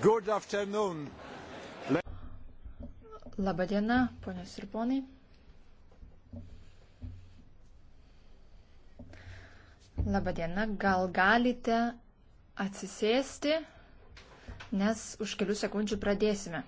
Good afternoon. Le... Labadiena, ponios ir ponai. Labadiena, gal galite atsisėsti, nes už kelių sekundžių pradėsime.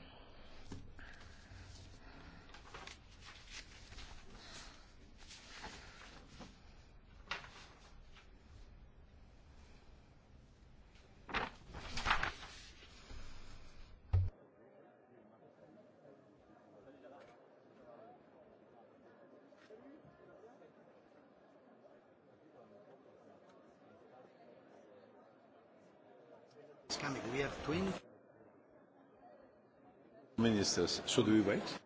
ministers. So do we wait?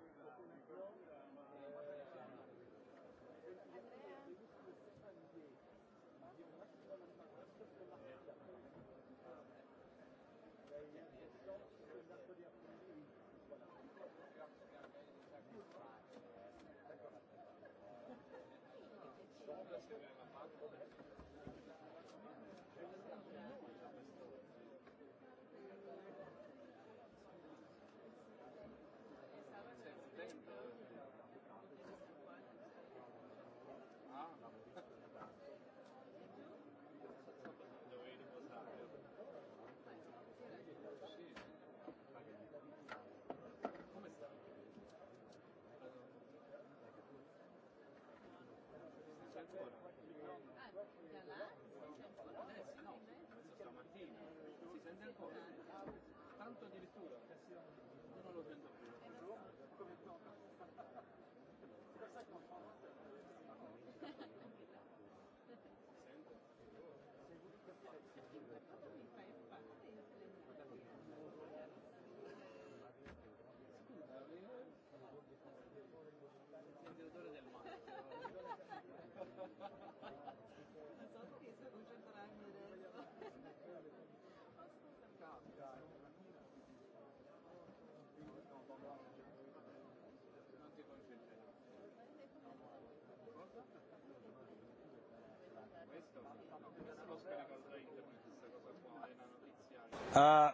Uh,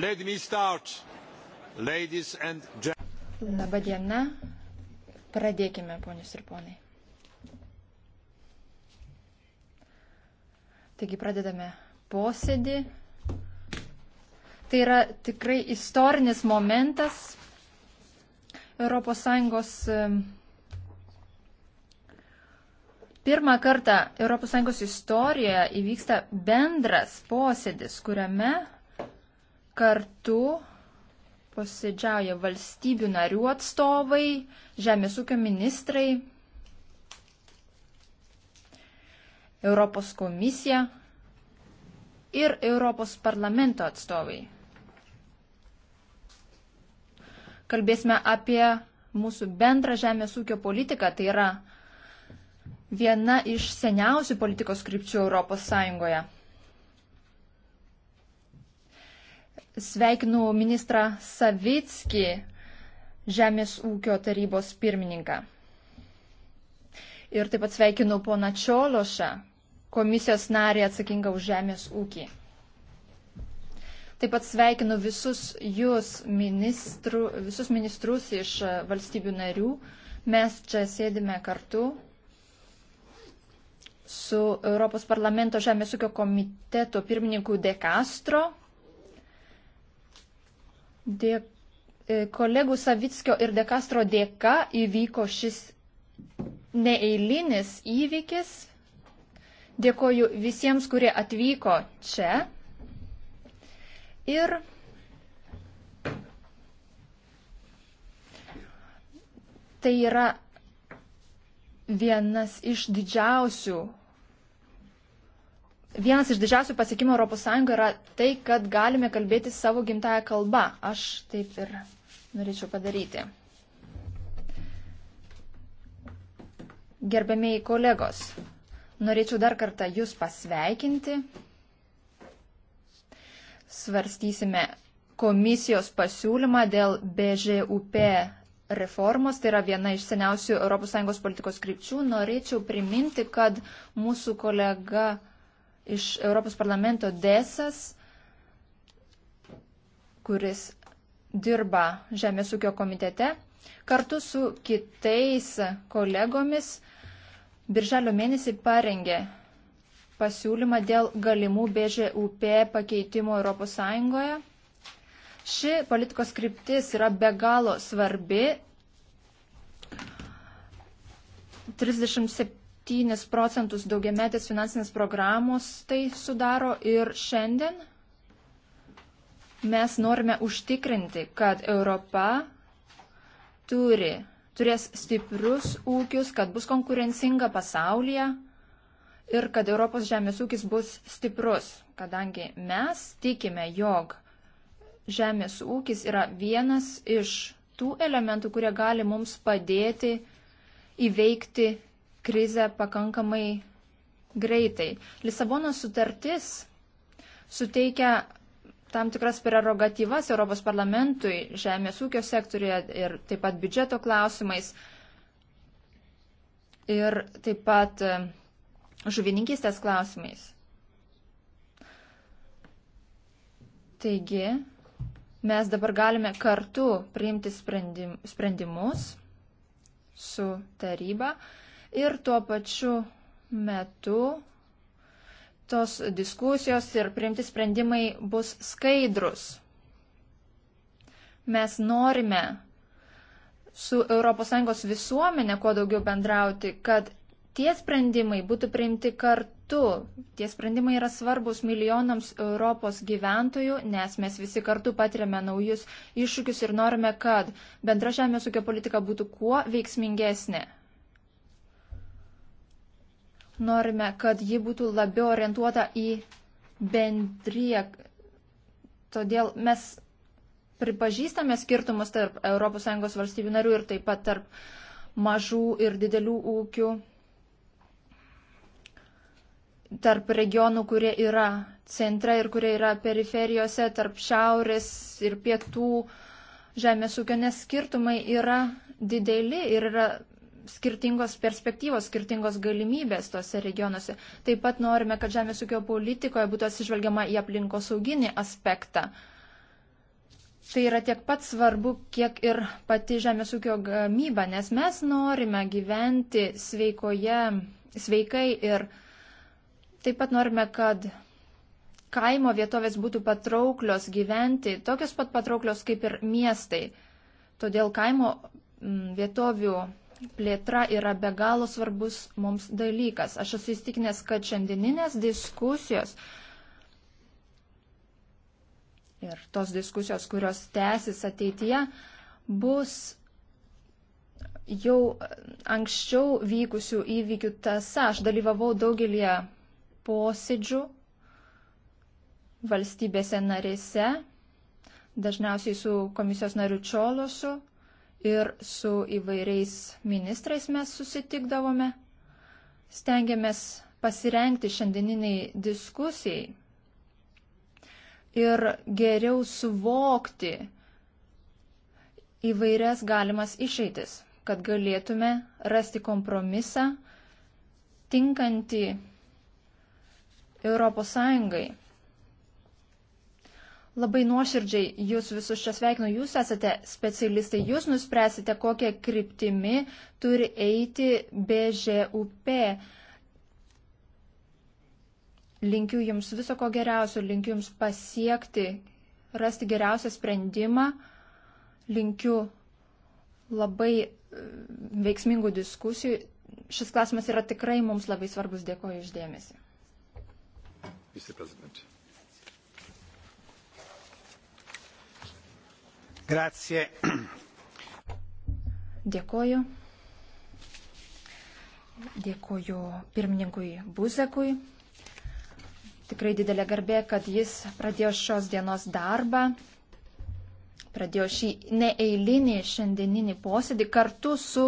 let me start, ladies and gentlemen. Labadiena. Pradėkime, ponius ir ponai. Taigi pradedame posėdį. Tai yra tikrai istorinis momentas ES Pirmą kartą ES istorijoje įvyksta bendras posėdis, kuriame kartu posėdžiauja valstybių narių atstovai, žemės ūkio ministrai, Europos komisija ir Europos parlamento atstovai. Kalbėsime apie mūsų bendrą žemės ūkio politiką, tai yra viena iš seniausių politikos krypčių ES. Sveikinu ministrą Savitski, Žemės ūkio tarybos pirmininką. Ir taip pat sveikinu poną Čiološą, komisijos narį atsakingą už žemės ūkį. Taip pat sveikinu visus jūs, ministrų, visus ministrus iš valstybių narių. Mes čia sėdime kartu su Europos parlamento žemės ūkio komiteto pirmininku De Castro, de, e, kolegų Savickio ir De Castro dėka įvyko šis neeilinis įvykis. Dėkoju visiems, kurie atvyko čia. Ir tai yra vienas iš didžiausių Vienas iš didžiausių pasiekimų ES yra tai, kad galime kalbėti savo gimtają kalbą. Aš taip ir norėčiau padaryti. Gerbėmiai kolegos, norėčiau dar kartą Jūs pasveikinti. Svarstysime komisijos pasiūlymą dėl BŽUP reformos, tai yra viena iš seniausių ES politikos krypčių. Norėčiau priminti, kad mūsų kolega iš Europos parlamento Desas, kuris dirba Žemės ūkio komitete, kartu su kitais kolegomis birželio mėnesį parengė pasiūlymą dėl galimų BŽUP pakeitimo ES. Ši politikos kryptis yra be galo svarbi. 37 7 procentus daugiametės finansinės programos tai sudaro ir šiandien mes norime užtikrinti, kad Europa turi, turės stiprius ūkius, kad bus konkurencinga pasaulyje ir kad Europos žemės ūkis bus stiprus, kadangi mes tikime, jog žemės ūkis yra vienas iš tų elementų, kurie gali mums padėti įveikti krizę pakankamai greitai. Lisabono sutartis suteikia tam tikras prerogatyvas Europos parlamentui žemės ūkio sektorija ir taip pat biudžeto klausimais ir taip pat e, žuvininkystės klausimais. Taigi, mes dabar galime kartu priimti sprendim, sprendimus su taryba ir tuo pačiu metu tos diskusijos ir priimti sprendimai bus skaidrus. Mes norime su ES visuomenė kuo daugiau bendrauti, kad tie sprendimai būtų priimti kartu. Tie sprendimai yra svarbus milijonams Europos gyventojų, nes mes visi kartu patiriame naujus iššūkius ir norime, kad bendra žemės ūkio politika būtų kuo veiksmingesnė. Norime, kad ji būtų labiau orientuota į bendriją. Todėl mes pripažįstame skirtumus tarp ES valstybių narių ir taip pat tarp mažų ir didelių ūkių, tarp regionų, kurie yra centre ir kurie yra periferijose, tarp šiaurės ir pietų žemės ūkio, nes skirtumai yra dideli ir yra skirtingos perspektyvos, skirtingos galimybės tose regionuose. Taip pat norime, kad žemės ūkio politikoje būtų atsižvelgiama į aplinkosauginį aspektą. Tai yra tiek pat svarbu, kiek ir pati žemės ūkio gamyba, nes mes norime gyventi sveikoje, sveikai ir taip pat norime, kad kaimo vietovės būtų patrauklios gyventi, tokios pat patrauklios kaip ir miestai. Todėl kaimo vietovių plėtra yra be galo svarbus mums dalykas. Aš esu įstikinęs, kad šiandieninės diskusijos ir tos diskusijos, kurios tęsis ateityje, bus jau anksčiau vykusių įvykių tasa. Aš dalyvavau daugelį posėdžių valstybėse narėse, dažniausiai su komisijos nariu Čiolosu, ir su įvairiais ministrais mes susitikdavome. Stengiamės pasirengti šiandieniniai diskusijai ir geriau suvokti įvairias galimas išeitis, kad galėtume rasti kompromisą tinkantį ES Labai nuoširdžiai jūs visus čia sveikinu, jūs esate specialistai, jūs nuspręsite, kokią kryptimi turi eiti BŽUP. Linkiu jums viso ko geriausio, linkiu jums pasiekti, rasti geriausią sprendimą, linkiu labai e, veiksmingų diskusijų. Šis klausimas yra tikrai mums labai svarbus, dėkoju išdėmesi. Vice President. Grazie. Dėkoju. Dėkoju pirmininkui Buzekui. Tikrai didelė garbė, kad jis pradėjo šios dienos darbą, pradėjo šį neeilinį šiandieninį posėdį kartu su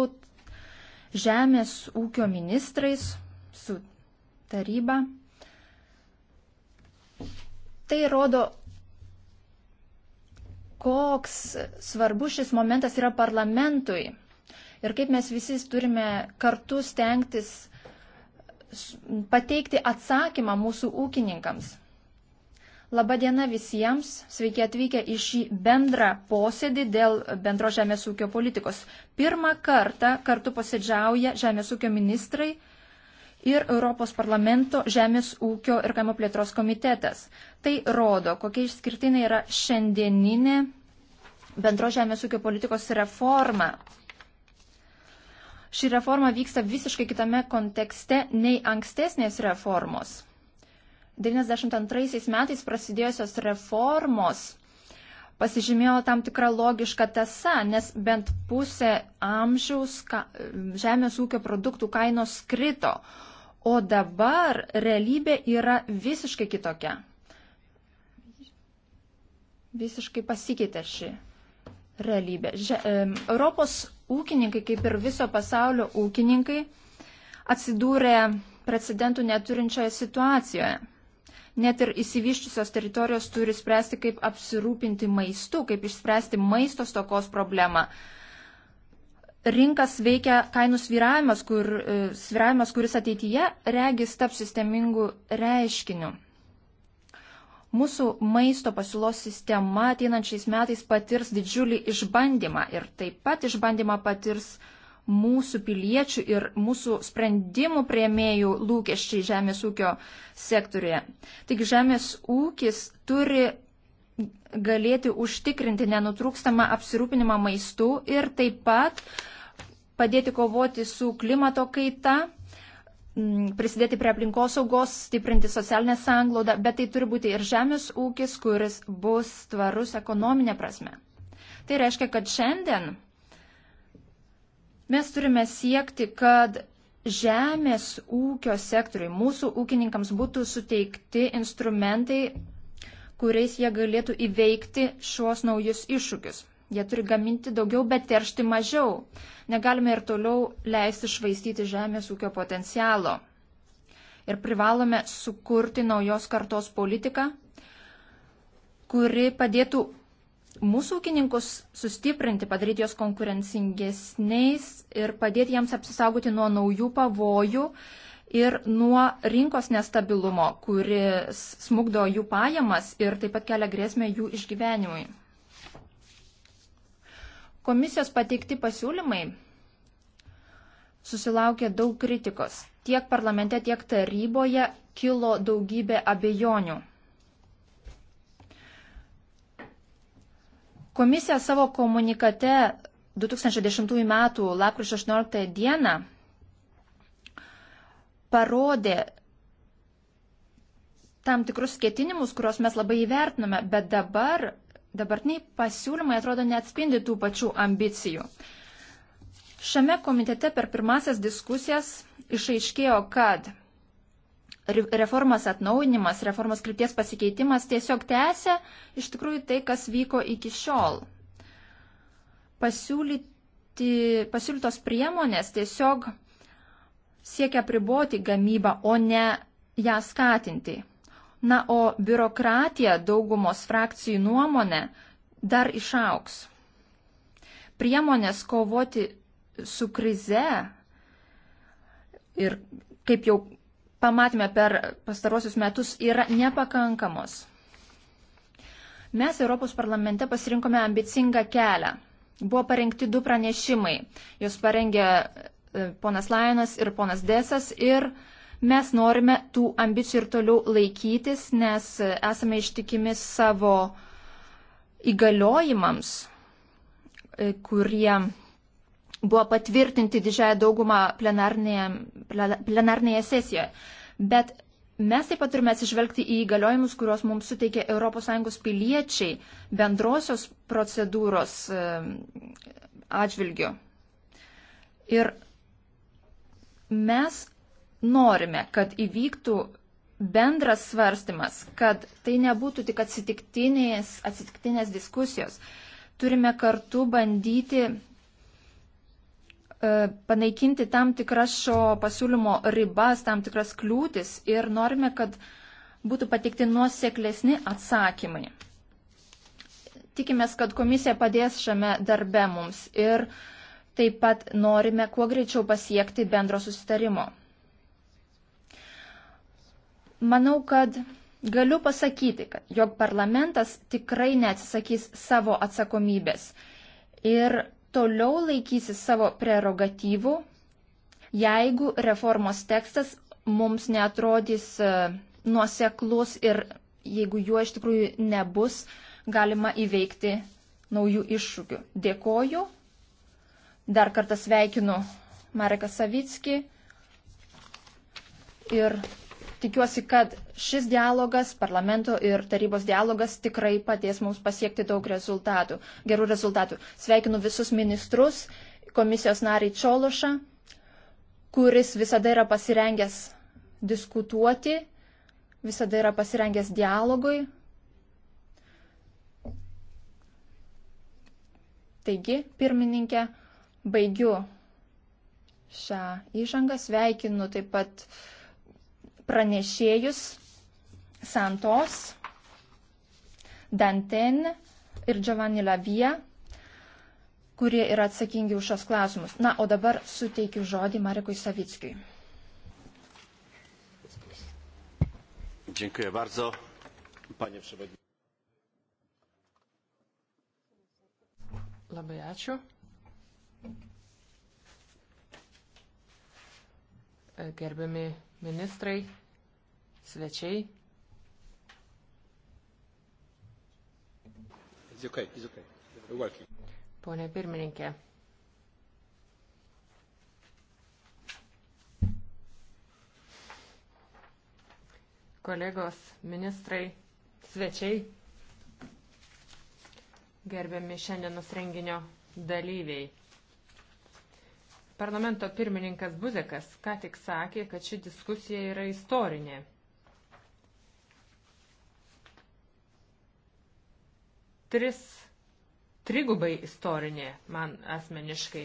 žemės ūkio ministrais, su taryba. Tai rodo koks svarbus šis momentas yra parlamentui ir kaip mes visi turime kartu stengtis pateikti atsakymą mūsų ūkininkams. Labadiena visiems, sveiki atvykę į šį bendrą posėdį dėl bendro žemės ūkio politikos. Pirmą kartą kartu posėdžiauja žemės ūkio ministrai ir Europos parlamento Žemės ūkio ir kaimo plėtros komitetas. Tai rodo, kokia išskirtinė yra šiandieninė bendro Žemės ūkio politikos reforma. Ši reforma vyksta visiškai kitame kontekste nei ankstesnės reformos. 1992 metais prasidėjusios reformos pasižymėjo tam tikrą logišką tiesą, nes bent pusę amžiaus ka, žemės ūkio produktų kainos krito, O dabar realybė yra visiškai kitokia. Visiškai pasikeitė ši realybė. Že, e, Europos ūkininkai, kaip ir viso pasaulio ūkininkai, atsidūrė precedentų neturinčioje situacijoje. Net ir įsivyščiusios teritorijos turi spręsti, kaip apsirūpinti maistu, kaip išspręsti maisto stokos problemą. E, rinkas veikia kainų sviravimas, kur, e, sviravimas kuris ateityje regis taps sistemingu reiškiniu. Mūsų maisto pasiūlos sistema ateinančiais metais patirs didžiulį išbandymą ir taip pat išbandymą patirs mūsų piliečių ir mūsų sprendimų prieimėjų lūkesčiai žemės ūkio sektorėje. Tik žemės ūkis turi galėti užtikrinti nenutrūkstamą apsirūpinimą maistu ir taip pat uh, padėti kovoti su klimato kaita, mm, prisidėti prie aplinkosaugos, stiprinti socialinę sanglaudą, bet tai turi būti ir žemės ūkis, kuris bus tvarus ekonominė prasme. Tai reiškia, kad šiandien mes turime siekti, kad žemės ūkio sektoriui, mūsų ūkininkams būtų suteikti instrumentai, kuriais jie galėtų įveikti šios naujus iššūkius. Jie turi gaminti daugiau, bet teršti mažiau. Negalime ir toliau leisti švaistyti žemės ūkio potencialo. Ir privalome sukurti naujos kartos politiką, kuri padėtų mūsų ūkininkus sustiprinti, padaryti juos konkurencingesniais ir padėti jiems apsisaugoti nuo naujų pavojų ir nuo rinkos nestabilumo, kuris smugdo jų pajamas ir taip pat kelia grėsmę jų išgyvenimui. Komisijos pateikti pasiūlymai susilaukė daug kritikos. Tiek parlamente, tiek taryboje kilo daugybė abejonių. Komisija savo komunikate 2010 m. lapkričio 18 d. parodė tam tikrus ketinimus, kuriuos mes labai įvertiname, bet dabar dabartiniai pasiūlymai atrodo neatspindi tų pačių ambicijų. Šiame komitete per pirmasias diskusijas išaiškėjo, kad reformos atnaujinimas, reformos krypties pasikeitimas tiesiog tęsia iš tikrųjų tai, kas vyko iki šiol. Pasiūlyti, pasiūlytos priemonės tiesiog siekia priboti gamybą, o ne ją skatinti. Na, o biurokratija daugumos frakcijų nuomonė dar išauks. Priemonės kovoti su krize ir kaip jau pamatėme per pastarosius metus yra nepakankamos. Mes Europos parlamente pasirinkome ambicingą kelią. Buvo parengti du pranešimai. Jos parengė e, ponas Lajonas ir ponas Desas ir uh, Mes norime tų ambicijų ir toliau laikytis, nes esame ištikimi savo įgaliojimams, e, kurie buvo patvirtinti didžiąją daugumą plenarnėje, plenarnėje sesijoje. Bet mes taip pat turime atsižvelgti į įgaliojimus, kuriuos mums suteikė ES piliečiai bendrosios procedūros e, atžvilgiu. Ir mes norime, kad įvyktų bendras svarstymas, kad tai nebūtų tik atsitiktinės, atsitiktinės diskusijos. Turime kartu bandyti e, panaikinti tam tikras šio pasiūlymo ribas, tam tikras kliūtis ir norime, kad būtų pateikti nuoseklesni atsakymai. Tikimės, kad komisija padės šiame darbe mums ir taip pat norime kuo greičiau pasiekti bendro susitarimo manau, kad galiu pasakyti, kad, jog parlamentas tikrai neatsisakys savo atsakomybės ir toliau laikysis savo prerogatyvų, jeigu reformos tekstas mums netrodys e, nuoseklus ir jeigu juo iš tikrųjų nebus galima įveikti naujų iššūkių. Dėkoju. Dar kartą sveikinu Mareką Savitskį ir tikiuosi, kad šis dialogas, parlamento ir tarybos dialogas tikrai padės mums pasiekti daug rezultatų, gerų rezultatų. Sveikinu visus ministrus, komisijos narį Čiološą, kuris visada yra pasirengęs diskutuoti, visada yra pasirengęs dialogui. Taigi, pirmininkė, baigiu šią įžangą, sveikinu taip pat uh, pranešėjus Santos, Danten ir Giovanni Lavija, kurie yra atsakingi už šios klausimus. Na, o dabar suteikiu žodį Marekui Savickiui. Dziękuję bardzo, panie przewodniczący. Labai ačiū. Gerbiami ministrai, svečiai. It's okay, it's okay. Pone pirmininkė. Kolegos ministrai, svečiai, gerbiami šiandienos renginio dalyviai. Parlamento pirmininkas Buzekas ką tik sakė, kad ši diskusija yra istorinė. Tris, trigubai istorinė man asmeniškai,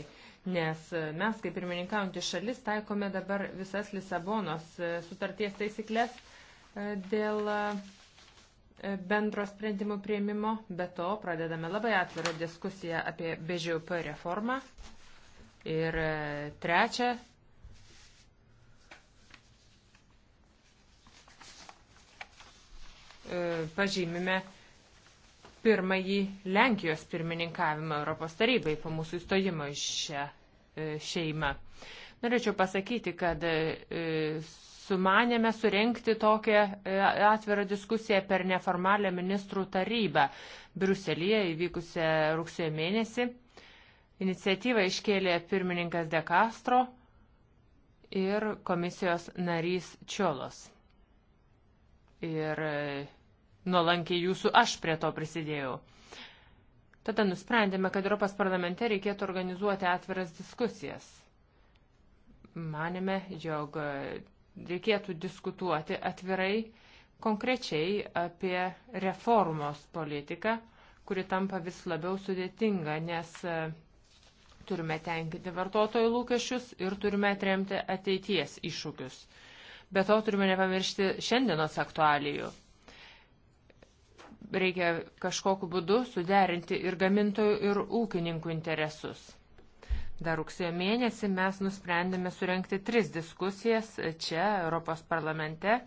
nes mes kaip pirmininkaujantys šalis taikome dabar visas Lisabonos e, sutarties taisyklės e, dėl e, bendro sprendimų prieimimo, be to pradedame labai atvirą diskusiją apie BŽUP reformą. Ir trečia, e, pažymime pirmąjį Lenkijos pirmininkavimą Europos tarybai po mūsų įstojimo iš šią e, šeimą. Norėčiau pasakyti, kad e, sumanėme surenkti tokią atvirą diskusiją per neformalią ministrų tarybą Bruselėje įvykusią rugsėjo mėnesį. Iniciatyvą iškėlė pirmininkas De Castro ir komisijos narys Čiolos. Ir e, nuolankiai jūsų aš prie to prisidėjau. Tada nusprendėme, kad Europos parlamente reikėtų organizuoti atviras diskusijas. Manėme, jog e, reikėtų diskutuoti atvirai, konkrečiai apie reformos politiką, kuri tampa vis labiau sudėtinga, nes e, turime tenkinti vartotojų lūkesčius ir turime atremti ateities iššūkius. Be to turime nepamiršti šiandienos aktualijų. Reikia kažkokiu būdu suderinti ir gamintojų, ir ūkininkų interesus. Dar rugsėjo mėnesį mes nusprendėme surenkti tris diskusijas čia, Europos parlamente.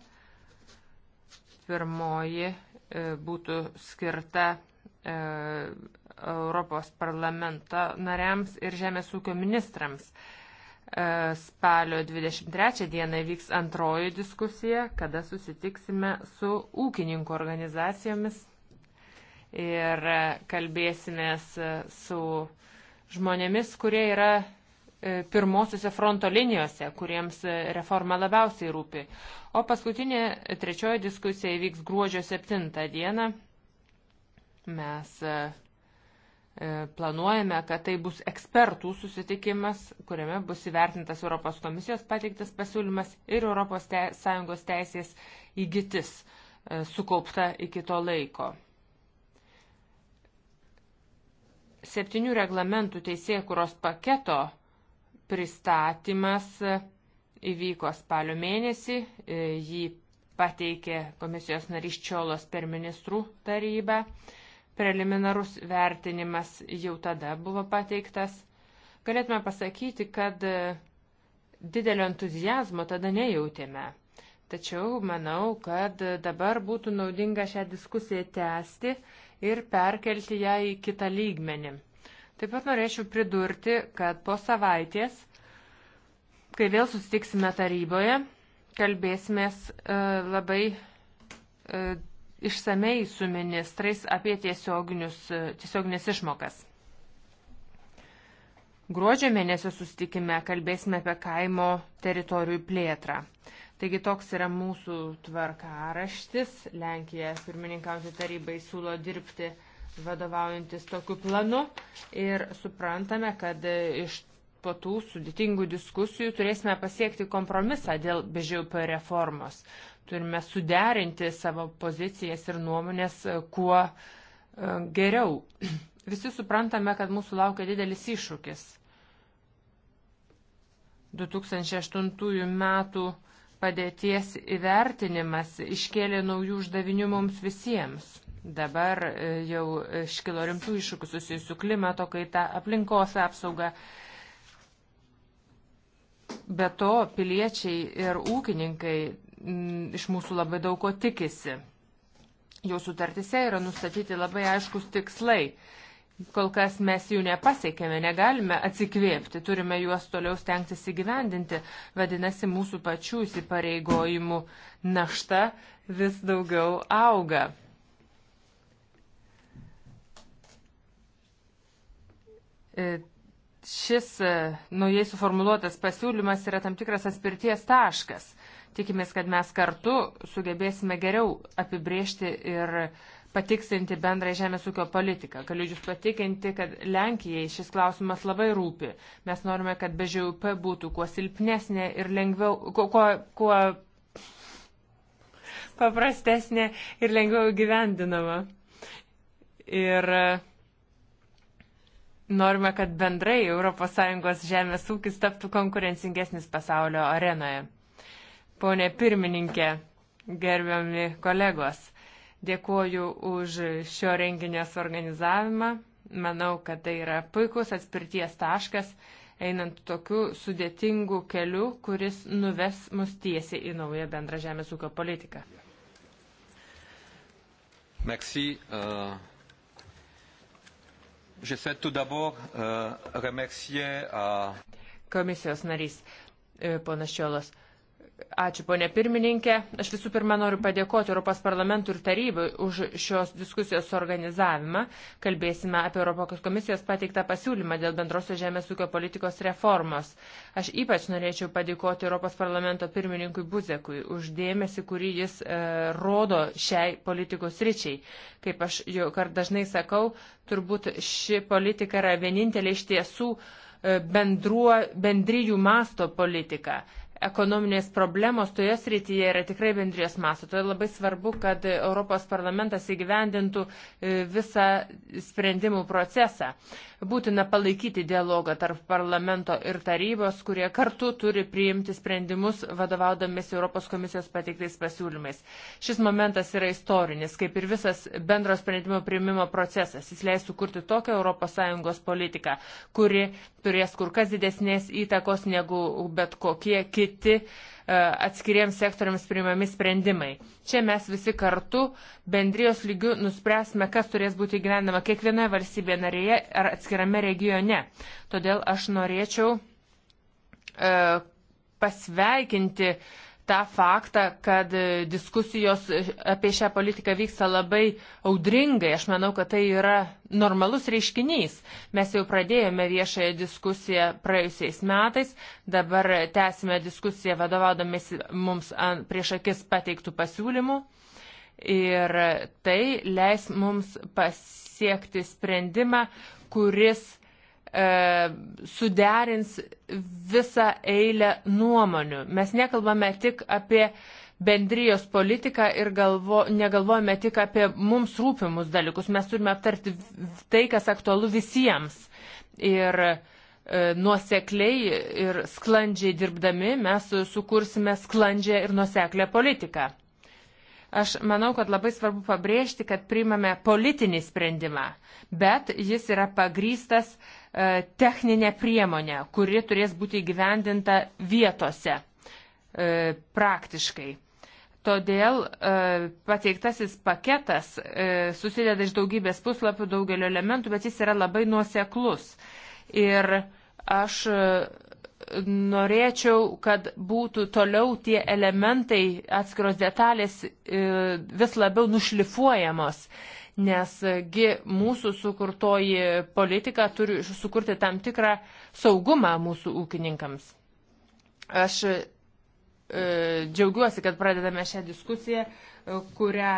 Pirmoji e, būtų skirta e, Europos parlamento nariams ir žemės ūkio ministrams. E, spalio 23 dieną vyks antroji diskusija, kada susitiksime su ūkininkų organizacijomis ir kalbėsimės su žmonėmis, kurie yra e, pirmosiuose fronto linijose, kuriems reforma labiausiai rūpi. O paskutinė trečioji diskusija įvyks gruodžio 7 dieną. Mes e, E, planuojame, kad tai bus ekspertų susitikimas, kuriame bus įvertintas Europos komisijos pateiktas pasiūlymas ir Europos te Sąjungos teisės įgytis e, sukaupta iki to laiko. Septynių reglamentų teisėkuros paketo pristatymas e, įvyko spalio mėnesį, jį pateikė komisijos narys Čiolos per ministrų tarybą preliminarus vertinimas jau tada buvo pateiktas. Galėtume pasakyti, kad e, didelio entuzijazmo tada nejautėme. Tačiau manau, kad dabar būtų naudinga šią diskusiją tęsti ir perkelti ją į kitą lygmenį. Taip pat norėčiau pridurti, kad po savaitės, kai vėl susitiksime taryboje, kalbėsimės e, labai e, išsamei su ministrais apie tiesioginės išmokas. Gruodžio mėnesio sustikime kalbėsime apie kaimo teritorijų plėtrą. Taigi toks yra mūsų tvarkaraštis. Lenkija pirmininkauti tarybai siūlo dirbti vadovaujantis tokiu planu ir suprantame, kad iš po tų sudėtingų diskusijų turėsime pasiekti kompromisą dėl BŽUP reformos. Turime suderinti savo pozicijas ir nuomonės e, kuo e, geriau. Visi suprantame, kad mūsų laukia didelis iššūkis. 2008 metų padėties įvertinimas iškėlė naujų uždavinių mums visiems. Dabar e, jau iškilo rimtų iššūkių susijusių klimato kaita, aplinkos apsauga. Be to, piliečiai ir ūkininkai Mm, iš mūsų labai daug ko tikisi. Jau sutartise yra nustatyti labai aiškus tikslai. Kol kas mes jų nepasiekėme, negalime atsikvėpti, turime juos toliau stengtis įgyvendinti. Vadinasi, mūsų pačių įsipareigojimų našta vis daugiau auga. E, šis e, naujai suformuluotas pasiūlymas yra tam tikras atspirties taškas Tikimės, kad mes kartu sugebėsime geriau apibriežti ir patiksinti bendrą žemės ūkio politiką. Galiu Jūs patikinti, kad Lenkijai šis klausimas labai rūpi. Mes norime, kad be ŽUP būtų kuo silpnesnė ir lengviau, kuo, kuo, kuo paprastesnė ir lengviau gyvendinama. Ir norime, kad bendrai ES žemės ūkis taptų konkurencingesnis pasaulio arenoje. Pone pirmininkė, gerbiami kolegos, dėkuoju už šio renginio suorganizavimą. Manau, kad tai yra puikus atspirties taškas, einant tokiu sudėtingu keliu, kuris nuves mus tiesiai į naują bendrą žemės ūkio politiką. Merci. Uh, je souhaite tout d'abord uh, remercier. Uh... Komisijos narys, e, ponas Čiolas. Uh, Ačiū, ponė pirmininkė. Aš visų pirma noriu padėkoti Europos parlamentų ir tarybai už šios diskusijos organizavimą. Kalbėsime apie Europos komisijos pateiktą pasiūlymą dėl bendrosios žemės ūkio politikos reformos. Aš ypač norėčiau padėkoti Europos parlamento pirmininkui Buzekui už dėmesį, kurį jis e, rodo šiai politikos ryčiai. Kaip aš jau kart dažnai sakau, turbūt ši politika yra vienintelė iš tiesų e, bendruo, bendryjų masto politika ekonominės problemos toje srityje yra tikrai bendrijos masto. Todėl labai svarbu, kad Europos parlamentas įgyvendintų e, visą sprendimų procesą. Būtina palaikyti dialogą tarp parlamento ir tarybos, kurie kartu turi priimti sprendimus vadovaudomis Europos komisijos pateiktais pasiūlymais. Šis momentas yra istorinis, kaip ir visas bendro sprendimo priimimo procesas. Jis leis sukurti tokią ES politiką, kuri turės kur kas didesnės įtakos negu bet kokie kiti uh, E, atskiriems sektoriams priimami sprendimai. Čia mes visi kartu bendrijos lygių nuspręsime, kas turės būti gyvenama kiekvienoje valstybėje narėje ar atskirame regione. Todėl aš norėčiau e, pasveikinti uh, tą faktą, kad diskusijos apie šią politiką vyksta labai audringai. Aš manau, kad tai yra normalus reiškinys. Mes jau pradėjome viešąją diskusiją praėjusiais metais, dabar tęsime diskusiją vadovaudomės mums prieš akis pateiktų pasiūlymų. Ir tai leis mums pasiekti sprendimą, kuris E, suderins visą eilę nuomonių. Mes nekalbame tik apie bendrijos politiką ir galvo, negalvojame tik apie mums rūpimus dalykus. Mes turime aptarti tai, kas aktualu visiems. Ir e, nuosekliai ir sklandžiai dirbdami mes sukursime sklandžią ir nuoseklę politiką. Aš manau, kad labai svarbu pabrėžti, kad priimame politinį sprendimą, bet jis yra pagrystas e, E, techninę priemonę, kuri turės būti įgyvendinta vietose e, praktiškai. Todėl e, pateiktasis paketas susideda iš daugybės puslapių, daugelio elementų, bet jis yra labai nuoseklus. Ir aš norėčiau, kad būtų toliau tie elementai, atskiros detalės vis labiau nušlifuojamos nesgi e, mūsų sukurtoji politika turi sukurti tam tikrą saugumą mūsų ūkininkams. Aš e, džiaugiuosi, kad pradedame šią diskusiją, e, kurią,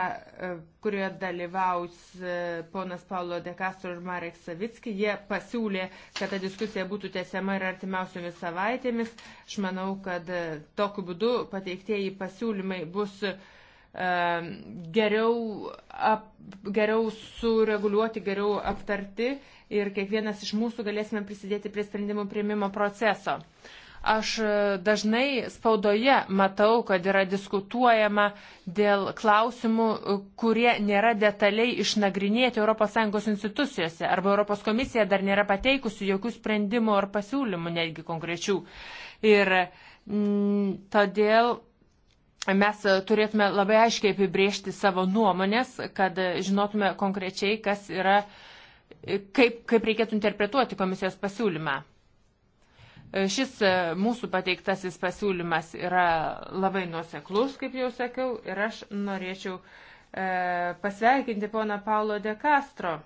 e, kurioje dalyvaus e, ponas Paulo De Castro ir Marek Savicki. Jie pasiūlė, kad ta diskusija būtų tęsiama ir artimiausiomis savaitėmis. Aš manau, kad e, tokiu būdu pateiktieji pasiūlymai bus e, geriau, ap, geriau sureguliuoti, geriau aptarti ir kiekvienas iš mūsų galėsime prisidėti prie sprendimų prieimimo proceso. Aš e, dažnai spaudoje matau, kad yra diskutuojama dėl klausimų, e, kurie nėra detaliai išnagrinėti ES institucijose arba ES komisija dar nėra pateikusi jokių sprendimų ar pasiūlymų netgi konkrečių. Ir m, todėl mes e, turėtume labai aiškiai apibriežti savo nuomonės, kad e, žinotume konkrečiai, kas yra, e, kaip, kaip reikėtų interpretuoti komisijos pasiūlymą. Šis mūsų pateiktasis pasiūlymas yra labai nuoseklus, kaip jau sakiau, ir aš norėčiau e, pasveikinti poną Paulo de Castro.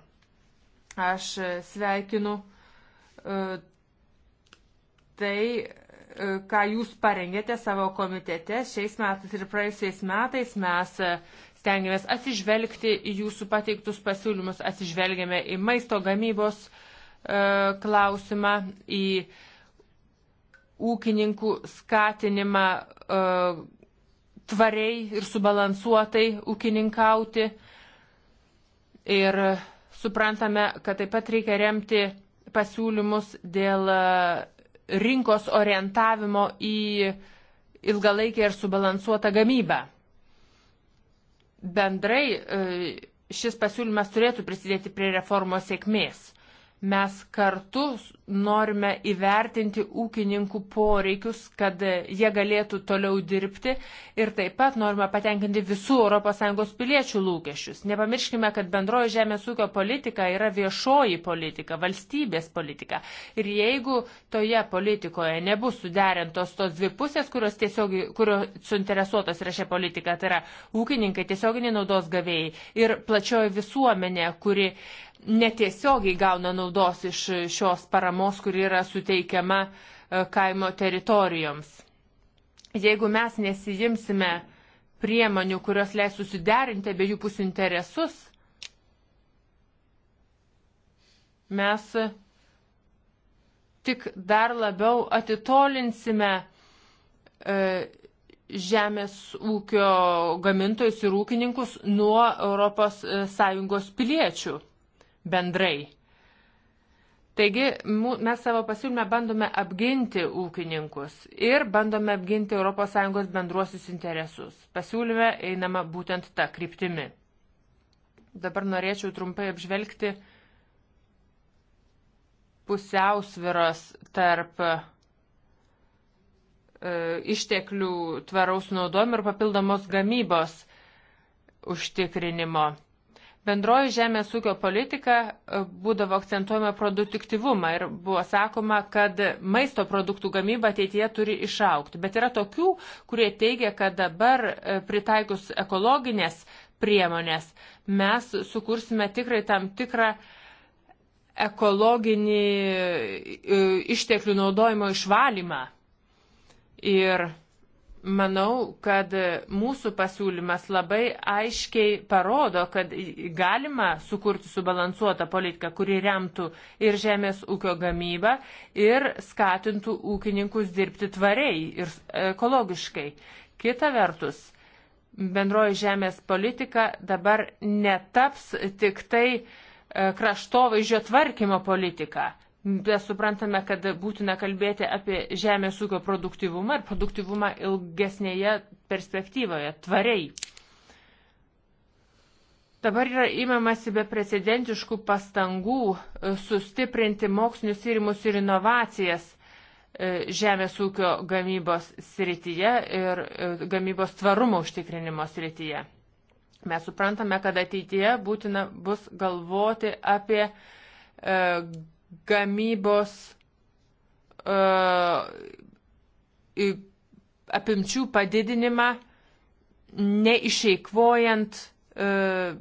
Aš sveikinu e, tai, E, ką jūs parengėte savo komitete šiais metais ir praėjusiais metais mes e, stengiamės atsižvelgti į jūsų pateiktus pasiūlymus, atsižvelgiame į maisto gamybos e, klausimą, į ūkininkų skatinimą e, tvariai ir subalansuotai ūkininkauti. Ir suprantame, kad taip pat reikia remti pasiūlymus dėl e, rinkos orientavimo į ilgalaikę ir subalansuotą gamybą. Bendrai e, šis pasiūlymas turėtų prisidėti prie reformos sėkmės. Mes kartu norime įvertinti ūkininkų poreikius, kad jie galėtų toliau dirbti ir taip pat norime patenkinti visų ES piliečių lūkesčius. Nepamirškime, kad bendroji žemės ūkio politika yra viešoji politika, valstybės politika. Ir jeigu toje politikoje nebus suderintos tos dvi pusės, kurios tiesiog, kurio suinteresuotos yra šią politiką, tai yra ūkininkai, tiesioginiai naudos gavėjai ir plačioji visuomenė, kuri netiesiogiai gauna naudos iš šios paramos, paramos, kuri yra suteikiama e, kaimo teritorijoms. Jeigu mes nesijimsime priemonių, kurios leis susiderinti abiejų pusių interesus, mes tik dar labiau atitolinsime e, žemės ūkio gamintojus ir ūkininkus nuo ES e, piliečių bendrai. Taigi mes savo pasiūlymę bandome apginti ūkininkus ir bandome apginti ES bendruosius interesus. Pasiūlyme einama būtent tą kryptimi. Dabar norėčiau trumpai apžvelgti pusiausviros tarp e, išteklių tvaraus naudojimo ir papildomos gamybos užtikrinimo. Bendroji žemės ūkio politika e, būdavo akcentuojama produktivumą ir buvo sakoma, kad maisto produktų gamyba ateityje turi išaukti. Bet yra tokių, kurie teigia, kad dabar e, pritaikus ekologinės priemonės mes sukursime tikrai tam tikrą ekologinį e, išteklių naudojimo išvalymą. Ir Manau, kad mūsų pasiūlymas labai aiškiai parodo, kad galima sukurti subalansuotą politiką, kuri remtų ir žemės ūkio gamybą, ir skatintų ūkininkus dirbti tvariai ir ekologiškai. Kita vertus, bendroji žemės politika dabar netaps tik tai e, kraštovaizdžio tvarkymo politika. Bet suprantame, kad būtina kalbėti apie žemės ūkio produktivumą ir produktivumą ilgesnėje perspektyvoje, tvariai. Dabar yra įmamasi beprecedentiškų pastangų e, sustiprinti mokslinius tyrimus ir inovacijas e, žemės ūkio gamybos srityje ir e, gamybos tvarumo užtikrinimo srityje. Mes suprantame, kad ateityje būtina bus galvoti apie gamybos uh, apimčių padidinimą, neišeikvojant uh,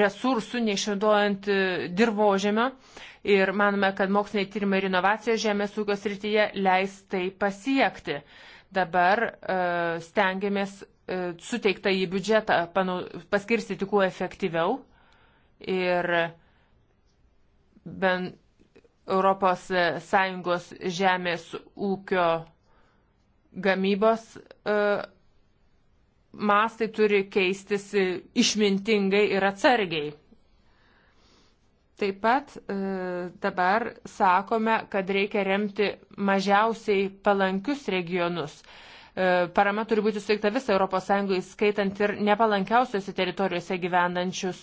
resursų, neišnaudojant uh, dirbožėmio. Ir manome, kad moksliniai tyrimai ir inovacijos žemės ūkio srityje leis tai pasiekti. Dabar uh, stengiamės uh, suteiktą į biudžetą panau, paskirstyti kuo efektyviau. Ir bent ES e, žemės ūkio gamybos e, mastai turi keistis išmintingai ir atsargiai. Taip pat e, dabar sakome, kad reikia remti mažiausiai palankius regionus parama turi būti suteikta visą ES, skaitant ir nepalankiausiose teritorijose gyvenančius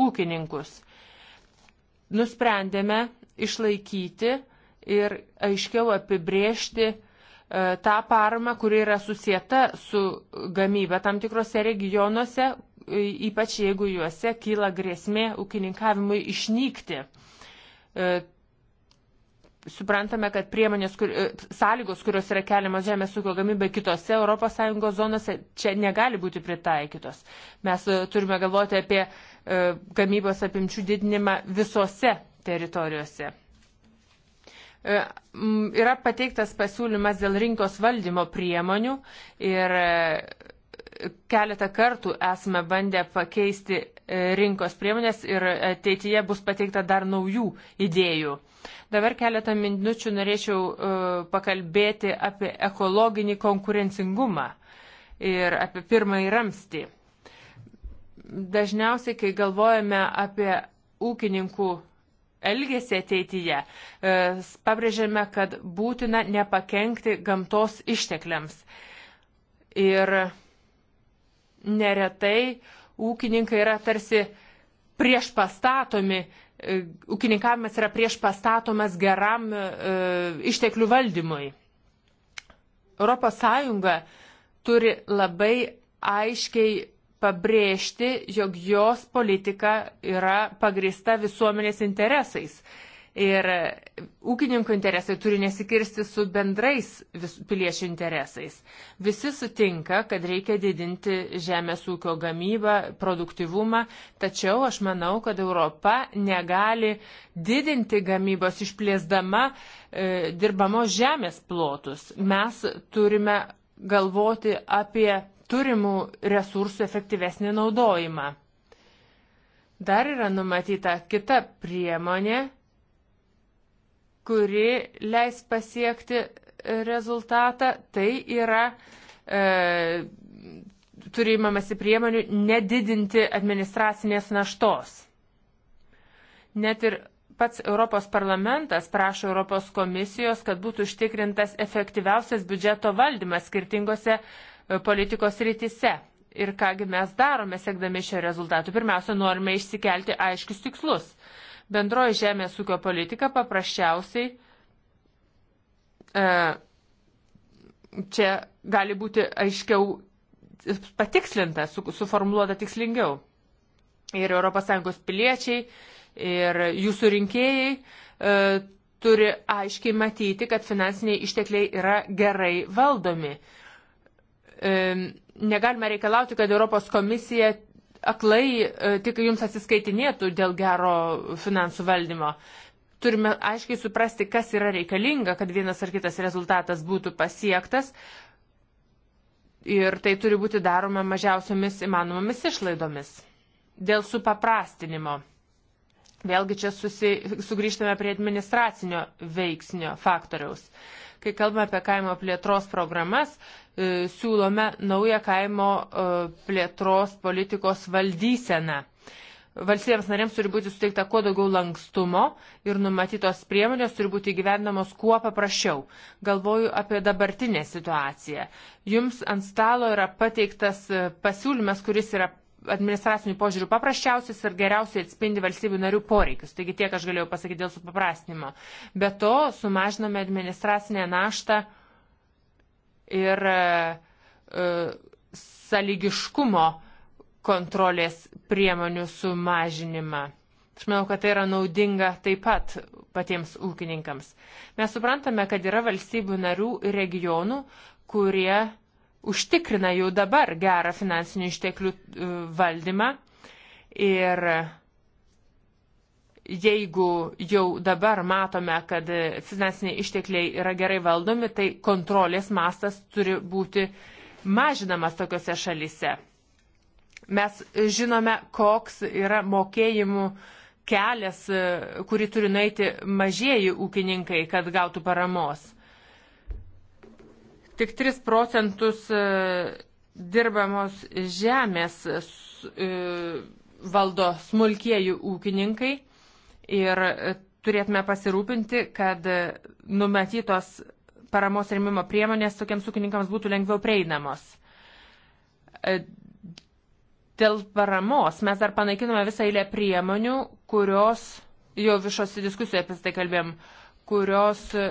ūkininkus. Nusprendėme išlaikyti ir aiškiau apibriežti e, tą paramą, kuri yra susieta su gamyba tam tikrose regionuose, e, ypač jeigu juose kyla grėsmė ūkininkavimui išnykti e, suprantame, kad priemonės, kur, sąlygos, kurios yra keliamos žemės ūkio gamybai kitose ES zonose, čia negali būti pritaikytos. Mes turime galvoti apie gamybos apimčių didinimą visose teritorijose. E, yra pateiktas pasiūlymas dėl rinkos valdymo priemonių ir e, keletą kartų esame bandę pakeisti e, rinkos priemonės ir ateityje bus pateikta dar naujų idėjų. Dabar keletą minučių norėčiau pakalbėti apie ekologinį konkurencingumą ir apie pirmąjį ramstį. Dažniausiai, kai galvojame apie ūkininkų elgesį ateityje, e, pabrėžėme, kad būtina nepakenkti gamtos ištekliams. Ir neretai ūkininkai yra tarsi prieš pastatomi, e, ūkininkavimas yra prieš pastatomas geram e, išteklių valdymui. ES turi labai aiškiai pabrėžti, jog jos politika yra pagrįsta visuomenės interesais. Ir ūkininkų interesai turi nesikirsti su bendrais piliečių interesais. Visi sutinka, kad reikia didinti žemės ūkio gamybą, produktivumą, tačiau aš manau, kad Europa negali didinti gamybos išplėsdama e, dirbamos žemės plotus. Mes turime galvoti apie turimų resursų efektyvesnį naudojimą. Dar yra numatyta kita priemonė, kuri leis pasiekti rezultatą, tai yra e, turėjimamasi priemonių nedidinti administracinės naštos. Net ir pats Europos parlamentas prašo Europos komisijos, kad būtų užtikrintas efektyviausias biudžeto valdymas skirtingose politikos rytise. Ir kągi mes darome, siekdami šio rezultatų. Pirmiausia, norime išsikelti aiškius tikslus. Bendroji žemės ūkio politika paprasčiausiai e, čia gali būti aiškiau patikslinta, su, suformuoluota tikslingiau. Ir ES piliečiai, ir jūsų rinkėjai e, turi aiškiai matyti, kad finansiniai ištekliai yra gerai valdomi negalime reikalauti, kad Europos komisija aklai e, tik jums atsiskaitinėtų dėl gero finansų valdymo. Turime aiškiai suprasti, kas yra reikalinga, kad vienas ar kitas rezultatas būtų pasiektas. Ir tai turi būti daroma mažiausiomis įmanomomis išlaidomis. Dėl supaprastinimo. Vėlgi čia susi, sugrįžtame prie administracinio veiksnio faktoriaus. Kai kalbame apie kaimo plėtros programas, E, siūlome naują kaimo e, plėtros politikos valdyseną. Valstybėms narėms turi būti suteikta kuo daugiau lankstumo ir numatytos priemonės turi būti gyvenamos kuo paprasčiau. Galvoju apie dabartinę situaciją. Jums ant stalo yra pateiktas e, pasiūlymas, kuris yra administracinių požiūrių paprasčiausias ir geriausiai atspindi valstybių narių poreikius. Taigi tiek aš galėjau pasakyti dėl supaprastinimo. Be to, sumažiname administracinę naštą uh, ir e, e, saligiškumo kontrolės priemonių sumažinimą. Aš manau, kad tai yra naudinga taip pat patiems ūkininkams. Mes suprantame, kad yra valstybių narių ir regionų, kurie užtikrina jau dabar gerą finansinių išteklių e, valdymą ir jeigu jau dabar matome, kad finansiniai ištekliai yra gerai valdomi, tai kontrolės mastas turi būti mažinamas tokiuose šalise. Mes žinome, koks yra mokėjimų kelias, kurį turi nueiti mažieji ūkininkai, kad gautų paramos. Tik 3 procentus e, dirbamos žemės e, valdo smulkieji ūkininkai ir e, turėtume pasirūpinti, kad numatytos paramos remimo priemonės tokiems ūkininkams būtų lengviau prieinamos. E, dėl paramos mes dar panaikinome visą eilę priemonių, kurios, jau viešose diskusijoje apie tai kalbėjom, kurios e,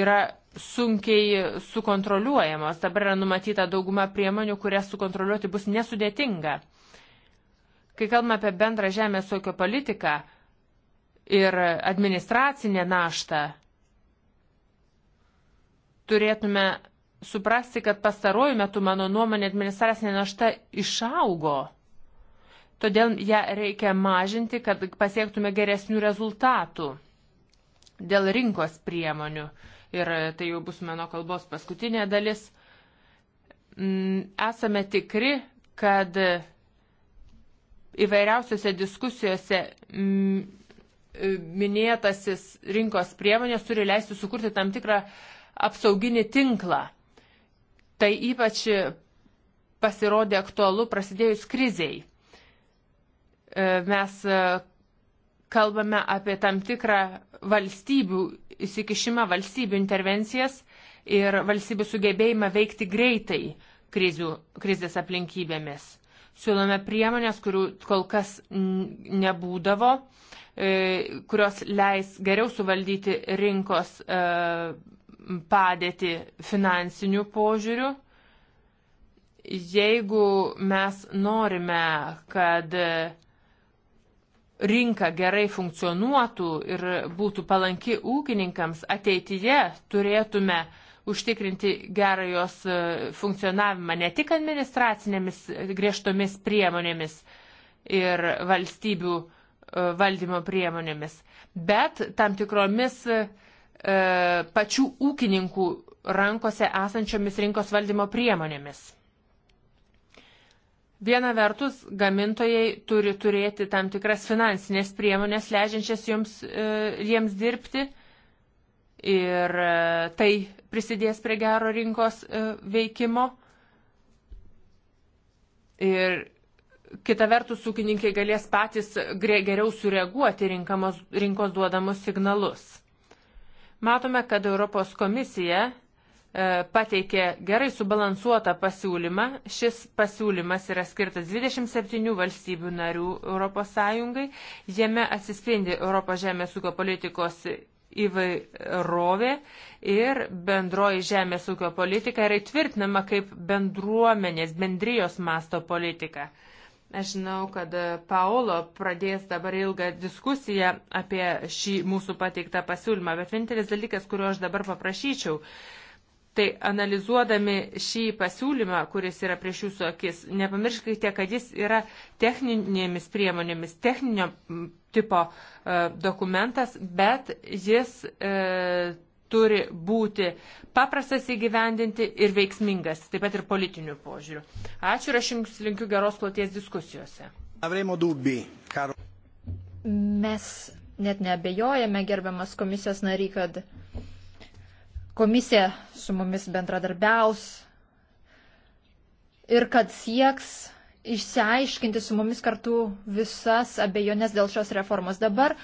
yra sunkiai sukontroliuojamos. Dabar yra numatyta dauguma priemonių, kurias sukontroliuoti bus nesudėtinga. Kai kalbame apie bendrą žemės ūkio politiką, ir administracinę naštą, turėtume suprasti, kad pastaruoju metu, mano nuomonė, administracinė našta išaugo. Todėl ją reikia mažinti, kad pasiektume geresnių rezultatų dėl rinkos priemonių. Ir tai jau bus mano kalbos paskutinė dalis. Mm, esame tikri, kad įvairiausiose diskusijose mm, minėtasis rinkos priemonės turi leisti sukurti tam tikrą apsauginį tinklą. Tai ypač pasirodė aktualu prasidėjus kriziai. E, mes e, kalbame apie tam tikrą valstybių įsikišimą, valstybių intervencijas ir valstybių sugebėjimą veikti greitai krizių, krizės aplinkybėmis. Siūlome priemonės, kurių kol kas nebūdavo E, kurios leis geriau suvaldyti rinkos e, padėtį finansinių požiūrių. Jeigu mes norime, kad e, rinka gerai funkcionuotų ir būtų palanki ūkininkams, ateityje turėtume užtikrinti gerą jos funkcionavimą ne tik administracinėmis griežtomis priemonėmis ir valstybių uh, E, valdymo priemonėmis, bet tam tikromis e, pačių ūkininkų rankose esančiomis rinkos valdymo priemonėmis. Viena vertus, gamintojai turi turėti tam tikras finansinės priemonės, leidžiančias jums, e, jiems dirbti ir tai prisidės prie gero rinkos veikimo. Ir Kita vertus, ūkininkai galės patys geriau sureaguoti rinkamos, rinkos duodamus signalus. Matome, kad Europos komisija e, pateikė gerai subalansuotą pasiūlymą. Šis pasiūlymas yra skirtas 27 valstybių narių ES. Jame atsispindi Europos žemės ūkio politikos įvairovė ir bendroji žemės ūkio politika yra įtvirtinama kaip bendruomenės, bendrijos masto politika. Aš žinau, kad Paolo pradės dabar ilgą diskusiją apie šį mūsų pateiktą pasiūlymą, bet vienintelis dalykas, kurio aš dabar paprašyčiau, tai analizuodami šį pasiūlymą, kuris yra prieš jūsų akis, nepamirškite, kad jis yra techninėmis priemonėmis, techninio tipo e, dokumentas, bet jis. E, turi būti paprastas įgyvendinti ir veiksmingas, taip pat ir politiniu požiūriu. Ačiū ir aš jums linkiu geros ploties diskusijose. Mes net nebejojame, gerbiamas komisijos nary, kad komisija su mumis bendradarbiaus ir kad sieks išsiaiškinti su mumis kartu visas abejonės dėl šios reformos. Dabar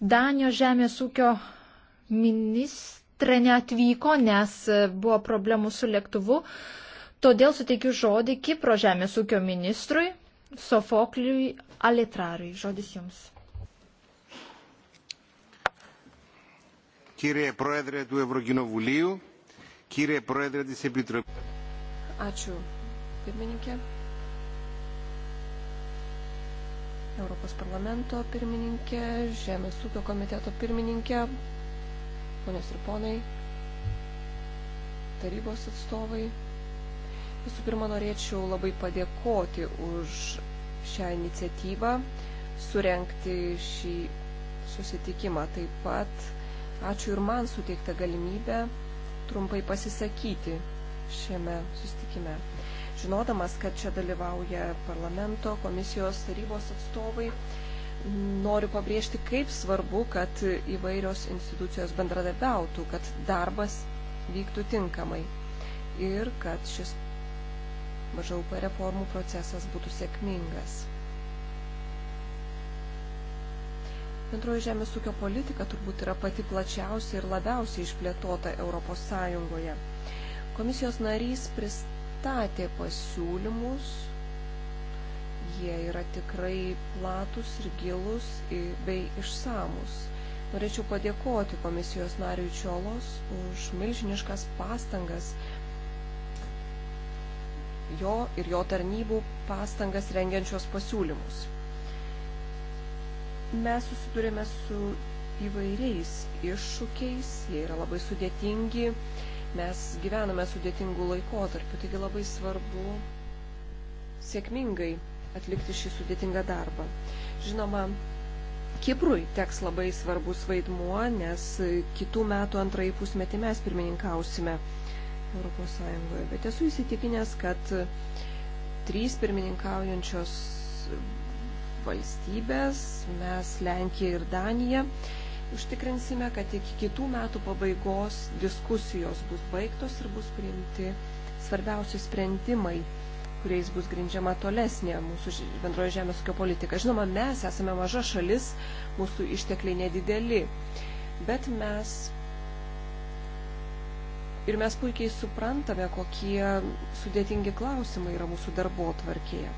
Danijos žemės ūkio ministras ministrė neatvyko, nes e, buvo problemų su lėktuvu. Todėl suteikiu žodį Kipro žemės ūkio ministrui Sofokliui Alitrarui. Žodis jums. Kyrie Proedrė tų Eurokinovulijų, Kyrie Proedrė Disipitro. Ačiū, pirmininkė. Europos parlamento pirmininkė, Žemės ūkio komiteto pirmininkė, ponios ir ponai, tarybos atstovai. Visų pirma, norėčiau labai padėkoti už šią iniciatyvą, surenkti šį susitikimą. Taip pat ačiū ir man suteikta galimybę trumpai pasisakyti šiame susitikime. Žinodamas, kad čia dalyvauja parlamento, komisijos, tarybos atstovai, noriu pabrėžti, kaip svarbu, kad įvairios institucijos bendradarbiautų, kad darbas vyktų tinkamai ir kad šis BŽUP reformų procesas būtų sėkmingas. Bendroji žemės ūkio politika turbūt yra pati plačiausia ir labiausiai išplėtota Europos Sąjungoje. Komisijos narys pristatė pasiūlymus jie yra tikrai platus ir gilus bei išsamus. Norėčiau padėkoti komisijos nariui Čiolos už milžiniškas pastangas, jo ir jo tarnybų pastangas rengiančios pasiūlymus. Mes susidurėme su įvairiais iššūkiais, jie yra labai sudėtingi, mes gyvename sudėtingų laikotarpių, taigi labai svarbu sėkmingai atlikti šį sudėtingą darbą. Žinoma, Kiprui teks labai svarbus vaidmuo, nes kitų metų antrąjį pusmetį mes pirmininkausime ES. Bet esu įsitikinęs, kad trys pirmininkaujančios valstybės, mes Lenkija ir Danija, užtikrinsime, kad iki kitų metų pabaigos diskusijos bus baigtos ir bus priimti svarbiausi sprendimai kuriais bus grindžiama tolesnė mūsų bendroji žemės ūkio politika. Žinoma, mes esame maža šalis, mūsų ištekliai nedideli, bet mes ir mes puikiai suprantame, kokie sudėtingi klausimai yra mūsų darbo tvarkėje.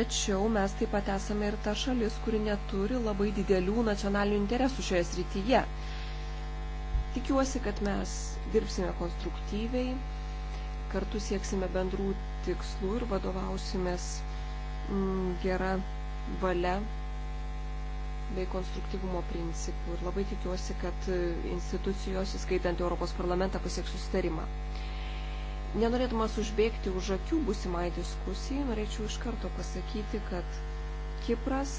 Tačiau mes taip pat esame ir ta šalis, kuri neturi labai didelių nacionalinių interesų šioje srityje. Tikiuosi, kad mes dirbsime konstruktyviai, kartu sieksime bendrų tikslų ir vadovausimės mm, gera valia bei konstruktyvumo principų. Ir labai tikiuosi, kad e, institucijos, įskaitant Europos parlamentą, pasieks susitarimą. Nenorėdamas užbėgti už akių būsimai diskusijai, norėčiau iš karto pasakyti, kad Kipras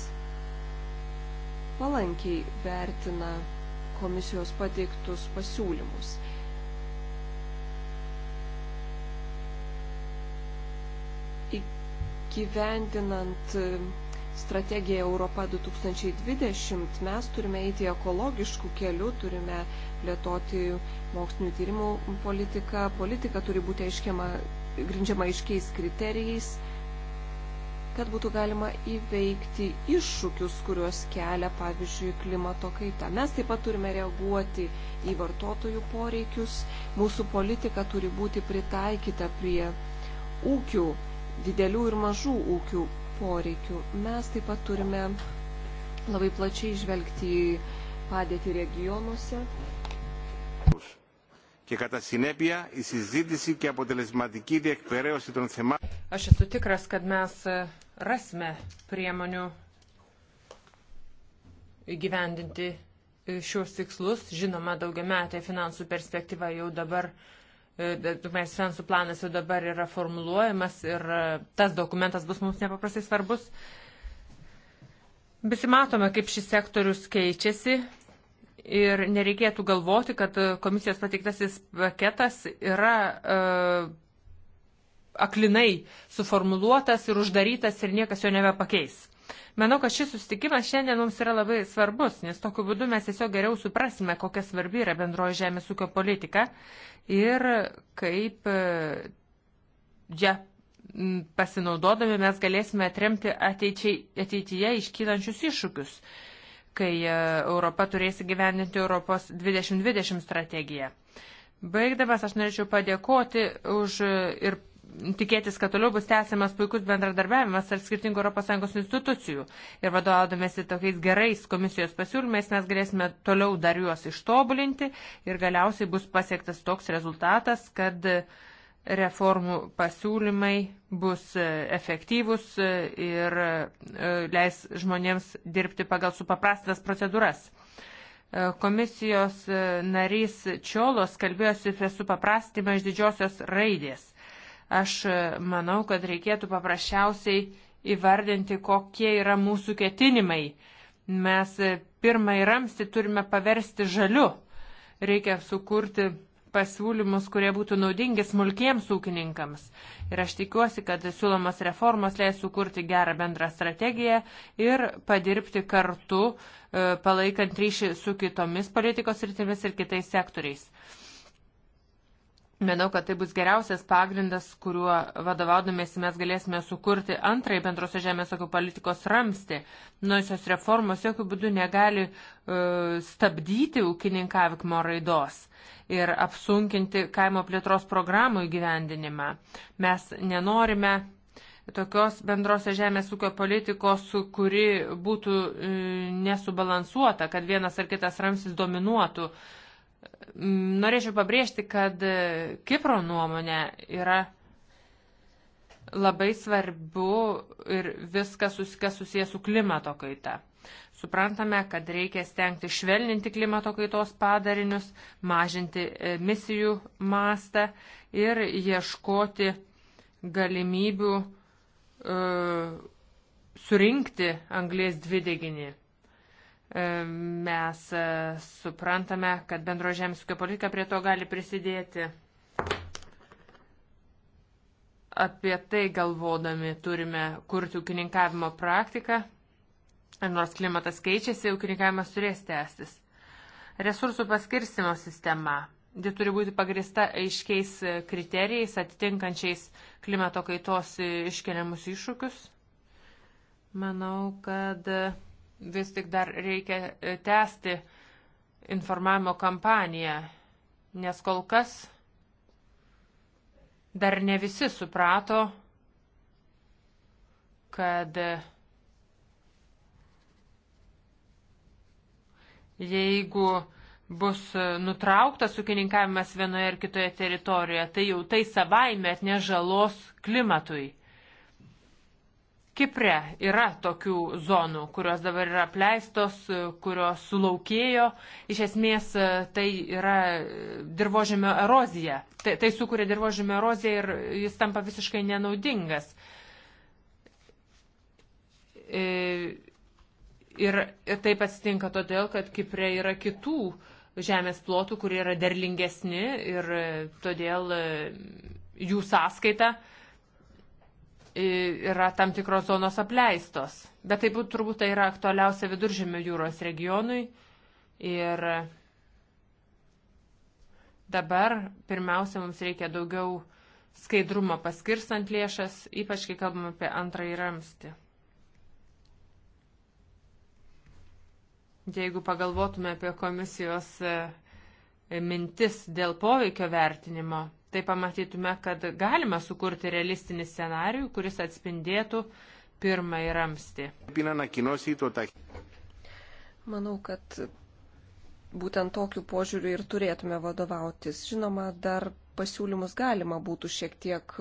palankiai vertina komisijos pateiktus pasiūlymus. įgyvendinant e, strategiją Europa 2020 mes turime eiti ekologiškų kelių, turime plėtoti mokslinių tyrimų politiką, politika turi būti aiškiama, grindžiama aiškiais kriterijais, kad būtų galima įveikti iššūkius, kuriuos kelia, pavyzdžiui, klimato kaita. Mes taip pat turime reaguoti į vartotojų poreikius, mūsų politika turi būti pritaikyta prie ūkių didelių ir mažų ūkių poreikių. Mes taip pat turime labai plačiai žvelgti į padėtį regionuose. Aš esu tikras, kad mes rasme priemonių įgyvendinti e, šios tikslus. Žinoma, daugiametė finansų perspektyva jau dabar uh, E, mes finansų planas jau dabar yra formuluojamas ir e, tas dokumentas bus mums nepaprastai svarbus. Visi matome, kaip šis sektorius keičiasi ir nereikėtų galvoti, kad e, komisijos pateiktasis paketas yra e, aklinai suformuluotas ir uždarytas ir niekas jo nebepakeis. Manau, kad šis susitikimas šiandien mums yra labai svarbus, nes tokiu būdu mes tiesiog geriau suprasime, kokia svarbi yra bendroji žemės ūkio politika ir kaip ją e, ja, pasinaudodami mes galėsime atremti ateičiai, ateityje iškylančius iššūkius, kai e, Europa turės įgyvendinti Europos 2020 strategiją. Baigdamas aš norėčiau padėkoti už e, ir tikėtis, kad toliau bus tęsiamas puikus bendradarbiavimas ar skirtingų ES institucijų. Ir vadovaudomėsi tokiais gerais komisijos pasiūlymais, mes galėsime toliau dar juos ištobulinti ir galiausiai bus pasiektas toks rezultatas, kad reformų pasiūlymai bus efektyvus ir e, leis žmonėms dirbti pagal supaprastas procedūras e, komisijos e, narys Čiolos kalbėjosi apie supaprastymą iš didžiosios raidės. Aš e, manau, kad reikėtų paprasčiausiai įvardinti, kokie yra mūsų ketinimai. Mes e, pirmąjį ramstį turime paversti žaliu. Reikia sukurti pasiūlymus, kurie būtų naudingi smulkiems ūkininkams. Ir aš tikiuosi, kad siūlomas reformos leis sukurti gerą bendrą strategiją ir padirbti kartu, e, palaikant ryšį su kitomis politikos rytimis ir kitais sektoriais. Manau, kad tai bus geriausias pagrindas, kuriuo vadovaudomėsi mes galėsime sukurti antrąjį bendrosios žemės ūkio politikos ramsti. Nors šios reformos jokių būdų negali uh, stabdyti ūkininkavimo raidos ir apsunkinti kaimo plėtros programų įgyvendinimą. Mes nenorime tokios bendrosios žemės ūkio politikos, kuri būtų e, nesubalansuota, kad vienas ar kitas ramsis dominuotų. Uh, Norėčiau pabrėžti, kad Kipro nuomonė yra labai svarbu ir viskas, kas susijęs su klimato kaita. Suprantame, kad reikia stengti švelninti klimato kaitos padarinius, mažinti emisijų mastą ir ieškoti galimybių e, surinkti anglės dvideginį. Mes e, suprantame, kad bendro žemės ūkio politika prie to gali prisidėti. Apie tai galvodami turime kurti ūkininkavimo praktiką. Ir nors klimatas keičiasi, ūkininkavimas turės tęstis. Resursų paskirstimo sistema. Ji turi būti pagrista aiškiais kriterijais, atitinkančiais klimato kaitos iškeliamus iššūkius. Manau, kad vis tik dar reikia e, tęsti informavimo kampaniją, nes kol kas dar ne visi suprato, kad e, jeigu bus e, nutrauktas ūkininkavimas vienoje ar kitoje teritorijoje, tai jau tai savaime atneš žalos klimatui. Kipre yra tokių zonų, kurios dabar yra pleistos, kurios sulaukėjo. Iš esmės e, tai yra e, dirbožėmio erozija. Tai, tai sukuria dirbožėmio eroziją ir jis tampa visiškai nenaudingas. E, ir, ir taip atsitinka todėl, kad Kipre yra kitų žemės plotų, kurie yra derlingesni ir todėl jų sąskaita uh, yra tam tikros zonos apleistos. Bet tai būtų turbūt tai yra aktualiausia viduržėmio jūros regionui. Ir dabar pirmiausia mums reikia daugiau skaidrumo paskirstant lėšas, ypač kai kalbam apie antrąjį ramstį. Jeigu pagalvotume apie komisijos e, mintis dėl poveikio vertinimo, tai pamatytume, kad galima sukurti realistinį scenarių, kuris atspindėtų pirmąjį ramstį. Manau, kad būtent tokiu požiūriu ir turėtume vadovautis. Žinoma, dar pasiūlymus galima būtų šiek tiek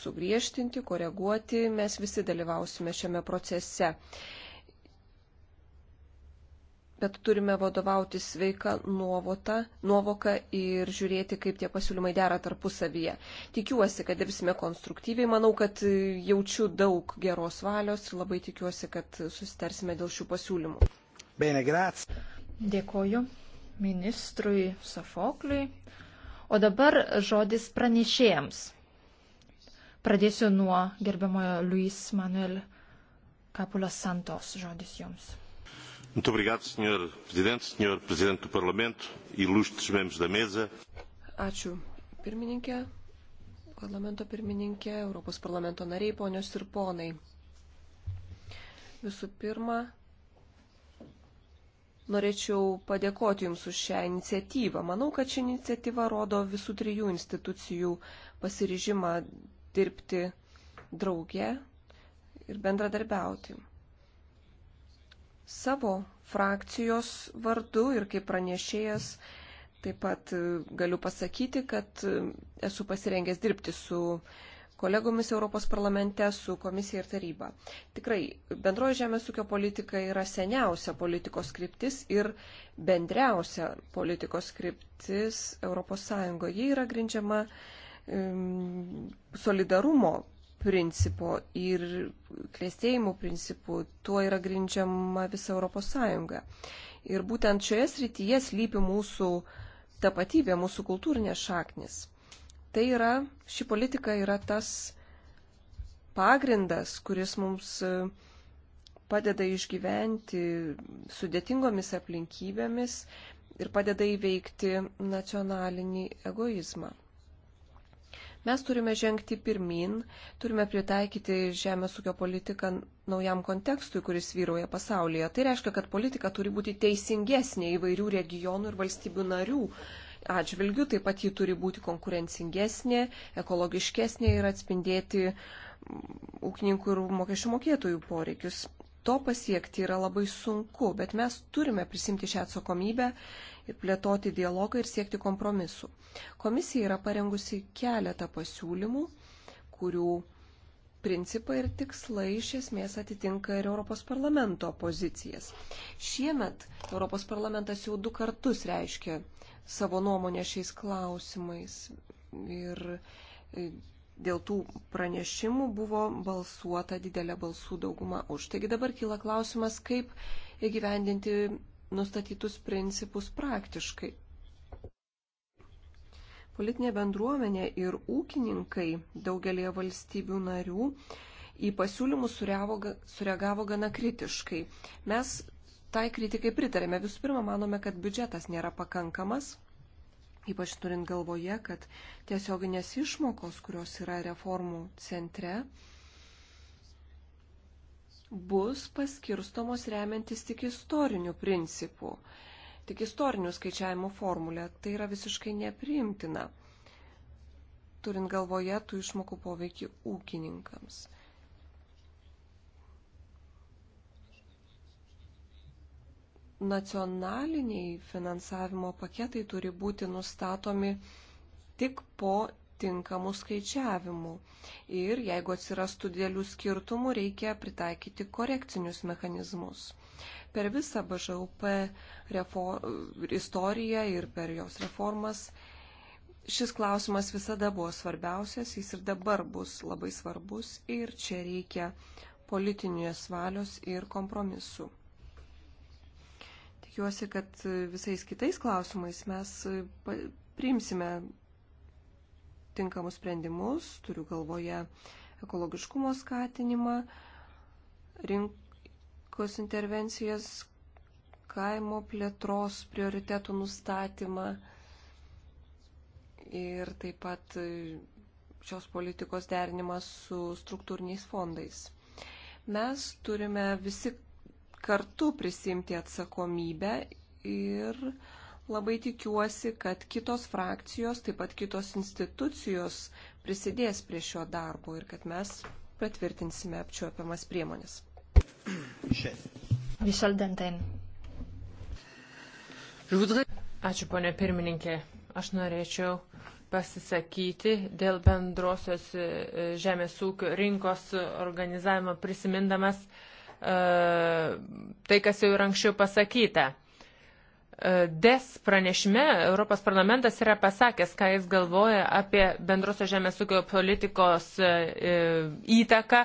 sugriežtinti, koreguoti, mes visi dalyvausime šiame procese bet turime vadovauti sveika nuovota, nuovoka ir žiūrėti, kaip tie pasiūlymai dera tarpusavyje. Tikiuosi, kad dirbsime konstruktyviai, manau, kad jaučiu daug geros valios ir labai tikiuosi, kad susitarsime dėl šių pasiūlymų. Bene, grats. Dėkoju ministrui Sofokliui. O dabar žodis pranešėjams. Pradėsiu nuo gerbiamojo Luis Manuel Kapulas Santos žodis jums. Muito obrigado, Sr. Presidente, Sr. Presidente do Parlamento, ilustres membros da mesa. Ačiū, pirmininkė, parlamento pirmininkė, Europos parlamento nariai, ponios ir ponai. Visų pirma, norėčiau padėkoti Jums už šią iniciatyvą. Manau, kad ši iniciatyva rodo visų trijų institucijų pasiryžimą dirbti drauge ir bendradarbiauti. Savo frakcijos vardu ir kaip pranešėjas taip pat e, galiu pasakyti, kad e, esu pasirengęs dirbti su kolegomis Europos parlamente, su komisija ir taryba. Tikrai, bendroji žemės ūkio politika yra seniausia politikos kryptis ir bendriausia politikos kryptis ES. Ji yra grindžiama um, solidarumo principo ir klėstėjimo principu, tuo yra grindžiama visa Europos Sąjunga. Ir būtent šioje srityje slypi mūsų tapatybė, mūsų kultūrinės šaknis. Tai yra, ši politika yra tas pagrindas, kuris mums e, padeda išgyventi sudėtingomis aplinkybėmis ir padeda įveikti nacionalinį egoizmą. Mes turime žengti pirmin, turime pritaikyti žemės ūkio politiką naujam kontekstui, kuris vyrauja pasaulyje. Tai reiškia, kad politika turi būti teisingesnė įvairių regionų ir valstybių narių atžvilgių, taip pat ji turi būti konkurencingesnė, ekologiškesnė ir atspindėti ūkininkų ir mokesčių mokėtojų poreikius. To pasiekti yra labai sunku, bet mes turime prisimti šią atsakomybę plėtoti dialogą ir siekti kompromisų. Komisija yra parengusi keletą pasiūlymų, kurių principai ir tikslai iš esmės atitinka ir Europos parlamento pozicijas. Šiemet Europos parlamentas jau du kartus reiškia savo nuomonę šiais klausimais ir e, dėl tų pranešimų buvo balsuota didelė balsų dauguma už. Taigi dabar kyla klausimas, kaip įgyvendinti nustatytus principus praktiškai. Politinė bendruomenė ir ūkininkai daugelie valstybių narių į pasiūlymus sureavo, sureagavo gana kritiškai. Mes tai kritikai pritarėme. Visų pirma, manome, kad biudžetas nėra pakankamas, ypač turint galvoje, kad tiesioginės išmokos, kurios yra reformų centre, bus paskirstomos remiantis tik istorinių principų, tik istorinių skaičiavimų formulę. Tai yra visiškai nepriimtina, turint galvoje tų išmokų poveikį ūkininkams. Nacionaliniai finansavimo paketai turi būti nustatomi tik po tinkamų skaičiavimų. Ir jeigu atsirastų dėlių skirtumų, reikia pritaikyti korekcinius mechanizmus. Per visą BŽUP istoriją ir per jos reformas šis klausimas visada buvo svarbiausias, jis ir dabar bus labai svarbus ir čia reikia politinės valios ir kompromisų tikiuosi, kad visais kitais klausimais mes priimsime tinkamus sprendimus, turiu galvoje ekologiškumo skatinimą, rinkos intervencijas, kaimo plėtros prioritetų nustatymą ir taip pat šios politikos derinimas su struktūriniais fondais. Mes turime visi kartu prisimti atsakomybę ir uh, labai tikiuosi, kad kitos frakcijos, taip pat kitos institucijos prisidės prie šio darbo ir kad mes patvirtinsime apčiuopiamas priemonės. Ačiū, ponė pirmininkė. Aš norėčiau pasisakyti dėl bendrosios e, žemės ūkio rinkos organizavimo prisimindamas uh, e, tai, kas jau ir anksčiau pasakyta. Uh, E, des pranešime Europos parlamentas yra pasakęs, ką jis galvoja apie bendrosios žemės ūkio politikos e, e, įtaką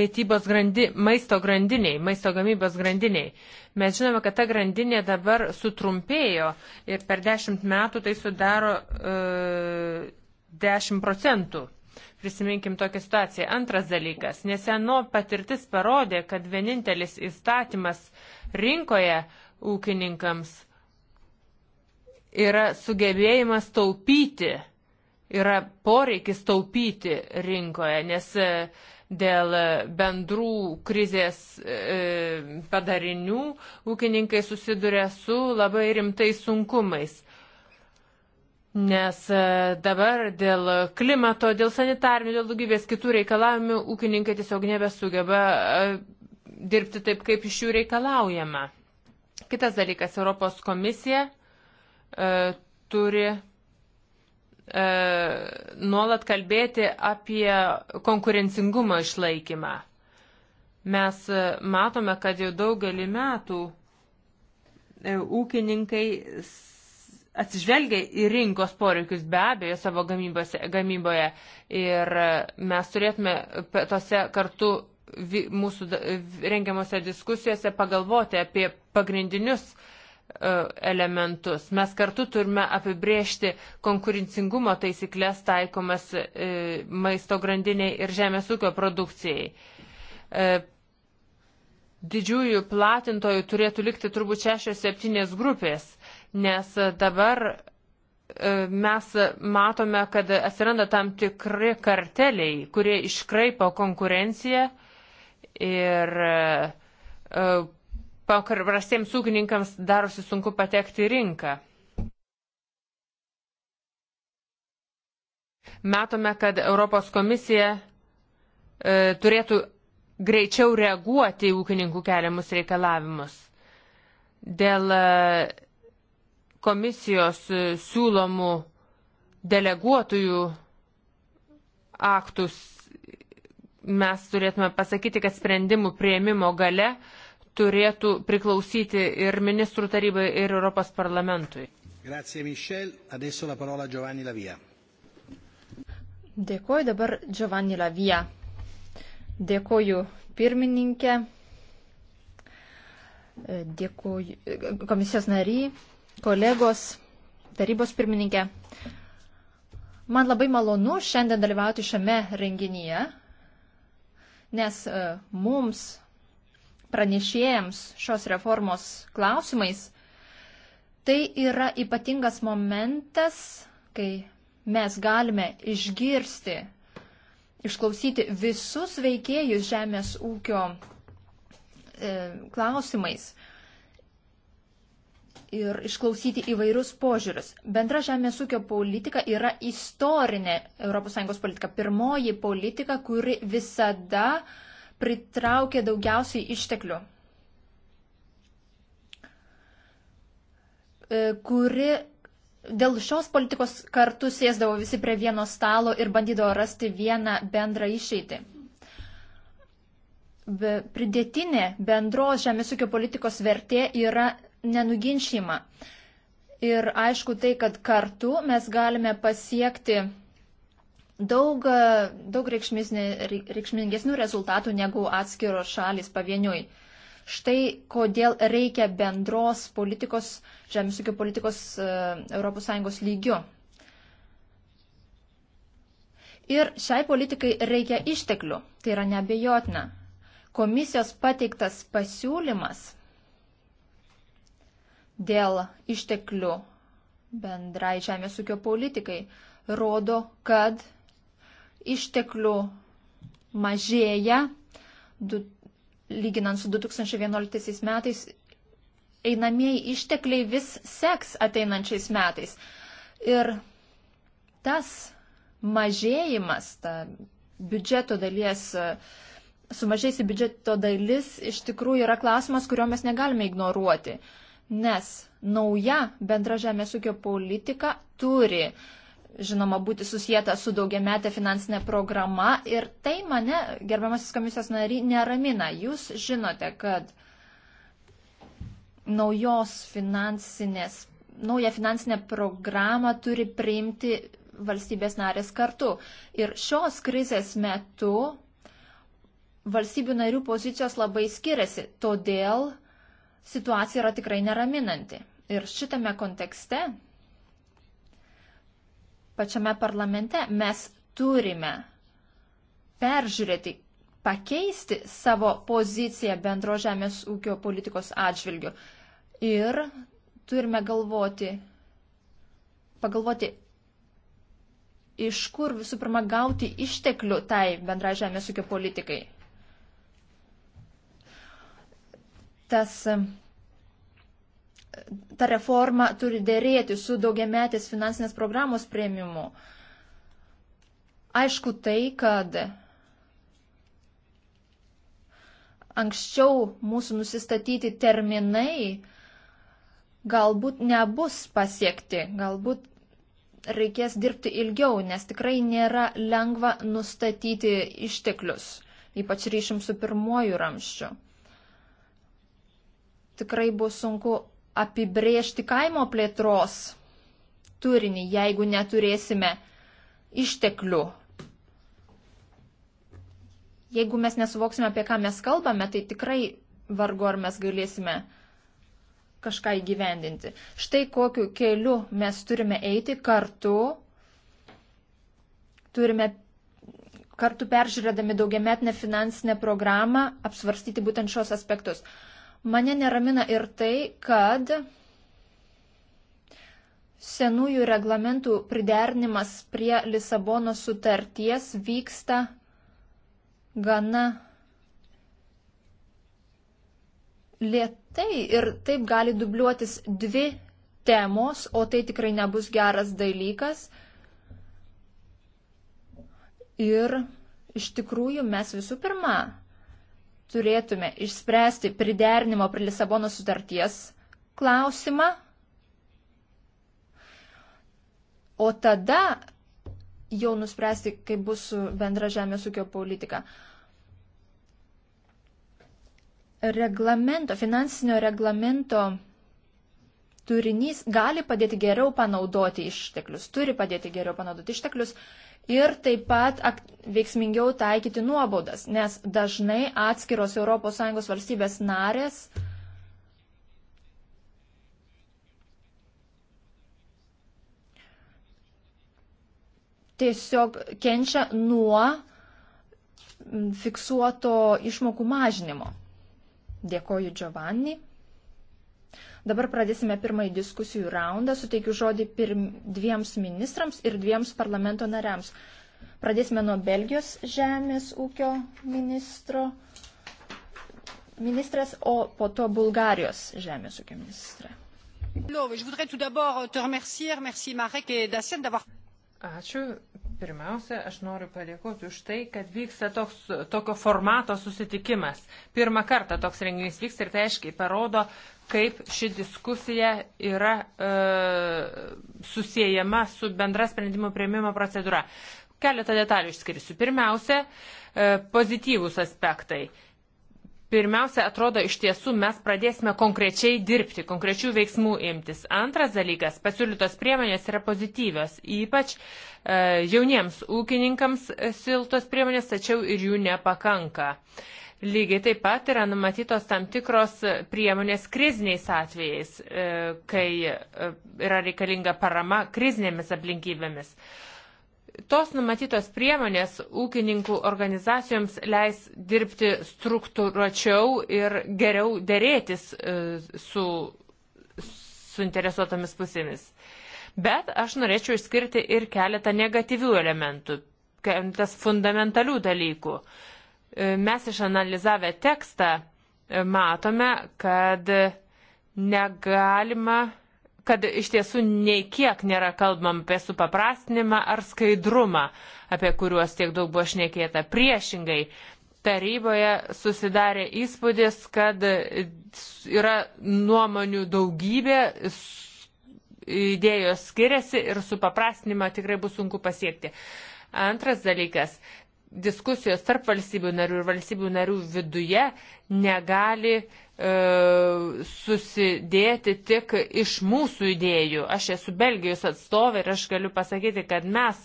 mytybos grandi, maisto grandiniai, maisto gamybos grandiniai. Mes žinome, kad ta grandinė dabar sutrumpėjo ir per dešimt metų tai sudaro dešimt procentų. Prisiminkim tokią situaciją. Antras dalykas. Neseno patirtis parodė, kad vienintelis įstatymas rinkoje, uh, ūkininkams yra sugebėjimas taupyti, yra poreikis taupyti rinkoje, nes e, dėl e, bendrų krizės e, padarinių ūkininkai susiduria su labai rimtais sunkumais. Nes dabar dėl klimato, dėl sanitarnių, dėl daugybės kitų reikalavimų ūkininkai tiesiog nebesugeba dirbti taip, kaip iš jų reikalaujama. Kitas dalykas, Europos komisija e, turi e, nuolat kalbėti apie konkurencingumo išlaikymą. Mes e, matome, kad jau daugelį metų e, ūkininkai atsižvelgia į rinkos poreikius be abejo savo gamybose, gamyboje ir e, mes turėtume tose kartu mūsų rengiamose diskusijose pagalvoti apie pagrindinius e, elementus. Mes kartu turime apibriežti konkurencingumo taisyklės taikomas e, maisto grandiniai ir žemės ūkio produkcijai. E, didžiųjų platintojų turėtų likti turbūt 6-7 grupės, nes dabar mes matome, kad atsiranda tam tikri karteliai, kurie iškraipo konkurenciją ir e, paprastiems ūkininkams darosi sunku patekti į rinką. Matome, kad Europos komisija e, turėtų greičiau reaguoti į ūkininkų keliamus reikalavimus. Dėl e, komisijos e, siūlomų deleguotųjų aktus mes turėtume pasakyti, kad sprendimų prieimimo gale turėtų priklausyti ir ministrų tarybai, ir Europos parlamentui. Grazie, Michel. Adesso la parola Giovanni Lavia. Dėkoju dabar Giovanni Lavia. Dėkoju pirmininkė. Dėkoju komisijos nariai, kolegos, tarybos pirmininkė. Man labai malonu šiandien dalyvauti šiame renginyje, nes e, mums, pranešėjams šios reformos klausimais, tai yra ypatingas momentas, kai mes galime išgirsti, išklausyti visus veikėjus žemės ūkio e, klausimais ir išklausyti įvairius požiūrius. Bendra žemės ūkio politika yra istorinė ES politika, pirmoji politika, kuri visada pritraukė daugiausiai išteklių, e, kuri dėl šios politikos kartu sėsdavo visi prie vieno stalo ir bandydavo rasti vieną bendrą išeitį. Be pridėtinė bendros žemės ūkio politikos vertė yra nenuginčiama. Ir aišku tai, kad kartu mes galime pasiekti daug, daug reikšmingesnių rezultatų negu atskiros šalis pavieniui. Štai kodėl reikia bendros politikos, žemės ūkio politikos ES lygių. Ir šiai politikai reikia išteklių, tai yra nebejotina. Komisijos pateiktas pasiūlymas dėl išteklių bendrai žemės ūkio politikai rodo, kad išteklių mažėja, du, lyginant su 2011 metais, einamieji ištekliai vis seks ateinančiais metais. Ir tas mažėjimas, ta biudžeto dalies, sumažėjusi biudžeto dalis iš tikrųjų yra klausimas, kurio mes negalime ignoruoti. Uh, nes nauja bendra žemės ūkio politika turi, žinoma, būti susijęta su daugiametė finansinė programa ir tai mane, gerbiamasis komisijos nariai, neramina. Jūs žinote, kad naujos finansinės, naują finansinę programą turi priimti valstybės narės kartu. Ir šios krizės metu valstybių narių pozicijos labai skiriasi. Todėl situacija yra tikrai neraminanti. Ir šitame kontekste, pačiame parlamente, mes turime peržiūrėti, pakeisti savo poziciją bendro žemės ūkio politikos atžvilgiu. Ir turime galvoti, pagalvoti, iš kur visų pirma gauti išteklių tai bendra žemės ūkio politikai. tas, ta reforma turi dėrėti su daugiametės finansinės programos prieimimu. Aišku tai, kad anksčiau mūsų nusistatyti terminai galbūt nebus pasiekti, galbūt reikės dirbti ilgiau, nes tikrai nėra lengva nustatyti išteklius, ypač ryšim su pirmoju ramščiu tikrai bus sunku apibrėžti kaimo plėtros turinį, jeigu neturėsime išteklių. Jeigu mes nesuvoksime, apie ką mes kalbame, tai tikrai vargu ar mes galėsime kažką įgyvendinti. Štai kokiu keliu mes turime eiti kartu, turime kartu peržiūrėdami daugiametinę finansinę programą apsvarstyti būtent šios aspektus. Mane neramina ir tai, kad senųjų reglamentų pridernimas prie Lisabono sutarties vyksta gana lietai ir taip gali dubliuotis dvi temos, o tai tikrai nebus geras dalykas. Ir iš tikrųjų mes visų pirma turėtume išspręsti pridernimo prie Lisabono sutarties klausimą, o tada jau nuspręsti, kaip bus su bendra žemės ūkio politika. Reglamento, finansinio reglamento turinys gali padėti geriau panaudoti išteklius, turi padėti geriau panaudoti išteklius ir taip pat veiksmingiau taikyti nuobaudas, nes dažnai atskiros ES valstybės narės tiesiog kenčia nuo fiksuoto išmokų mažinimo. Dėkoju Giovanni. Dabar pradėsime pirmąjį diskusijų raundą. Suteikiu žodį pirm, dviems ministrams ir dviems parlamento nariams. Pradėsime nuo Belgijos žemės ūkio ministro, ministras, o po to Bulgarijos žemės ūkio ministrė. Ačiū. Pirmiausia, aš noriu padėkoti už tai, kad vyksta toks, tokio formato susitikimas. Pirmą kartą toks renginys vyksta ir tai aiškiai parodo, kaip ši diskusija yra e, susijęjama su bendra sprendimo prieimimo procedūra. Keletą detalių išskirsiu. Pirmiausia, e, pozityvūs aspektai. Pirmiausia, atrodo, iš tiesų mes pradėsime konkrečiai dirbti, konkrečių veiksmų imtis. Antras dalykas, pasiūlytos priemonės yra pozityvios, ypač e, jauniems ūkininkams siltos priemonės, tačiau ir jų nepakanka. E, Lygiai taip pat yra numatytos tam tikros priemonės kriziniais atvejais, e, kai e, yra reikalinga parama krizinėmis aplinkybėmis. Tos numatytos priemonės ūkininkų organizacijoms leis dirbti struktūruočiau ir geriau dėrėtis e, su suinteresuotomis pusėmis. Bet aš norėčiau išskirti ir keletą negatyvių elementų, keletas fundamentalių dalykų. Uh, Mes išanalizavę tekstą e, matome, kad negalima, kad iš tiesų nei kiek nėra kalbam apie supaprastinimą ar skaidrumą, apie kuriuos tiek daug buvo šnekėta. Priešingai, taryboje susidarė įspūdis, kad yra nuomonių daugybė, idėjos skiriasi ir supaprastinimą tikrai bus sunku pasiekti. Antras dalykas, diskusijos tarp valstybių narių ir valstybių narių viduje negali e, susidėti tik iš mūsų idėjų. Aš esu Belgijos atstovė ir aš galiu pasakyti, kad mes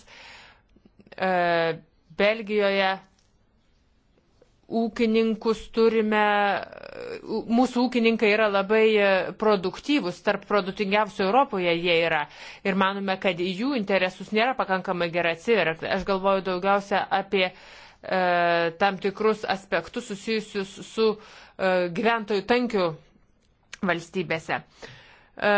e, Belgijoje ūkininkus turime, mūsų ūkininkai yra labai e, produktyvus, tarp produktingiausių Europoje jie yra. Ir manome, kad jų interesus nėra pakankamai gerai atsiverkti. Aš galvoju daugiausia apie e, tam tikrus aspektus susijusius su e, gyventojų tankiu valstybėse. E,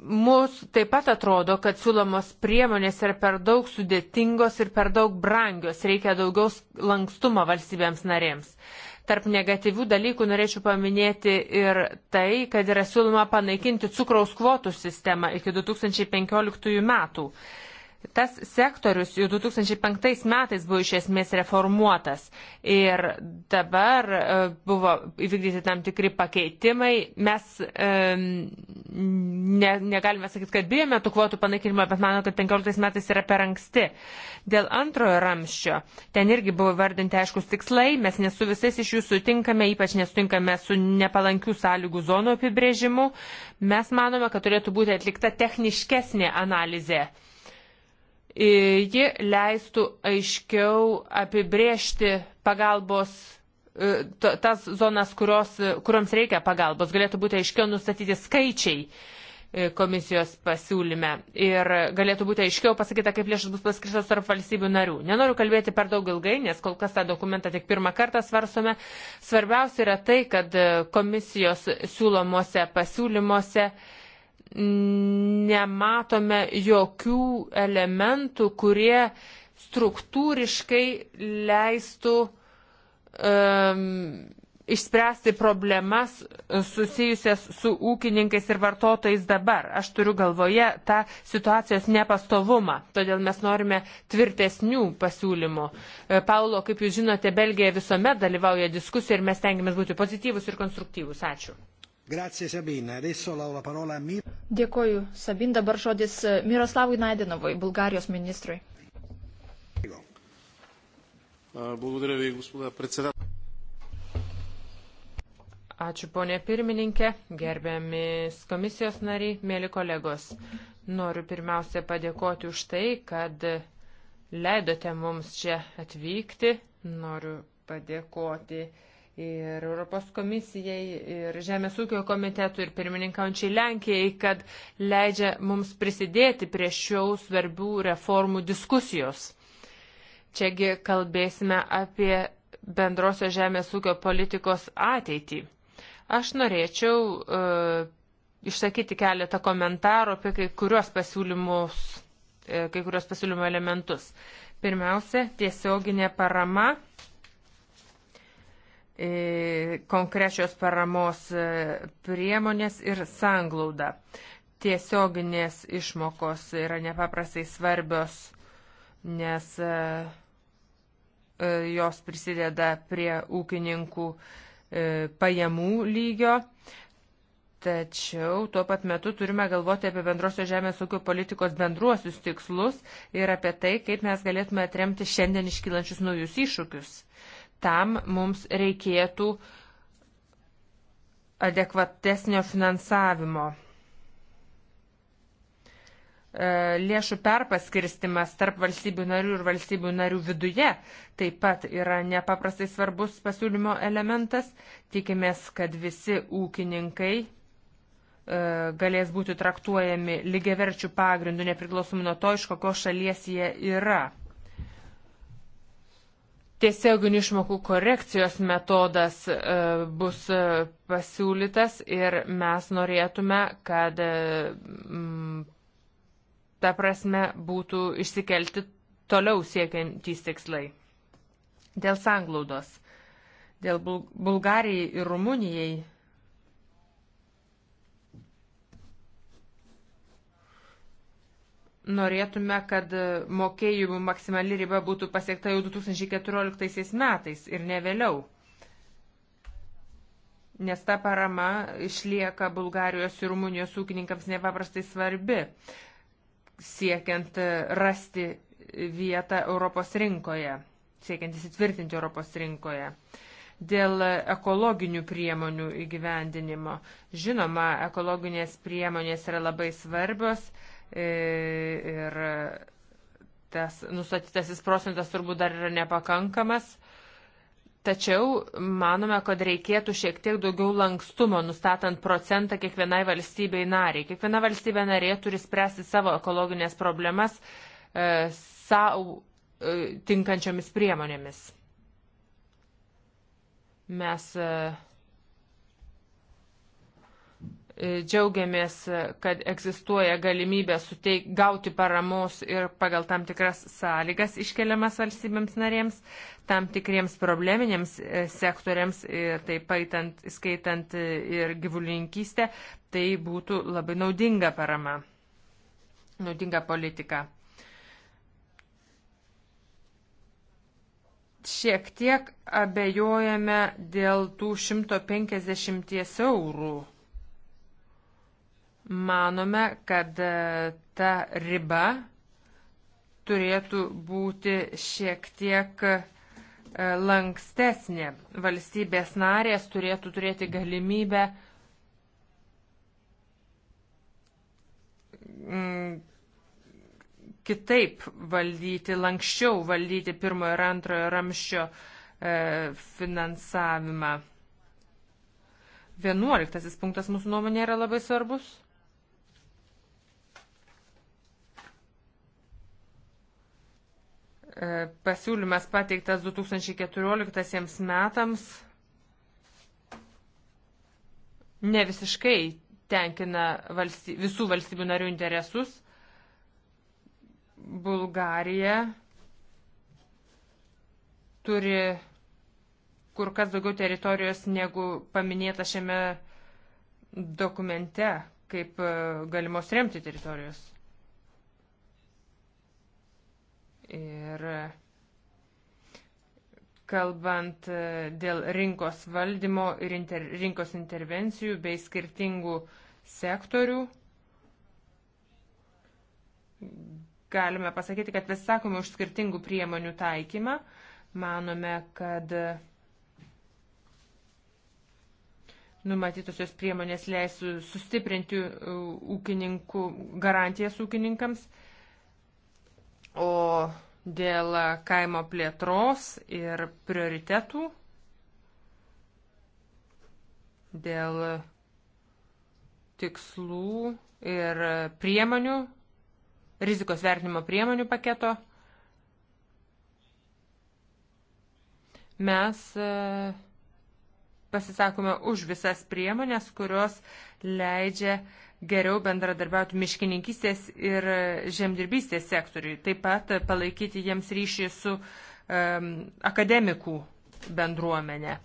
Mums taip pat atrodo, kad siūlomos priemonės yra per daug sudėtingos ir per daug brangios, reikia daugiau lankstumo valstybėms narėms. Tarp negatyvių dalykų norėčiau paminėti ir tai, kad yra siūloma panaikinti cukraus kvotų sistemą iki 2015 metų. Tas sektorius jau 2005 metais buvo iš esmės reformuotas ir dabar e, buvo įvykdyti tam tikri pakeitimai. Mes e, ne, negalime sakyti, kad bijome tų kvotų panaikinimo, bet manau, kad 15 metais yra per anksti. Dėl antrojo ramščio ten irgi buvo vardinti aiškus tikslai, mes nesu visais iš jų sutinkame, ypač nesutinkame su nepalankių sąlygų zonų apibrėžimu. Mes manome, kad turėtų būti atlikta techniškesnė analizė E, ji leistų aiškiau apibriežti pagalbos e, tas zonas, kurios, e, kuriuoms reikia pagalbos, galėtų būti aiškiau nustatyti skaičiai komisijos pasiūlyme ir galėtų būti aiškiau pasakyta, kaip lėšas bus paskirtos tarp valstybių narių. Nenoriu kalbėti per daug ilgai, nes kol kas tą dokumentą tik pirmą kartą svarsome. Svarbiausia yra tai, kad komisijos siūlomose pasiūlymuose uh, nematome jokių elementų, kurie struktūriškai leistų um, išspręsti problemas susijusias su ūkininkais ir vartotojais dabar. Aš turiu galvoje tą situacijos nepastovumą, todėl mes norime tvirtesnių pasiūlymų. E, Paulo, kaip jūs žinote, Belgija visuomet dalyvauja diskusijoje ir mes tengiamės būti pozityvus ir konstruktyvus. Ačiū. Grazie, Sabina. Adesso la parola a Mir. Dėkoju, Sabin. Dabar žodis e, Miroslavui Nadinovui, Bulgarijos ministrui. Благодаря ви, господа председател. Ačiū, ponė pirmininkė, gerbiamis komisijos nariai, mėly kolegos. Noriu pirmiausia padėkoti už tai, kad leidote mums čia atvykti. Noriu padėkoti uh, ir Europos komisijai, ir Žemės ūkio komitetui, ir pirmininkaujančiai Lenkijai, kad leidžia mums prisidėti prie šių svarbių reformų diskusijos. Čiagi kalbėsime apie bendrosios žemės ūkio politikos ateitį. Aš norėčiau uh, išsakyti keletą komentarų apie kai kurios pasiūlymus, e, kai kurios pasiūlymo elementus. Pirmiausia, tiesioginė parama E, konkrečios paramos e, priemonės ir sanglauda. Tiesioginės išmokos yra nepaprastai svarbios, nes e, jos prisideda prie ūkininkų pajamų lygio. Tačiau tuo pat metu turime galvoti apie bendrosios žemės ūkio politikos bendruosius tikslus ir apie tai, kaip mes galėtume atremti šiandien iškylančius naujus iššūkius tam mums reikėtų adekvatesnio finansavimo. E, lėšų perpaskirstimas tarp valstybių narių ir valstybių narių viduje taip pat yra nepaprastai svarbus pasiūlymo elementas. Tikimės, kad visi ūkininkai e, galės būti traktuojami lygiaverčių pagrindų, nepriklausomai nuo to, iš kokios šalies jie yra tiesioginių išmokų korekcijos metodas e, bus e, pasiūlytas ir mes norėtume, kad e, ta prasme būtų išsikelti toliau siekiantys tikslai. Dėl sanglaudos. Dėl Bulgarijai ir Rumunijai norėtume, kad mokėjimų maksimali riba būtų pasiekta jau 2014 metais ir ne vėliau. Nes ta parama išlieka Bulgarijos ir Rumunijos ūkininkams nepaprastai svarbi, siekiant rasti vietą Europos rinkoje, siekiant įsitvirtinti Europos rinkoje dėl ekologinių priemonių įgyvendinimo. Žinoma, ekologinės priemonės yra labai svarbios, E, ir tas nustatytasis procentas turbūt dar yra nepakankamas. Tačiau manome, kad reikėtų šiek tiek daugiau lankstumo, nustatant procentą kiekvienai valstybei nariai. Kiekviena valstybė narė turi spręsti savo ekologinės problemas e, savo e, tinkančiomis priemonėmis. Mes e, E, džiaugiamės, kad egzistuoja galimybė suteik, gauti paramos ir pagal tam tikras sąlygas iškeliamas valstybėms narėms, tam tikriems probleminiams e, sektoriams, taip pat skaitant e, ir gyvulininkystę, tai būtų labai naudinga parama, naudinga politika. Šiek tiek abejojame dėl tų 150 eurų Manome, kad e, ta riba turėtų būti šiek tiek e, lankstesnė. Valstybės narės turėtų turėti galimybę mm, kitaip valdyti, lankščiau valdyti pirmojo ir antrojo ramščio e, finansavimą. Vienuoliktasis punktas mūsų nuomonė yra labai svarbus. E, pasiūlymas pateiktas 2014 metams ne visiškai tenkina valsty, visų valstybių narių interesus. Bulgarija turi kur kas daugiau teritorijos negu paminėta šiame dokumente kaip e, galimos remti teritorijos. Ir kalbant e, dėl rinkos valdymo ir inter, rinkos intervencijų bei skirtingų sektorių, galime pasakyti, kad vis sakome už skirtingų priemonių taikymą. Manome, kad numatytosios priemonės leis sustiprinti e, ūkininkų garantijas ūkininkams O dėl kaimo plėtros ir prioritetų, dėl tikslų ir priemonių, rizikos vertinimo priemonių paketo, mes e, pasisakome už visas priemonės, kurios leidžia uh, geriau bendradarbiauti miškininkystės ir žemdirbystės sektoriui, taip pat palaikyti jiems ryšį su um, akademikų bendruomenė.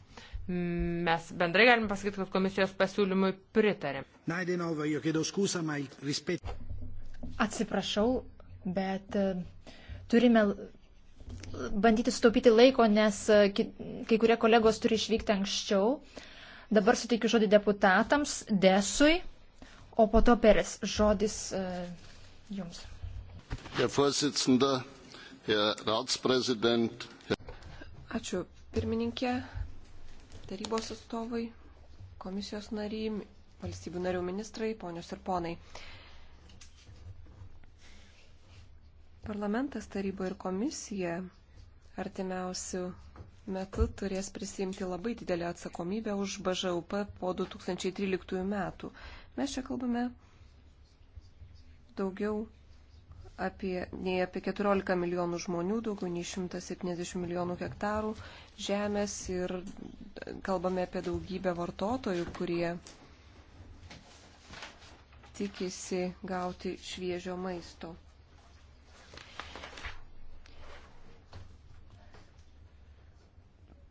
Mes bendrai galime pasakyti, kad komisijos pasiūlymui pritarėm. Atsiprašau, bet e, turime bandyti sutaupyti laiko, nes e, kai kurie kolegos turi išvykti anksčiau. Dabar suteikiu žodį deputatams, Desui, O po to Peres žodis e, jums. Ačiū pirmininkė, tarybos atstovai, komisijos nariai, valstybių narių ministrai, ponios ir ponai. Parlamentas, taryba ir komisija artimiausių metu turės prisimti labai didelę atsakomybę už BŽUP po 2013 metų. Mes čia kalbame daugiau apie, nei apie 14 milijonų žmonių, daugiau nei 170 milijonų hektarų žemės ir kalbame apie daugybę vartotojų, kurie tikisi gauti šviežio maisto.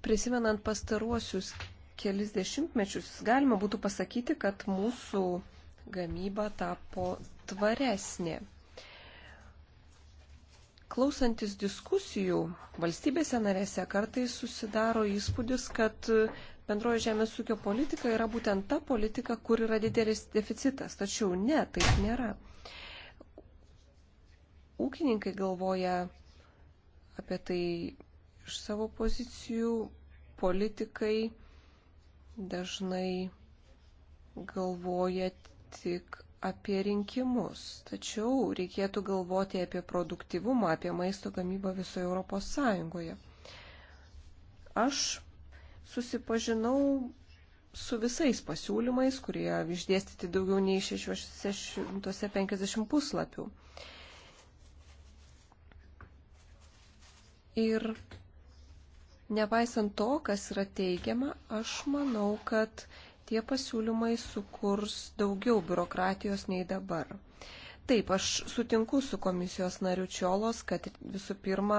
Prisimenant pastaruosius kelis dešimtmečius galima būtų pasakyti, kad mūsų gamyba tapo tvaresnė. Klausantis diskusijų valstybėse narėse kartais susidaro įspūdis, kad bendroji žemės ūkio politika yra būtent ta politika, kur yra didelis deficitas. Tačiau ne, taip nėra. Ūkininkai galvoja apie tai iš savo pozicijų, politikai dažnai galvoja tik apie rinkimus, tačiau reikėtų galvoti apie produktivumą, apie maisto gamybą visoje Europos Sąjungoje. Aš susipažinau su visais pasiūlymais, kurie išdėstyti daugiau nei 650 puslapių. Ir Nepaisant to, kas yra teigiama, aš manau, kad tie pasiūlymai sukurs daugiau biurokratijos nei dabar. Taip, aš sutinku su komisijos nariu Čiolos, kad visų pirma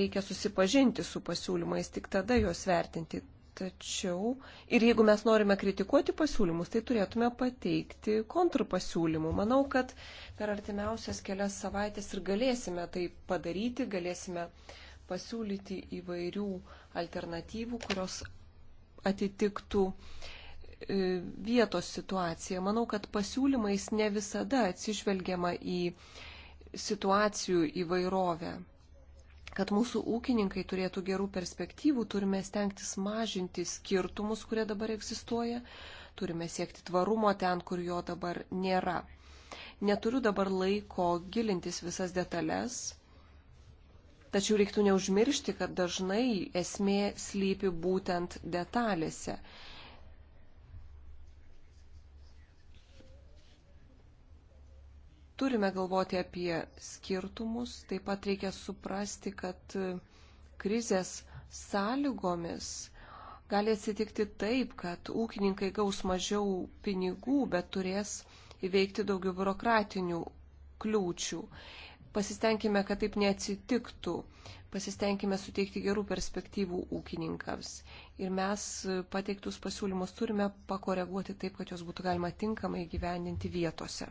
reikia susipažinti su pasiūlymais, tik tada juos vertinti. Tačiau ir jeigu mes norime kritikuoti pasiūlymus, tai turėtume pateikti kontrpasiūlymų. Manau, kad per artimiausias kelias savaitės ir galėsime tai padaryti, galėsime uh, pasiūlyti įvairių alternatyvų, kurios atitiktų e, vietos situaciją. Manau, kad pasiūlymais ne visada atsižvelgiama į situacijų įvairovę. Kad mūsų ūkininkai turėtų gerų perspektyvų, turime stengtis mažinti skirtumus, kurie dabar egzistuoja, turime siekti tvarumo ten, kur jo dabar nėra. Neturiu dabar laiko gilintis visas detalės, Tačiau reiktų neužmiršti, kad dažnai esmė slypi būtent detalėse. Turime galvoti apie skirtumus, taip pat reikia suprasti, kad krizės sąlygomis gali atsitikti taip, kad ūkininkai gaus mažiau pinigų, bet turės įveikti daugiau biurokratinių kliūčių pasistengime, kad taip neatsitiktų, pasistengime suteikti gerų perspektyvų ūkininkams. Ir mes pateiktus pasiūlymus turime pakoreguoti taip, kad juos būtų galima tinkamai gyveninti vietose.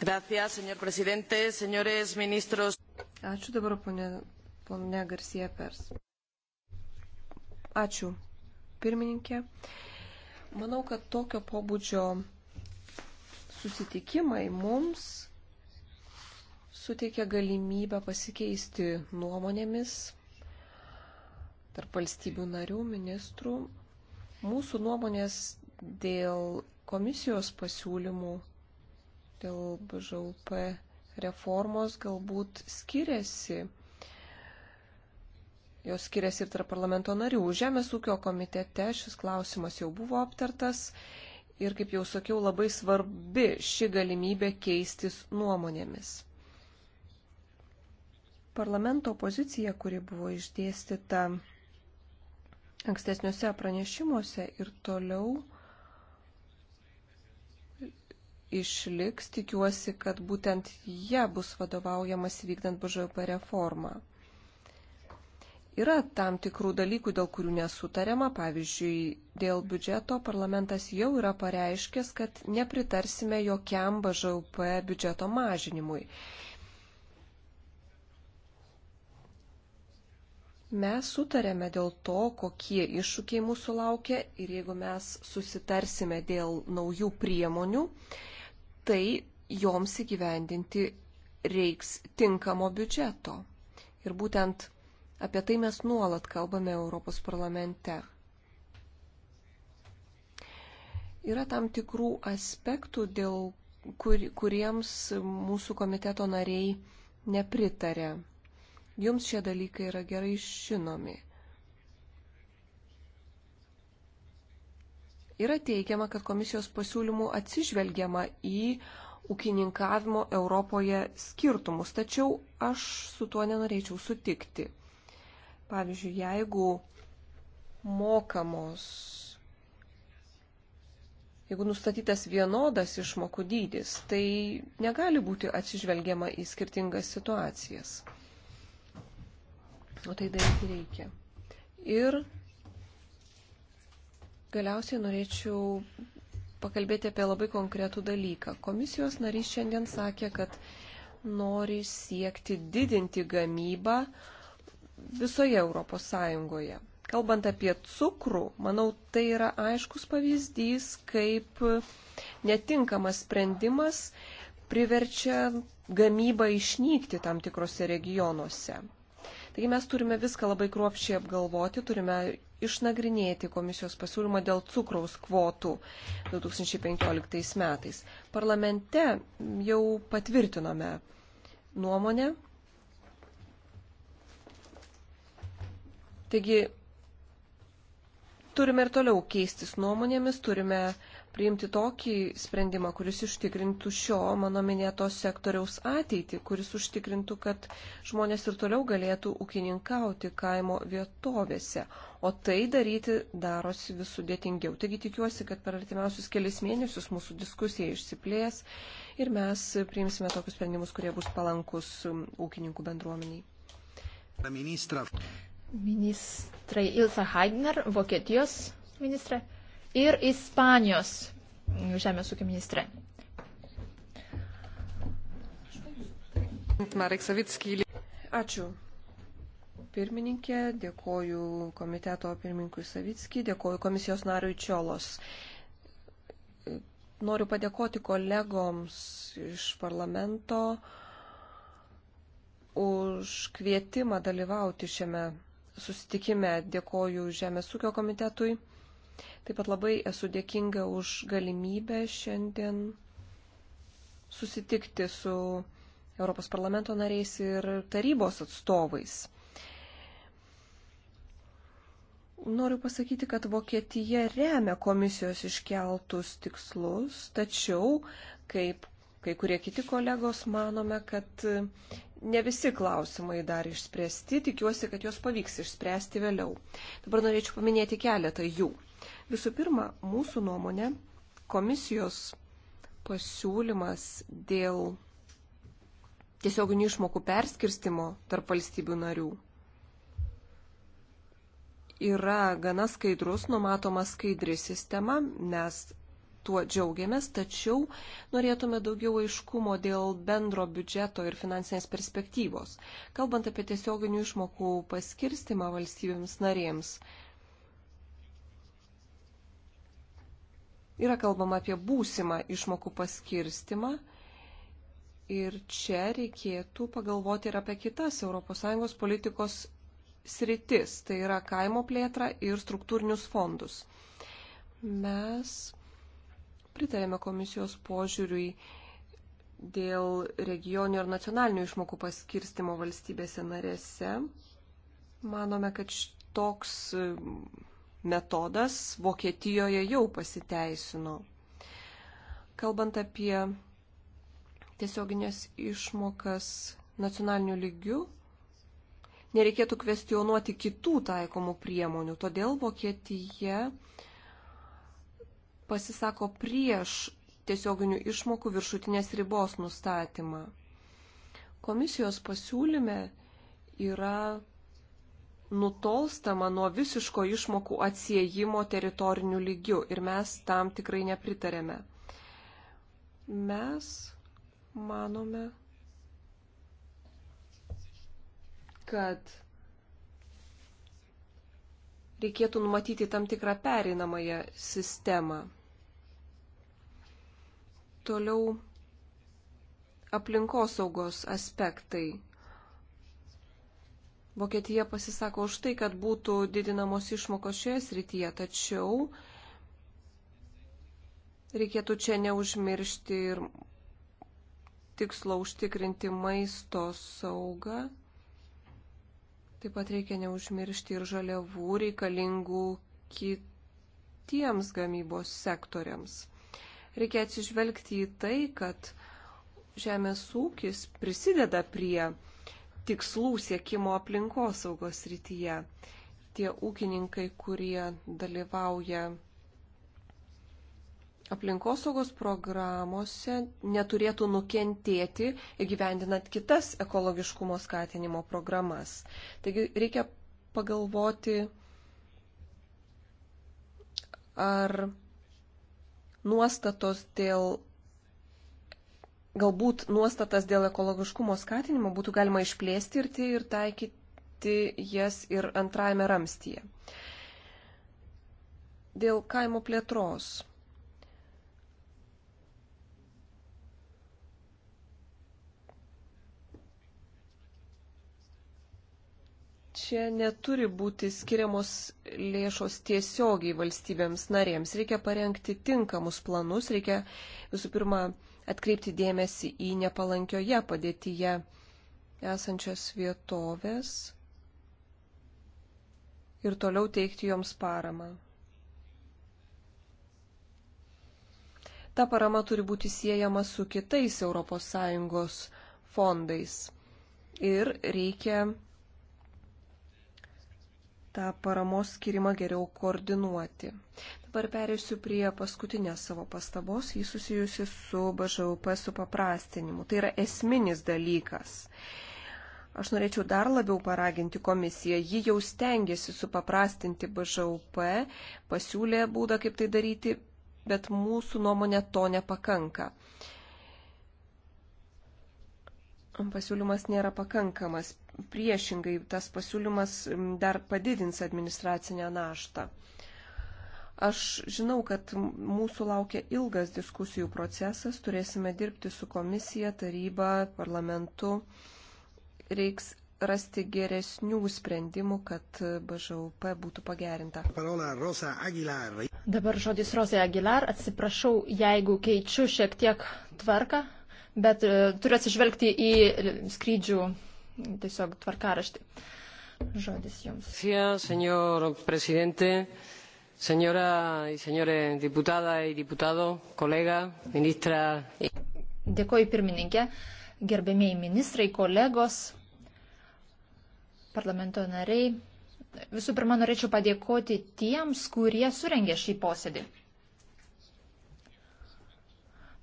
Gracias, señor presidente, señores ministros. Ačiū dabar, ponė, ponė Garcia Pers. Ačiū, pirmininkė. Manau, kad tokio pobūdžio susitikimai mums suteikia galimybę pasikeisti nuomonėmis tarp valstybių narių, ministrų. Mūsų nuomonės dėl komisijos pasiūlymų, dėl BŽUP reformos galbūt skiriasi. Jos skiriasi ir tarp parlamento narių. Žemės ūkio komitete šis klausimas jau buvo aptartas ir, kaip jau sakiau, labai svarbi ši galimybė keistis nuomonėmis. Parlamento pozicija, kuri buvo išdėstyta ankstesniuose pranešimuose ir toliau išliks, tikiuosi, kad būtent jie bus vadovaujamas vykdant BŽP reformą. Yra tam tikrų dalykų, dėl kurių nesutariama, pavyzdžiui, dėl biudžeto parlamentas jau yra pareiškęs, kad nepritarsime jokiam BŽP biudžeto mažinimui. Mes sutarėme dėl to, kokie iššūkiai mūsų laukia ir jeigu mes susitarsime dėl naujų priemonių, tai joms įgyvendinti reiks tinkamo biudžeto. Ir būtent apie tai mes nuolat kalbame Europos parlamente. Yra tam tikrų aspektų, dėl kur, kuriems mūsų komiteto nariai nepritarė. Jums šie dalykai yra gerai žinomi. Yra teigiama, kad komisijos pasiūlymų atsižvelgiama į ūkininkavimo Europoje skirtumus, tačiau aš su tuo nenorėčiau sutikti. Pavyzdžiui, jeigu mokamos, jeigu nustatytas vienodas išmokų dydis, tai negali būti atsižvelgiama į skirtingas situacijas o tai daryti reikia. Ir galiausiai norėčiau pakalbėti apie labai konkretų dalyką. Komisijos narys šiandien sakė, kad nori siekti didinti gamybą visoje Europos Sąjungoje. Kalbant apie cukrų, manau, tai yra aiškus pavyzdys, kaip netinkamas sprendimas priverčia gamybą išnykti tam tikrose regionuose. Taigi mes turime viską labai kruopščiai apgalvoti, turime išnagrinėti komisijos pasiūlymą dėl cukraus kvotų 2015 metais. Parlamente jau patvirtinome nuomonę. Taigi turime ir toliau keistis nuomonėmis, turime uh, priimti tokį sprendimą, kuris užtikrintų šio mano minėto sektoriaus ateitį, kuris užtikrintų, kad žmonės ir toliau galėtų ūkininkauti kaimo vietovėse. O tai daryti darosi vis sudėtingiau. Taigi tikiuosi, kad per artimiausius kelias mėnesius mūsų diskusija išsiplės ir mes priimsime tokius sprendimus, kurie bus palankus um, ūkininkų bendruomeniai. Ministra. Ministrai Ilsa Haigner, Vokietijos ministrė ir Ispanijos žemės ūkio ministrė. Ačiū. Pirmininkė, dėkoju komiteto pirmininkui Savitskį, dėkoju komisijos nariui Čiolos. Noriu padėkoti kolegoms iš parlamento už kvietimą dalyvauti šiame susitikime. Dėkoju Žemės ūkio komitetui. Taip pat labai esu dėkinga už galimybę šiandien susitikti su Europos parlamento nariais ir tarybos atstovais. Noriu pasakyti, kad Vokietija remia komisijos iškeltus tikslus, tačiau, kaip kai kurie kiti kolegos, manome, kad ne visi klausimai dar išspręsti, tikiuosi, kad juos pavyks išspręsti vėliau. Dabar norėčiau paminėti keletą jų. Visų pirma, mūsų nuomonė, komisijos pasiūlymas dėl tiesioginių išmokų perskirstimo tarp valstybių narių yra gana skaidrus, numatoma skaidri sistema, mes tuo džiaugiamės, tačiau norėtume daugiau aiškumo dėl bendro biudžeto ir finansinės perspektyvos. Kalbant apie tiesioginių išmokų paskirstimą valstybėms narėms, yra kalbama apie būsimą išmokų paskirstimą. Ir čia reikėtų pagalvoti ir apie kitas ES politikos sritis, tai yra kaimo plėtrą ir struktūrinius fondus. Mes pritarėme komisijos požiūriui dėl regionių ir nacionalinių išmokų paskirstimo valstybėse narėse. Manome, kad toks metodas Vokietijoje jau pasiteisino. Kalbant apie tiesioginės išmokas nacionaliniu lygiu, nereikėtų kvestionuoti kitų taikomų priemonių. Todėl Vokietija pasisako prieš tiesioginių išmokų viršutinės ribos nustatymą. Komisijos pasiūlyme yra nutolstama nuo visiško išmokų atsiejimo teritorinių lygių ir mes tam tikrai nepritarėme. Mes manome, kad reikėtų numatyti tam tikrą pereinamąją sistemą. Toliau aplinkosaugos aspektai Vokietija pasisako už tai, kad būtų didinamos išmokos šioje srityje, tačiau reikėtų čia neužmiršti ir tikslo užtikrinti maisto saugą. Taip pat reikia neužmiršti ir žaliavų reikalingų kitiems gamybos sektoriams. Reikia atsižvelgti į tai, kad žemės ūkis prisideda prie tikslų siekimo aplinkosaugos rytyje. Tie ūkininkai, kurie dalyvauja aplinkosaugos programuose, neturėtų nukentėti įgyvendinant kitas ekologiškumo skatinimo programas. Taigi reikia pagalvoti, ar nuostatos dėl galbūt nuostatas dėl ekologiškumo skatinimo būtų galima išplėsti ir, tai, ir taikyti jas ir antrajame ramstyje. Dėl kaimo plėtros. Čia neturi būti skiriamos lėšos tiesiogiai valstybėms narėms. Reikia parengti tinkamus planus, reikia visų pirma atkreipti dėmesį į nepalankioje padėtyje esančias vietovės ir toliau teikti joms paramą. Ta parama turi būti siejama su kitais ES fondais ir reikia tą paramos skirimą geriau koordinuoti. Dabar perėsiu prie paskutinės savo pastabos, jis susijusi su BŽUP su paprastinimu. Tai yra esminis dalykas. Aš norėčiau dar labiau paraginti komisiją. Ji jau stengiasi supaprastinti BŽUP, pasiūlė būdą, kaip tai daryti, bet mūsų nuomonė to nepakanka. Uh, pasiūlymas nėra pakankamas. Priešingai, tas pasiūlymas dar padidins administracinę naštą. Aš žinau, kad mūsų laukia ilgas diskusijų procesas, turėsime dirbti su komisija, taryba, parlamentu. Reiks rasti geresnių sprendimų, kad e, BŽUP būtų pagerinta. Dabar žodis Rosai Aguilar, atsiprašau, jeigu keičiu šiek tiek tvarką, bet e, turiu atsižvelgti į skrydžių tiesiog tvarkaraštį. Žodis jums. Senor prezidente, senora ir senore diputada ir diputado, kolega, ministra. Dėkoju pirmininkė, gerbėmiai ministrai, kolegos, parlamento nariai. Visų pirma, norėčiau padėkoti tiems, kurie surengė šį posėdį.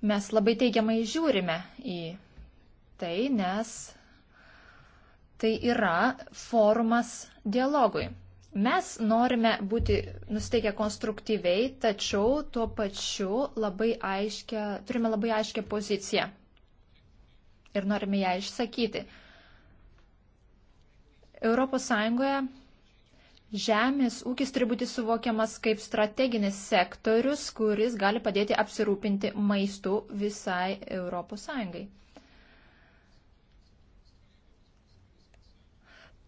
Mes labai teigiamai žiūrime į tai, nes tai yra forumas dialogui. Mes norime būti nusteikę konstruktyviai, tačiau tuo pačiu labai aiškia, turime labai aiškę poziciją ir norime ją išsakyti. Europos Sąjungoje Žemės ūkis turi būti suvokiamas kaip strateginis sektorius, kuris gali padėti apsirūpinti maistu visai ES.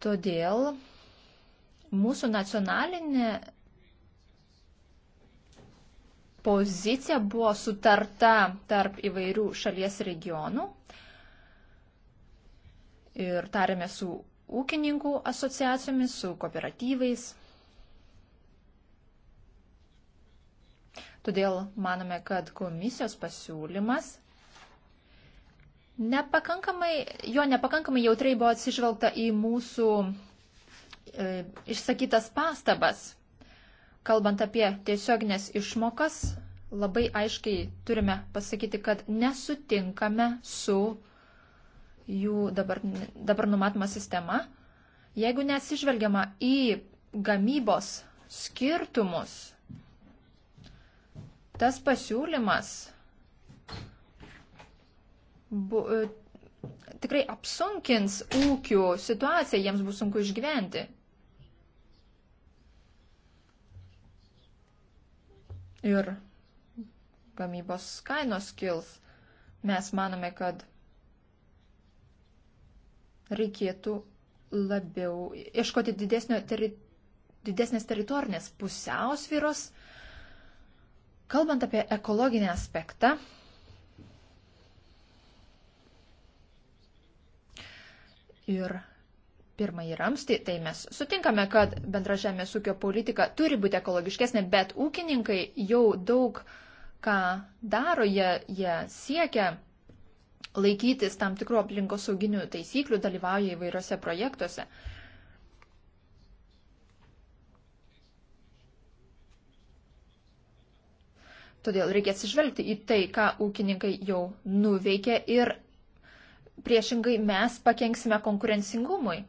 Todėl mūsų nacionalinė pozicija buvo sutarta tarp įvairių šalies regionų ir tarėme su ūkininkų asociacijomis, su kooperatyvais. Todėl manome, kad komisijos pasiūlymas nepakankamai, jo nepakankamai jautrai buvo atsižvelgta į mūsų e, išsakytas pastabas. Kalbant apie tiesioginės išmokas, labai aiškiai turime pasakyti, kad nesutinkame su jų dabar, dabar numatoma sistema, jeigu nesižvelgiama į gamybos skirtumus, tas pasiūlymas bu, e, tikrai apsunkins ūkių situaciją, jiems bus sunku išgyventi. Ir gamybos kainos kils. Mes manome, kad reikėtų labiau ieškoti teri, didesnės teritorinės pusiausvyros. Kalbant apie ekologinį aspektą, ir pirmąjį ramstį, tai mes sutinkame, kad bendra žemės ūkio politika turi būti ekologiškesnė, bet ūkininkai jau daug ką daro, jie, jie siekia laikytis tam tikrų aplinkosauginių taisyklių, dalyvauja įvairiose projektuose. Todėl reikia atsižvelgti į tai, ką ūkininkai jau nuveikė ir priešingai mes pakenksime konkurencingumui.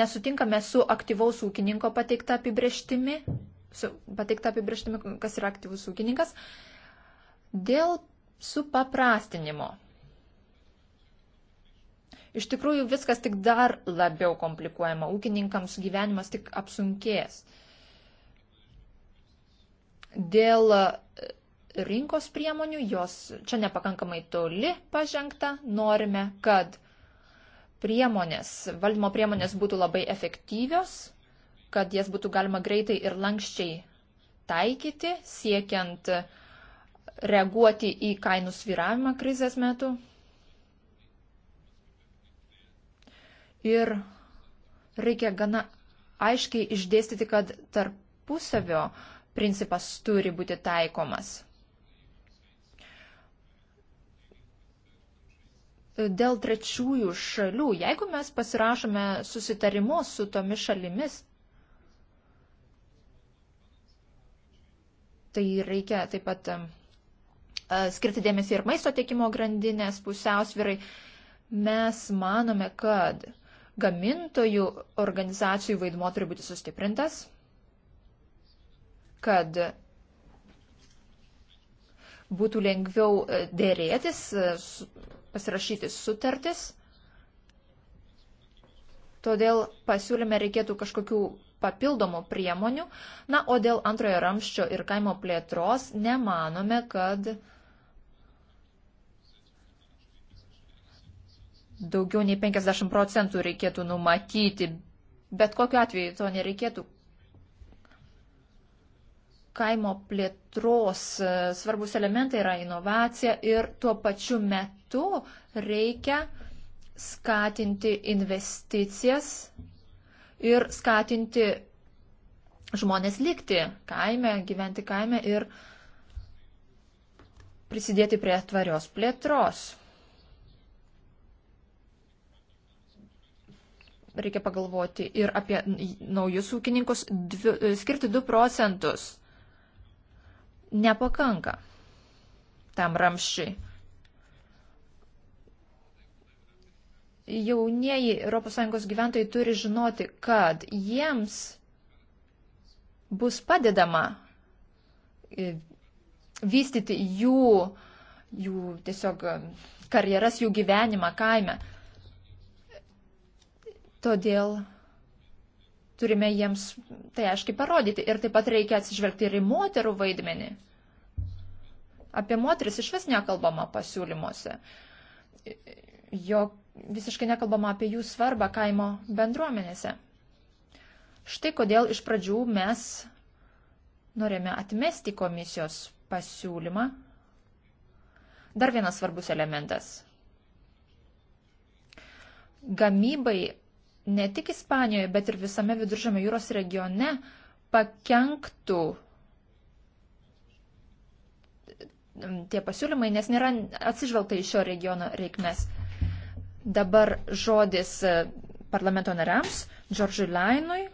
Nesutinkame su aktyvaus ūkininko pateikta apibrieštimi, su pateikta apibrieštimi, kas yra aktyvus ūkininkas. Dėl supaprastinimo. Iš tikrųjų, viskas tik dar labiau komplikuojama. Ūkininkams gyvenimas tik apsunkės. Dėl e, rinkos priemonių, jos čia nepakankamai toli pažengta, norime, kad priemonės, valdymo priemonės būtų labai efektyvios, kad jas būtų galima greitai ir lankščiai taikyti, siekiant uh, reaguoti į kainų sviravimą krizės metu. Ir reikia gana aiškiai išdėstyti, kad tarpusavio principas turi būti taikomas. Dėl trečiųjų šalių, jeigu mes pasirašome susitarimus su tomis šalimis, tai reikia taip pat E, skirti dėmesį ir maisto tiekimo grandinės pusiausvirai. Mes manome, kad gamintojų organizacijų vaidmo turi būti sustiprintas, kad būtų lengviau e, dėrėtis, e, pasirašyti sutartis. Todėl pasiūlyme reikėtų kažkokių papildomų priemonių. Na, o dėl antrojo ramščio ir kaimo plėtros nemanome, kad uh, daugiau nei 50 procentų reikėtų numatyti. Bet kokiu atveju to nereikėtų. Kaimo plėtros e, svarbus elementai yra inovacija ir tuo pačiu metu reikia skatinti investicijas ir skatinti žmonės likti kaime, gyventi kaime ir prisidėti prie tvarios plėtros. reikia pagalvoti ir apie naujus ūkininkus, dvi, e, skirti 2 procentus nepakanka tam ramščiai. Jaunieji ES gyventojai turi žinoti, kad jiems bus padedama e, vystyti jų, jų tiesiog karjeras, jų gyvenimą kaime. Todėl turime jiems tai aiškiai parodyti. Ir taip pat reikia atsižvelgti ir į moterų vaidmenį. Apie moteris iš vis nekalbama pasiūlymuose. Jo visiškai nekalbama apie jų svarbą kaimo bendruomenėse. Štai kodėl iš pradžių mes norėjome atmesti komisijos pasiūlymą. Dar vienas svarbus elementas. Gamybai ne tik Ispanijoje, bet ir visame viduržėme jūros regione pakenktų tie pasiūlymai, nes nėra atsižvelgta į šio regiono reikmes. Dabar žodis e, parlamento nariams, Džordžui Lainui,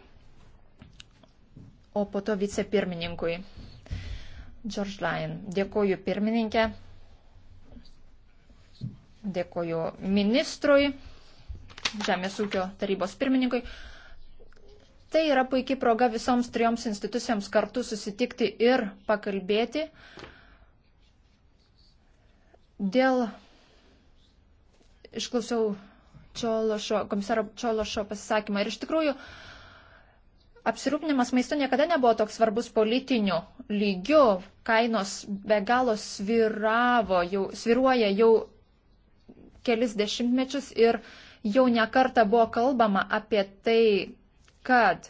o po to vicepirmininkui. Džordž Lain, dėkoju pirmininkė, dėkoju ministrui. Žemės ūkio tarybos pirmininkui. Tai yra puikiai proga visoms trijoms institucijoms kartu susitikti ir pakalbėti dėl. Išklausiau Čiološo, komisaro Čiološo pasisakymą ir iš tikrųjų apsirūpinimas maistu niekada nebuvo toks svarbus politiniu lygiu. Kainos be galo sviravo, jau, sviruoja jau kelis dešimtmečius ir jau nekarta buvo kalbama apie tai, kad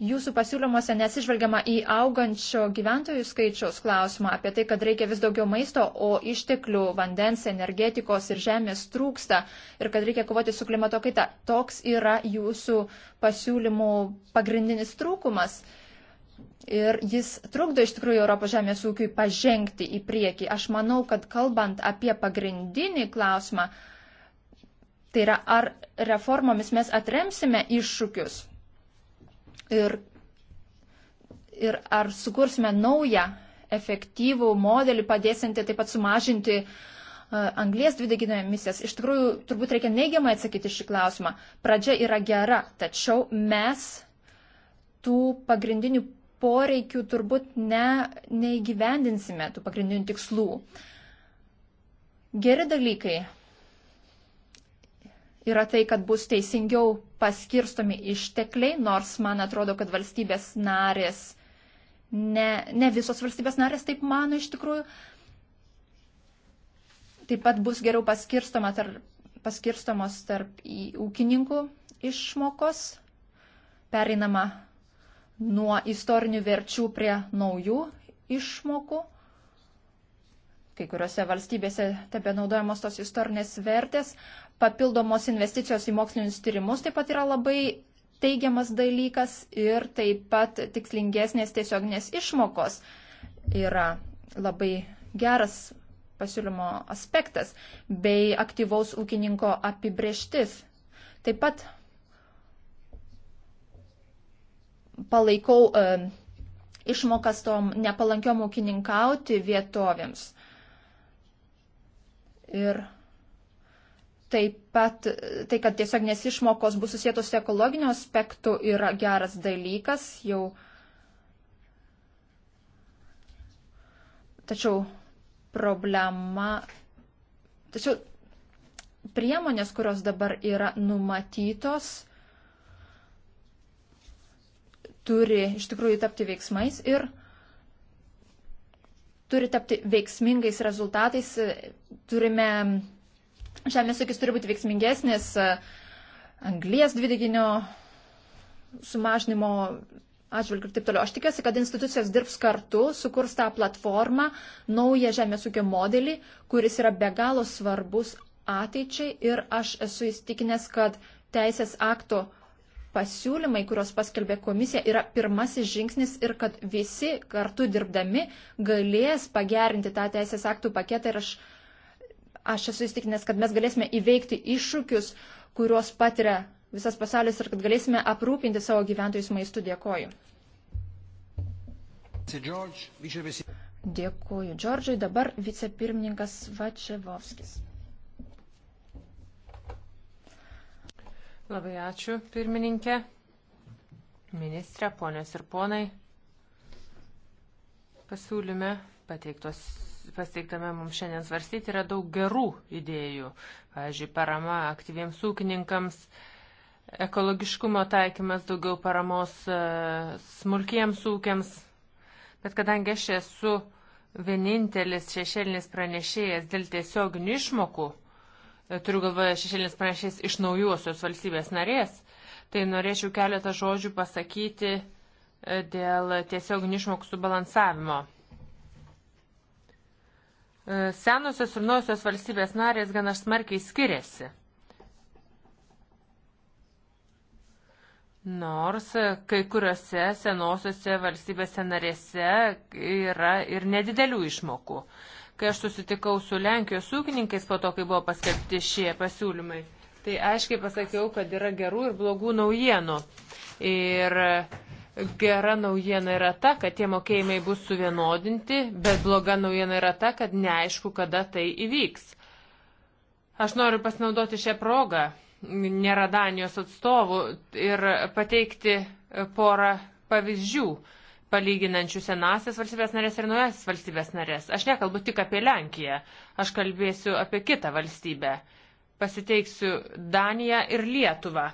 jūsų pasiūlymuose nesižvelgiama į augančio gyventojų skaičiaus klausimą, apie tai, kad reikia vis daugiau maisto, o išteklių vandens, energetikos ir žemės trūksta ir kad reikia kovoti su klimato kaita. Toks yra jūsų pasiūlymų pagrindinis trūkumas. Ir jis trukdo iš tikrųjų Europos žemės ūkiui pažengti į priekį. Aš manau, kad kalbant apie pagrindinį klausimą, Tai yra, ar reformomis mes atremsime iššūkius ir, ir ar sukursime naują efektyvų modelį, padėsinti taip pat sumažinti uh, anglės dvideginio emisijas. Iš tikrųjų, turbūt reikia neigiamai atsakyti šį klausimą. Pradžia yra gera, tačiau mes tų pagrindinių poreikių turbūt ne, neįgyvendinsime, tų pagrindinių tikslų. Geri dalykai yra tai, kad bus teisingiau paskirstomi ištekliai, nors man atrodo, kad valstybės narės, ne, ne visos valstybės narės taip mano iš tikrųjų, taip pat bus geriau paskirstoma tarp, paskirstomos tarp ūkininkų išmokos, pereinama nuo istorinių verčių prie naujų išmokų. Kai kuriuose valstybėse tebe naudojamos tos istorinės vertės papildomos investicijos į mokslinius tyrimus taip pat yra labai teigiamas dalykas ir taip pat tikslingesnės tiesioginės išmokos yra labai geras pasiūlymo aspektas bei aktyvaus ūkininko apibrieštis. Taip pat palaikau e, išmokas tom nepalankiom ūkininkauti vietovėms. Ir Taip pat tai, kad tiesiog nesišmokos bus susijėtos su ekologiniu aspektu, yra geras dalykas jau. Tačiau problema. Tačiau priemonės, kurios dabar yra numatytos, turi iš tikrųjų tapti veiksmais ir turi tapti veiksmingais rezultatais. Turime Žemės ūkis turi būti veiksmingesnis, anglies dvideginio sumažinimo atžvilgių ir taip toliau. Aš tikiuosi, kad institucijos dirbs kartu, sukurs tą platformą, naują žemės ūkio modelį, kuris yra be galo svarbus ateičiai ir aš esu įstikinęs, kad teisės akto pasiūlymai, kuriuos paskelbė komisija, yra pirmasis žingsnis ir kad visi kartu dirbdami galės pagerinti tą teisės aktų paketą ir aš Aš esu įstikinęs, kad mes galėsime įveikti iššūkius, kuriuos patiria visas pasaulis ir kad galėsime aprūpinti savo gyventojus maistu. Dėkoju. Dėkoju, Džordžai. Dabar vicepirmininkas Vačevovskis. Labai ačiū, pirmininkė, ministrė, ponios ir ponai. Pasiūlyme pateiktos pasteiktame mums šiandien svarstyti, yra daug gerų idėjų. Pavyzdžiui, parama aktyviems ūkininkams, ekologiškumo taikymas, daugiau paramos e, smulkiems ūkiams. Bet kadangi aš esu vienintelis šešėlinis pranešėjas dėl tiesioginių išmokų, e, turiu galvoje šešėlinis pranešėjas iš naujosios valstybės narės, tai norėčiau keletą žodžių pasakyti e, dėl tiesioginių išmokų subalansavimo. E, senosios ir nuosios valstybės narės gana smarkiai skiriasi. Nors kai kuriuose senosiuose valstybėse narėse yra ir nedidelių išmokų. Kai aš susitikau su Lenkijos ūkininkais po to, kai buvo paskelbti šie pasiūlymai, tai aiškiai pasakiau, kad yra gerų ir blogų naujienų. Ir uh, Gera naujiena yra ta, kad tie mokėjimai bus suvienodinti, bet bloga naujiena yra ta, kad neaišku, kada tai įvyks. Aš noriu pasinaudoti šią progą, nėra Danijos atstovų, ir pateikti porą pavyzdžių palyginančių senasias valstybės narės ir naujasias valstybės narės. Aš nekalbu tik apie Lenkiją, aš kalbėsiu apie kitą valstybę. Pasiteiksiu Daniją ir Lietuvą,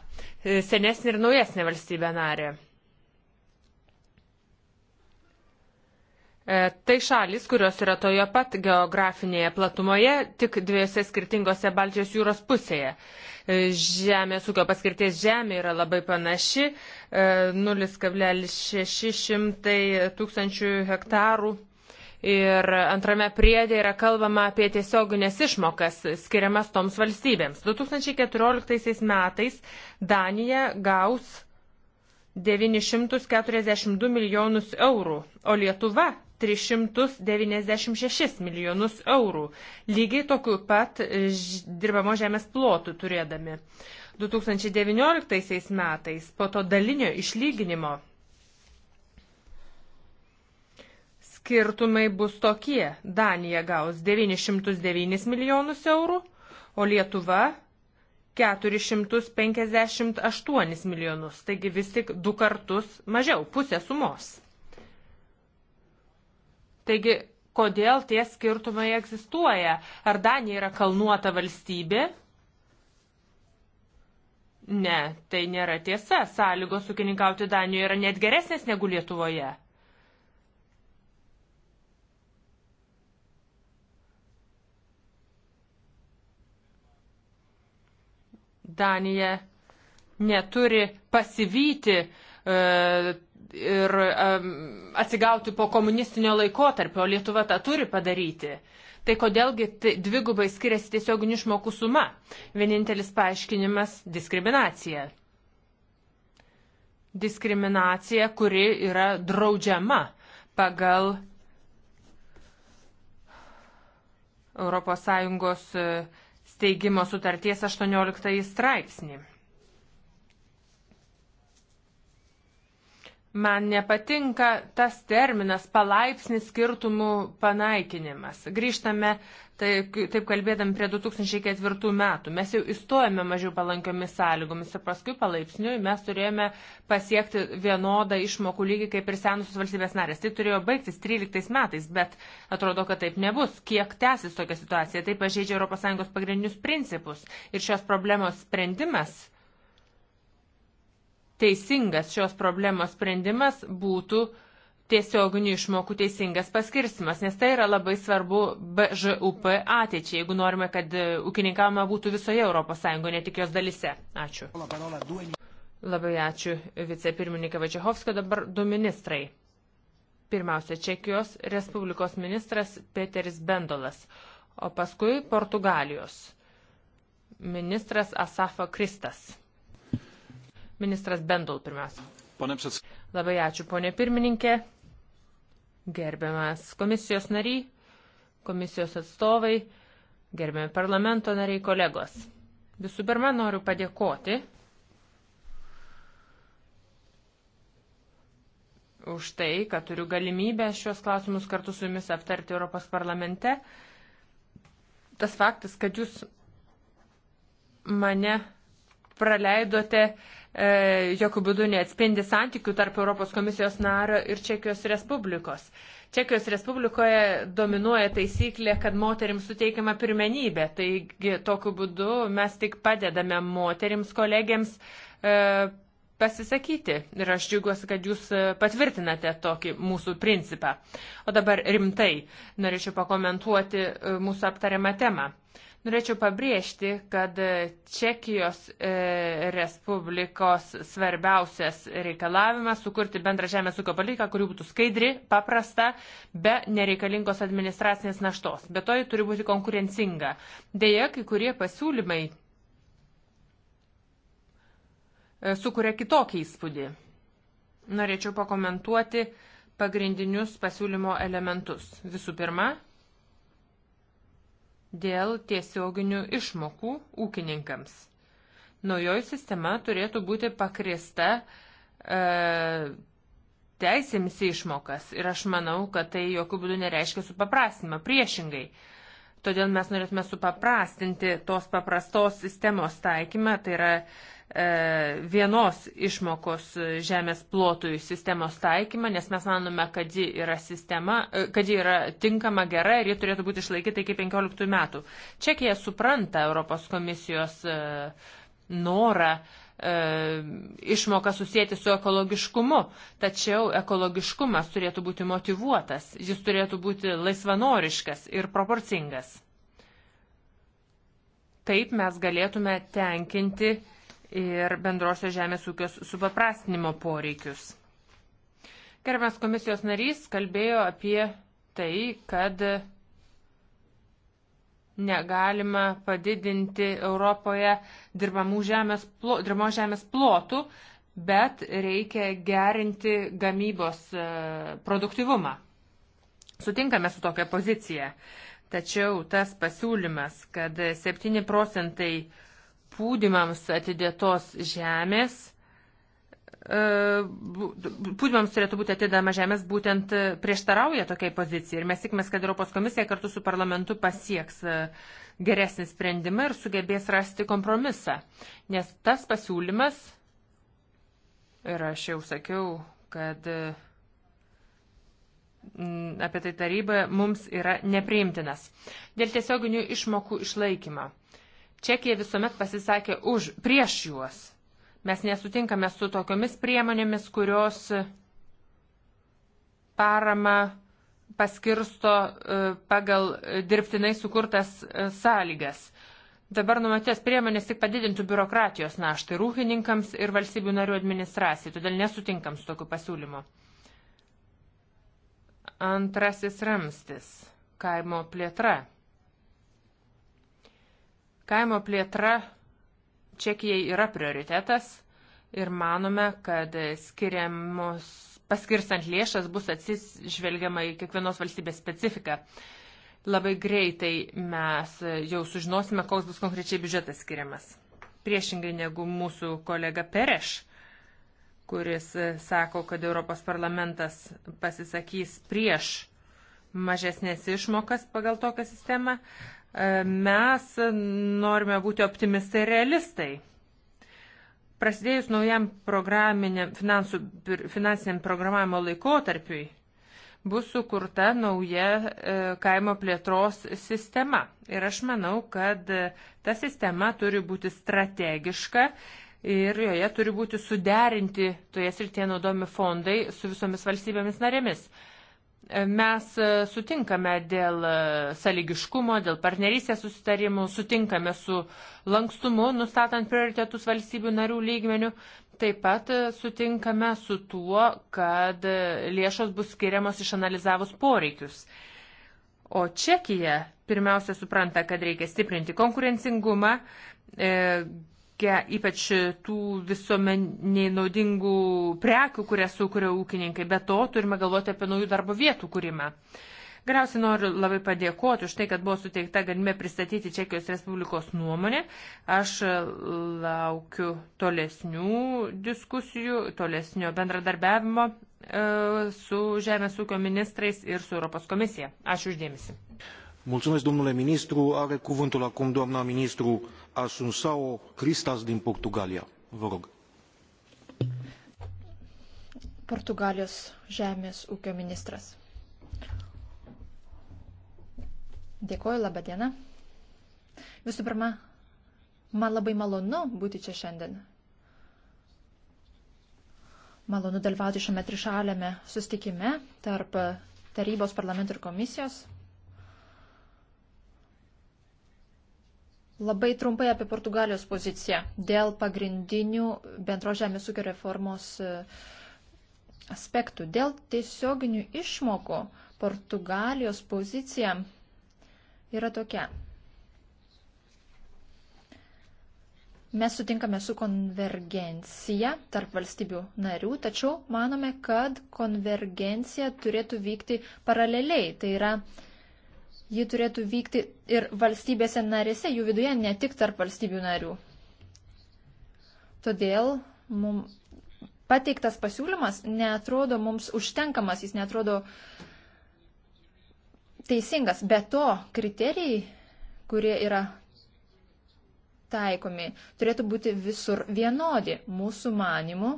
senesnį ir naujesnį valstybę narę. E, tai šalis, kurios yra toje pat geografinėje platumoje, tik dviejose skirtingose Baltijos jūros pusėje. E, žemės ūkio paskirties žemė yra labai panaši e, - 0,600 tūkstančių hektarų. Ir antrame priedė yra kalbama apie tiesioginės išmokas skiriamas toms valstybėms. 2014 metais Danija gaus 942 milijonus eurų, o Lietuva 396 milijonus eurų, lygiai tokiu pat e, dirbamo žemės plotų turėdami. 2019 metais po to dalinio išlyginimo skirtumai bus tokie. Danija gaus 909 milijonus eurų, o Lietuva 458 milijonus, taigi vis tik du kartus mažiau, pusė sumos. Taigi, kodėl tie skirtumai egzistuoja? Ar Danija yra kalnuota valstybė? Ne, tai nėra tiesa. Sąlygos ūkininkauti Danijoje yra net geresnės negu Lietuvoje. Danija neturi pasivyti e, ir um, atsigauti po komunistinio laikotarpio, o Lietuva tą turi padaryti. Tai kodėlgi dvigubai skiriasi tiesioginių išmokų suma? Vienintelis paaiškinimas - diskriminacija. Diskriminacija, kuri yra draudžiama pagal ES e, steigimo sutarties 18 straipsnį. Man nepatinka tas terminas palaipsnis skirtumų panaikinimas. Grįžtame, taip, taip kalbėdami, prie 2004 metų. Mes jau įstojame mažiau palankiomis sąlygomis ir paskui palaipsniui mes turėjome pasiekti vienodą išmokų lygį kaip ir senusios valstybės narės. Tai turėjo baigtis 13 metais, bet atrodo, kad taip nebus. Kiek tęsis tokia situacija? Tai pažeidžia ES pagrindinius principus. Ir šios problemos sprendimas teisingas šios problemos sprendimas būtų tiesioginių išmokų teisingas paskirstimas, nes tai yra labai svarbu BŽUP ateičiai, jeigu norime, kad e, ūkininkavimą būtų visoje ES, ne tik jos dalise. Ačiū. Labai ačiū vicepirmininkė Vačiahovska, dabar du ministrai. Pirmiausia, Čekijos Respublikos ministras Peteris Bendolas, o paskui Portugalijos ministras Asafa Kristas. Ministras Bendul pirmiausia. Pone Psis. Labai ačiū, ponė pirmininkė. Gerbiamas komisijos nariai, komisijos atstovai, gerbiami parlamento nariai, kolegos. Visų pirma, noriu padėkoti už tai, kad turiu galimybę šios klausimus kartu su jumis aptarti Europos parlamente. Tas faktas, kad jūs mane praleidote E, jokių būdų neatspindi santykių tarp Europos komisijos nario ir Čekijos Respublikos. Čekijos Respublikoje dominuoja taisyklė, kad moterims suteikiama pirmenybė, taigi tokiu būdu mes tik padedame moterims kolegiams e, pasisakyti. Ir aš džiugiuosi, kad jūs e, patvirtinate tokį mūsų principą. O dabar rimtai norėčiau pakomentuoti e, mūsų aptariamą temą. Norėčiau pabrėžti, kad Čekijos e, Respublikos svarbiausias reikalavimas sukurti bendrą žemės ūkio politiką, kuri būtų skaidri, paprasta, be nereikalingos administracinės naštos. Be to, ji turi būti konkurencinga. Deja, kai kurie pasiūlymai e, sukuria kitokį įspūdį. Norėčiau pakomentuoti pagrindinius pasiūlymo elementus. Visų pirma, dėl tiesioginių išmokų ūkininkams. Naujoji sistema turėtų būti pakrista e, teisėmis į išmokas ir aš manau, kad tai jokių būdų nereiškia supaprastinimą, priešingai. Todėl mes norėtume supaprastinti tos paprastos sistemos taikymą, tai yra e, E, vienos išmokos žemės plotui sistemos taikymą, nes mes manome, kad ji yra, sistema, e, kad ji yra tinkama gera ir ji turėtų būti išlaikyta iki 15 metų. Čekija supranta Europos komisijos e, norą išmoka susijęti su ekologiškumu, tačiau ekologiškumas turėtų būti motivuotas, jis turėtų būti laisvanoriškas ir proporcingas. Taip mes galėtume tenkinti uh, ir bendrosios žemės ūkios supaprastinimo poreikius. Gerbiamas komisijos narys kalbėjo apie tai, kad negalima padidinti Europoje dirbamų žemės, plo, dirbamos žemės plotų, bet reikia gerinti gamybos e, produktivumą. Sutinkame su tokia pozicija. Tačiau tas pasiūlymas, kad 7 procentai pūdymams atidėtos žemės, e, pūdymams turėtų būti atidama žemės, būtent prieštarauja tokiai pozicijai. Ir mes tikimės, kad Europos komisija kartu su parlamentu pasieks e, geresnį sprendimą ir sugebės rasti kompromisą. Nes tas pasiūlymas, ir aš jau sakiau, kad e, apie tai taryba mums yra nepriimtinas. Dėl tiesioginių išmokų išlaikymą. Čekija visuomet pasisakė už, prieš juos. Mes nesutinkame su tokiomis priemonėmis, kurios e, parama paskirsto e, pagal dirbtinai sukurtas e, sąlygas. Dabar numatytas priemonės tik padidintų biurokratijos naštą ir ūkininkams, ir valstybių narių administracijai, todėl nesutinkam su tokiu pasiūlymu. Antrasis ramstis - kaimo plėtra. Kaimo plėtra Čekijai yra prioritetas ir manome, kad skiriamos, paskirstant lėšas bus atsižvelgiama į kiekvienos valstybės specifiką. Labai greitai mes jau sužinosime, koks bus konkrečiai biudžetas skiriamas. Priešingai negu mūsų kolega Pereš, kuris sako, kad Europos parlamentas pasisakys prieš mažesnės išmokas pagal tokią sistemą. Mes norime būti optimistai ir realistai. Prasidėjus naujam finansų, finansiniam programavimo laikotarpiui bus sukurta nauja e, kaimo plėtros sistema. Ir aš manau, kad e, ta sistema turi būti strategiška ir joje turi būti suderinti toje srityje naudojami fondai su visomis valstybėmis narėmis. Mes e, sutinkame dėl e, sąlygiškumo, dėl partnerystės susitarimų, sutinkame su lankstumu, nustatant prioritetus valstybių narių lygmenių, taip pat e, sutinkame su tuo, kad lėšos bus skiriamos išanalizavus poreikius. O Čekija pirmiausia supranta, kad reikia stiprinti konkurencingumą, reikia ypač tų visuomeniai naudingų prekių, kurias sukuria ūkininkai. Be to turime galvoti apie naujų darbo vietų kūrimą. Galiausiai noriu labai padėkoti už tai, kad buvo suteikta galimybė pristatyti Čekijos Respublikos nuomonę. Aš laukiu tolesnių diskusijų, tolesnio bendradarbiavimo e, su Žemės ūkio ministrais ir su Europos komisija. Ačiū uždėmesi. Mulțumesc, domnule ministru. Are cuvântul acum doamna ministru Asunsao Cristas din Portugalia. Vă rog. Portugalijos žemės ūkio ministras. Dėkoju, laba diena. Visų pirma, man labai malonu būti čia šiandien. Malonu dalyvauti šiame trišalėme sustikime tarp tarybos parlamento ir komisijos. Labai trumpai apie Portugalijos poziciją dėl pagrindinių bendro žemės ūkio reformos e, aspektų. Dėl tiesioginių išmokų Portugalijos pozicija yra tokia. Mes sutinkame su konvergencija tarp valstybių narių, tačiau manome, kad konvergencija turėtų vykti paraleliai. Tai yra Ji turėtų vykti ir valstybėse narėse, jų viduje, ne tik tarp valstybių narių. Todėl mums pateiktas pasiūlymas netrodo mums užtenkamas, jis netrodo teisingas. Be to, kriterijai, kurie yra taikomi, turėtų būti visur vienodi. Mūsų manimu,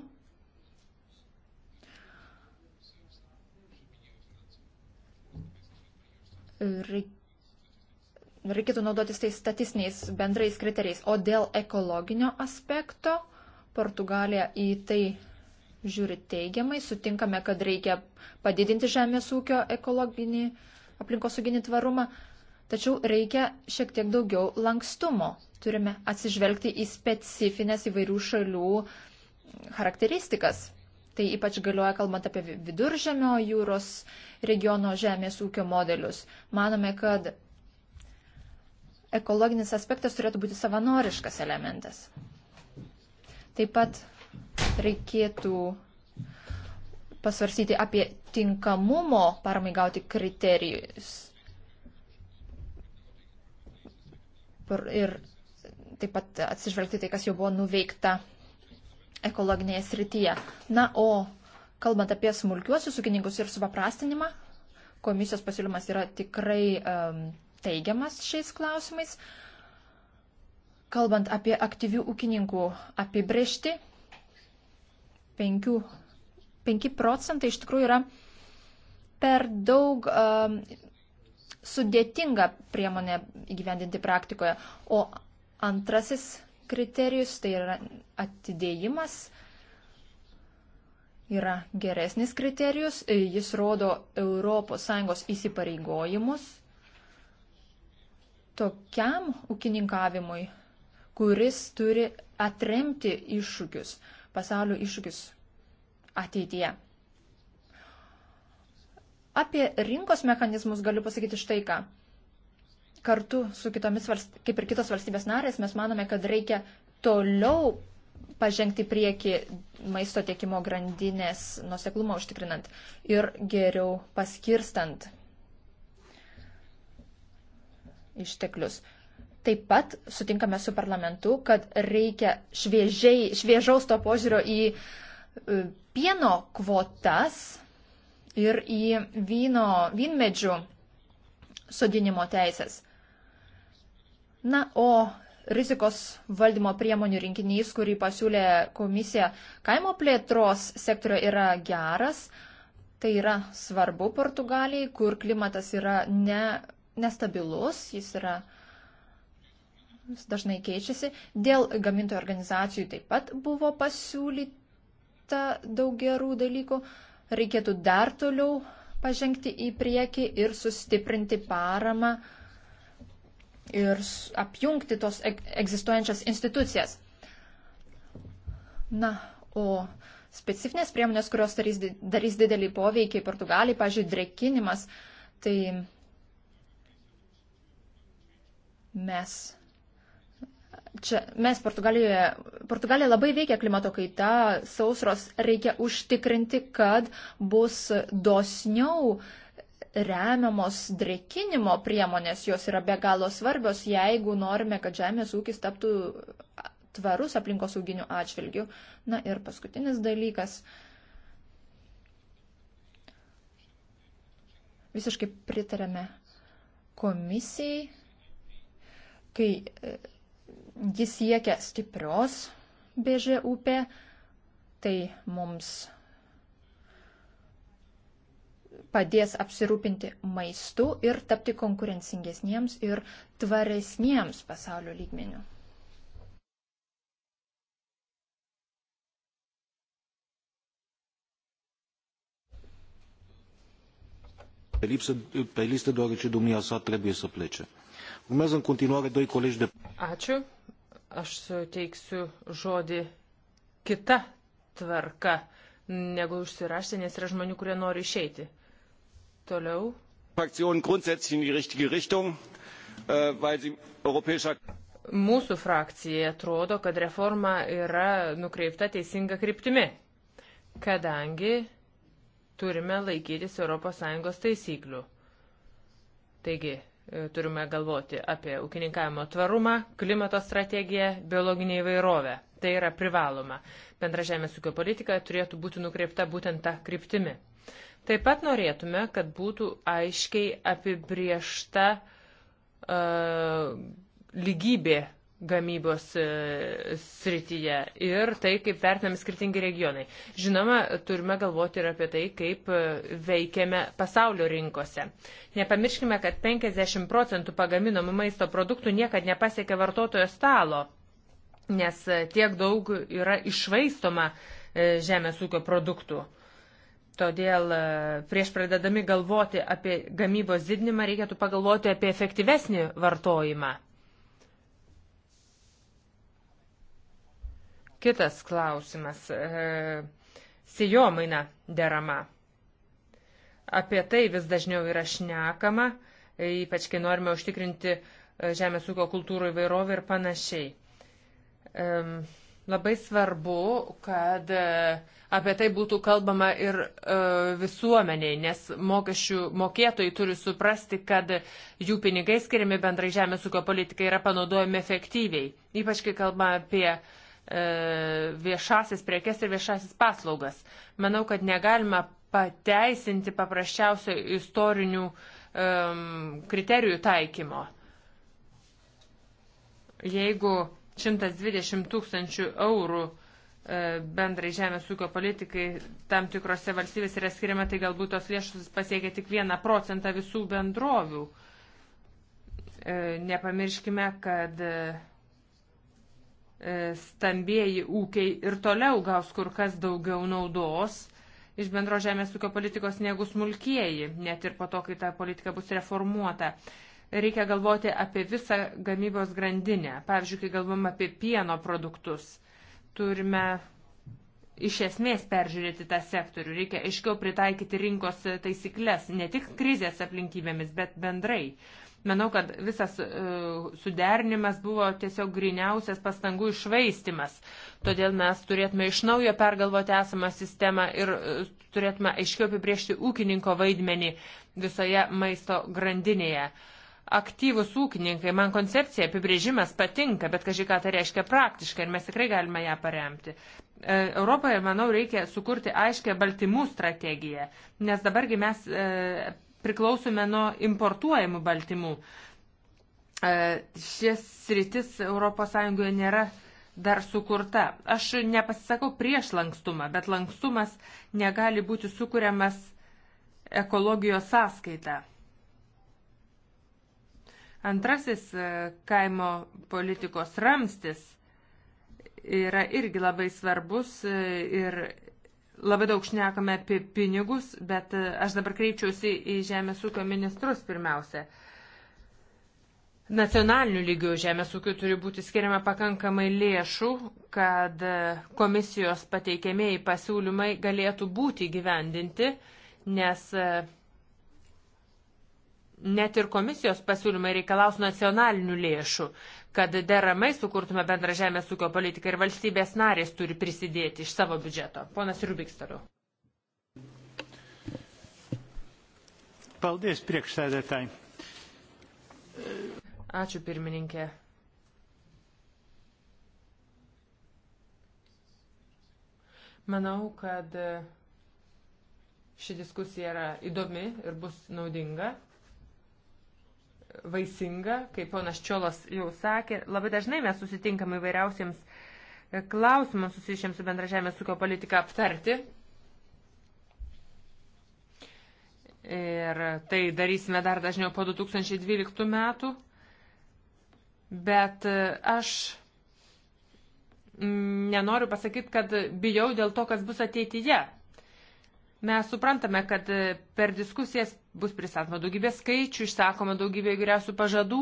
reikėtų naudotis tais statistiniais bendrais kriterijais. O dėl ekologinio aspekto Portugalija į tai žiūri teigiamai. Sutinkame, kad reikia padidinti žemės ūkio ekologinį aplinkosauginį tvarumą. Tačiau reikia šiek tiek daugiau lankstumo. Turime atsižvelgti į specifines įvairių šalių charakteristikas. Tai ypač galioja kalbant apie viduržemio jūros regiono žemės ūkio modelius. Manome, kad ekologinis aspektas turėtų būti savanoriškas elementas. Taip pat reikėtų pasvarsyti apie tinkamumo paramai gauti kriterijus. Ir taip pat atsižvelgti tai, kas jau buvo nuveikta ekologinėje srityje. Na, o kalbant apie smulkiuosius ūkininkus ir supaprastinimą, komisijos pasiūlymas yra tikrai um, teigiamas šiais klausimais. Kalbant apie aktyvių ūkininkų apibrėžti, 5, 5 procentai iš tikrųjų yra per daug um, sudėtinga priemonė įgyvendinti praktikoje. O antrasis kriterijus, tai yra atidėjimas, yra geresnis kriterijus, e, jis rodo ES įsipareigojimus tokiam ūkininkavimui, kuris turi atremti iššūkius, pasaulio iššūkius ateityje. Apie rinkos mechanizmus galiu pasakyti štai ką kartu su kitomis, kaip ir kitos valstybės narės, mes manome, kad reikia toliau pažengti prieki maisto tiekimo grandinės nuseklumą užtikrinant ir geriau paskirstant išteklius. Taip pat sutinkame su parlamentu, kad reikia šviežiai, šviežaus to požiūrio į e, pieno kvotas ir į vyno, vynmedžių sodinimo teisės. Na, o rizikos valdymo priemonių rinkinys, kurį pasiūlė komisija kaimo plėtros sektorio, yra geras. Tai yra svarbu Portugalijai, kur klimatas yra ne, nestabilus, jis yra jis dažnai keičiasi. Dėl gamintojų organizacijų taip pat buvo pasiūlyta daug gerų dalykų. Reikėtų dar toliau pažengti į priekį ir sustiprinti paramą uh, ir apjungti tos egzistuojančias institucijas. Na, o specifinės priemonės, kurios darys, darys didelį poveikį Portugalijai, pažiūrėjau, drekinimas, tai mes. Čia mes Portugalijoje, Portugalija labai veikia klimato kaita, sausros reikia užtikrinti, kad bus dosniau uh, remiamos drekinimo priemonės, jos yra be galo svarbios, jeigu norime, kad žemės ūkis taptų tvarus aplinkos auginių atžvilgių. Na ir paskutinis dalykas. Visiškai pritarėme komisijai, kai e, jis siekia stiprios BŽUP, tai mums padės apsirūpinti maistu ir tapti konkurencingesniems ir tvaresniems pasaulio lygmenių. Pe lipsă, pe listă, deoarece domnia sa trebuie să plece. Urmează în continuare doi colegi de... Ačiū. Aš suteiksiu žodį kita tvarka negu užsirašė, nes yra žmonių, kurie nori išeiti. Toliau. Fraktionen grundsätzlich in die richtige Richtung, äh, weil sie europäischer. Mūsų frakcija atrodo, kad reforma yra nukreipta teisinga kryptimi, kadangi turime laikytis ES taisyklių. Taigi, e, turime galvoti apie ūkininkavimo tvarumą, klimato strategiją, biologinę įvairovę. Tai yra privaloma. Bendra žemės ūkio politika turėtų būti nukreipta būtent tą kryptimį. Taip pat norėtume, kad būtų aiškiai apibriešta uh, lygybė gamybos e, srityje ir tai, kaip vertinami skirtingi regionai. Žinoma, turime galvoti ir apie tai, kaip e, veikiame pasaulio rinkose. Nepamirškime, kad 50 procentų pagaminamų maisto produktų niekad nepasiekia vartotojo stalo, nes tiek daug yra išvaistoma žemės ūkio produktų. Todėl e, prieš pradedami galvoti apie gamybos didinimą reikėtų pagalvoti apie efektyvesnį vartojimą. Kitas klausimas. E, sijomaina derama. Apie tai vis dažniau yra šnekama, e, ypač kai norime užtikrinti žemės ūkio kultūrų įvairovę ir panašiai. Um, Labai svarbu, kad e, apie tai būtų kalbama ir e, visuomeniai, nes mokesčių mokėtojai turi suprasti, kad jų pinigai skiriami bendrai žemės ūkio politikai yra panaudojami efektyviai, ypač kai kalba apie e, viešasis prekes ir viešasis paslaugas. Manau, kad negalima pateisinti paprasčiausio istorinių um, kriterijų taikymo. Jeigu 120 tūkstančių eurų e, bendrai žemės ūkio politikai tam tikrose valstybėse yra skiriama, tai galbūt tos lėšos pasiekia tik vieną procentą visų bendrovių. E, nepamirškime, kad e, stambieji ūkiai ir toliau gaus kur kas daugiau naudos iš bendro žemės ūkio politikos negu smulkieji, net ir po to, kai ta politika bus reformuota reikia galvoti apie visą gamybos grandinę. Pavyzdžiui, kai galvom apie pieno produktus, turime iš esmės peržiūrėti tą sektorių. Reikia aiškiau pritaikyti rinkos taisyklės, ne tik krizės aplinkybėmis, bet bendrai. Manau, kad visas uh, suderinimas buvo tiesiog griniausias pastangų išvaistimas. Todėl mes turėtume iš naujo pergalvoti esamą sistemą ir uh, turėtume aiškiau apibriežti ūkininko vaidmenį visoje maisto grandinėje. Uh, aktyvus ūkininkai, man koncepcija, apibrėžimas patinka, bet kažkai ką tai reiškia praktiškai ir mes tikrai galime ją paremti. E, Europoje, manau, reikia sukurti aiškę baltymų strategiją, nes dabargi mes e, priklausome nuo importuojamų baltymų. E, šis sritis ES nėra dar sukurta. Aš nepasisakau prieš lankstumą, bet lankstumas negali būti sukūriamas ekologijos sąskaita. Antrasis e, kaimo politikos ramstis yra irgi labai svarbus e, ir labai daug šnekame apie pinigus, bet e, aš dabar kreipčiausi į žemės ūkio ministrus pirmiausia. Nacionalinių lygių žemės ūkiu turi būti skiriama pakankamai lėšų, kad komisijos pateikiamieji pasiūlymai galėtų būti gyvendinti, nes net ir komisijos pasiūlymai reikalaus nacionalinių lėšų, kad deramai sukurtume bendrą žemės ūkio politiką ir valstybės narės turi prisidėti iš savo biudžeto. Ponas Rubiks toliau. Paldies priekšsėdėtai. Ačiū pirmininkė. Manau, kad ši diskusija yra įdomi ir bus naudinga vaisinga, kaip ponas Čiolas jau sakė. Labai dažnai mes susitinkam įvairiausiems e, klausimams susijusiams su bendražėmės ūkio politika aptarti. Ir tai darysime dar dažniau po 2012 metų. Bet e, aš nenoriu pasakyti, kad bijau dėl to, kas bus ateityje. Mes suprantame, kad e, per diskusijas bus pristatoma daugybė skaičių, išsakoma daugybė įvairiausių pažadų,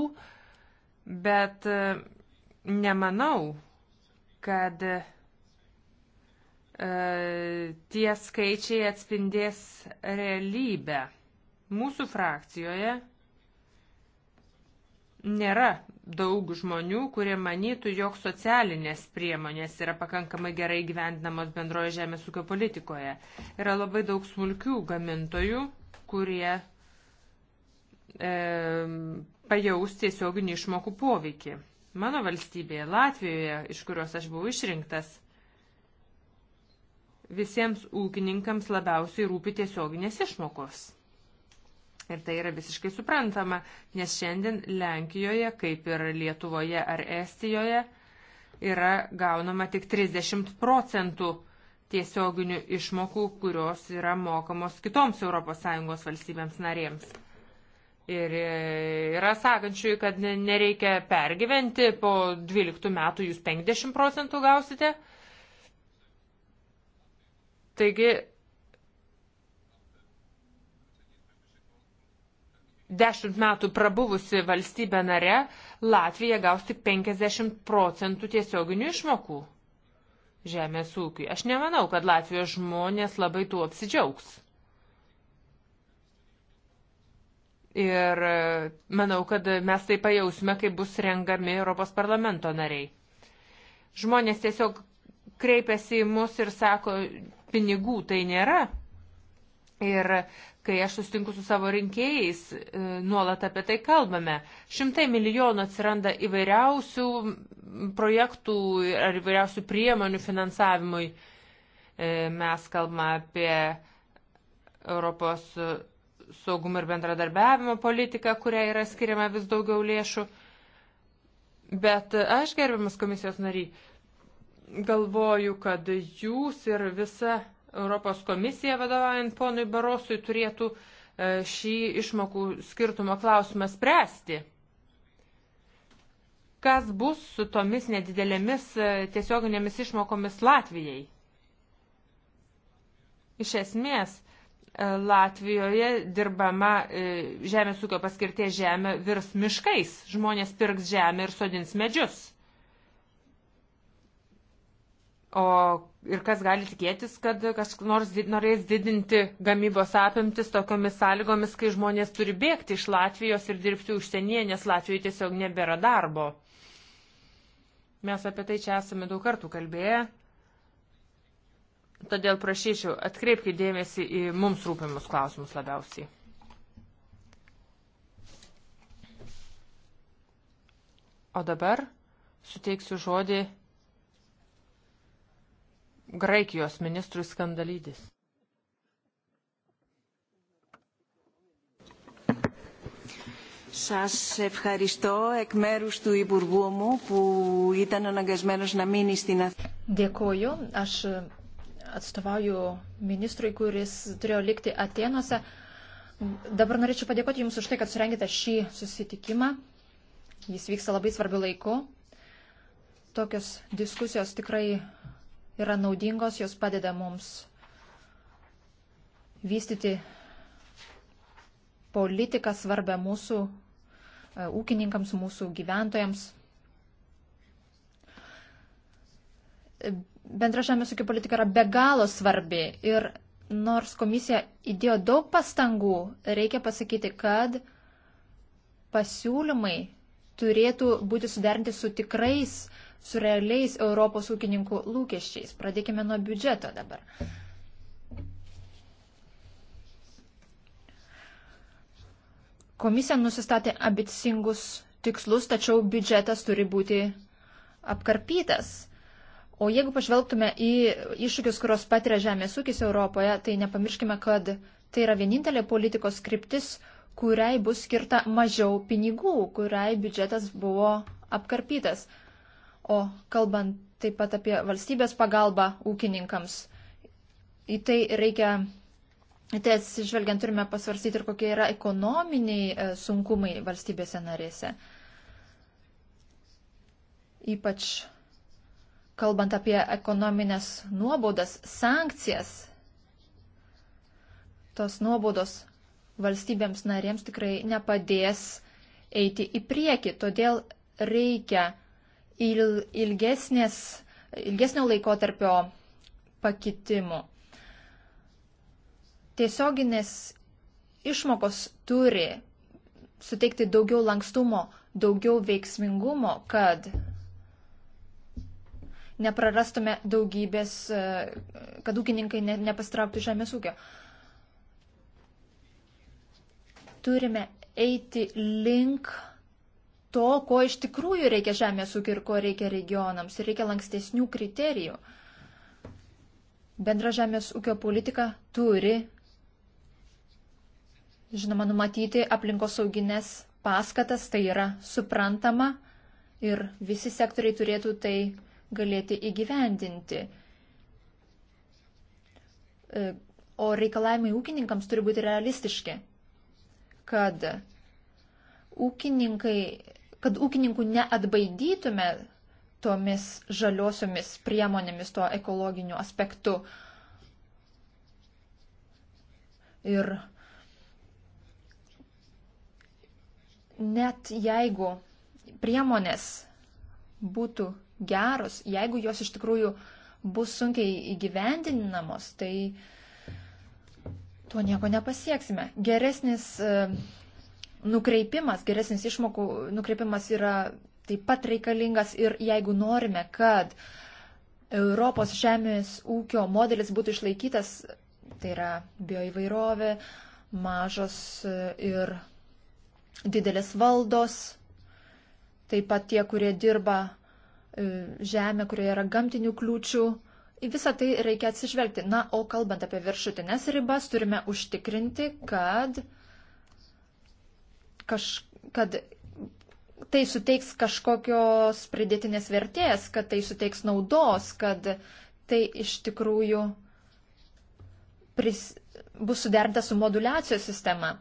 bet e, nemanau, kad e, tie skaičiai atspindės realybę. Mūsų frakcijoje nėra daug žmonių, kurie manytų, jog socialinės priemonės yra pakankamai gerai gyvendinamos bendroje žemės ūkio politikoje. Yra labai daug smulkių gamintojų, kurie e, pajaus tiesioginį išmokų poveikį. Mano valstybėje, Latvijoje, iš kurios aš buvau išrinktas, visiems ūkininkams labiausiai rūpi tiesioginės išmokos. Ir tai yra visiškai suprantama, nes šiandien Lenkijoje, kaip ir Lietuvoje ar Estijoje, yra gaunama tik 30 procentų tiesioginių išmokų, kurios yra mokamos kitoms ES valstybėms narėms. Ir e, yra sakančių, kad nereikia pergyventi, po 12 metų jūs 50 procentų gausite. Taigi dešimt metų prabuvusi valstybė nare, Latvija gaus tik 50 procentų tiesioginių išmokų žemės ūkiui. Aš nemanau, kad Latvijos žmonės labai tuo apsidžiaugs. Ir e, manau, kad mes tai pajausime, kai bus rengami Europos parlamento nariai. Žmonės tiesiog kreipiasi į mus ir sako, pinigų tai nėra. Ir Kai aš sustinku su savo rinkėjais, e, nuolat apie tai kalbame. Šimtai milijonų atsiranda įvairiausių projektų ar įvairiausių priemonių finansavimui. E, mes kalbame apie Europos saugumo ir bendradarbiavimo politiką, kuriai yra skiriama vis daugiau lėšų. Bet aš, gerbiamas komisijos nariai, galvoju, kad jūs ir visa Europos komisija vadovaujant ponui Barosui turėtų e, šį išmokų skirtumo klausimą spręsti. Kas bus su tomis nedidelėmis e, tiesioginėmis išmokomis Latvijai? Iš esmės, e, Latvijoje dirbama žemės ūkio paskirties žemė virs miškais. Žmonės pirks žemę ir sodins medžius. O ir kas gali tikėtis, kad kas nors did, norės didinti gamybos apimtis tokiomis sąlygomis, kai žmonės turi bėgti iš Latvijos ir dirbti užsienyje, nes Latvijoje tiesiog nebėra darbo. Mes apie tai čia esame daug kartų kalbėję. Todėl prašyčiau, atkreipkite dėmesį į mums rūpimus klausimus labiausiai. O dabar suteiksiu žodį Graikijos ministrui skandalydis. Σας ευχαριστώ εκ μέρους του Υπουργού μου που ήταν αναγκασμένος να μείνει στην Αθήνα. Dėkoju, aš atstovauju ministrui, kuris turėjo likti Atenuose. Dabar norėčiau padėkoti Jums už tai, kad surengėte šį susitikimą. Jis vyksta labai svarbiu laiku. Tokios diskusijos tikrai yra naudingos, jos padeda mums vystyti politiką svarbę mūsų e, ūkininkams, mūsų gyventojams. Bendra žemės ūkio politika yra be galo svarbi ir nors komisija įdėjo daug pastangų, reikia pasakyti, kad pasiūlymai turėtų būti suderinti su tikrais uh, su realiais Europos ūkininkų lūkesčiais. Pradėkime nuo biudžeto dabar. Komisija nusistatė abicingus tikslus, tačiau biudžetas turi būti apkarpytas. O jeigu pažvelgtume į iššūkius, kurios patiria žemės ūkis Europoje, tai nepamirškime, kad tai yra vienintelė politikos skriptis, kuriai bus skirta mažiau pinigų, kuriai biudžetas buvo apkarpytas. O kalbant taip pat apie valstybės pagalbą ūkininkams, į tai reikia, į tai atsižvelgiant turime pasvarstyti ir kokie yra ekonominiai e, sunkumai valstybėse narėse. Ypač kalbant apie ekonominės nuobaudas, sankcijas, tos nuobaudos valstybėms narėms tikrai nepadės eiti į priekį. Todėl reikia il, ilgesnės, ilgesnio laikotarpio pakitimų. Tiesioginės išmokos turi suteikti daugiau lankstumo, daugiau veiksmingumo, kad neprarastume daugybės, kad ūkininkai ne, nepastrauktų žemės ūkio. Turime eiti link to, ko iš tikrųjų reikia žemės ūkio ir ko reikia regionams. Reikia lankstesnių kriterijų. Bendra žemės ūkio politika turi, žinoma, numatyti aplinkosauginės paskatas, tai yra suprantama ir visi sektoriai turėtų tai galėti įgyvendinti. E, o reikalavimai ūkininkams turi būti realistiški, kad ūkininkai kad ūkininkų neatbaidytume tomis žaliosiomis priemonėmis, tuo ekologiniu aspektu. Ir net jeigu priemonės būtų geros, jeigu jos iš tikrųjų bus sunkiai įgyvendinamos, tai tuo nieko nepasieksime. Geresnis e, nukreipimas, geresnis išmokų nukreipimas yra taip pat reikalingas ir jeigu norime, kad Europos žemės ūkio modelis būtų išlaikytas, tai yra bioįvairovė, mažos ir didelės valdos, taip pat tie, kurie dirba e, žemė, kurioje yra gamtinių kliūčių. Į visą tai reikia atsižvelgti. Na, o kalbant apie viršutinės ribas, turime užtikrinti, kad uh, kaž, kad tai suteiks kažkokios pridėtinės vertės, kad tai suteiks naudos, kad tai iš tikrųjų pris, bus suderinta su modulacijos sistema.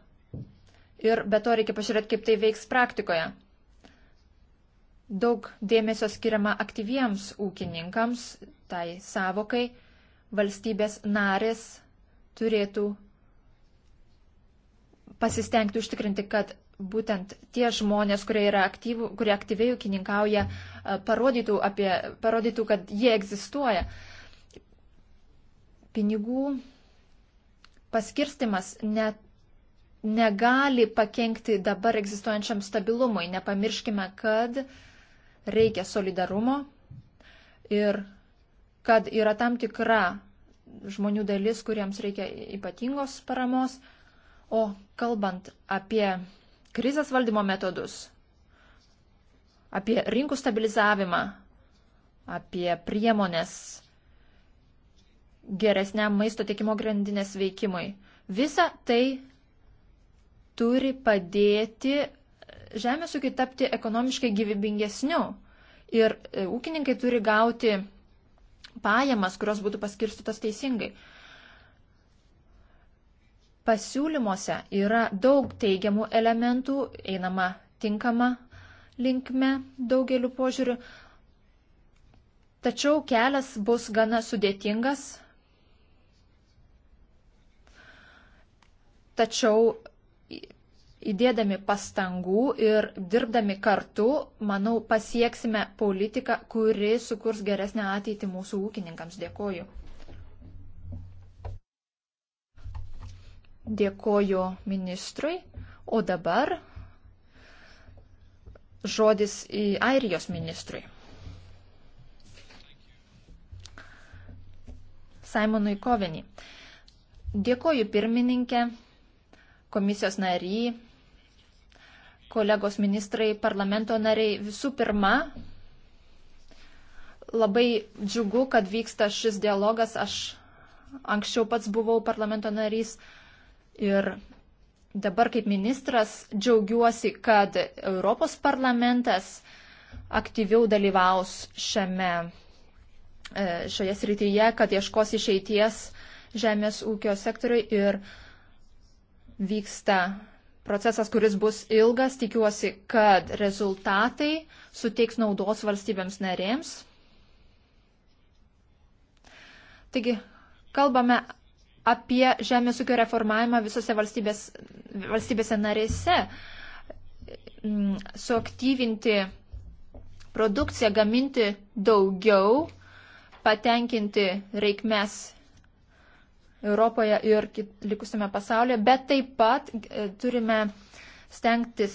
Ir be to reikia pažiūrėti, kaip tai veiks praktikoje. Daug dėmesio skiriama aktyviems ūkininkams, tai savokai valstybės narės turėtų pasistengti užtikrinti, kad būtent tie žmonės, kurie, yra aktyvų, kurie aktyviai ūkininkauja, e, parodytų, apie, parodytų, kad jie egzistuoja. Pinigų paskirstimas ne, negali pakengti dabar egzistuojančiam stabilumui. Nepamirškime, kad reikia solidarumo ir kad yra tam tikra žmonių dalis, kuriems reikia ypatingos paramos. O kalbant apie krizės valdymo metodus, apie rinkų stabilizavimą, apie priemonės geresniam maisto tiekimo grandinės veikimui. Visa tai turi padėti žemės ūkiai tapti ekonomiškai gyvybingesniu. Ir e, ūkininkai turi gauti pajamas, kurios būtų paskirstytos teisingai pasiūlymuose yra daug teigiamų elementų, einama tinkama linkme daugeliu požiūriu, tačiau kelias bus gana sudėtingas. Tačiau įdėdami pastangų ir dirbdami kartu, manau, pasieksime politiką, kuri sukurs geresnę ateitį mūsų ūkininkams. Dėkoju. Dėkoju ministrui. O dabar žodis į Airijos ministrui. Simonui Kovenį. Dėkoju pirmininkė, komisijos nary, kolegos ministrai, parlamento nariai. Visų pirma, labai džiugu, kad vyksta šis dialogas. Aš anksčiau pats buvau parlamento narys. Uh, Ir dabar kaip ministras džiaugiuosi, kad Europos parlamentas aktyviau dalyvaus šiame, e, šioje srityje, kad ieškos išeities žemės ūkio sektoriui ir vyksta procesas, kuris bus ilgas. Tikiuosi, kad rezultatai suteiks naudos valstybėms narėms. Taigi, kalbame apie žemės ūkio reformavimą visose valstybės, valstybėse narėse, mm, suaktyvinti produkciją, gaminti daugiau, patenkinti reikmes Europoje ir likusame pasaulyje, bet taip pat e, turime stengtis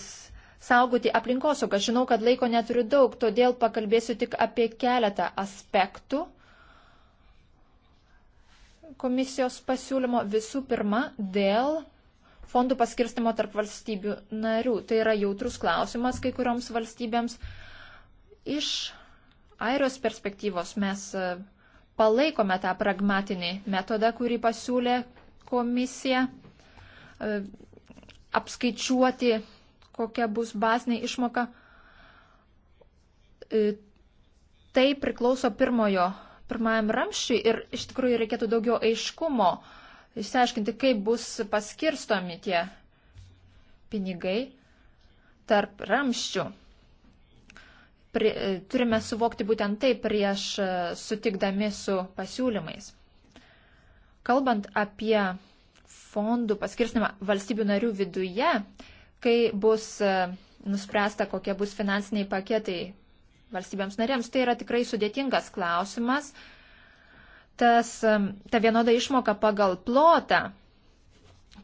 saugoti aplinkosaugą. Žinau, kad laiko neturiu daug, todėl pakalbėsiu tik apie keletą aspektų komisijos pasiūlymo visų pirma dėl fondų paskirstimo tarp valstybių narių. Tai yra jautrus klausimas kai kurioms valstybėms. Iš airijos perspektyvos mes e, palaikome tą pragmatinį metodą, kurį pasiūlė komisija e, apskaičiuoti, kokia bus bazinė išmoka. E, tai priklauso pirmojo pirmajam ramščiui ir iš tikrųjų reikėtų daugiau aiškumo, išsiaiškinti, kaip bus paskirstomi tie pinigai tarp ramščių. Pri, e, turime suvokti būtent tai prieš e, sutikdami su pasiūlymais. Kalbant apie fondų paskirstimą valstybių narių viduje, kai bus e, nuspręsta, kokie bus finansiniai paketai valstybėms narėms. Tai yra tikrai sudėtingas klausimas. Tas, ta vienoda išmoka pagal plotą,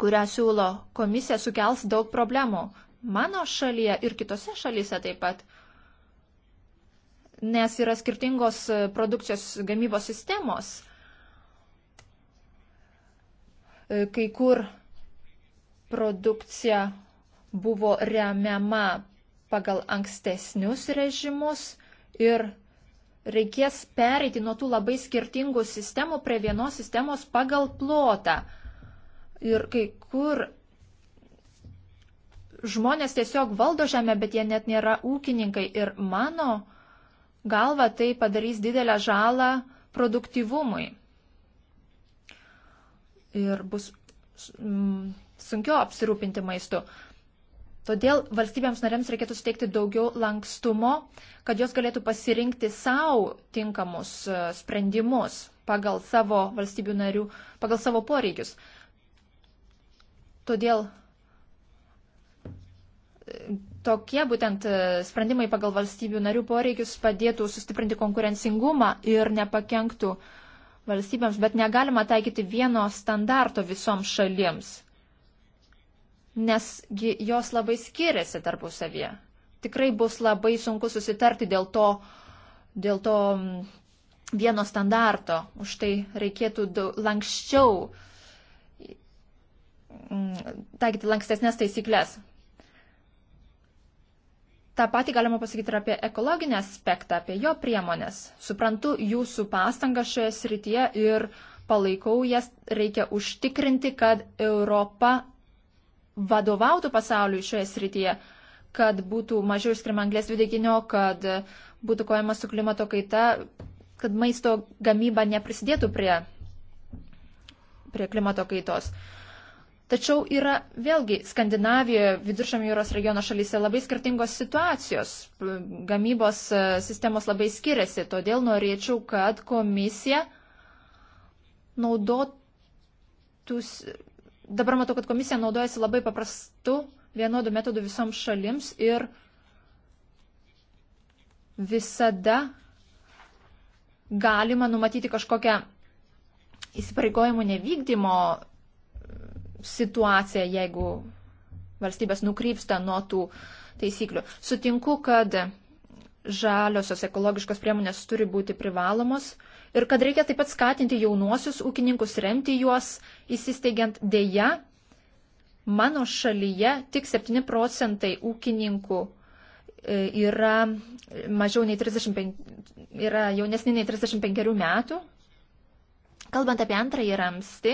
kurią siūlo komisija, sukels daug problemų. Mano šalyje ir kitose šalyse taip pat. Nes yra skirtingos e, produkcijos gamybos sistemos. E, kai kur produkcija buvo remiama pagal ankstesnius režimus ir reikės pereiti nuo tų labai skirtingų sistemų prie vienos sistemos pagal plotą. Ir kai kur žmonės tiesiog valdo žemę, bet jie net nėra ūkininkai. Ir mano galva tai padarys didelę žalą produktivumui. Ir bus mm, sunkiau apsirūpinti maistu. Todėl valstybėms narėms reikėtų suteikti daugiau lankstumo, kad jos galėtų pasirinkti savo tinkamus e, sprendimus pagal savo valstybių narių, pagal savo poreikius. Todėl e, tokie būtent e, sprendimai pagal valstybių narių poreikius padėtų sustiprinti konkurencingumą ir nepakenktų valstybėms, bet negalima taikyti vieno standarto visoms šalims nesgi jos labai skiriasi tarpusavyje. Tikrai bus labai sunku susitarti dėl to, dėl to vieno standarto. Už tai reikėtų lankščiau taikyti lankstesnės taisyklės. Ta pati galima pasakyti ir apie ekologinį aspektą, apie jo priemonės. Suprantu jūsų pastangą šioje srityje ir palaikau jas. Reikia užtikrinti, kad Europa vadovautų pasauliui šioje srityje, kad būtų mažiau išskirima anglės dvideginio, kad būtų kojama su klimato kaita, kad maisto gamyba neprisidėtų prie, prie klimato kaitos. Tačiau yra vėlgi Skandinavijoje, Viduržamio jūros regiono šalyse labai skirtingos situacijos, gamybos e, sistemos labai skiriasi, todėl norėčiau, kad komisija naudotus Dabar matau, kad komisija naudojasi labai paprastu vienodu metodu visoms šalims ir visada galima numatyti kažkokią įsipareigojimų nevykdymo situaciją, jeigu valstybės nukrypsta nuo tų taisyklių. Sutinku, kad žaliosios ekologiškos priemonės turi būti privalomos, ir kad reikia taip pat skatinti jaunuosius ūkininkus remti juos įsisteigiant dėja. Mano šalyje tik 7 procentai ūkininkų e, yra, mažiau nei 35, yra jaunesni nei 35 metų. Kalbant apie antrąjį ramstį,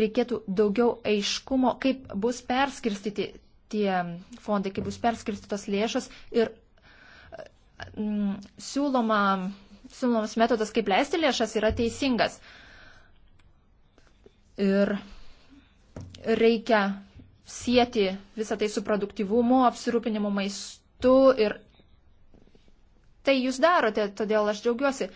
reikėtų daugiau aiškumo, kaip bus perskirstyti tie fondai, kaip bus perskirstytos lėšos ir Mm, siūloma, siūlomas metodas, kaip leisti lėšas, yra teisingas. Ir reikia sieti visą tai su produktyvumu, apsirūpinimu maistu ir tai jūs darote, todėl aš džiaugiuosi.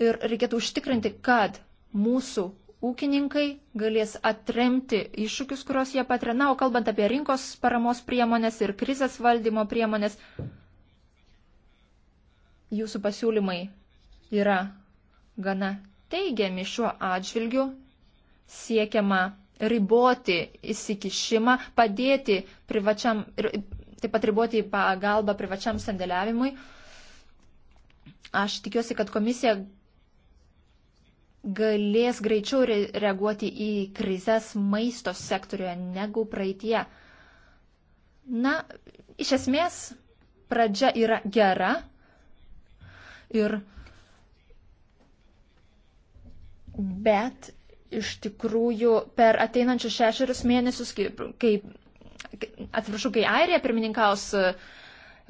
Ir reikėtų užtikrinti, kad mūsų ūkininkai galės atremti iššūkius, kuriuos jie patiria. Na, o kalbant apie rinkos paramos priemonės ir krizės valdymo priemonės, jūsų pasiūlymai yra gana teigiami šiuo atžvilgiu, siekiama riboti įsikišimą, padėti privačiam, taip pat riboti pagalbą privačiam sandėliavimui. Aš tikiuosi, kad komisija galės greičiau reaguoti į krizės maisto sektoriuje negu praeitie. Na, iš esmės, pradžia yra gera, Ir bet iš tikrųjų per ateinančius šešerius mėnesius, kai, atsiprašau, kai Airija pirmininkaus e,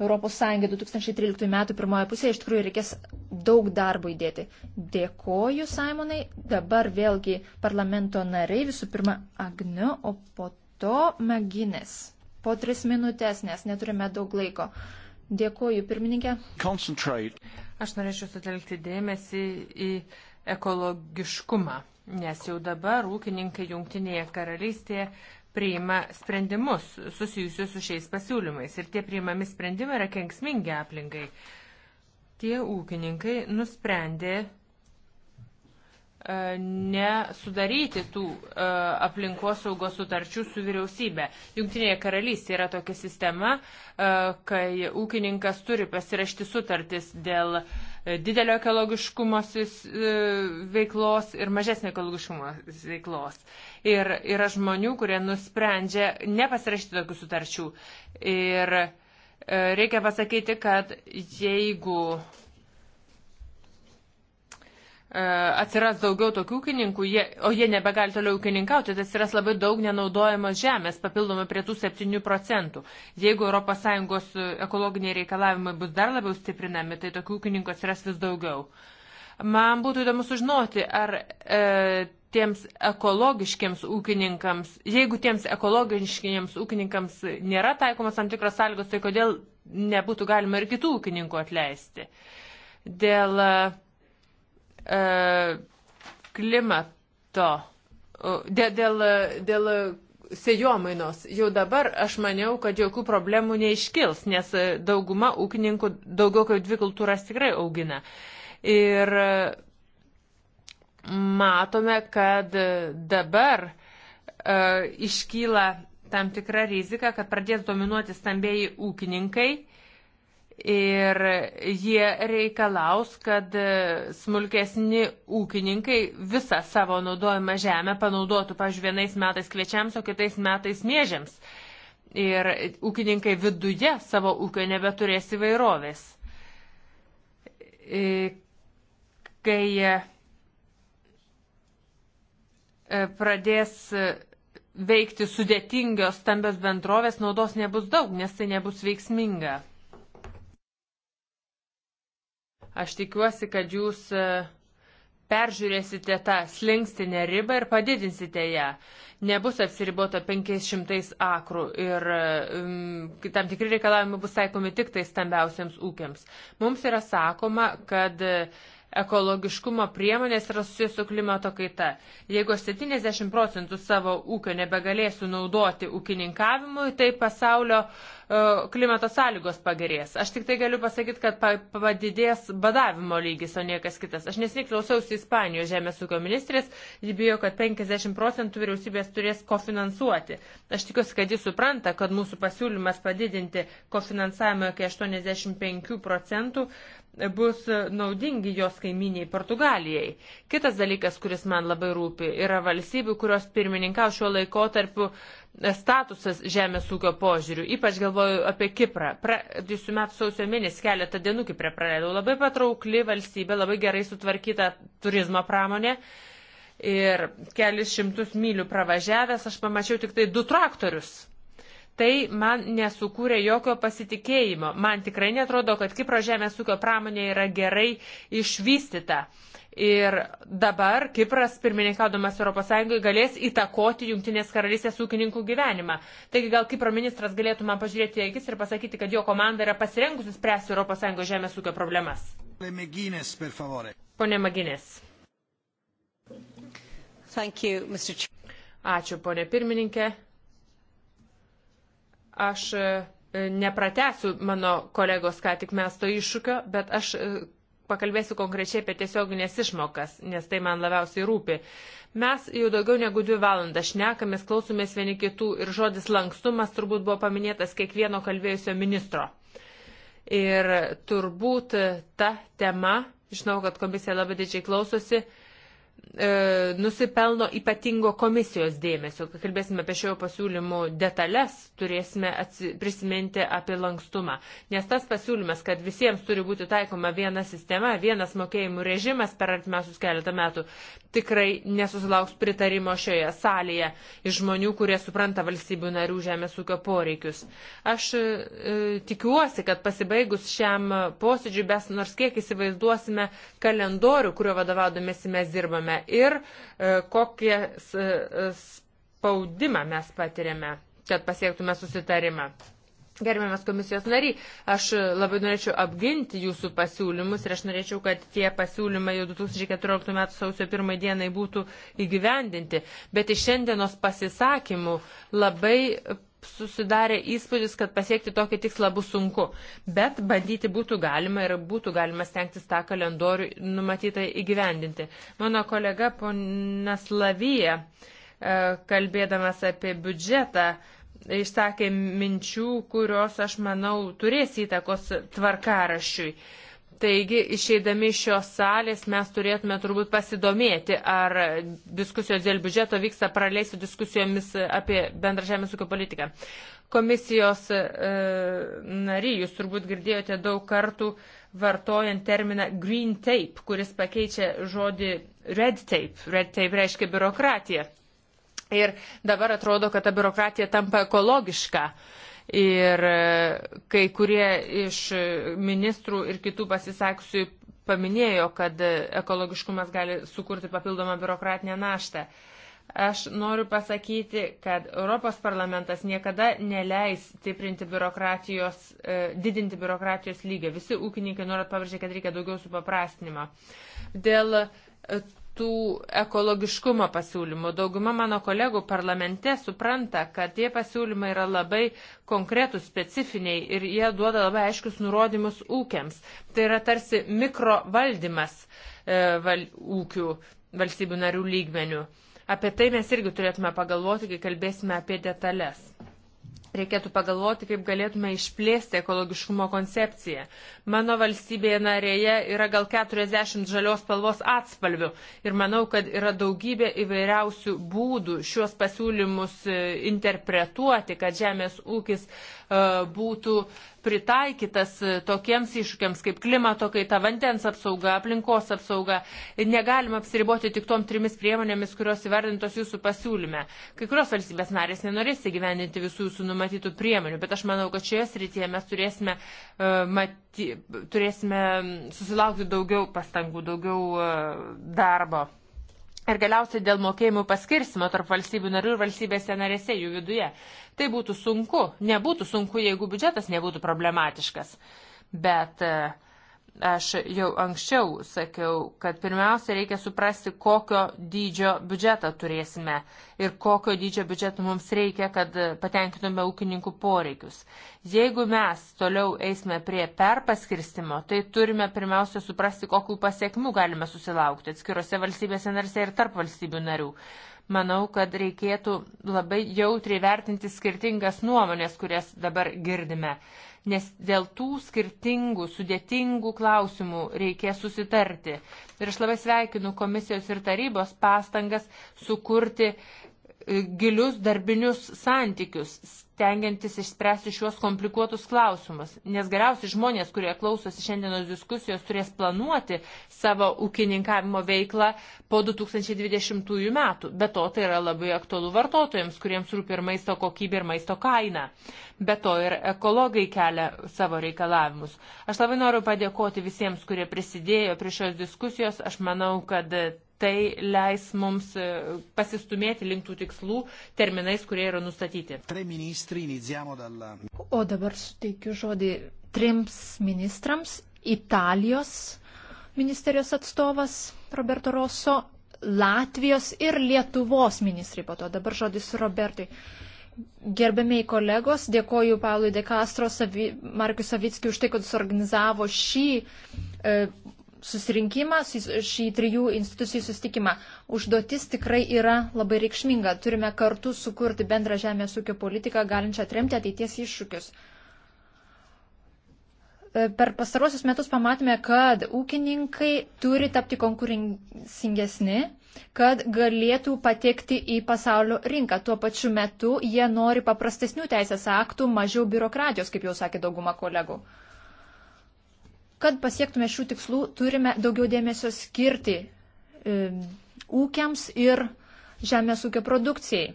Europos Sąjungai 2013 metų pirmoje pusėje, iš tikrųjų reikės daug darbo įdėti. Dėkoju, Simonai. Dabar vėlgi parlamento nariai, visų pirma Agniu, o po to Maginis. Po tris minutės, nes neturime daug laiko. Dėkoju, pirmininkė. Concentrate. Aš norėčiau sutelkti dėmesį į ekologiškumą, nes jau dabar ūkininkai Junktinėje karalystėje priima sprendimus susijusius su šiais pasiūlymais ir tie priimami sprendimai yra kenksmingi aplinkai. Tie ūkininkai nusprendė E, nesudaryti tų e, aplinkosaugos sutarčių su vyriausybė. Junktinėje karalystėje yra tokia sistema, e, kai ūkininkas turi pasirašti sutartis dėl didelio ekologiškumo veiklos ir mažesnio ekologiškumo veiklos. Ir yra žmonių, kurie nusprendžia nepasirašyti tokių sutarčių. Ir reikia pasakyti, kad jeigu E, atsiras daugiau tokių ūkininkų, jie, o jie nebegali toliau ūkininkauti, tai atsiras labai daug nenaudojamos žemės, papildomai prie tų 7 procentų. Jeigu ES ekologiniai reikalavimai bus dar labiau stiprinami, tai tokių ūkininkų atsiras vis daugiau. Man būtų įdomu sužinoti, ar e, tiems ekologiškiams ūkininkams, jeigu tiems ekologiškiams ūkininkams nėra taikomas tam tikros sąlygos, tai kodėl nebūtų galima ir kitų ūkininkų atleisti. Dėl e, E, klimato, dėl, dėl, dėl sėjomainos. Jau dabar aš maniau, kad jokių problemų neiškils, nes dauguma ūkininkų daugiau kaip dvi kultūras tikrai augina. Ir matome, kad dabar e, iškyla tam tikra rizika, kad pradės dominuoti stambėjai ūkininkai ir jie reikalaus, kad smulkesni ūkininkai visą savo naudojimą žemę panaudotų, pažiūrėjau, vienais metais kviečiams, o kitais metais mėžiams. Ir ūkininkai viduje savo ūkio nebeturės įvairovės. E, kai e, pradės veikti sudėtingios stambios bendrovės, naudos nebus daug, nes tai nebus veiksminga. Aš tikiuosi, kad jūs e, peržiūrėsite tą slengstinę ribą ir padidinsite ją. Nebus apsiribota 500 akrų ir um, tam tikri reikalavimai bus taikomi tik tai stambiausiams ūkiams. Mums yra sakoma, kad uh, ekologiškumo priemonės yra susijęs su klimato kaita. Jeigu aš 70 procentų savo ūkio nebegalėsiu naudoti ūkininkavimui, tai pasaulio e, klimato sąlygos pagerės. Aš tik tai galiu pasakyti, kad padidės badavimo lygis, o niekas kitas. Aš nesiniai klausiausi Ispanijos žemės ūkio ministrės, ji bijo, kad 50 procentų vyriausybės turės kofinansuoti. Aš tikiuosi, kad ji supranta, kad mūsų pasiūlymas padidinti kofinansavimą iki 85 procentų bus naudingi jos kaiminiai Portugalijai. Kitas dalykas, kuris man labai rūpi, yra valstybių, kurios pirmininkau šiuo laikotarpiu e, statusas žemės ūkio požiūrių. Ypač galvoju apie Kiprą. Praėjusiu metu sausio mėnesį keletą dienų Kiprę praleidau. Labai patraukli valstybė, labai gerai sutvarkyta turizmo pramonė. Ir kelis šimtus mylių pravažiavęs aš pamačiau tik tai du traktorius tai man nesukūrė jokio pasitikėjimo. Man tikrai netrodo, kad Kipro žemės ūkio pramonė yra gerai išvystyta. Ir dabar Kipras, pirmininkaudamas ES, galės įtakoti Junktinės karalystės ūkininkų gyvenimą. Taigi gal Kipro ministras galėtų man pažiūrėti į akis ir pasakyti, kad jo komanda yra pasirengusi spręsti ES žemės ūkio problemas. Pone Maginės. Ačiū, ponė pirmininkė. Aš e, nepratesiu mano kolegos ką tik mes to iššūkio, bet aš e, pakalbėsiu konkrečiai apie tiesioginės išmokas, nes tai man labiausiai rūpi. Mes jau daugiau negu dvi valandas šnekamės, klausomės vieni kitų ir žodis lankstumas turbūt buvo paminėtas kiekvieno kalbėjusio ministro. Ir turbūt ta tema, žinau, kad komisija labai didžiai klausosi, uh, e, nusipelno ypatingo komisijos dėmesio. Kai kalbėsime apie šio pasiūlymų detalės, turėsime atsi, prisiminti apie lankstumą. Nes tas pasiūlymas, kad visiems turi būti taikoma viena sistema, vienas mokėjimų režimas per artimiausius keletą metų, tikrai nesusilauks pritarimo šioje salėje iš žmonių, kurie supranta valstybių narių žemės ūkio poreikius. Aš e, tikiuosi, kad pasibaigus šiam posėdžiui mes nors kiek įsivaizduosime kalendorių, kurio vadovaudomėsi mes dirbame ir e, kokie e, spaudimą mes patiriame, kad pasiektume susitarimą. Gerbiamas komisijos nariai, aš labai norėčiau apginti jūsų pasiūlymus ir aš norėčiau, kad tie pasiūlymai jau 2014 m. sausio 1 dienai būtų įgyvendinti. Bet iš šiandienos pasisakymų labai susidarė įspūdis, kad pasiekti tokį tikslą bus sunku. Bet bandyti būtų galima ir būtų galima stengtis tą kalendorių numatytą įgyvendinti. Mano kolega ponas Lavija, e, kalbėdamas apie biudžetą, išsakė minčių, kurios, aš manau, turės įtakos tvarkarašiui. Taigi, išeidami iš šios salės mes turėtume turbūt pasidomėti, ar diskusijos dėl biudžeto vyksta paraliai su diskusijomis apie bendrą žemės ūkio politiką. Komisijos e, nariai, jūs turbūt girdėjote daug kartų vartojant terminą green tape, kuris pakeičia žodį red tape. Red tape reiškia biurokratiją. Ir dabar atrodo, kad ta biurokratija tampa ekologiška. Ir e, kai kurie iš ministrų ir kitų pasisakusių paminėjo, kad e, ekologiškumas gali sukurti papildomą biurokratinę naštą. Aš noriu pasakyti, kad Europos parlamentas niekada neleis stiprinti biurokratijos, e, didinti biurokratijos lygį. Visi ūkininkai nuolat pabrėžia, kad reikia daugiau supaprastinimo. Dėl tų ekologiškumo pasiūlymų. Dauguma mano kolegų parlamente supranta, kad tie pasiūlymai yra labai konkretūs, specifiniai ir jie duoda labai aiškius nurodymus ūkiams. Tai yra tarsi mikrovaldymas e, val, ūkių valstybių narių lygmenių. Apie tai mes irgi turėtume pagalvoti, kai kalbėsime apie detalės reikėtų pagalvoti, kaip galėtume išplėsti ekologiškumo koncepciją. Mano valstybėje narėje yra gal 40 žalios spalvos atspalvių ir manau, kad yra daugybė įvairiausių būdų šiuos pasiūlymus e, interpretuoti, kad žemės ūkis uh, E, būtų pritaikytas e, tokiems iššūkiams kaip klimato kaita, vandens apsauga, aplinkos apsauga. Negalima apsiriboti tik tom trimis priemonėmis, kurios įvardintos jūsų pasiūlyme. Kai kurios valstybės narės nenorės įgyvendinti visų jūsų numatytų priemonių, bet aš manau, kad šioje srityje mes turėsime, uh, mati, turėsime susilaukti daugiau pastangų, daugiau uh, darbo. Ir galiausiai dėl mokėjimų paskirstimo tarp valstybių narių ir valstybėse narėse jų viduje. Tai būtų sunku, nebūtų sunku, jeigu biudžetas nebūtų problematiškas. Bet uh, Aš jau anksčiau sakiau, kad pirmiausia reikia suprasti, kokio dydžio biudžetą turėsime ir kokio dydžio biudžeto mums reikia, kad patenkintume ūkininkų poreikius. Jeigu mes toliau eisime prie perpaskirstimo, tai turime pirmiausia suprasti, kokiu pasiekmiu galime susilaukti atskirose valstybėse narse ir tarp valstybių narių manau, kad reikėtų labai jautriai vertinti skirtingas nuomonės, kurias dabar girdime. Nes dėl tų skirtingų, sudėtingų klausimų reikės susitarti. Ir aš labai sveikinu komisijos ir tarybos pastangas sukurti uh, gilius darbinius santykius, stengiantis išspręsti šiuos komplikuotus klausimus. Nes geriausi žmonės, kurie klausosi šiandienos diskusijos, turės planuoti savo ūkininkavimo veiklą po 2020 metų. Be to, tai yra labai aktualu vartotojams, kuriems rūpi ir maisto kokybė, ir maisto kaina. Be to, ir ekologai kelia savo reikalavimus. Aš labai noriu padėkoti visiems, kurie prisidėjo prie šios diskusijos. Aš manau, kad tai leis mums e, pasistumėti link tų tikslų terminais, kurie yra nustatyti. O dabar suteikiu žodį trims ministrams. Italijos ministerijos atstovas Roberto Rosso, Latvijos ir Lietuvos ministrai. Po to dabar žodis Robertui. Gerbėmiai kolegos, dėkoju Paului De Castro, Savi, Markiu Savickiu už tai, kad suorganizavo šį e, susirinkimą, šį trijų institucijų sustikimą. Užduotis tikrai yra labai reikšminga. Turime kartu sukurti bendrą žemės ūkio politiką, galinčią atremti ateities iššūkius. E, per pastarosius metus pamatėme, kad ūkininkai turi tapti konkurencingesni, kad galėtų patekti į pasaulio rinką. Tuo pačiu metu jie nori paprastesnių teisės aktų, mažiau biurokratijos, kaip jau sakė dauguma kolegų. Uh, Kad pasiektume šių tikslų, turime daugiau dėmesio skirti e, ūkiams ir žemės ūkio produkcijai.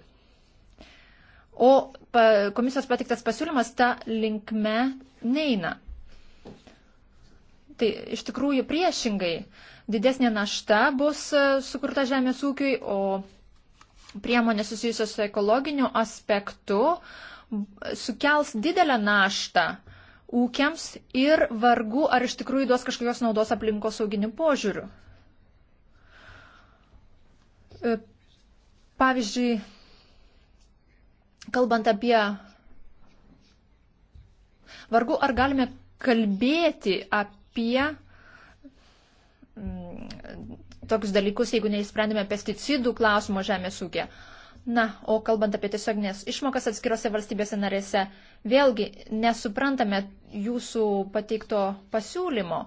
O pa, komisijos patiktas pasiūlymas tą linkme neina. Tai iš tikrųjų priešingai. Didesnė našta bus e, sukurta žemės ūkiui, o priemonės susijusios su ekologiniu aspektu sukels didelę naštą ūkiams ir vargu ar iš tikrųjų duos kažkokios naudos aplinkos sauginių požiūrių. E, pavyzdžiui, kalbant apie vargu ar galime kalbėti apie mm, tokius dalykus, jeigu neįsprendėme pesticidų klausimo žemės ūkė. Na, o kalbant apie tiesioginės išmokas atskirose valstybėse narėse, Vėlgi nesuprantame jūsų pateikto pasiūlymo.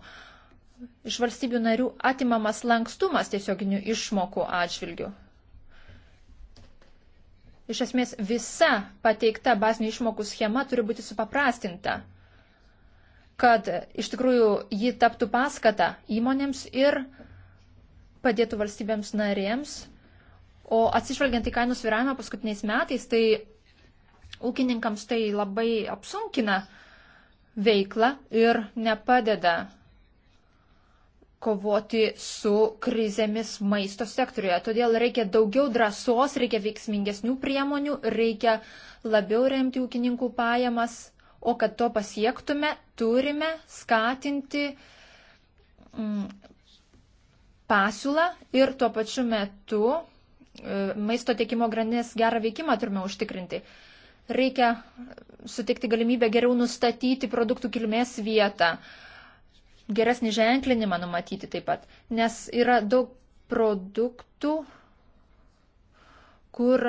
Iš valstybių narių atimamas lankstumas tiesioginių išmokų atžvilgių. Iš esmės visa pateikta bazinių išmokų schema turi būti supaprastinta, kad iš tikrųjų ji taptų paskata įmonėms ir padėtų valstybėms narėms. O atsižvelgiant į kainų sviravimą paskutiniais metais, tai Ūkininkams tai labai apsunkina veiklą ir nepadeda kovoti su krizėmis maisto sektoriuje. Todėl reikia daugiau drąsos, reikia veiksmingesnių priemonių, reikia labiau remti ūkininkų pajamas, o kad to pasiektume, turime skatinti mm, pasiūlą ir tuo pačiu metu e, maisto tiekimo grandinės gerą veikimą turime užtikrinti reikia suteikti galimybę geriau nustatyti produktų kilmės vietą, geresnį ženklinimą numatyti taip pat, nes yra daug produktų, kur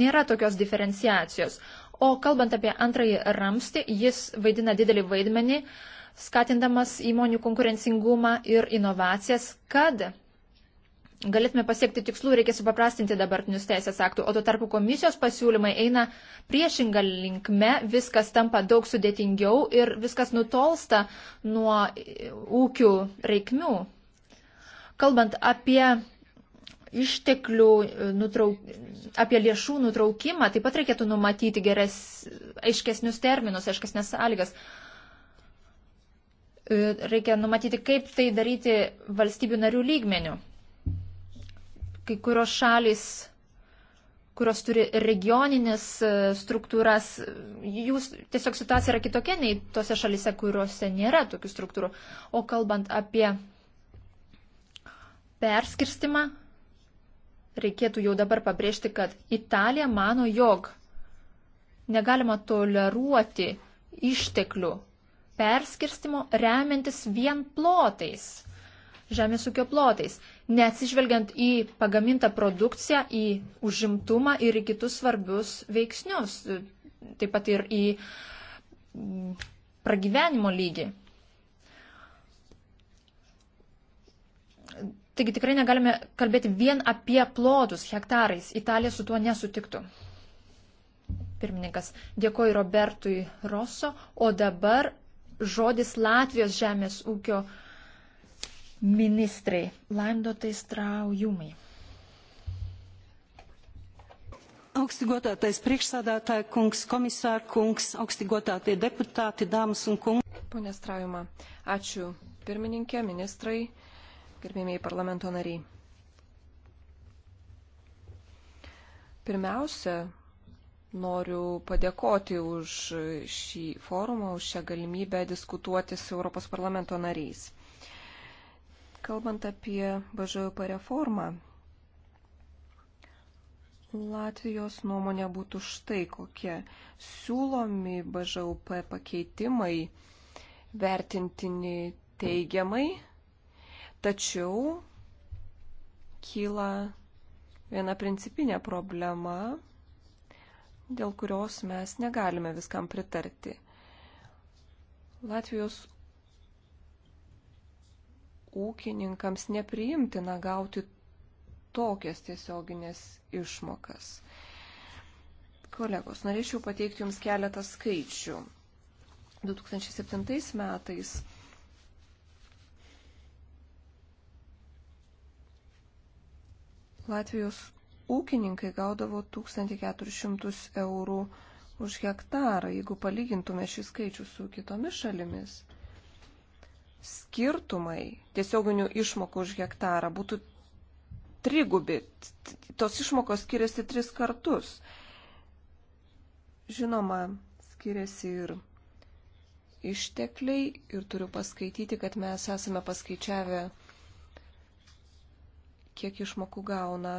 nėra tokios diferenciacijos. O kalbant apie antrąjį ramstį, jis vaidina didelį vaidmenį, skatindamas įmonių konkurencingumą ir inovacijas, kad galėtume pasiekti tikslų, reikia supaprastinti dabartinius teisės aktų, o tuo tarpu komisijos pasiūlymai eina priešingą linkme, viskas tampa daug sudėtingiau ir viskas nutolsta nuo e, ūkių reikmių. Kalbant apie išteklių, e, nutrauk, apie lėšų nutraukimą, taip pat reikėtų numatyti geres, aiškesnius terminus, aiškesnės sąlygas e, reikia numatyti, kaip tai daryti valstybių narių lygmenių. Kai kurios šalis, kurios turi regioninės e, struktūras, jūs tiesiog situacija yra kitokia nei tose šalise, kuriuose nėra tokių struktūrų. O kalbant apie perskirstimą, reikėtų jau dabar pabrėžti, kad Italija mano, jog negalima toleruoti išteklių perskirstimo remiantis vien plotais, žemės ūkio plotais neatsižvelgiant į pagamintą produkciją, į užimtumą ir į kitus svarbius veiksnius, taip pat ir į pragyvenimo lygį. Taigi tikrai negalime kalbėti vien apie plotus hektarais. Italija su tuo nesutiktų. Pirmininkas, dėkoju Robertui Rosso, o dabar žodis Latvijos žemės ūkio ministrui ministrei Laimdotai Straujumai. Augsti godātais priekšsādātāja kungs, komisāra kungs, augsti godātie deputāti, dāmas un kungi. Pone Straujumā, ačiū pirmininkė, ministrai, gerbėmiai parlamento nariai. Pirmiausia, noriu padėkoti už šį forumą, už šią galimybę diskutuoti su Europos parlamento nariais. Kalbant apie BŽUP reformą, Latvijos nuomonė būtų štai kokia. Siūlomi BŽUP pakeitimai vertintini teigiamai, tačiau kyla viena principinė problema, dėl kurios mes negalime viskam pritarti. Latvijos ūkininkams nepriimtina gauti tokias tiesioginės išmokas. Kolegos, norėčiau pateikti Jums keletą skaičių. 2007 metais Latvijos ūkininkai gaudavo 1400 eurų už hektarą, jeigu palygintume šį skaičių su kitomis šalimis skirtumai tiesioginių išmokų už hektarą būtų trigubi. Tos išmokos skiriasi tris kartus. Žinoma, skiriasi ir ištekliai ir turiu paskaityti, kad mes esame paskaičiavę, kiek išmokų gauna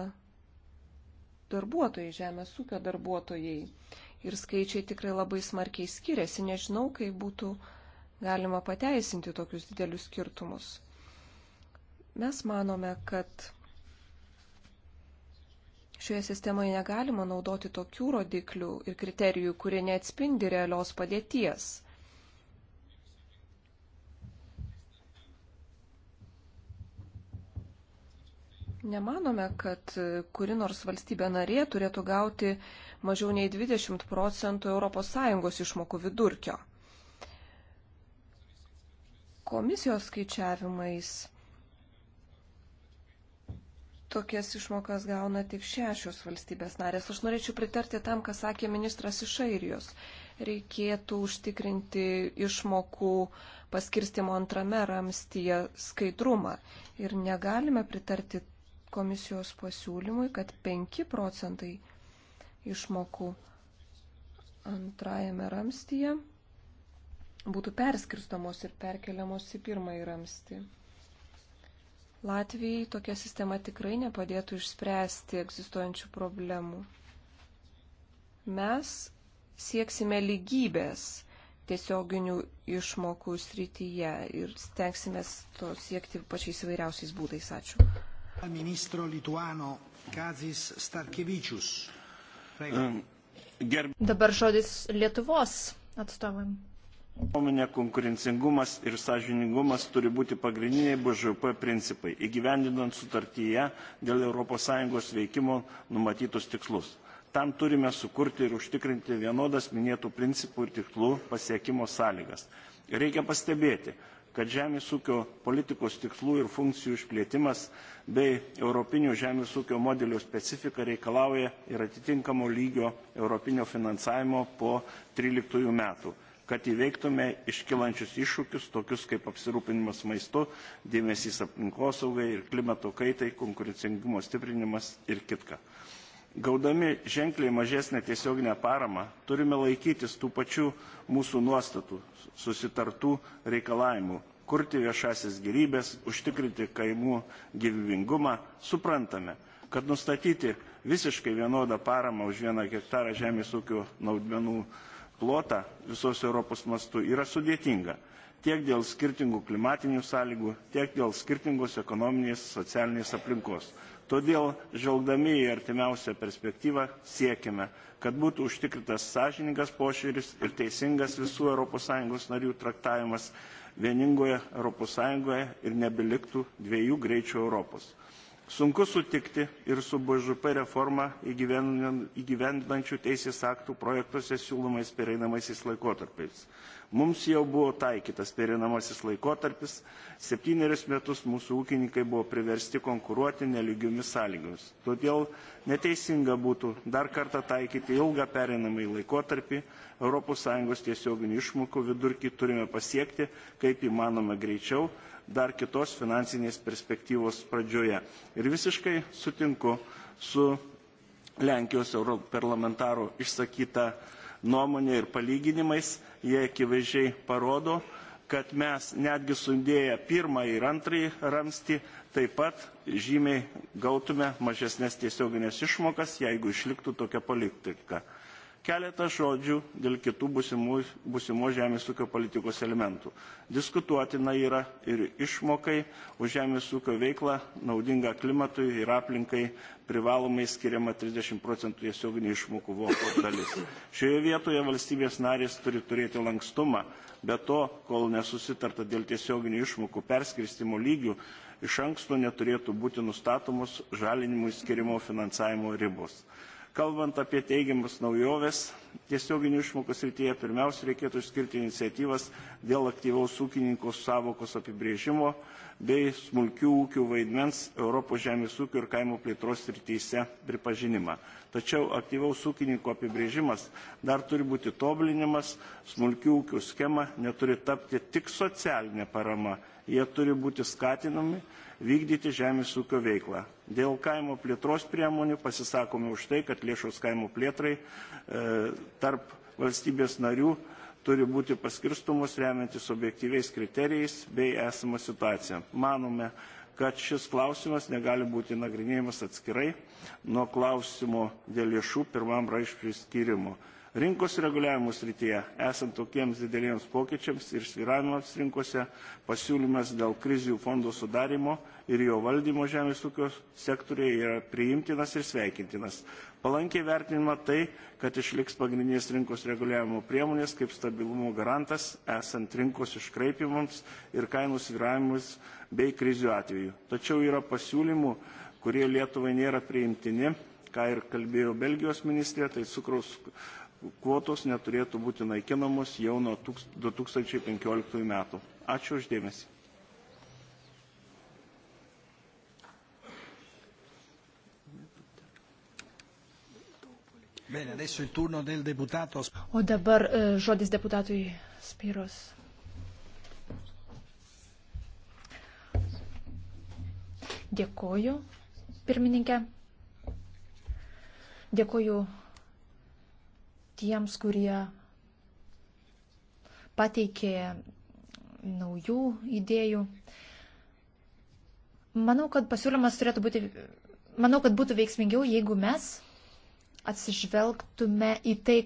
darbuotojai, žemės ūkio darbuotojai. Ir skaičiai tikrai labai smarkiai skiriasi. Nežinau, kaip būtų uh, galima pateisinti tokius didelius skirtumus. Mes manome, kad šioje sistemoje negalima naudoti tokių rodiklių ir kriterijų, kurie neatspindi realios padėties. Nemanome, kad kuri nors valstybė narė turėtų gauti mažiau nei 20 procentų ES išmokų vidurkio komisijos skaičiavimais tokias išmokas gauna tik šešios valstybės narės. Aš norėčiau pritarti tam, ką sakė ministras iš Airijos. Reikėtų užtikrinti išmokų paskirstimo antrame ramstyje skaidrumą. Ir negalime pritarti komisijos pasiūlymui, kad 5 procentai išmokų antrajame ramstyje būtų perskirstamos ir perkeliamos į pirmąjį ramstį. Latvijai tokia sistema tikrai nepadėtų išspręsti egzistuojančių problemų. Mes sieksime lygybės tiesioginių išmokų srityje ir stengsime to siekti pačiais įvairiausiais būdais. Ačiū. Ministro Lituano Kazis Starkevičius. Um, Dabar žodis Lietuvos atstovams. Nuomonė konkurencingumas ir sąžiningumas turi būti pagrindiniai BŽP principai, įgyvendinant sutartyje dėl ES veikimo numatytus tikslus. Tam turime sukurti ir užtikrinti vienodas minėtų principų ir tikslų pasiekimo sąlygas. Reikia pastebėti, kad žemės ūkio politikos tikslų ir funkcijų išplėtimas bei europinių žemės ūkio modelio specifika reikalauja ir atitinkamo lygio europinio finansavimo po 13 metų kad įveiktume iškilančius iššūkius, tokius kaip apsirūpinimas maistu, dėmesys aplinkosaugai ir klimato kaitai, konkurencingumo stiprinimas ir kitka. Gaudami ženkliai mažesnę tiesioginę paramą, turime laikytis tų pačių mūsų nuostatų, susitartų reikalavimų, kurti viešasis gyrybės, užtikrinti kaimų gyvybingumą, suprantame, kad nustatyti visiškai vienodą paramą už vieną hektarą žemės ūkio naudmenų plotą visos Europos mastu yra sudėtinga tiek dėl skirtingų klimatinių sąlygų, tiek dėl skirtingos ekonominės, socialinės aplinkos. Todėl, žvelgdami į artimiausią perspektyvą, siekime, kad būtų užtikrintas sąžiningas pošiūris ir teisingas visų ES narių traktavimas vieningoje ES ir nebeliktų dviejų greičių Europos. Sunku sutikti ir su BŽP reformą įgyvendinančių teisės aktų projektuose siūlomais pereinamaisiais laikotarpiais. Mums jau buvo taikytas pereinamasis laikotarpis, septynerius metus mūsų ūkininkai buvo priversti konkuruoti nelygiomis sąlygomis. Todėl neteisinga būtų dar kartą taikyti ilgą pereinamąjį laikotarpį, ES tiesioginių išmokų vidurkį turime pasiekti kaip įmanoma greičiau, dar kitos finansinės perspektyvos pradžioje. Ir visiškai sutinku su Lenkijos europarlamentarų išsakyta nuomonė ir palyginimais, jie akivaizdžiai parodo, kad mes netgi sudėję pirmąjį ir antrąjį ramstį taip pat žymiai gautume mažesnės tiesioginės išmokas, jeigu išliktų tokia politika. Keletą žodžių dėl kitų busimos busimo žemės ūkio politikos elementų. Diskutuotina yra ir išmokai už žemės ūkio veiklą naudinga klimatui ir aplinkai privalomai skiriama 30 procentų tiesioginių išmokų vokų dalis. Šioje vietoje valstybės narės turi turėti lankstumą, bet to, kol nesusitarta dėl tiesioginių išmokų perskirstimo lygių, iš anksto neturėtų būti nustatomos žalinimui skirimo finansavimo ribos. Kalbant apie teigiamas naujoves, tiesioginių išmokų srityje pirmiausia reikėtų išskirti iniciatyvas dėl aktyvaus ūkininko savokos apibrėžimo bei smulkių ūkių vaidmens Europos žemės ūkio ir kaimo plėtros srityse pripažinimą. Tačiau aktyvaus ūkininko apibrėžimas dar turi būti tobulinimas, smulkių ūkių schema neturi tapti tik socialinė parama, jie turi būti skatinami vykdyti žemės ūkio veiklą. Dėl kaimo plėtros priemonių pasisakome už tai, kad lėšos kaimo plėtrai e, tarp valstybės narių turi būti paskirstumos remiantis objektyviais kriterijais bei esamą situaciją. Manome, kad šis klausimas negali būti nagrinėjimas atskirai nuo klausimo dėl lėšų pirmam raiškiui skirimo rinkos reguliavimo srityje esant tokiems dideliems pokyčiams ir svyravimams rinkose pasiūlymas dėl krizių fondo sudarymo ir jo valdymo žemės ūkio sektoriuje yra priimtinas ir sveikintinas palankiai vertinama tai kad išliks pagrindinės rinkos reguliavimo priemonės kaip stabilumo garantas esant rinkos iškraipymams ir kainų svyravimams bei krizių atveju tačiau yra pasiūlymų kurie lietuvai nėra priimtini ką ir kalbėjo belgijos ministrė tai cukraus kvotos neturėtų būti naikinamos jau nuo 2015 metų. Ačiū uždėmesi. O dabar e, žodis deputatui Spyros. Dėkoju, pirmininkė. Dėkoju tiems, kurie pateikė naujų idėjų. Manau, kad pasiūlymas turėtų būti, manau, kad būtų veiksmingiau, jeigu mes atsižvelgtume į tai,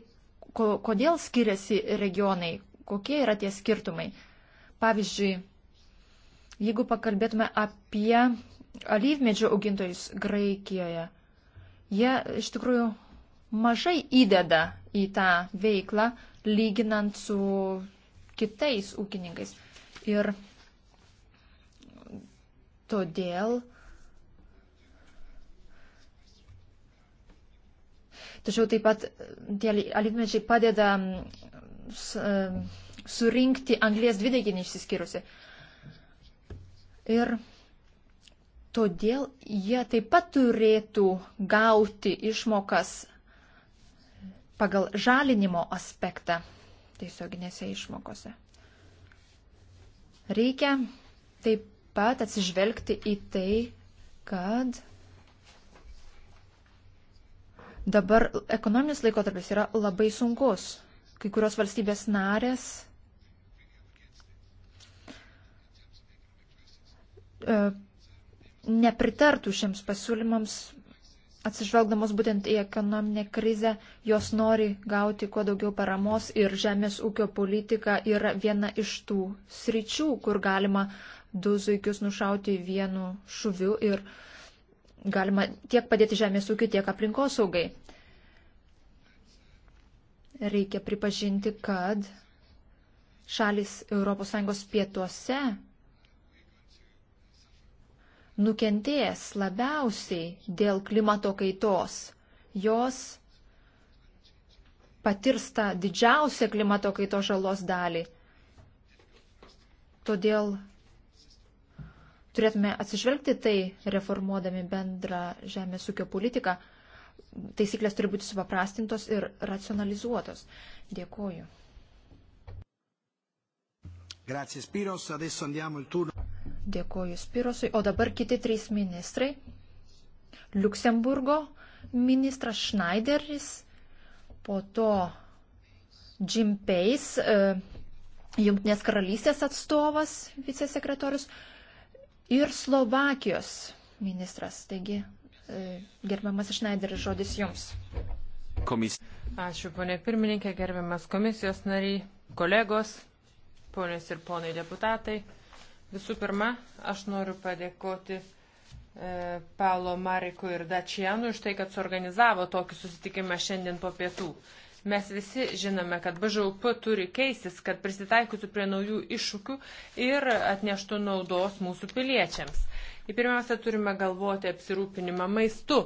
ko, kodėl skiriasi regionai, kokie yra tie skirtumai. Pavyzdžiui, jeigu pakalbėtume apie alyvmedžio augintojus Graikijoje, jie iš tikrųjų mažai įdeda į tą veiklą, lyginant su kitais ūkininkais. Ir todėl. Tačiau taip pat tie alyvmedžiai padeda mm, mm, surinkti anglės dvideginį išsiskyrusi. Ir todėl jie taip pat turėtų gauti išmokas pagal žalinimo aspektą tiesioginėse išmokose. Reikia taip pat atsižvelgti į tai, kad dabar ekonominis laikotarpis yra labai sunkus. Kai kurios valstybės narės e, nepritartų šiems pasiūlymams atsižvelgdamos būtent į ekonominę krizę, jos nori gauti kuo daugiau paramos ir žemės ūkio politika yra viena iš tų sričių, kur galima du zuikius nušauti vienu šuviu ir galima tiek padėti žemės ūkiu, tiek aplinkosaugai. Reikia pripažinti, kad šalis ES pietuose nukentės labiausiai dėl klimato kaitos. Jos patirs tą didžiausią klimato kaitos žalos dalį. Todėl turėtume atsižvelgti tai, reformuodami bendrą žemės ūkio politiką. Taisyklės turi būti supaprastintos ir racionalizuotos. Dėkuoju. Grazie Spiros, adesso andiamo il turno. Dėkoju Spirosui. O dabar kiti trys ministrai. Luksemburgo ministras Schneideris, po to Jim Pace, e, Junktinės karalystės atstovas, vicesekretorius ir Slovakijos ministras. Taigi, e, gerbiamas Šneideris, žodis jums. Komis. Ačiū, ponė pirmininkė, gerbiamas komisijos nariai, kolegos, ponės ir ponai deputatai. Visų pirma, aš noriu padėkoti e, Paulo Mariku ir Dačianu už tai, kad suorganizavo tokį susitikimą šiandien po pietų. Mes visi žinome, kad BŽUP turi keistis, kad prisitaikytų prie naujų iššūkių ir atneštų naudos mūsų piliečiams. Ir pirmiausia, turime galvoti apsirūpinimą maistu,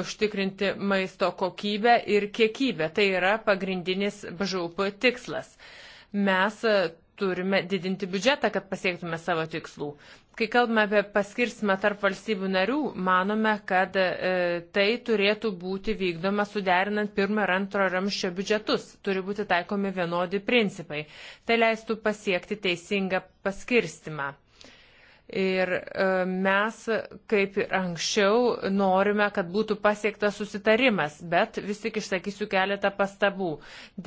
užtikrinti maisto kokybę ir kiekybę. Tai yra pagrindinis BŽUP tikslas mes turime didinti biudžetą, kad pasiektume savo tikslų. Kai kalbame apie paskirstimą tarp valstybių narių, manome, kad e, tai turėtų būti vykdoma suderinant pirmą ir antrą ramščio biudžetus. Turi būti taikomi vienodi principai. Tai leistų pasiekti teisingą paskirstimą. Ir e, mes, kaip ir anksčiau, norime, kad būtų pasiektas susitarimas, bet vis tik išsakysiu keletą pastabų.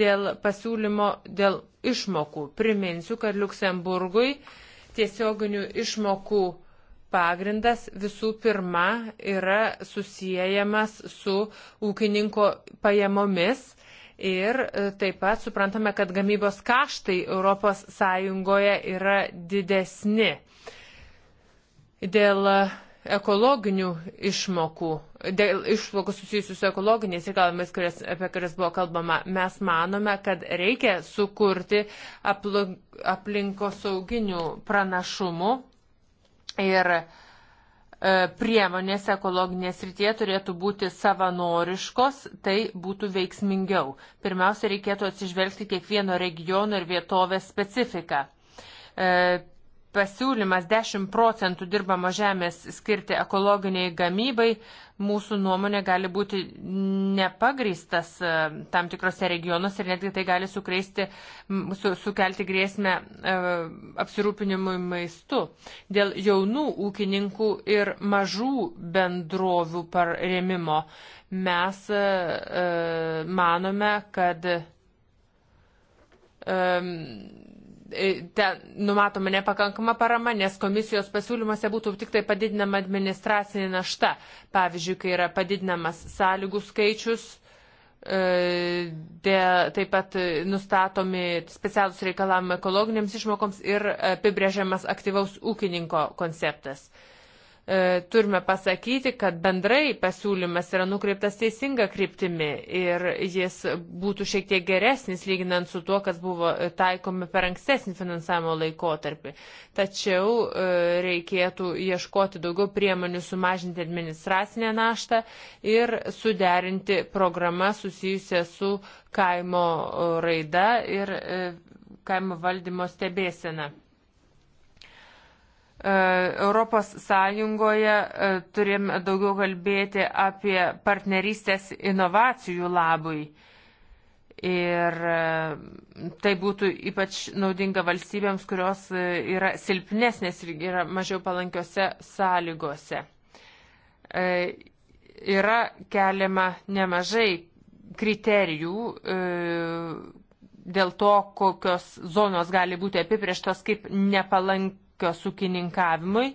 Dėl pasiūlymo, dėl išmokų priminsiu, kad Luksemburgui tiesioginių išmokų pagrindas visų pirma yra susijęjamas su ūkininko pajamomis Ir e, taip pat suprantame, kad gamybos kaštai ES yra didesni dėl e, ekologinių išmokų, dėl išmokų susijusių su ekologiniais reikalavimais, apie kurias buvo kalbama, mes manome, kad reikia sukurti aplinkosauginių pranašumų ir e, priemonės ekologinės rytie turėtų būti savanoriškos, tai būtų veiksmingiau. Pirmiausia, reikėtų atsižvelgti kiekvieno regiono ir vietovės specifiką e, pasiūlymas 10 procentų dirbamo žemės skirti ekologiniai gamybai mūsų nuomonė gali būti nepagristas e, tam tikrose regionuose ir netgi tai gali sukreisti, su, sukelti grėsmę e, apsirūpinimui maistu. Dėl jaunų ūkininkų ir mažų bendrovių paremimo mes e, e manome, kad e, E, ten numatoma nepakankama parama, nes komisijos pasiūlymuose būtų tik tai padidinama administracinė našta. Pavyzdžiui, kai yra padidinamas sąlygų skaičius, e, de, taip pat nustatomi specialus reikalavimai ekologinėms išmokoms ir apibrėžiamas aktyvaus ūkininko konceptas. Uh, E, turime pasakyti, kad bendrai pasiūlymas yra nukreiptas teisinga kryptimi ir jis būtų šiek tiek geresnis lyginant su tuo, kas buvo taikomi per ankstesnį finansavimo laikotarpį. Tačiau e, reikėtų ieškoti daugiau priemonių sumažinti administracinę naštą ir suderinti programą susijusią su kaimo raida ir e, kaimo valdymo stebėsena. E, Europos Sąjungoje e, turime daugiau kalbėti apie partnerystės inovacijų labui. Ir e, tai būtų ypač naudinga valstybėms, kurios yra silpnesnės ir yra mažiau palankiose sąlygose. Yra keliama nemažai kriterijų dėl to, kokios zonos gali būti apibrieštos kaip nepalankios poveikio sukininkavimui.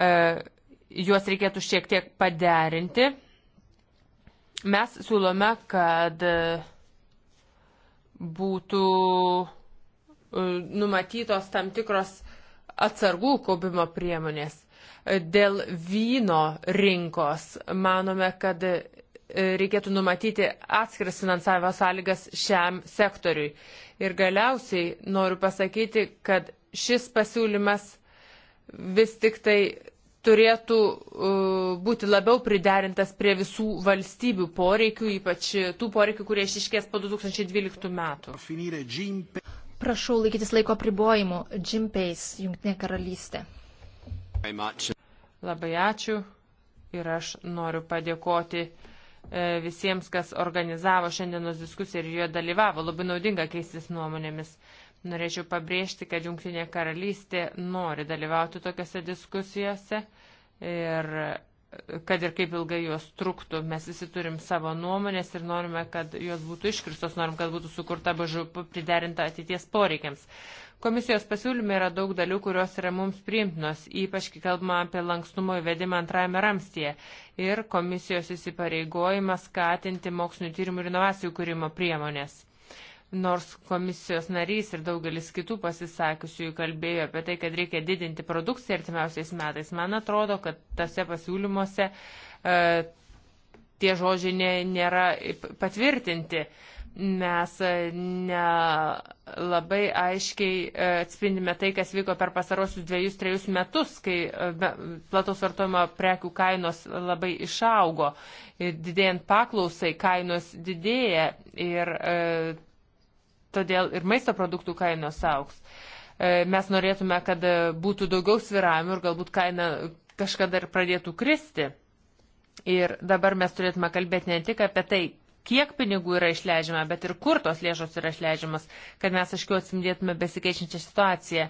E, juos reikėtų šiek tiek paderinti. Mes siūlome, kad e, būtų e, numatytos tam tikros atsargų kaupimo priemonės. E, dėl vyno rinkos manome, kad reikėtų numatyti atskiras finansavimo sąlygas šiam sektoriui. Ir galiausiai noriu pasakyti, kad šis pasiūlymas vis tik tai turėtų uh, būti labiau priderintas prie visų valstybių poreikių, ypač tų poreikių, kurie išiškės po 2012 metų. Prašau laikytis laiko pribojimų. Džimpeis, Junktinė karalystė. Labai ačiū ir aš noriu padėkoti e, visiems, kas organizavo šiandienos diskusiją ir joje dalyvavo. Labai naudinga keistis nuomonėmis. Norėčiau pabrėžti, kad Junktinė karalystė nori dalyvauti tokiuose diskusijose ir kad ir kaip ilgai jos truktų, mes visi turim savo nuomonės ir norime, kad jos būtų iškirstos, norim, kad būtų sukurta BŽP priderinta ateities poreikiams. Komisijos pasiūlyme yra daug dalių, kurios yra mums priimtinos, ypač kai kalbama apie lankstumo įvedimą antrajame ramstyje ir komisijos įsipareigojimą skatinti mokslinio tyrimų ir inovacijų kūrimo priemonės nors komisijos narys ir daugelis kitų pasisakiusiųjų kalbėjo apie tai, kad reikia didinti produkciją artimiausiais metais, man atrodo, kad tose pasiūlymuose e, tie žodžiai nė, nėra patvirtinti. Mes e, nelabai aiškiai e, atspindime tai, kas vyko per pasarosius dviejus, trejus metus, kai e, plataus vartojimo prekių kainos labai išaugo. Ir didėjant paklausai, kainos didėja ir todėl ir maisto produktų kainos auks. E, mes norėtume, kad būtų daugiau sviravimų ir galbūt kaina kažkada ir pradėtų kristi. Ir dabar mes turėtume kalbėti ne tik apie tai, kiek pinigų yra išleidžiama, bet ir kur tos lėšos yra išleidžiamas, kad mes aiškiau atsimdėtume besikeičiančią situaciją.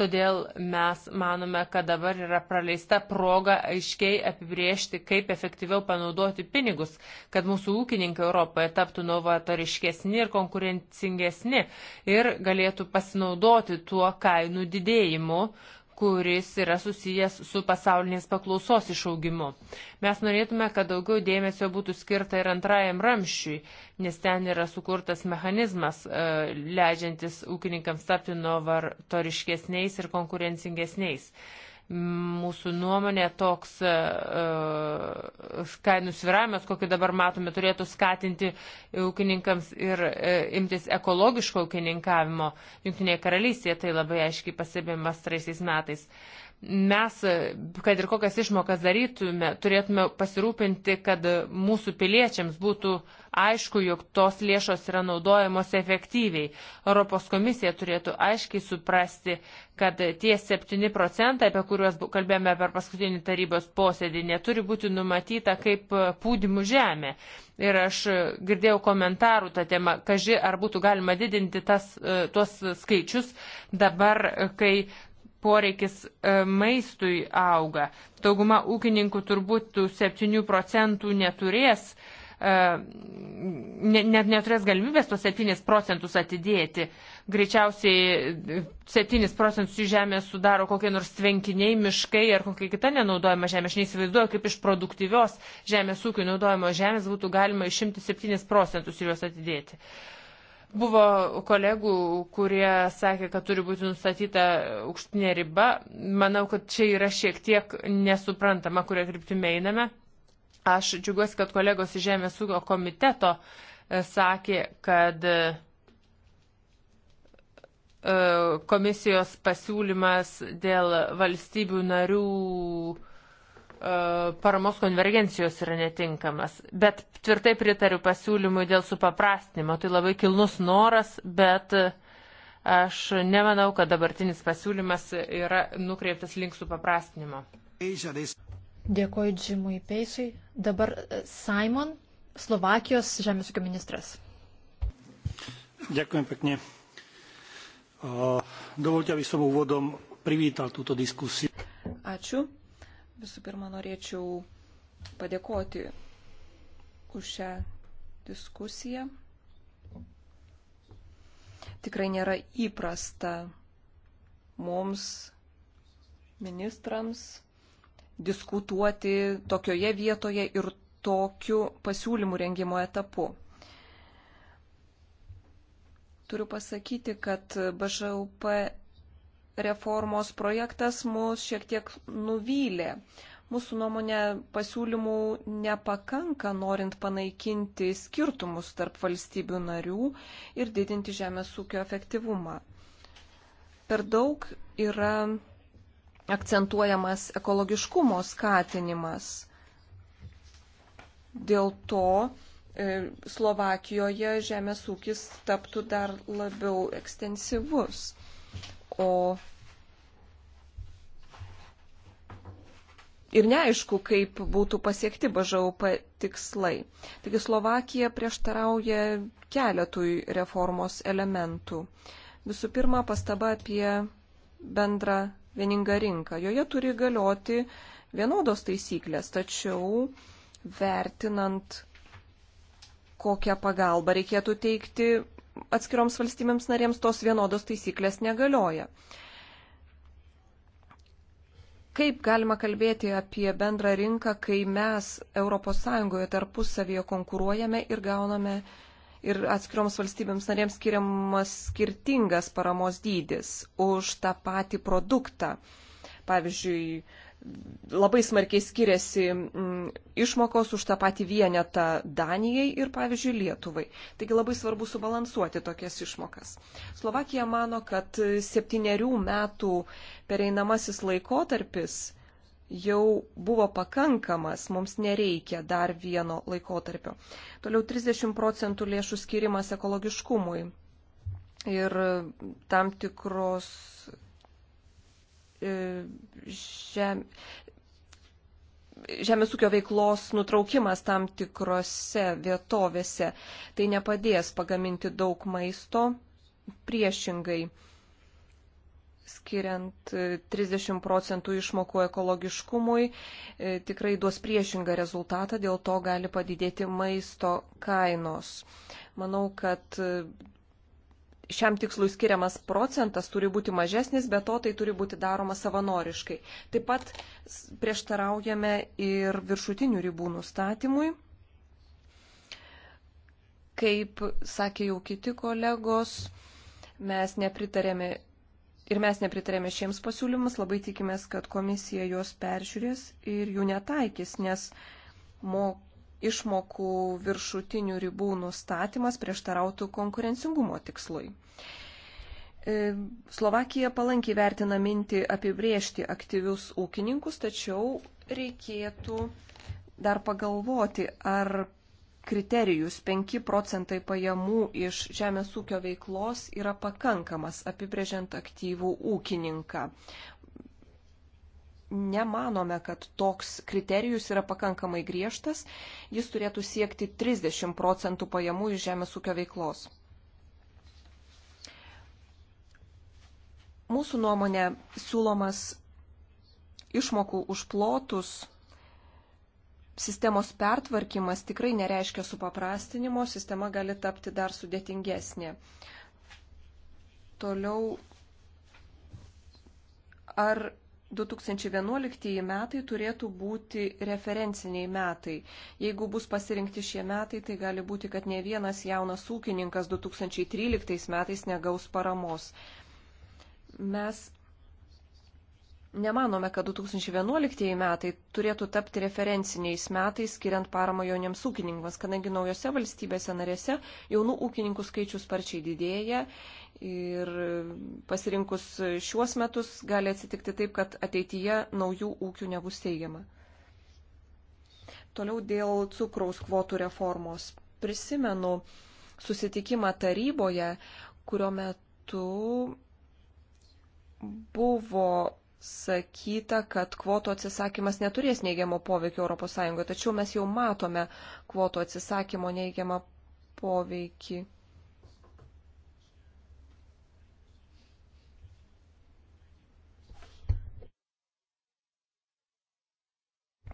Todėl mes manome, kad dabar yra praleista proga aiškiai apibriežti, kaip efektyviau panaudoti pinigus, kad mūsų ūkininkai Europoje taptų novatoriškesni ir konkurencingesni ir galėtų pasinaudoti tuo kainų didėjimu, uh, kuris yra susijęs su pasaulinės paklausos išaugimu. Mes norėtume, kad daugiau dėmesio būtų skirta ir antrajam ramščiui, nes ten yra sukurtas mechanizmas, e, leidžiantis ūkininkams tapti novatoriškesniais ir konkurencingesniais. Mūsų nuomonė toks uh, kainų sviravimas, kokį dabar matome, turėtų skatinti ūkininkams ir uh, imtis ekologiško ūkininkavimo. Junktinėje karalystėje tai labai aiškiai pastebėjome straisiais metais. Mes, kad ir kokias išmokas darytume, turėtume pasirūpinti, kad mūsų piliečiams būtų uh, aišku, jog tos lėšos yra naudojamos efektyviai. Europos komisija turėtų aiškiai suprasti, kad tie 7 procentai, apie kuriuos kalbėjome per paskutinį tarybos posėdį, neturi būti numatyta kaip e, pūdimų žemė. Ir aš e, girdėjau komentarų tą temą, kaži, ar būtų galima didinti tas, e, tuos skaičius dabar, kai poreikis maistui auga. Dauguma ūkininkų turbūt tų 7 procentų neturės E, net neturės galimybės tos 7 procentus atidėti. Greičiausiai 7 e, procentus į žemę sudaro kokie nors tvenkiniai, miškai ar kokia kita nenaudojama žemė. Aš neįsivaizduoju, kaip iš produktyvios žemės ūkių naudojimo žemės būtų galima išimti 7 procentus ir juos atidėti. Buvo kolegų, kurie sakė, kad turi būti nustatyta aukštinė riba. Manau, kad čia yra šiek tiek nesuprantama, kurio kryptime einame. Aš džiugiuosi, kad kolegos iš Žemės ūkio komiteto e, sakė, kad e, e, komisijos pasiūlymas dėl valstybių narių paramos konvergencijos yra netinkamas. Bet tvirtai pritariu pasiūlymui dėl supaprastinimo. Tai labai kilnus noras, bet aš nemanau, kad dabartinis pasiūlymas yra nukreiptas link supaprastinimo. Dėkoju Džimui Peisui. Dabar e, Simon, Slovakijos žemės ūkio ministras. Ďakujem pekne. Dovolte, aby som úvodom privítal túto diskusiu. Ačiū. Visų pirma, norėčiau padėkoti už šią diskusiją. Tikrai nėra įprasta mums, ministrams, diskutuoti tokioje vietoje ir tokiu pasiūlymų rengimo etapu. Turiu pasakyti, kad BŽUP reformos projektas mus šiek tiek nuvylė. Mūsų nuomonė pasiūlymų nepakanka, norint panaikinti skirtumus tarp valstybių narių ir didinti žemės ūkio efektyvumą. Per daug yra akcentuojamas ekologiškumo skatinimas. Dėl to e, Slovakijoje žemės ūkis taptų dar labiau ekstensyvus. O ir neaišku, kaip būtų pasiekti BŽUP tikslai. Taigi Slovakija prieštarauja keletui reformos elementų. Visų pirma, pastaba apie bendrą vieninga rinka. Joje turi galioti vienodos taisyklės, tačiau vertinant, kokią pagalbą reikėtų teikti atskiroms valstybėms narėms, tos vienodos taisyklės negalioja. Kaip galima kalbėti apie bendrą rinką, kai mes ES tarpusavyje konkuruojame ir gauname uh, ir atskiroms valstybėms narėms skiriamas skirtingas paramos dydis už tą patį produktą. Pavyzdžiui, labai smarkiai skiriasi mm, išmokos už tą patį vienetą Danijai ir, pavyzdžiui, Lietuvai. Taigi labai svarbu subalansuoti tokias išmokas. Slovakija mano, kad septyniarių metų pereinamasis laikotarpis jau buvo pakankamas, mums nereikia dar vieno laikotarpio. Toliau 30 procentų lėšų skirimas ekologiškumui ir tam tikros e, žem, žemės ūkio veiklos nutraukimas tam tikrose vietovėse. Tai nepadės pagaminti daug maisto priešingai skiriant 30 e, procentų išmokų ekologiškumui, e, tikrai duos priešingą rezultatą, dėl to gali padidėti maisto kainos. Manau, kad e, šiam tikslui skiriamas procentas turi būti mažesnis, bet to tai turi būti daroma savanoriškai. Taip pat prieštaraujame ir viršutinių ribų nustatymui. Kaip sakė jau kiti kolegos, mes nepritarėme ir mes nepritarėme šiems pasiūlymus, labai tikimės, kad komisija juos peržiūrės ir jų netaikys, nes mok išmokų viršutinių ribų nustatymas prieštarautų konkurencingumo tikslui. E, Slovakija palankiai vertina mintį apibriežti aktyvius ūkininkus, tačiau reikėtų dar pagalvoti, ar kriterijus 5 procentai pajamų iš žemės ūkio veiklos yra pakankamas apibrėžiant aktyvų ūkininką. Nemanome, kad toks kriterijus yra pakankamai griežtas, jis turėtų siekti 30 procentų pajamų iš žemės ūkio veiklos. Mūsų nuomonė siūlomas išmokų už plotus sistemos pertvarkymas tikrai nereiškia supaprastinimo, sistema gali tapti dar sudėtingesnė. Toliau, ar 2011 metai turėtų būti referenciniai metai. Jeigu bus pasirinkti šie metai, tai gali būti, kad ne vienas jaunas ūkininkas 2013 metais negaus paramos. Mes nemanome, kad 2011 metai turėtų tapti referenciniais metais, skiriant paramą jauniems ūkininkams, kadangi naujose valstybėse narėse jaunų ūkininkų skaičius sparčiai didėja ir pasirinkus šiuos metus gali atsitikti taip, kad ateityje naujų ūkių nebus teigiama. Toliau dėl cukraus kvotų reformos. Prisimenu susitikimą taryboje, kurio metu buvo sakyta, kad kvotų atsisakymas neturės neigiamo poveikio ES, tačiau mes jau matome kvotų atsisakymo neigiamą poveikį.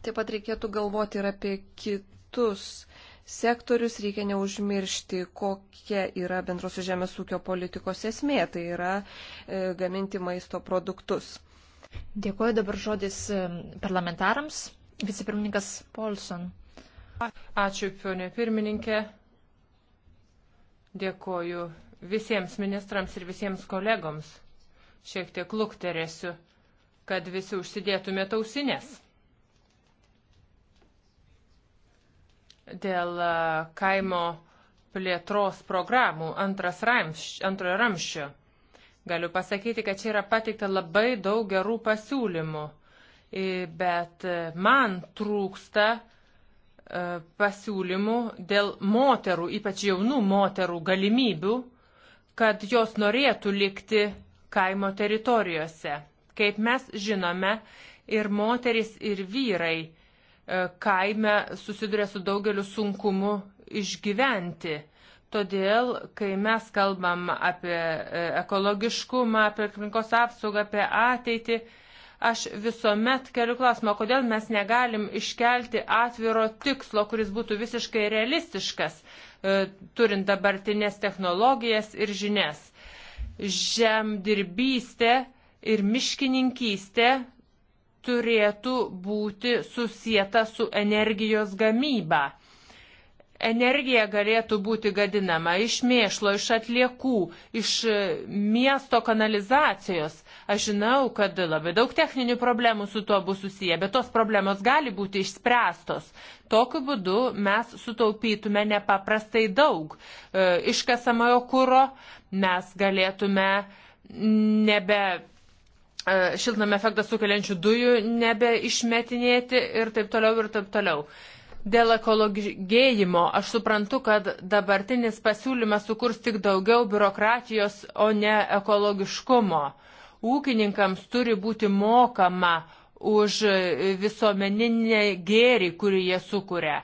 Taip pat reikėtų galvoti ir apie kitus sektorius. Reikia neužmiršti, kokia yra bendrosios žemės ūkio politikos esmė. Tai yra e, gaminti maisto produktus. Dėkuoju dabar žodis parlamentarams. Vicepirmininkas Polson. Ačiū, ponė pirmininkė. Dėkuoju visiems ministrams ir visiems kolegoms. Šiek tiek lukterėsiu, kad visi užsidėtume tausinės. Dėl kaimo plėtros programų ramš, antrojo ramščio Galiu pasakyti, kad čia yra pateikta labai daug gerų pasiūlymų, bet e, man trūksta e, pasiūlymų dėl moterų, ypač jaunų moterų galimybių, kad jos norėtų likti kaimo teritorijose. Kaip mes žinome, ir moteris, ir vyrai e, kaime susiduria su daugeliu sunkumu išgyventi. Todėl, kai mes kalbam apie e, ekologiškumą, apie aplinkos apsaugą, apie ateitį, aš visuomet keliu klausimą, kodėl mes negalim iškelti atviro tikslo, kuris būtų visiškai realistiškas, e, turint dabartinės technologijas ir žinias. Žemdirbystė ir miškininkystė turėtų būti susijęta su energijos gamyba energija galėtų būti gadinama iš mėšlo, iš atliekų, iš e, miesto kanalizacijos. Aš žinau, kad labai daug techninių problemų su tuo bus susiję, bet tos problemos gali būti išspręstos. Tokiu būdu mes sutaupytume nepaprastai daug. E, iškasamojo kūro mes galėtume nebe e, šiltnamio efektą sukeliančių dujų nebeišmetinėti ir taip toliau ir taip toliau. Dėl ekologėjimo aš suprantu, kad dabartinis pasiūlymas sukurs tik daugiau biurokratijos, o ne ekologiškumo. Ūkininkams turi būti mokama už visuomeninį gėrį, kurį jie sukuria.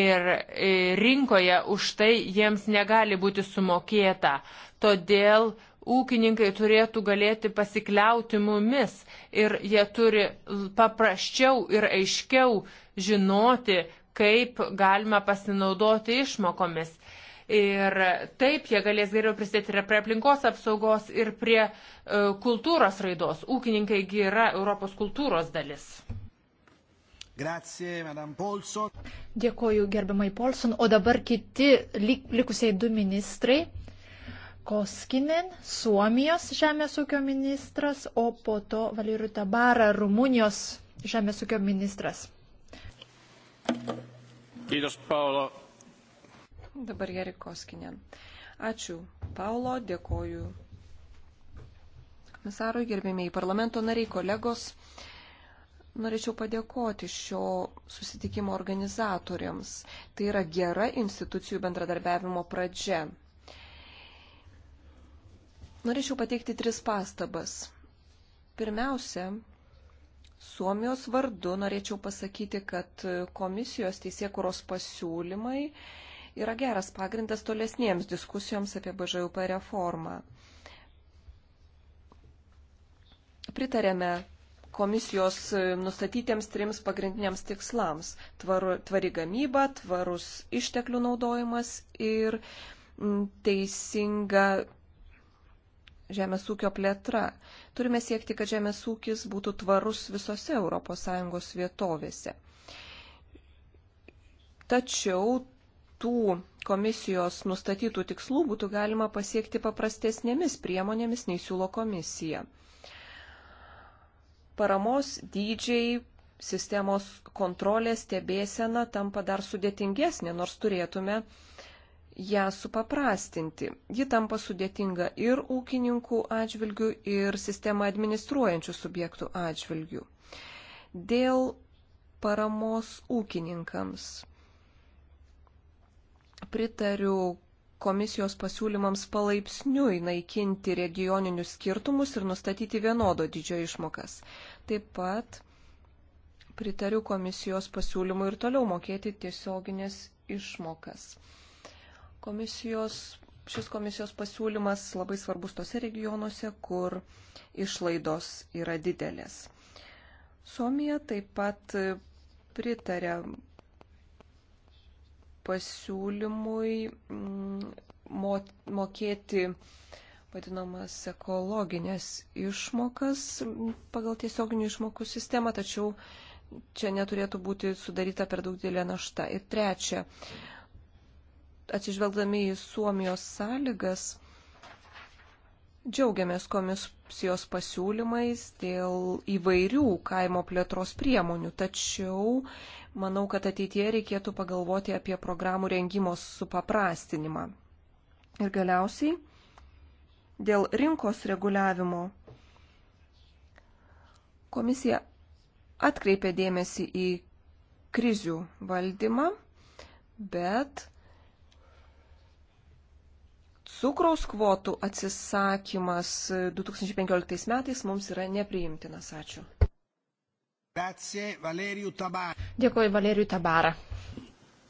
Ir e, rinkoje už tai jiems negali būti sumokėta. Todėl ūkininkai turėtų galėti pasikliauti mumis ir jie turi paprasčiau ir aiškiau žinoti, kaip galima pasinaudoti išmokomis. Ir taip jie galės geriau prisidėti ir prie aplinkos apsaugos, ir prie e, kultūros raidos. Ūkininkaigi yra Europos kultūros dalis. Grazie, Dėkoju gerbiamai Polson. O dabar kiti lik, likusiai du ministrai. Koskinen, Suomijos žemės ūkio ministras, o po to Valirų Tabara, Rumunijos žemės ūkio ministras. Kiitos, Paulo. Dabar Jerikoskinė. Ačiū, Paulo, dėkoju komisarui, gerbėmiai parlamento nariai, kolegos. Norėčiau padėkoti šio susitikimo organizatoriams. Tai yra gera institucijų bendradarbiavimo pradžia. Norėčiau pateikti tris pastabas. Pirmiausia, Suomijos vardu norėčiau pasakyti, kad komisijos teisėkuros pasiūlymai yra geras pagrindas tolesniems diskusijoms apie BŽUP reformą. Pritarėme komisijos nustatytiems trims pagrindiniams tikslams tvaru, - tvari gamyba, tvarus išteklių naudojimas ir teisinga žemės ūkio plėtra. Turime siekti, kad žemės ūkis būtų tvarus visose ES vietovėse. Tačiau tų komisijos nustatytų tikslų būtų galima pasiekti paprastesnėmis priemonėmis nei siūlo komisija. Paramos dydžiai, sistemos kontrolės, stebėsena tampa dar sudėtingesnė, nors turėtume uh, ją supaprastinti. Ji tampa sudėtinga ir ūkininkų atžvilgių, ir sistemą administruojančių subjektų atžvilgių. Dėl paramos ūkininkams pritariu komisijos pasiūlymams palaipsniui naikinti regioninius skirtumus ir nustatyti vienodo dydžio išmokas. Taip pat pritariu komisijos pasiūlymui ir toliau mokėti tiesioginės išmokas. Komisijos, šis komisijos pasiūlymas labai svarbus tose regionuose, kur išlaidos yra didelės. Suomija taip pat pritarė pasiūlymui mm, mokėti vadinamas ekologinės išmokas pagal tiesioginių išmokų sistemą, tačiau čia neturėtų būti sudaryta per daug didelė našta. Ir trečia, atsižvelgdami į Suomijos sąlygas, džiaugiamės komisijos pasiūlymais dėl įvairių kaimo plėtros priemonių, tačiau manau, kad ateitie reikėtų pagalvoti apie programų rengimo supaprastinimą. Ir galiausiai dėl rinkos reguliavimo komisija atkreipė dėmesį į krizių valdymą, bet cukraus kvotų atsisakymas 2015 metais mums yra nepriimtinas. Ačiū. Grazie, Valeriu Dėkuoju Valerijui Tabarą.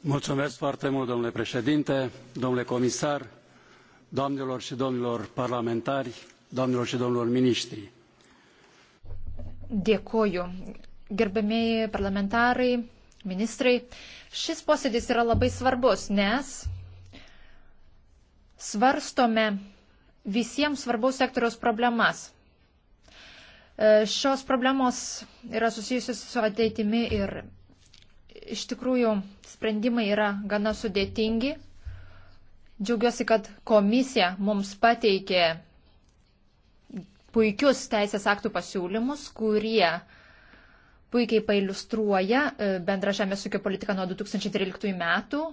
Mulțumesc foarte mult, domnule președinte, domnule comisar, doamnelor și domnilor parlamentari, doamnelor și domnilor miniștri. Dėkuoju. Gerbėmėjai parlamentarai, ministrai, šis posėdis yra labai svarbus, nes svarstome visiems svarbaus sektoriaus problemas. E, šios problemos yra susijusios su ateitimi ir iš tikrųjų sprendimai yra gana sudėtingi. Džiaugiuosi, kad komisija mums pateikė puikius teisės aktų pasiūlymus, kurie puikiai pailustruoja e, bendrą žemės ūkio politiką nuo 2013 metų.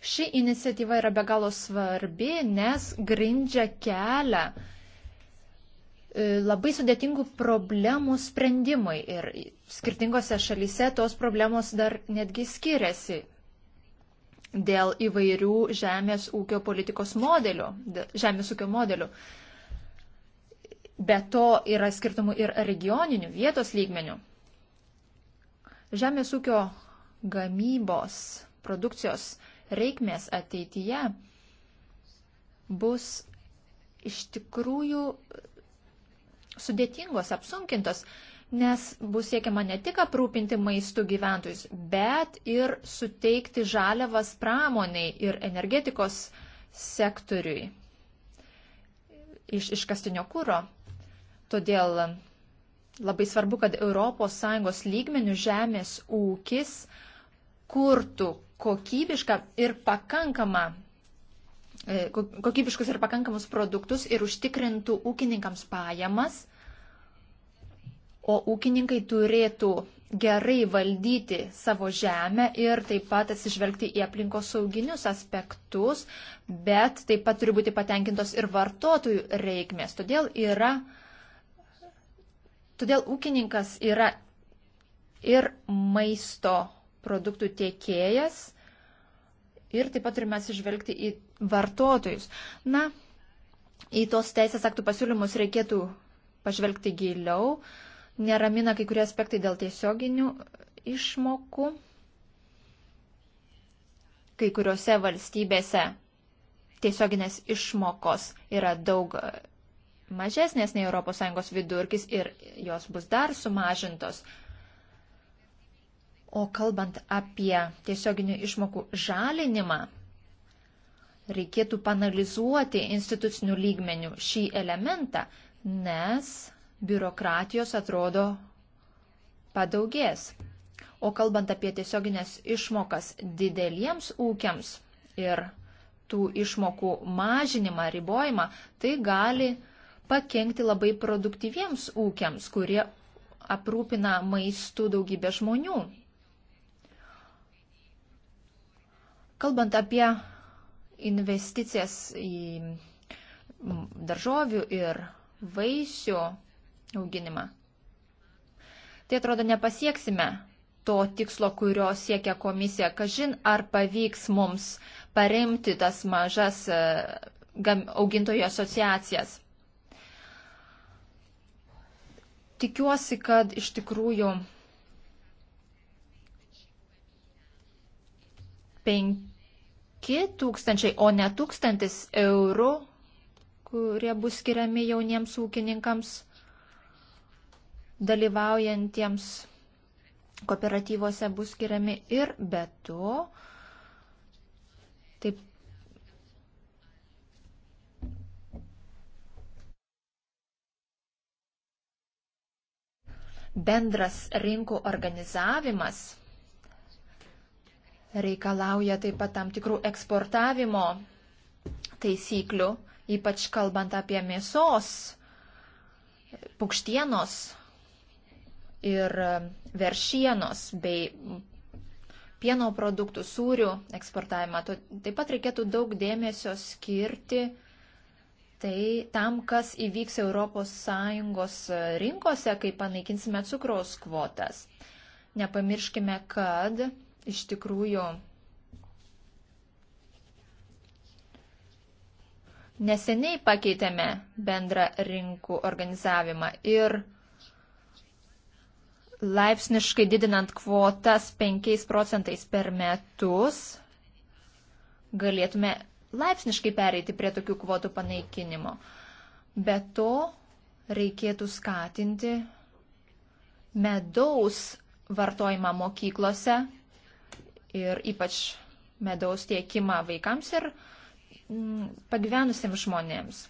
Ši iniciatyva yra be galo svarbi, nes grindžia kelią e, labai sudėtingų problemų sprendimai ir skirtingose šalyse tos problemos dar netgi skiriasi dėl įvairių žemės ūkio politikos modelių, žemės ūkio modelių. Be to yra skirtumų ir regioninių, vietos lygmenių. Žemės ūkio gamybos produkcijos reikmės ateityje bus iš tikrųjų sudėtingos, apsunkintos, nes bus siekiama ne tik aprūpinti maistų gyventojus, bet ir suteikti žaliavas pramoniai ir energetikos sektoriui iš iškastinio kūro. Todėl labai svarbu, kad ES lygmenių žemės ūkis kurtų kokybišką ir pakankamą e, kokybiškus ir pakankamus produktus ir užtikrintų ūkininkams pajamas, o ūkininkai turėtų gerai valdyti savo žemę ir taip pat atsižvelgti į aplinkos sauginius aspektus, bet taip pat turi būti patenkintos ir vartotojų reikmės. Todėl, yra, todėl ūkininkas yra ir maisto produktų tiekėjas ir taip pat turime atsižvelgti į vartotojus. Na, į tos teisės aktų pasiūlymus reikėtų pažvelgti giliau. Neramina kai kurie aspektai dėl tiesioginių išmokų. Kai kuriuose valstybėse tiesioginės išmokos yra daug mažesnės nei ES vidurkis ir jos bus dar sumažintos. O kalbant apie tiesioginių išmokų žalinimą, reikėtų panalizuoti institucinių lygmenių šį elementą, nes biurokratijos atrodo padaugės. O kalbant apie tiesioginės išmokas dideliems ūkiams ir tų išmokų mažinimą, ribojimą, tai gali pakengti labai produktyviems ūkiams, kurie aprūpina maistų daugybę žmonių. Kalbant apie investicijas į daržovių ir vaisių auginimą, tai atrodo nepasieksime to tikslo, kurio siekia komisija. Kažin, ar pavyks mums paremti tas mažas e, augintojų asociacijas. Tikiuosi, kad iš tikrųjų penk, tūkstančiai, o ne tūkstantis eurų, kurie bus skiriami jauniems ūkininkams dalyvaujantiems kooperatyvose bus skiriami ir be to, taip. Bendras rinkų organizavimas reikalauja taip pat tam tikrų eksportavimo taisyklių, ypač kalbant apie mėsos, paukštienos ir e, veršienos bei pieno produktų, sūrių eksportavimą. Taip pat reikėtų daug dėmesio skirti tai tam, kas įvyks ES e, rinkose, kai panaikinsime cukraus kvotas. Nepamirškime, kad iš tikrųjų neseniai pakeitėme bendrą rinkų organizavimą ir laipsniškai didinant kvotas 5 procentais per metus galėtume laipsniškai pereiti prie tokių kvotų panaikinimo. Be to reikėtų skatinti medaus vartojimą mokyklose ir ypač medaus tiekimą vaikams ir mm, pagyvenusiems žmonėms.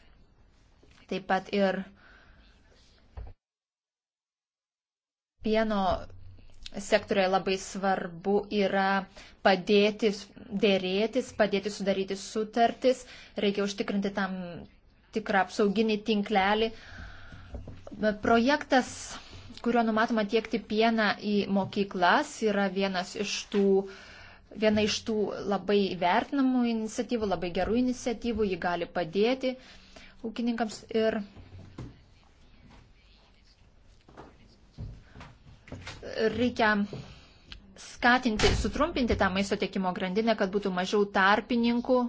Taip pat ir pieno sektoriuje labai svarbu yra padėti dėrėtis, padėti sudaryti sutartis, reikia užtikrinti tam tikrą apsauginį tinklelį. Projektas, kuriuo numatoma tiekti pieną į mokyklas, yra vienas iš tų uh, viena iš tų labai vertinamų iniciatyvų, labai gerų iniciatyvų, ji gali padėti ūkininkams ir reikia skatinti, sutrumpinti tą maisto tiekimo grandinę, kad būtų mažiau tarpininkų.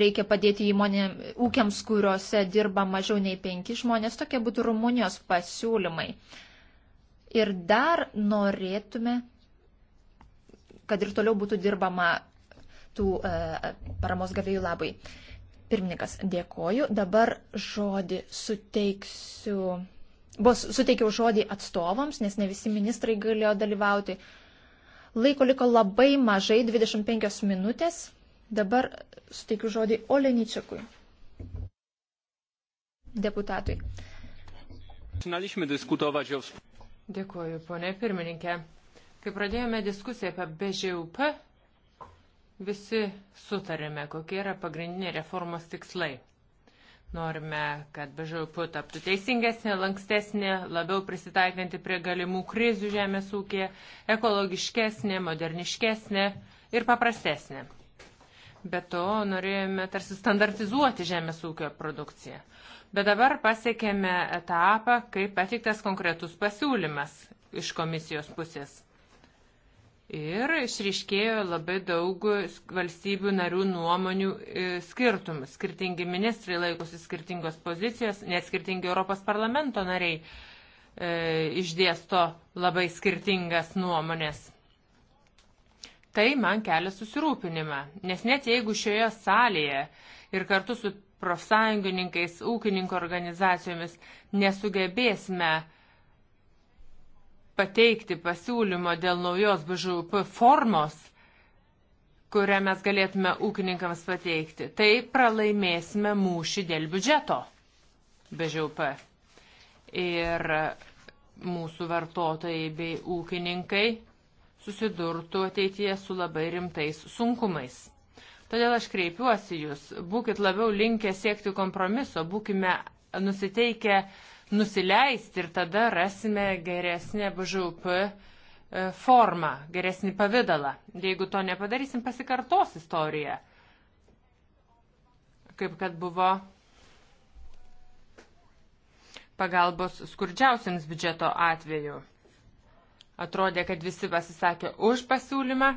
Reikia padėti įmonėm, ūkiams, kuriuose dirba mažiau nei penki žmonės. Tokie būtų Rumunijos pasiūlymai. Ir dar norėtume kad ir toliau būtų dirbama tų e, paramos gavėjų labai. Pirmininkas, dėkoju. Dabar žodį suteiksiu. Bos, suteikiau žodį atstovams, nes ne visi ministrai galėjo dalyvauti. Laiko liko labai mažai, 25 minutės. Dabar suteikiu žodį Oleničiakui. Deputatui. Dėkuoju, ponė pirmininkė. Kai pradėjome diskusiją apie BŽUP, visi sutarėme, kokie yra pagrindiniai reformos tikslai. Norime, kad BŽUP taptų teisingesnė, lankstesnė, labiau prisitaikanti prie galimų krizių žemės ūkė, ekologiškesnė, moderniškesnė ir paprastesnė. Be to norėjome tarsi standartizuoti žemės ūkio produkciją. Bet dabar pasiekėme etapą, kai patiktas konkretus pasiūlymas iš komisijos pusės ir išriškėjo labai daug valstybių narių nuomonių e, skirtumų. Skirtingi ministrai laikosi skirtingos pozicijos, net skirtingi Europos parlamento nariai e, išdėsto labai skirtingas nuomonės. Tai man kelia susirūpinimą, nes net jeigu šioje salėje ir kartu su profsąjungininkais, ūkininko organizacijomis nesugebėsime uh, pateikti pasiūlymo dėl naujos BŽUP formos, kurią mes galėtume ūkininkams pateikti, tai pralaimėsime mūšį dėl biudžeto BŽUP. Ir mūsų vartotojai bei ūkininkai susidurtų ateityje su labai rimtais sunkumais. Todėl aš kreipiuosi jūs, būkit labiau linkę siekti kompromiso, būkime nusiteikę uh, nusileisti ir tada rasime geresnę BŽUP e, formą, geresnį pavydalą. Jeigu to nepadarysim, pasikartos istorija. Kaip kad buvo pagalbos skurdžiausiams biudžeto atveju. Atrodė, kad visi pasisakė už pasiūlymą,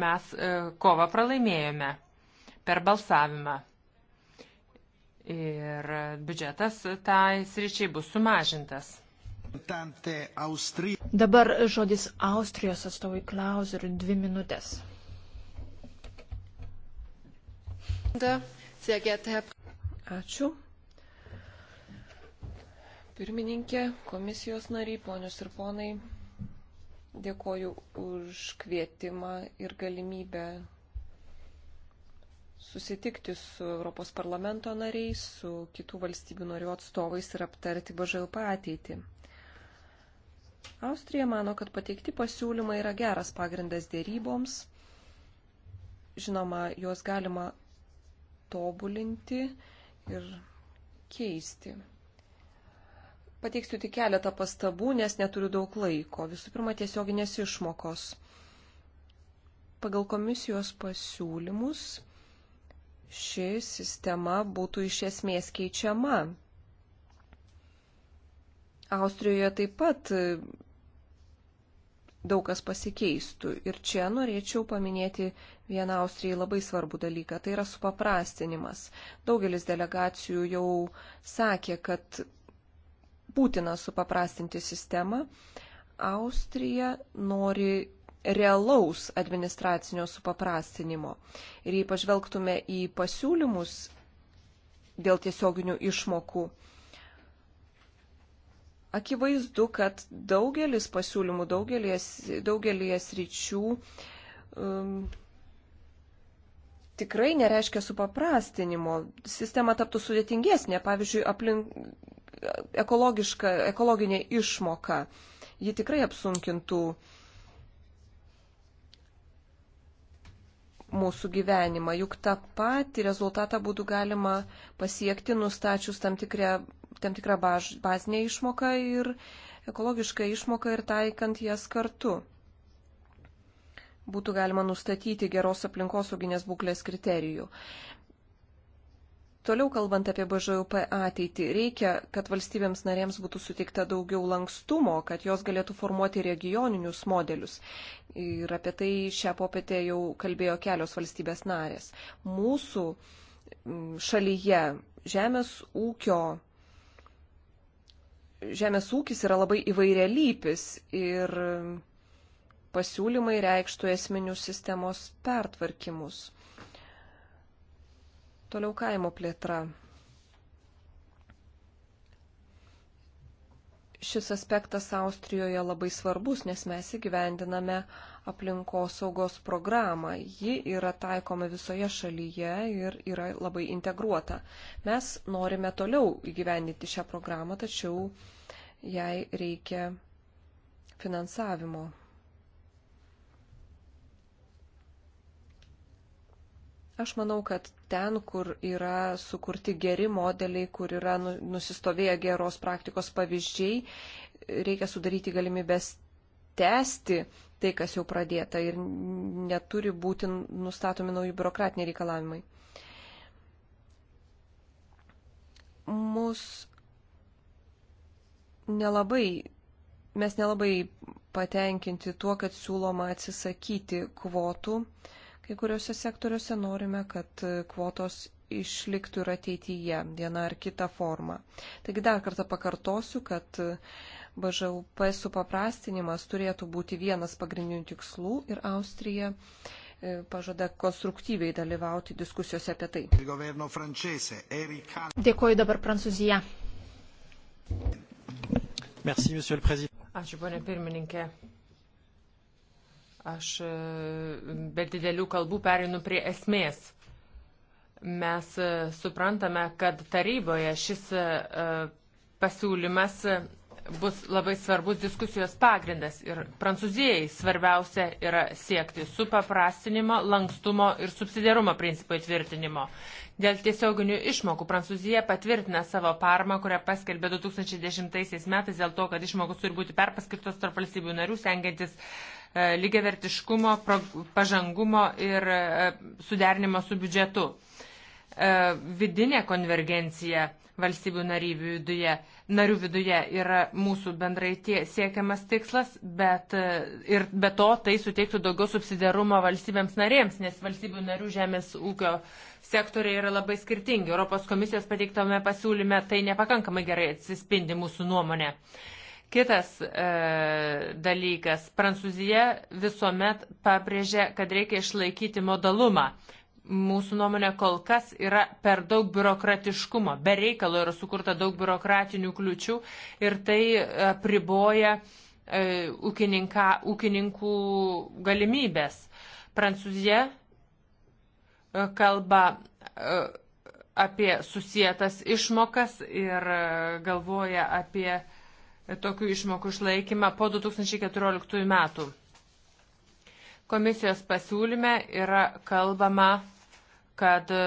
mes e, kovą pralaimėjome per balsavimą ir biudžetas tai sričiai bus sumažintas. Dabar žodis Austrijos atstovai Klauseriu dvi minutės. Ačiū. Pirmininkė, komisijos nariai, ponios ir ponai, dėkoju už kvietimą ir galimybę susitikti su Europos parlamento nariais, su kitų valstybių narių atstovais ir aptarti BŽLP ateitį. Austrija mano, kad pateikti pasiūlymai yra geras pagrindas dėryboms. Žinoma, juos galima tobulinti ir keisti. Pateiksiu tik keletą pastabų, nes neturiu daug laiko. Visų pirma, tiesioginės išmokos. Pagal komisijos pasiūlymus ši sistema būtų iš esmės keičiama. Austrijoje taip pat e, daug kas pasikeistų. Ir čia norėčiau paminėti vieną Austrijai labai svarbų dalyką - tai yra supaprastinimas. Daugelis delegacijų jau sakė, kad būtina supaprastinti sistemą. Austrija nori realaus administracinio supaprastinimo ir jei pažvelgtume į pasiūlymus dėl tiesioginių išmokų, akivaizdu, kad daugelis pasiūlymų, daugelis, daugelis ryčių um, tikrai nereiškia supaprastinimo. Sistema taptų sudėtingesnė, pavyzdžiui, aplink, ekologiška, ekologinė išmoka. Ji tikrai apsunkintų uh, mūsų gyvenimą. Juk tą patį rezultatą būtų galima pasiekti nustačius tam, tikrę, tam tikrą baž, bazinę išmoką ir ekologišką išmoką ir taikant jas kartu. Būtų galima nustatyti geros aplinkosauginės būklės kriterijų. Toliau kalbant apie BŽUP ateitį, reikia, kad valstybėms narėms būtų suteikta daugiau lankstumo, kad jos galėtų formuoti regioninius modelius. Ir apie tai šią popietę jau kalbėjo kelios valstybės narės. Mūsų mm, šalyje žemės ūkio. Žemės ūkis yra labai įvairialypis ir pasiūlymai reikštų esminius sistemos pertvarkimus. Toliau kaimo plėtra. Šis aspektas Austrijoje labai svarbus, nes mes įgyvendiname aplinkosaugos programą. Ji yra taikoma visoje šalyje ir yra labai integruota. Mes norime toliau įgyvendinti šią programą, tačiau jai reikia finansavimo. Aš manau, kad ten, kur yra sukurti geri modeliai, kur yra nu, nusistovėję geros praktikos pavyzdžiai, reikia sudaryti galimybės tęsti tai, kas jau pradėta ir neturi būti nustatomi nauji biurokratiniai reikalavimai. Mus nelabai, mes nelabai patenkinti tuo, kad siūloma atsisakyti kvotų. Uh, Kai kuriuose sektoriuose norime, kad e, kvotos išliktų ir ateityje viena ar kita forma. Taigi dar kartą pakartosiu, kad e, BŽUP supaprastinimas turėtų būti vienas pagrindinių tikslų ir Austrija e, pažada konstruktyviai dalyvauti diskusijose apie tai. Dėkuoju dabar Prancūzija. Merci, Ačiū, ponė pirmininkė. Aš e, be didelių kalbų pereinu prie esmės. Mes e, suprantame, kad taryboje šis e, pasiūlymas bus labai svarbus diskusijos pagrindas ir Prancūzijai svarbiausia yra siekti supaprastinimo, lankstumo ir subsidiarumo principų įtvirtinimo. Dėl tiesioginių išmokų Prancūzija patvirtina savo parmą, kurią paskelbė 2010 metais dėl to, kad išmokos turi būti perpaskirtos tarp valstybių narių, sengiantis uh, E, lygiavertiškumo, pažangumo ir e, suderinimo su biudžetu. E, vidinė konvergencija valstybių viduje, narių viduje yra mūsų bendrai tie, siekiamas tikslas, bet ir be to tai suteiktų daugiau subsidiarumo valstybėms narėms, nes valstybių narių žemės ūkio sektoriai yra labai skirtingi. Europos komisijos pateiktame pasiūlyme tai nepakankamai gerai atsispindi mūsų nuomonė. Uh, Kitas e, dalykas. Prancūzija visuomet pabrėžia, kad reikia išlaikyti modalumą. Mūsų nuomonė kol kas yra per daug biurokratiškumo. Be reikalo yra sukurta daug biurokratinių kliučių ir tai priboja e, ūkininka, ūkininkų galimybės. Prancūzija e, kalba e, apie susietas išmokas ir e, galvoja apie e, tokių išmokų išlaikymą po 2014 metų. Komisijos pasiūlyme yra kalbama, kad e,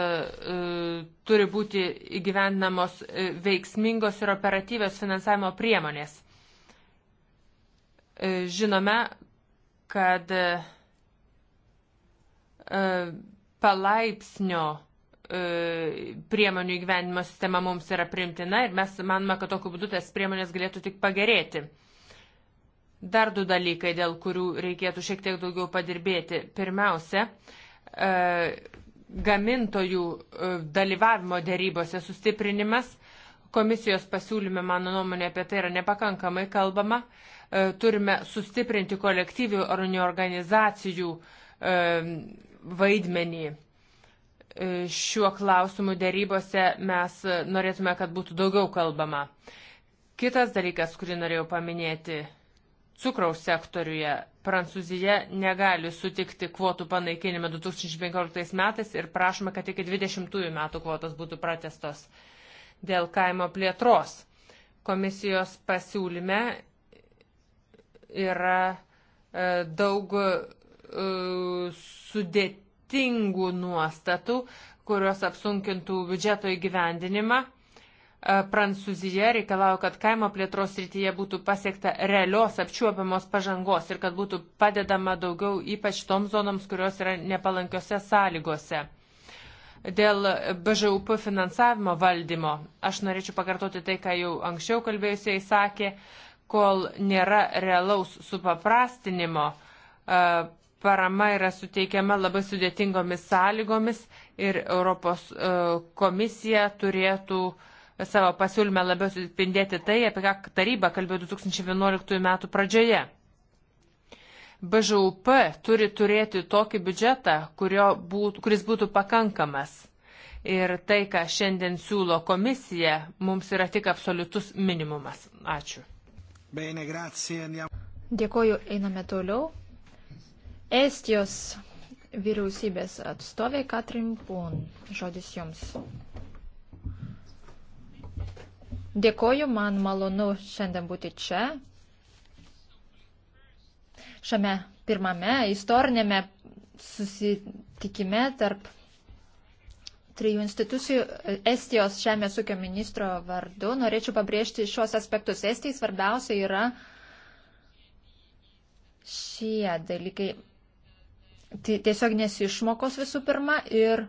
turi būti įgyvendinamos e, veiksmingos ir operatyvios finansavimo priemonės. E, žinome, kad e, palaipsnio E, priemonių įgyvenimo sistema mums yra primtina ir mes manome, kad tokiu būdu tas priemonės galėtų tik pagerėti. Dar du dalykai, dėl kurių reikėtų šiek tiek daugiau padirbėti. Pirmiausia, e, gamintojų e, dalyvavimo dėrybose sustiprinimas. Komisijos pasiūlyme, mano nuomonė, apie tai yra nepakankamai kalbama. Turime sustiprinti kolektyvių organizacijų vaidmenį šiuo klausimu dėrybose mes norėtume, kad būtų daugiau kalbama. Kitas dalykas, kurį norėjau paminėti, cukraus sektoriuje Prancūzija negali sutikti kvotų panaikinimą 2015 metais ir prašome, kad iki 20 metų kvotos būtų pratestos dėl kaimo plėtros. Komisijos pasiūlyme yra e, daug e, sudėti ypatingų nuostatų, kurios apsunkintų biudžeto įgyvendinimą. E, Prancūzija reikalauja, kad kaimo plėtros rytyje būtų pasiekta realios apčiuopiamos pažangos ir kad būtų padedama daugiau ypač toms zonoms, kurios yra nepalankiose sąlygose. Dėl BŽUP finansavimo valdymo aš norėčiau pakartoti tai, ką jau anksčiau kalbėjusiai sakė, kol nėra realaus supaprastinimo e, parama yra suteikiama labai sudėtingomis sąlygomis ir Europos e, komisija turėtų savo pasiūlymę labiau atspindėti tai, apie ką taryba kalbėjo 2011 metų pradžioje. BŽUP turi turėti tokį biudžetą, būt, kuris būtų pakankamas. Ir tai, ką šiandien siūlo komisija, mums yra tik absoliutus minimumas. Ačiū. Bene, grazie, Dėkoju, einame toliau. Estijos vyriausybės atstovė Katrin Pūn. Žodis jums. Dėkoju, man malonu šiandien būti čia. Šiame pirmame istorinėme susitikime tarp trijų institucijų Estijos žemės ūkio ministro vardu. Norėčiau pabrėžti šios aspektus. Estijai svarbiausia yra šie dalykai tiesioginės išmokos visų pirma ir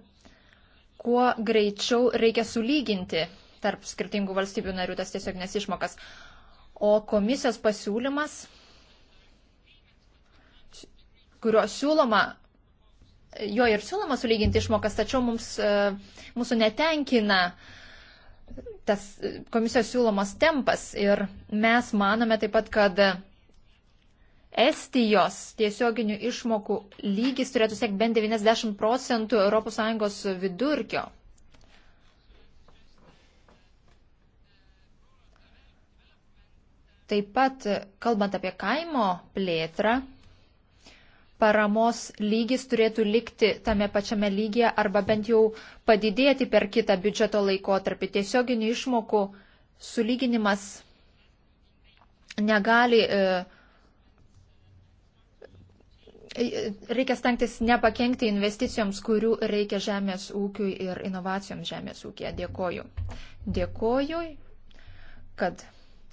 kuo greičiau reikia sulyginti tarp skirtingų valstybių narių tas tiesioginės išmokas. O komisijos pasiūlymas, kurio siūloma, jo ir siūloma sulyginti išmokas, tačiau mums, e, mūsų netenkina tas e, komisijos siūlomas tempas ir mes manome taip pat, kad Estijos tiesioginių išmokų lygis turėtų siekti bent 90 procentų ES vidurkio. Taip pat, kalbant apie kaimo plėtrą, paramos lygis turėtų likti tame pačiame lygyje arba bent jau padidėti per kitą biudžeto laikotarpį. Tiesioginių išmokų sulyginimas negali e, reikia stengtis nepakengti investicijoms, kurių reikia žemės ūkiui ir inovacijoms žemės ūkėje. Dėkoju. Dėkoju, kad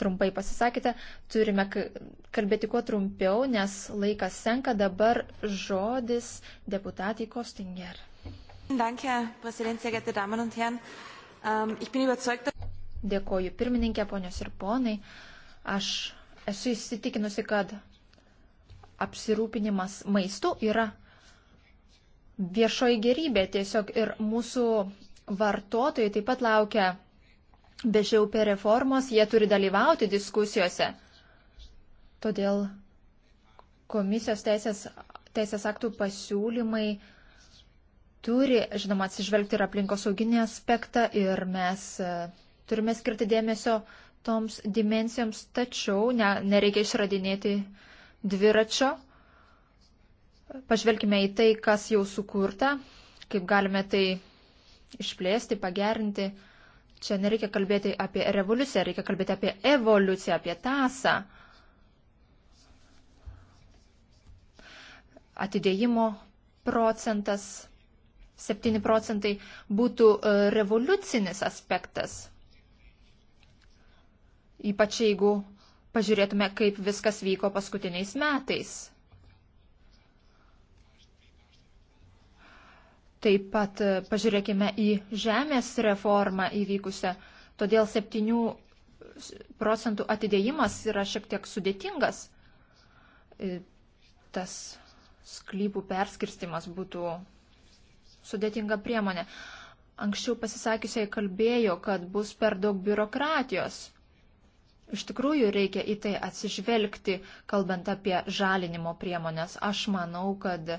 trumpai pasisakėte. Turime kalbėti kuo trumpiau, nes laikas senka. Dabar žodis deputatai Kostinger. Ähm, Dėkoju pirmininkė, ponios ir ponai. Aš esu įsitikinusi, kad apsirūpinimas maistu yra viešoji gerybė tiesiog ir mūsų vartotojai taip pat laukia bežiaupė reformos, jie turi dalyvauti diskusijose. Todėl komisijos teisės, teisės aktų pasiūlymai turi, žinoma, atsižvelgti ir aplinkosauginį aspektą ir mes e, turime skirti dėmesio toms dimensijoms, tačiau ne, nereikia išradinėti uh, dviračio. Pažvelkime į tai, kas jau sukurta, kaip galime tai išplėsti, pagerinti. Čia nereikia kalbėti apie revoliuciją, reikia kalbėti apie evoliuciją, apie tasą. Atidėjimo procentas, 7 procentai būtų e, revoliucinis aspektas. Ypač jeigu pažiūrėtume, kaip viskas vyko paskutiniais metais. Taip pat e, pažiūrėkime į žemės reformą įvykusią. Todėl 7 procentų atidėjimas yra šiek tiek sudėtingas. E, tas sklypų perskirstimas būtų sudėtinga priemonė. Anksčiau pasisakiusiai kalbėjo, kad bus per daug biurokratijos. Iš tikrųjų reikia į tai atsižvelgti, kalbant apie žalinimo priemonės. Aš manau, kad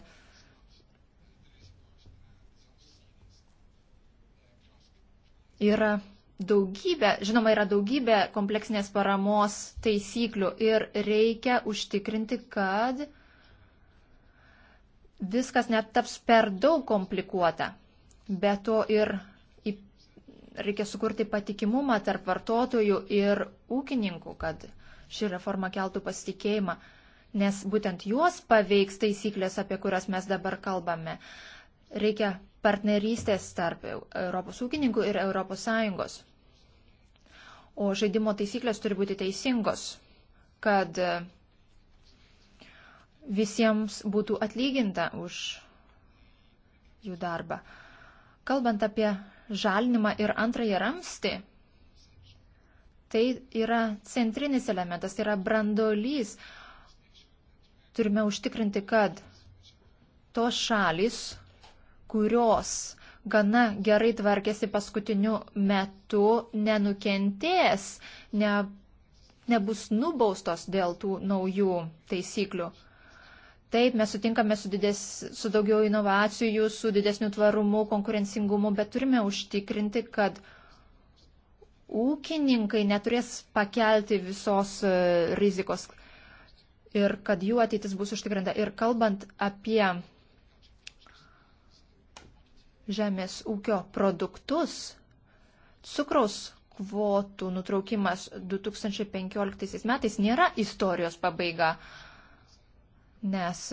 yra daugybė, žinoma, yra daugybė kompleksinės paramos taisyklių ir reikia užtikrinti, kad viskas netaps per daug komplikuota. Be to ir Reikia sukurti patikimumą tarp vartotojų ir ūkininkų, kad ši reforma keltų pasitikėjimą, nes būtent juos paveiks taisyklės, apie kurias mes dabar kalbame. Reikia partnerystės tarp Europos ūkininkų ir ES. O žaidimo taisyklės turi būti teisingos, kad visiems būtų atlyginta už jų darbą. Kalbant apie žalinimą ir antrąją ramstį, tai yra centrinis elementas, tai yra brandolys. Turime užtikrinti, kad tos šalis, kurios gana gerai tvarkėsi paskutiniu metu, nenukentės, ne, nebus nubaustos dėl tų naujų taisyklių. Taip, mes sutinkame su, didės, su daugiau inovacijų, su didesniu tvarumu, konkurencingumu, bet turime užtikrinti, kad ūkininkai neturės pakelti visos e, rizikos ir kad jų ateitis bus užtikrinta. Ir kalbant apie žemės ūkio produktus, cukraus kvotų nutraukimas 2015 metais nėra istorijos pabaiga nes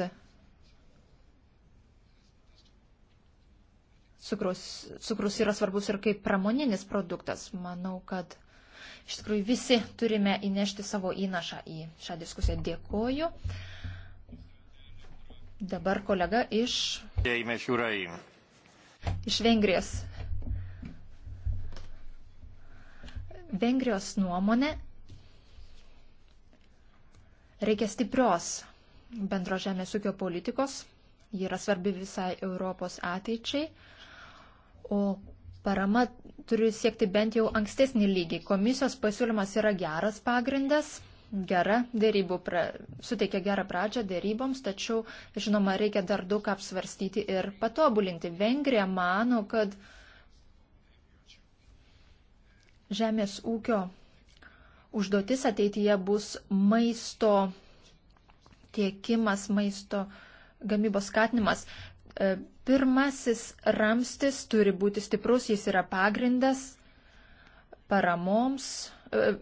cukrus, cukrus yra svarbus ir kaip pramoninis produktas. Manau, kad iš tikrųjų visi turime įnešti savo įnašą į šią diskusiją. Dėkoju. Dabar kolega iš. Iš Vengrijos. Vengrijos nuomonė reikia stiprios bendro žemės ūkio politikos. Ji yra svarbi visai Europos ateičiai. O parama turi siekti bent jau ankstesnį lygį. Komisijos pasiūlymas yra geras pagrindas, gera dėrybų, pra, suteikia gerą pradžią dėryboms, tačiau, žinoma, reikia dar daug apsvarstyti ir patobulinti. Vengrija mano, kad žemės ūkio užduotis ateityje bus maisto tiekimas, maisto gamybos skatinimas. E, pirmasis ramstis turi būti stiprus, jis yra pagrindas paramoms, e,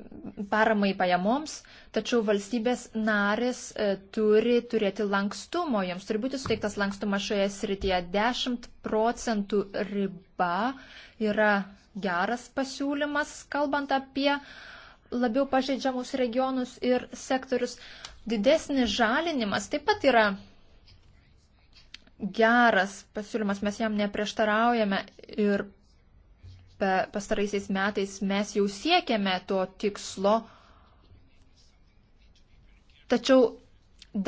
paramai pajamoms, tačiau valstybės narės e, turi turėti lankstumo, jiems turi būti suteiktas lankstumas šioje srityje. 10 procentų riba yra geras pasiūlymas, kalbant apie labiau pažeidžiamus regionus ir sektorius. Didesnis žalinimas taip pat yra geras pasiūlymas, mes jam neprieštaraujame ir pastaraisiais metais mes jau siekiame to tikslo. Tačiau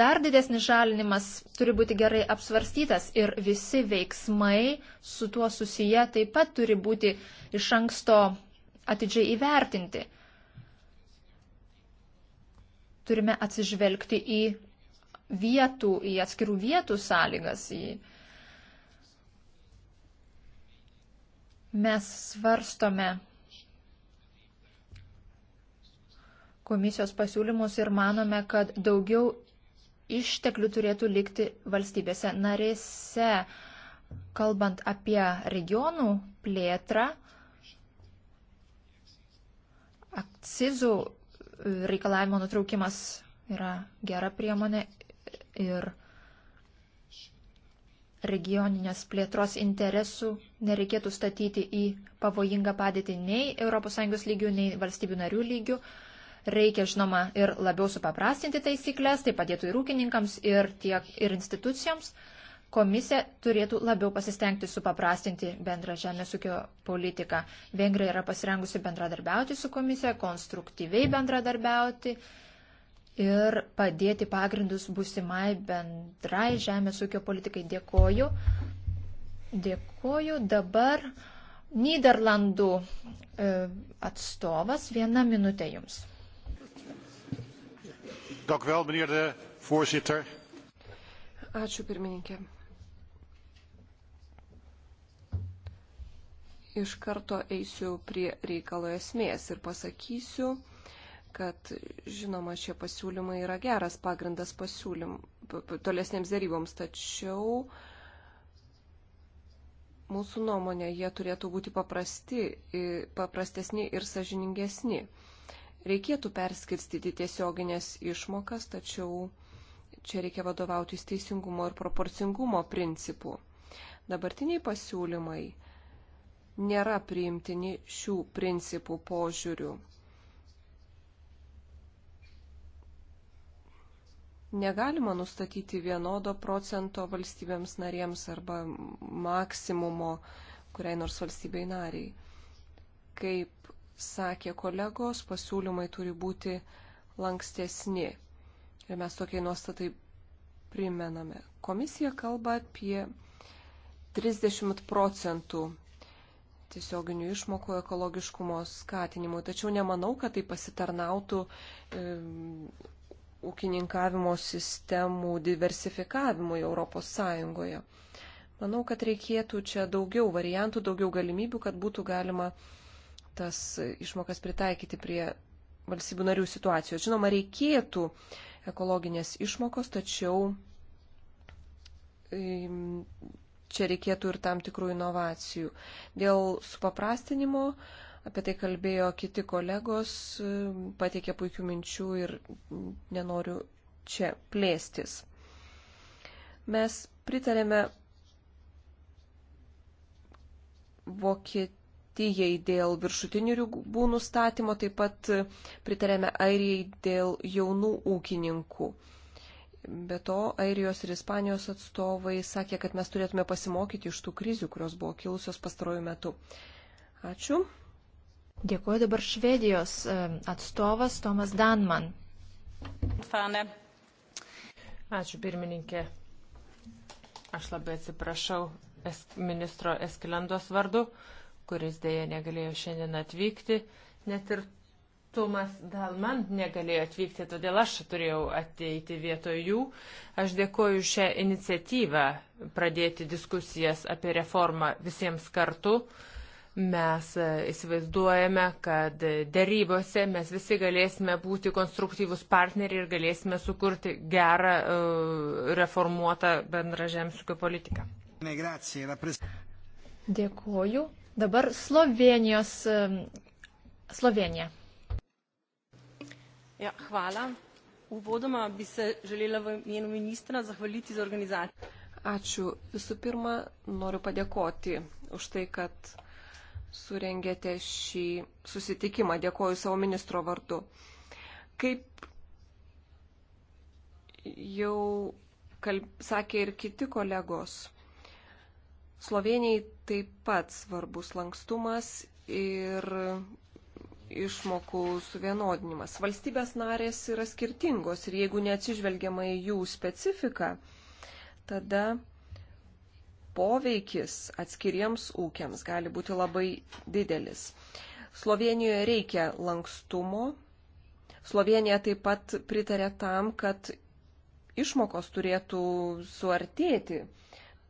dar didesnis žalinimas turi būti gerai apsvarstytas ir visi veiksmai su tuo susiję taip pat turi būti iš anksto atidžiai įvertinti turime atsižvelgti į vietų, į atskirų vietų sąlygas. Į... Mes svarstome komisijos pasiūlymus ir manome, kad daugiau išteklių turėtų likti valstybėse narėse. Kalbant apie regionų plėtrą, akcizų reikalavimo nutraukimas yra gera priemonė ir regioninės plėtros interesų nereikėtų statyti į pavojingą padėtį nei ES lygių, nei valstybių narių lygių. Reikia, žinoma, ir labiau supaprastinti taisyklės, tai padėtų ir ūkininkams, ir, tiek, ir institucijoms. Komisija turėtų labiau pasistengti supaprastinti bendrą žemės ūkio politiką. Vengrija yra pasirengusi bendradarbiauti su komisija, konstruktyviai bendradarbiauti ir padėti pagrindus būsimai bendrai žemės ūkio politikai. Dėkoju. Dėkoju. Dabar Niderlandų e, atstovas. Viena minutė jums. Dank u wel, meneer de voorzitter. Ačiū pirmininkė. iš karto eisiu prie reikalo esmės ir pasakysiu, kad žinoma šie pasiūlymai yra geras pagrindas pasiūlym, tolesnėms daryboms, tačiau mūsų nuomonė jie turėtų būti paprasti, paprastesni ir sažiningesni. Reikėtų perskirstyti tiesioginės išmokas, tačiau čia reikia vadovautis teisingumo ir proporcingumo principu. Dabartiniai pasiūlymai nėra priimtini šių principų požiūrių. Negalima nustatyti vienodo procento valstybėms narėms arba maksimumo kuriai nors valstybei nariai. Kaip sakė kolegos, pasiūlymai turi būti lankstesni. Ir mes tokiai nuostatai primename. Komisija kalba apie 30 procentų tiesioginių išmokų ekologiškumo skatinimui. Tačiau nemanau, kad tai pasitarnautų e, ūkininkavimo sistemų diversifikavimui ES. Manau, kad reikėtų čia daugiau variantų, daugiau galimybių, kad būtų galima tas išmokas pritaikyti prie valstybių narių situacijos. Žinoma, reikėtų ekologinės išmokos, tačiau čia reikėtų ir tam tikrų inovacijų. Dėl supaprastinimo, apie tai kalbėjo kiti kolegos, pateikė puikių minčių ir nenoriu čia plėstis. Mes pritarėme Vokietijai dėl viršutinių ribų nustatymo, taip pat pritarėme Airijai dėl jaunų ūkininkų. Be to, Airijos ir Ispanijos atstovai sakė, kad mes turėtume pasimokyti iš tų krizių, kurios buvo kilusios pastarojų metų. Ačiū. Dėkuoju dabar Švedijos e, atstovas Tomas Danman. Fane. Ačiū pirmininkė. Aš labai atsiprašau es, ministro Eskilendos vardu, kuris dėja negalėjo šiandien atvykti, net ir Tomas Dalman negalėjo atvykti, todėl aš turėjau ateiti vietoj jų. Aš dėkoju šią iniciatyvą pradėti diskusijas apie reformą visiems kartu. Mes e, įsivaizduojame, kad darybose mes visi galėsime būti konstruktyvus partneriai ir galėsime sukurti gerą e, reformuotą bendrą žemsiukio politiką. Dėkoju. Dabar Slovenijos. E, Slovenija. Ja, hvala. Uvodoma bi se želela v imenu ministra zahvaliti za organizaciją. Ačiū. Visų pirma, noriu padėkoti už tai, kad surengėte šį susitikimą. Dėkoju savo ministro vardu. Kaip jau kalb... sakė ir kiti kolegos, Slovenijai taip pat svarbus lankstumas ir išmokų suvienodinimas. Valstybės narės yra skirtingos ir jeigu neatsižvelgiama į jų specifiką, tada poveikis atskiriems ūkiams gali būti labai didelis. Slovenijoje reikia lankstumo. Slovenija taip pat pritarė tam, kad išmokos turėtų suartėti,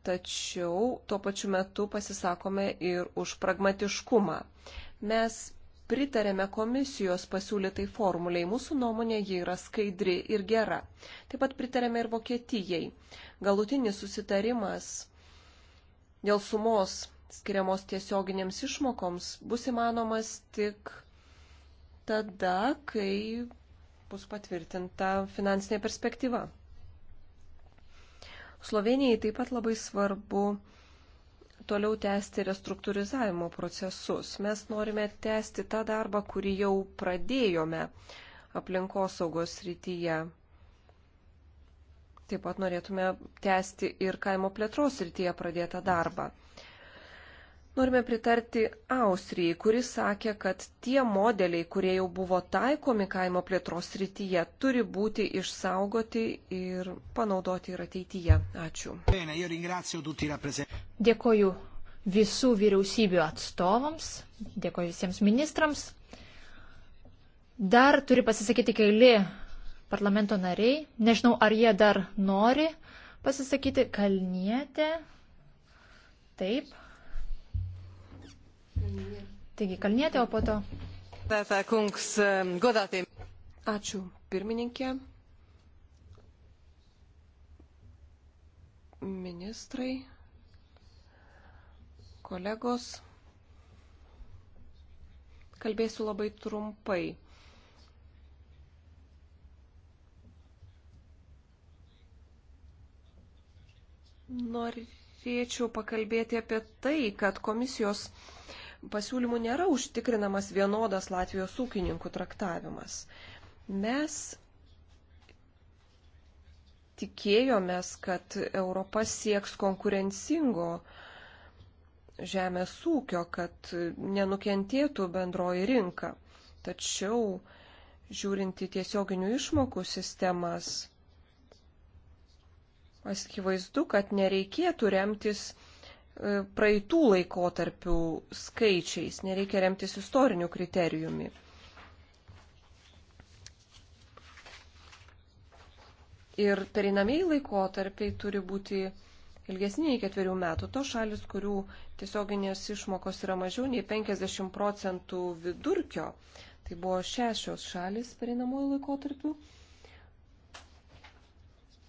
tačiau tuo pačiu metu pasisakome ir už pragmatiškumą. Mes pritarėme komisijos pasiūlytai formuliai. Mūsų nuomonė ji yra skaidri ir gera. Taip pat pritarėme ir Vokietijai. Galutinis susitarimas dėl sumos skiriamos tiesioginėms išmokoms bus įmanomas tik tada, kai bus patvirtinta finansinė perspektyva. Slovenijai taip pat labai svarbu toliau tęsti restruktūrizavimo procesus. Mes norime tęsti tą darbą, kurį jau pradėjome aplinkosaugos rytyje. Taip pat norėtume tęsti ir kaimo plėtros rytyje pradėtą darbą. Norime pritarti Austrijai, kuris sakė, kad tie modeliai, kurie jau buvo taikomi kaimo plėtros rytyje, turi būti išsaugoti ir panaudoti ir ateityje. Ačiū. Dėkoju visų vyriausybių atstovams, dėkoju visiems ministrams. Dar turi pasisakyti keli parlamento nariai. Nežinau, ar jie dar nori pasisakyti. Kalnietė. Taip. Taigi, kalnėtė, o po to. Ačiū, pirmininkė. Ministrai, kolegos, kalbėsiu labai trumpai. Norėčiau pakalbėti apie tai, kad komisijos pasiūlymų nėra užtikrinamas vienodas Latvijos ūkininkų traktavimas. Mes tikėjomės, kad Europa sieks konkurencingo žemės ūkio, kad nenukentėtų bendroji rinka. Tačiau, žiūrint į tiesioginių išmokų sistemas, akivaizdu, kad nereikėtų remtis E, praeitų laikotarpių skaičiais, nereikia remtis istoriniu kriterijumi. Ir perinamiai laikotarpiai turi būti ilgesni nei ketverių metų. To šalis, kurių tiesioginės išmokos yra mažiau nei 50 procentų vidurkio, tai buvo šešios šalis perinamųjų laikotarpių,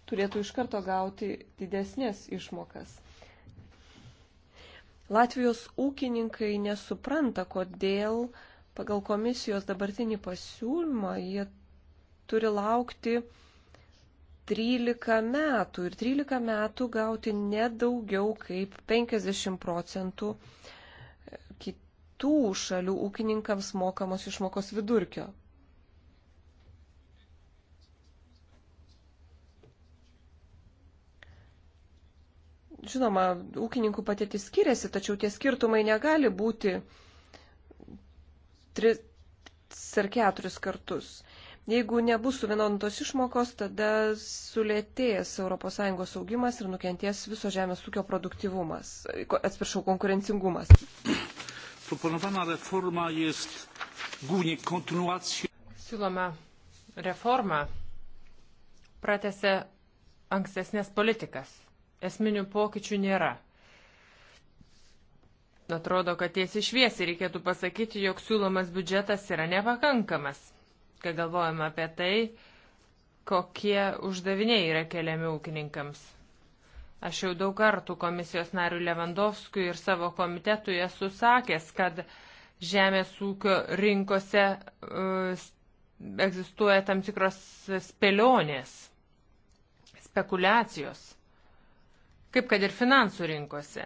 turėtų iš karto gauti didesnės išmokas. Latvijos ūkininkai nesupranta, kodėl pagal komisijos dabartinį pasiūlymą jie turi laukti 13 metų ir 13 metų gauti nedaugiau kaip 50 procentų kitų šalių ūkininkams mokamos išmokos vidurkio. Žinoma, ūkininkų patirtis skiriasi, tačiau tie skirtumai negali būti tris ar keturis kartus. Jeigu nebus suvienodintos išmokos, tada sulėtės ES augimas ir nukentės viso žemės ūkio produktivumas, atsiprašau, konkurencingumas. Proponowana reforma jest głównie kontynuacją. Siūloma reforma pratęsė ankstesnės politikas. Esminių pokyčių nėra. Atrodo, kad tiesiai šviesiai reikėtų pasakyti, jog siūlomas biudžetas yra nepakankamas, kai galvojame apie tai, kokie uždaviniai yra keliami ūkininkams. Aš jau daug kartų komisijos narių Levandovskui ir savo komitetui esu sakęs, kad žemės ūkio rinkose uh, egzistuoja tam tikros spėlionės, spekulacijos kaip kad ir finansų rinkose.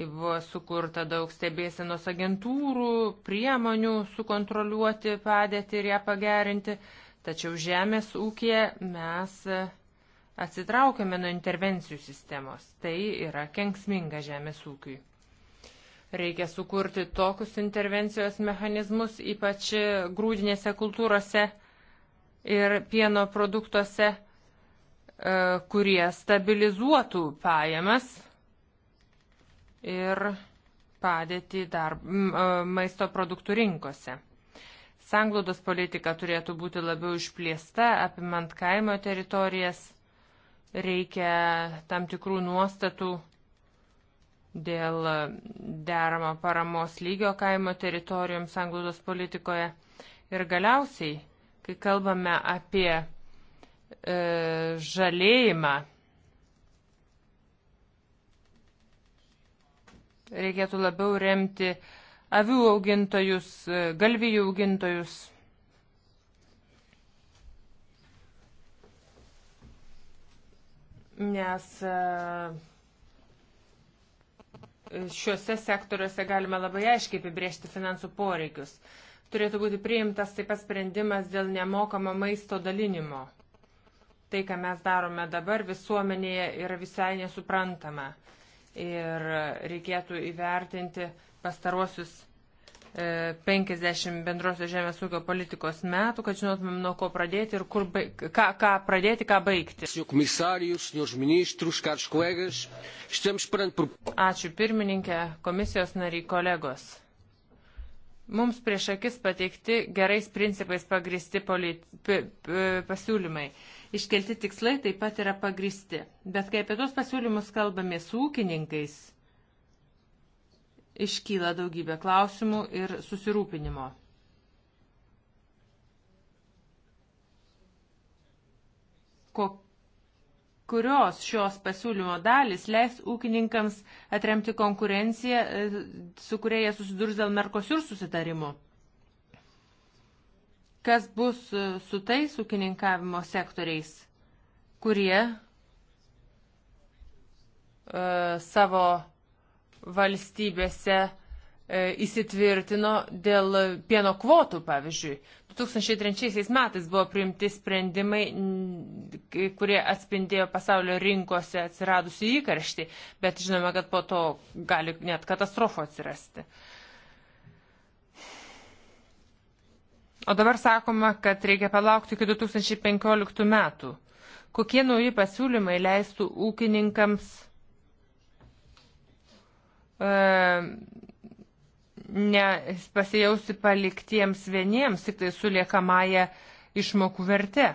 Buvo sukurta daug stebėsenos agentūrų, priemonių sukontroliuoti padėtį ir ją pagerinti, tačiau žemės ūkė mes e, atsitraukėme nuo intervencijų sistemos. Tai yra kenksminga žemės ūkiui. Reikia sukurti tokius intervencijos mechanizmus, ypač grūdinėse kultūrose ir pieno produktuose, E, kurie stabilizuotų pajamas ir padėtį darb, e, maisto produktų rinkose. Sanglaudos politika turėtų būti labiau išplėsta, apimant kaimo teritorijas. Reikia tam tikrų nuostatų dėl deramo paramos lygio kaimo teritorijoms sanglaudos politikoje. Ir galiausiai, kai kalbame apie E, žalėjimą. Reikėtų labiau remti avių augintojus, e, galvijų augintojus. Nes e, šiuose sektoriuose galime labai aiškiai apibriežti finansų poreikius. Turėtų būti priimtas taip pat sprendimas dėl nemokamo maisto dalinimo tai, ką mes darome dabar, visuomenėje yra visai nesuprantama. Ir reikėtų įvertinti pastaruosius 50 e, bendrosios žemės ūkio politikos metų, kad žinotumėm, nuo ko pradėti ir kur, baig... ką, ką pradėti, ką baigti. Ačiū pirmininkė, komisijos nariai, kolegos. Mums prieš akis pateikti gerais principais pagristi polit... p... p... pasiūlymai. Iškelti tikslai taip pat yra pagristi. Bet kai apie tos pasiūlymus kalbame su ūkininkais, iškyla daugybė klausimų ir susirūpinimo. Ko, kurios šios pasiūlymo dalis leis ūkininkams atremti konkurenciją, e, su kuria jie susidurs dėl Merkosiur susitarimo. Kas bus e, su tais ūkininkavimo sektoriais, kurie e, savo valstybėse e, įsitvirtino dėl pieno kvotų, pavyzdžiui. 2003 metais buvo priimti sprendimai, kurie atspindėjo pasaulio rinkose atsiradusi įkaršti, bet žinome, kad po to gali net katastrofo atsirasti. Uh, O dabar sakoma, kad reikia palaukti iki 2015 metų. Kokie nauji pasiūlymai leistų ūkininkams e, ne pasijausti paliktiems vieniems, tik tai su liekamąją išmokų verte.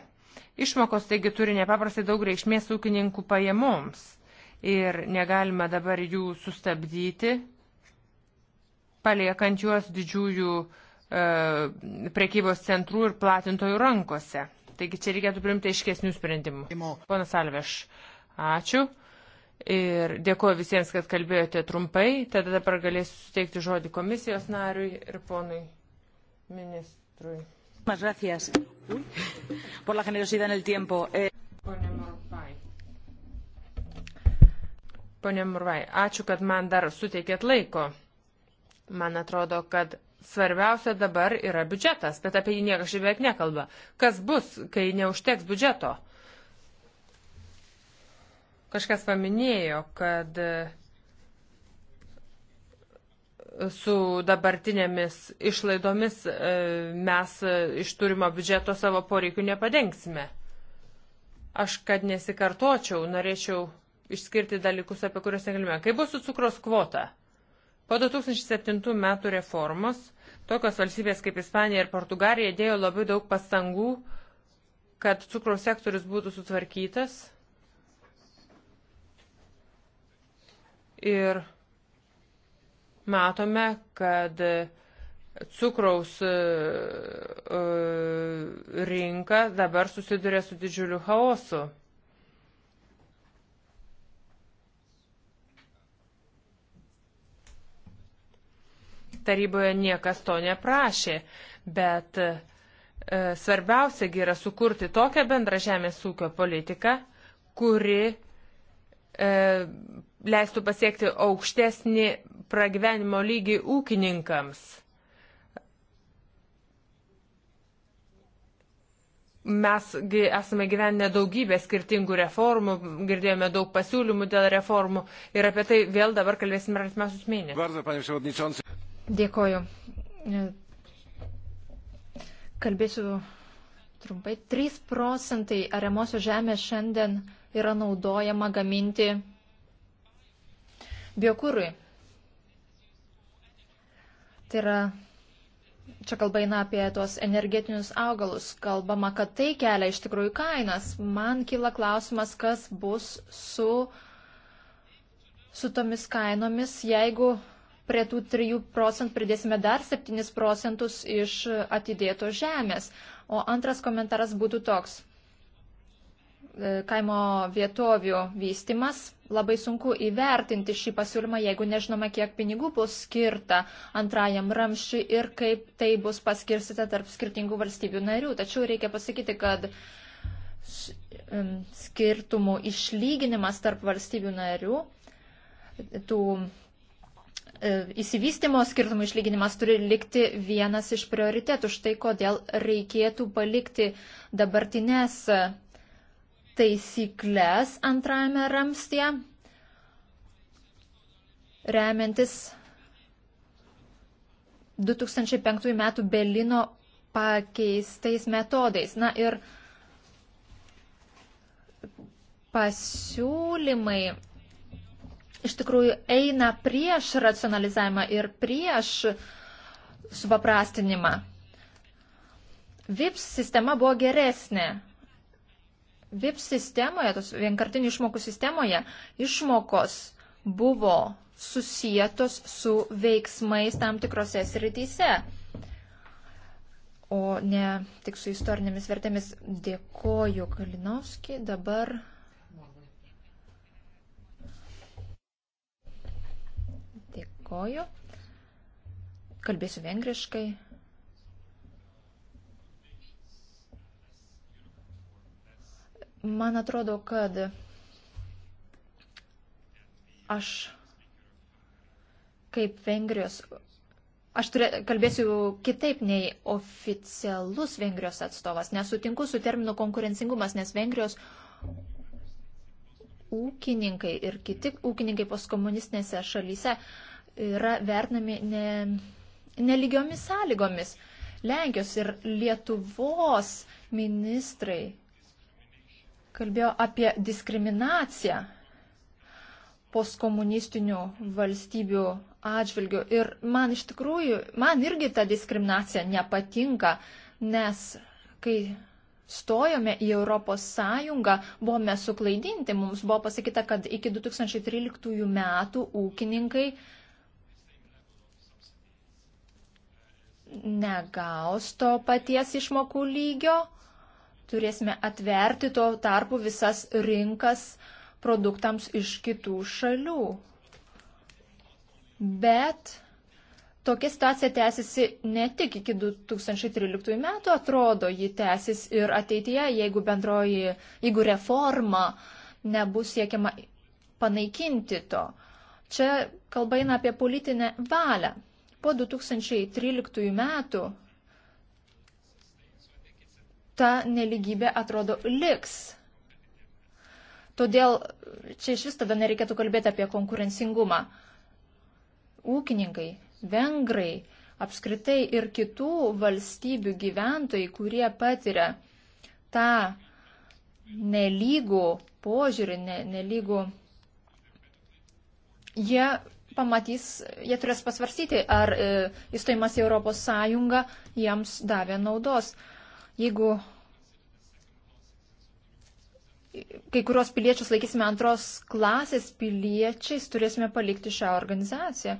Išmokos taigi turi nepaprastai daug reikšmės ūkininkų pajamoms ir negalime dabar jų sustabdyti, paliekant juos didžiųjų uh, E, prekybos centrų ir platintojų rankose. Taigi čia reikėtų priimti aiškesnių sprendimų. Ponas Alveš, ačiū. Ir dėkuoju visiems, kad kalbėjote trumpai. Tada dabar galėsiu suteikti žodį komisijos nariui ir ponui ministrui. Eh, Pone Murvai, ačiū, kad man dar suteikėt laiko. Man atrodo, kad Svarbiausia dabar yra biudžetas, bet apie jį niekas šiaip beveik nekalba. Kas bus, kai neužteks biudžeto? Kažkas paminėjo, kad e, su dabartinėmis išlaidomis e, mes e, iš turimo biudžeto savo poreikių nepadengsime. Aš, kad nesikartočiau, norėčiau išskirti dalykus, apie kuriuos negalime. Kaip bus su cukros kvota? Po 2007 metų reformos tokios valstybės kaip Ispanija ir Portugalija dėjo labai daug pastangų, kad cukraus sektorius būtų sutvarkytas. Ir matome, kad cukraus e, e, rinka dabar susiduria su didžiuliu chaosu. taryboje niekas to neprašė, bet e, svarbiausiagi yra sukurti tokią bendrą žemės ūkio politiką, kuri e, leistų pasiekti aukštesnį pragyvenimo lygį ūkininkams. mesgi esame gyvenę daugybę skirtingų reformų, girdėjome daug pasiūlymų dėl reformų ir apie tai vėl dabar kalbėsime artimiausius mėnesius. Dėkoju. Kalbėsiu trumpai. 3 procentai ariamosios žemės šiandien yra naudojama gaminti biokūrui. Tai yra, čia kalba eina apie tuos energetinius augalus. Kalbama, kad tai kelia iš tikrųjų kainas. Man kyla klausimas, kas bus su, su tomis kainomis, jeigu prie tų 3 procentų pridėsime dar 7 procentus iš atidėtos žemės. O antras komentaras būtų toks. E, kaimo vietovių vystimas. Labai sunku įvertinti šį pasiūlymą, jeigu nežinome, kiek pinigų bus skirta antrajam ramščiui ir kaip tai bus paskirstita tarp skirtingų valstybių narių. Tačiau reikia pasakyti, kad skirtumų išlyginimas tarp valstybių narių, tų E, įsivystimo skirtumų išlyginimas turi likti vienas iš prioritetų. Štai kodėl reikėtų palikti dabartinės taisyklės antrajame ramstėje, remiantis 2005 metų Belino pakeistais metodais. Na ir pasiūlymai iš tikrųjų eina prieš racionalizavimą ir prieš supaprastinimą. VIPS sistema buvo geresnė. VIPS sistemoje, tos vienkartinių išmokų sistemoje, išmokos buvo susijėtos su veiksmais tam tikrose srityse, o ne tik su istorinėmis vertėmis. Dėkoju Kalinovski, dabar Dėkoju. Kalbėsiu vengriškai. Man atrodo, kad aš kaip Vengrijos. Aš turė, kalbėsiu kitaip nei oficialus Vengrijos atstovas. Nesutinku su terminu konkurencingumas, nes Vengrijos ūkininkai ir kiti ūkininkai postkomunistinėse šalyse yra vertinami ne, nelygiomis sąlygomis. Lenkijos ir Lietuvos ministrai kalbėjo apie diskriminaciją postkomunistinių valstybių atžvilgių. Ir man iš tikrųjų, man irgi ta diskriminacija nepatinka, nes kai stojome į Europos Sąjungą, buvome suklaidinti, mums buvo pasakyta, kad iki 2013 metų ūkininkai uh, negaus to paties išmokų lygio. Turėsime atverti tuo tarpu visas rinkas produktams iš kitų šalių. Bet tokia situacija tęsiasi ne tik iki 2013 metų, atrodo, ji tęsis ir ateityje, jeigu bendroji, jeigu reforma nebus siekiama panaikinti to. Čia kalba eina apie politinę valią. Po 2013 metų ta neligybė atrodo liks. Todėl čia iš vis tada nereikėtų kalbėti apie konkurencingumą. Ūkininkai, vengrai, apskritai ir kitų valstybių gyventojai, kurie patiria tą nelygų požiūrį, ne, nelygų, jie pamatys, jie turės pasvarstyti, ar e, įstojimas į Europos Sąjungą jiems davė naudos. Jeigu kai kurios piliečius laikysime antros klasės piliečiais, turėsime palikti šią organizaciją.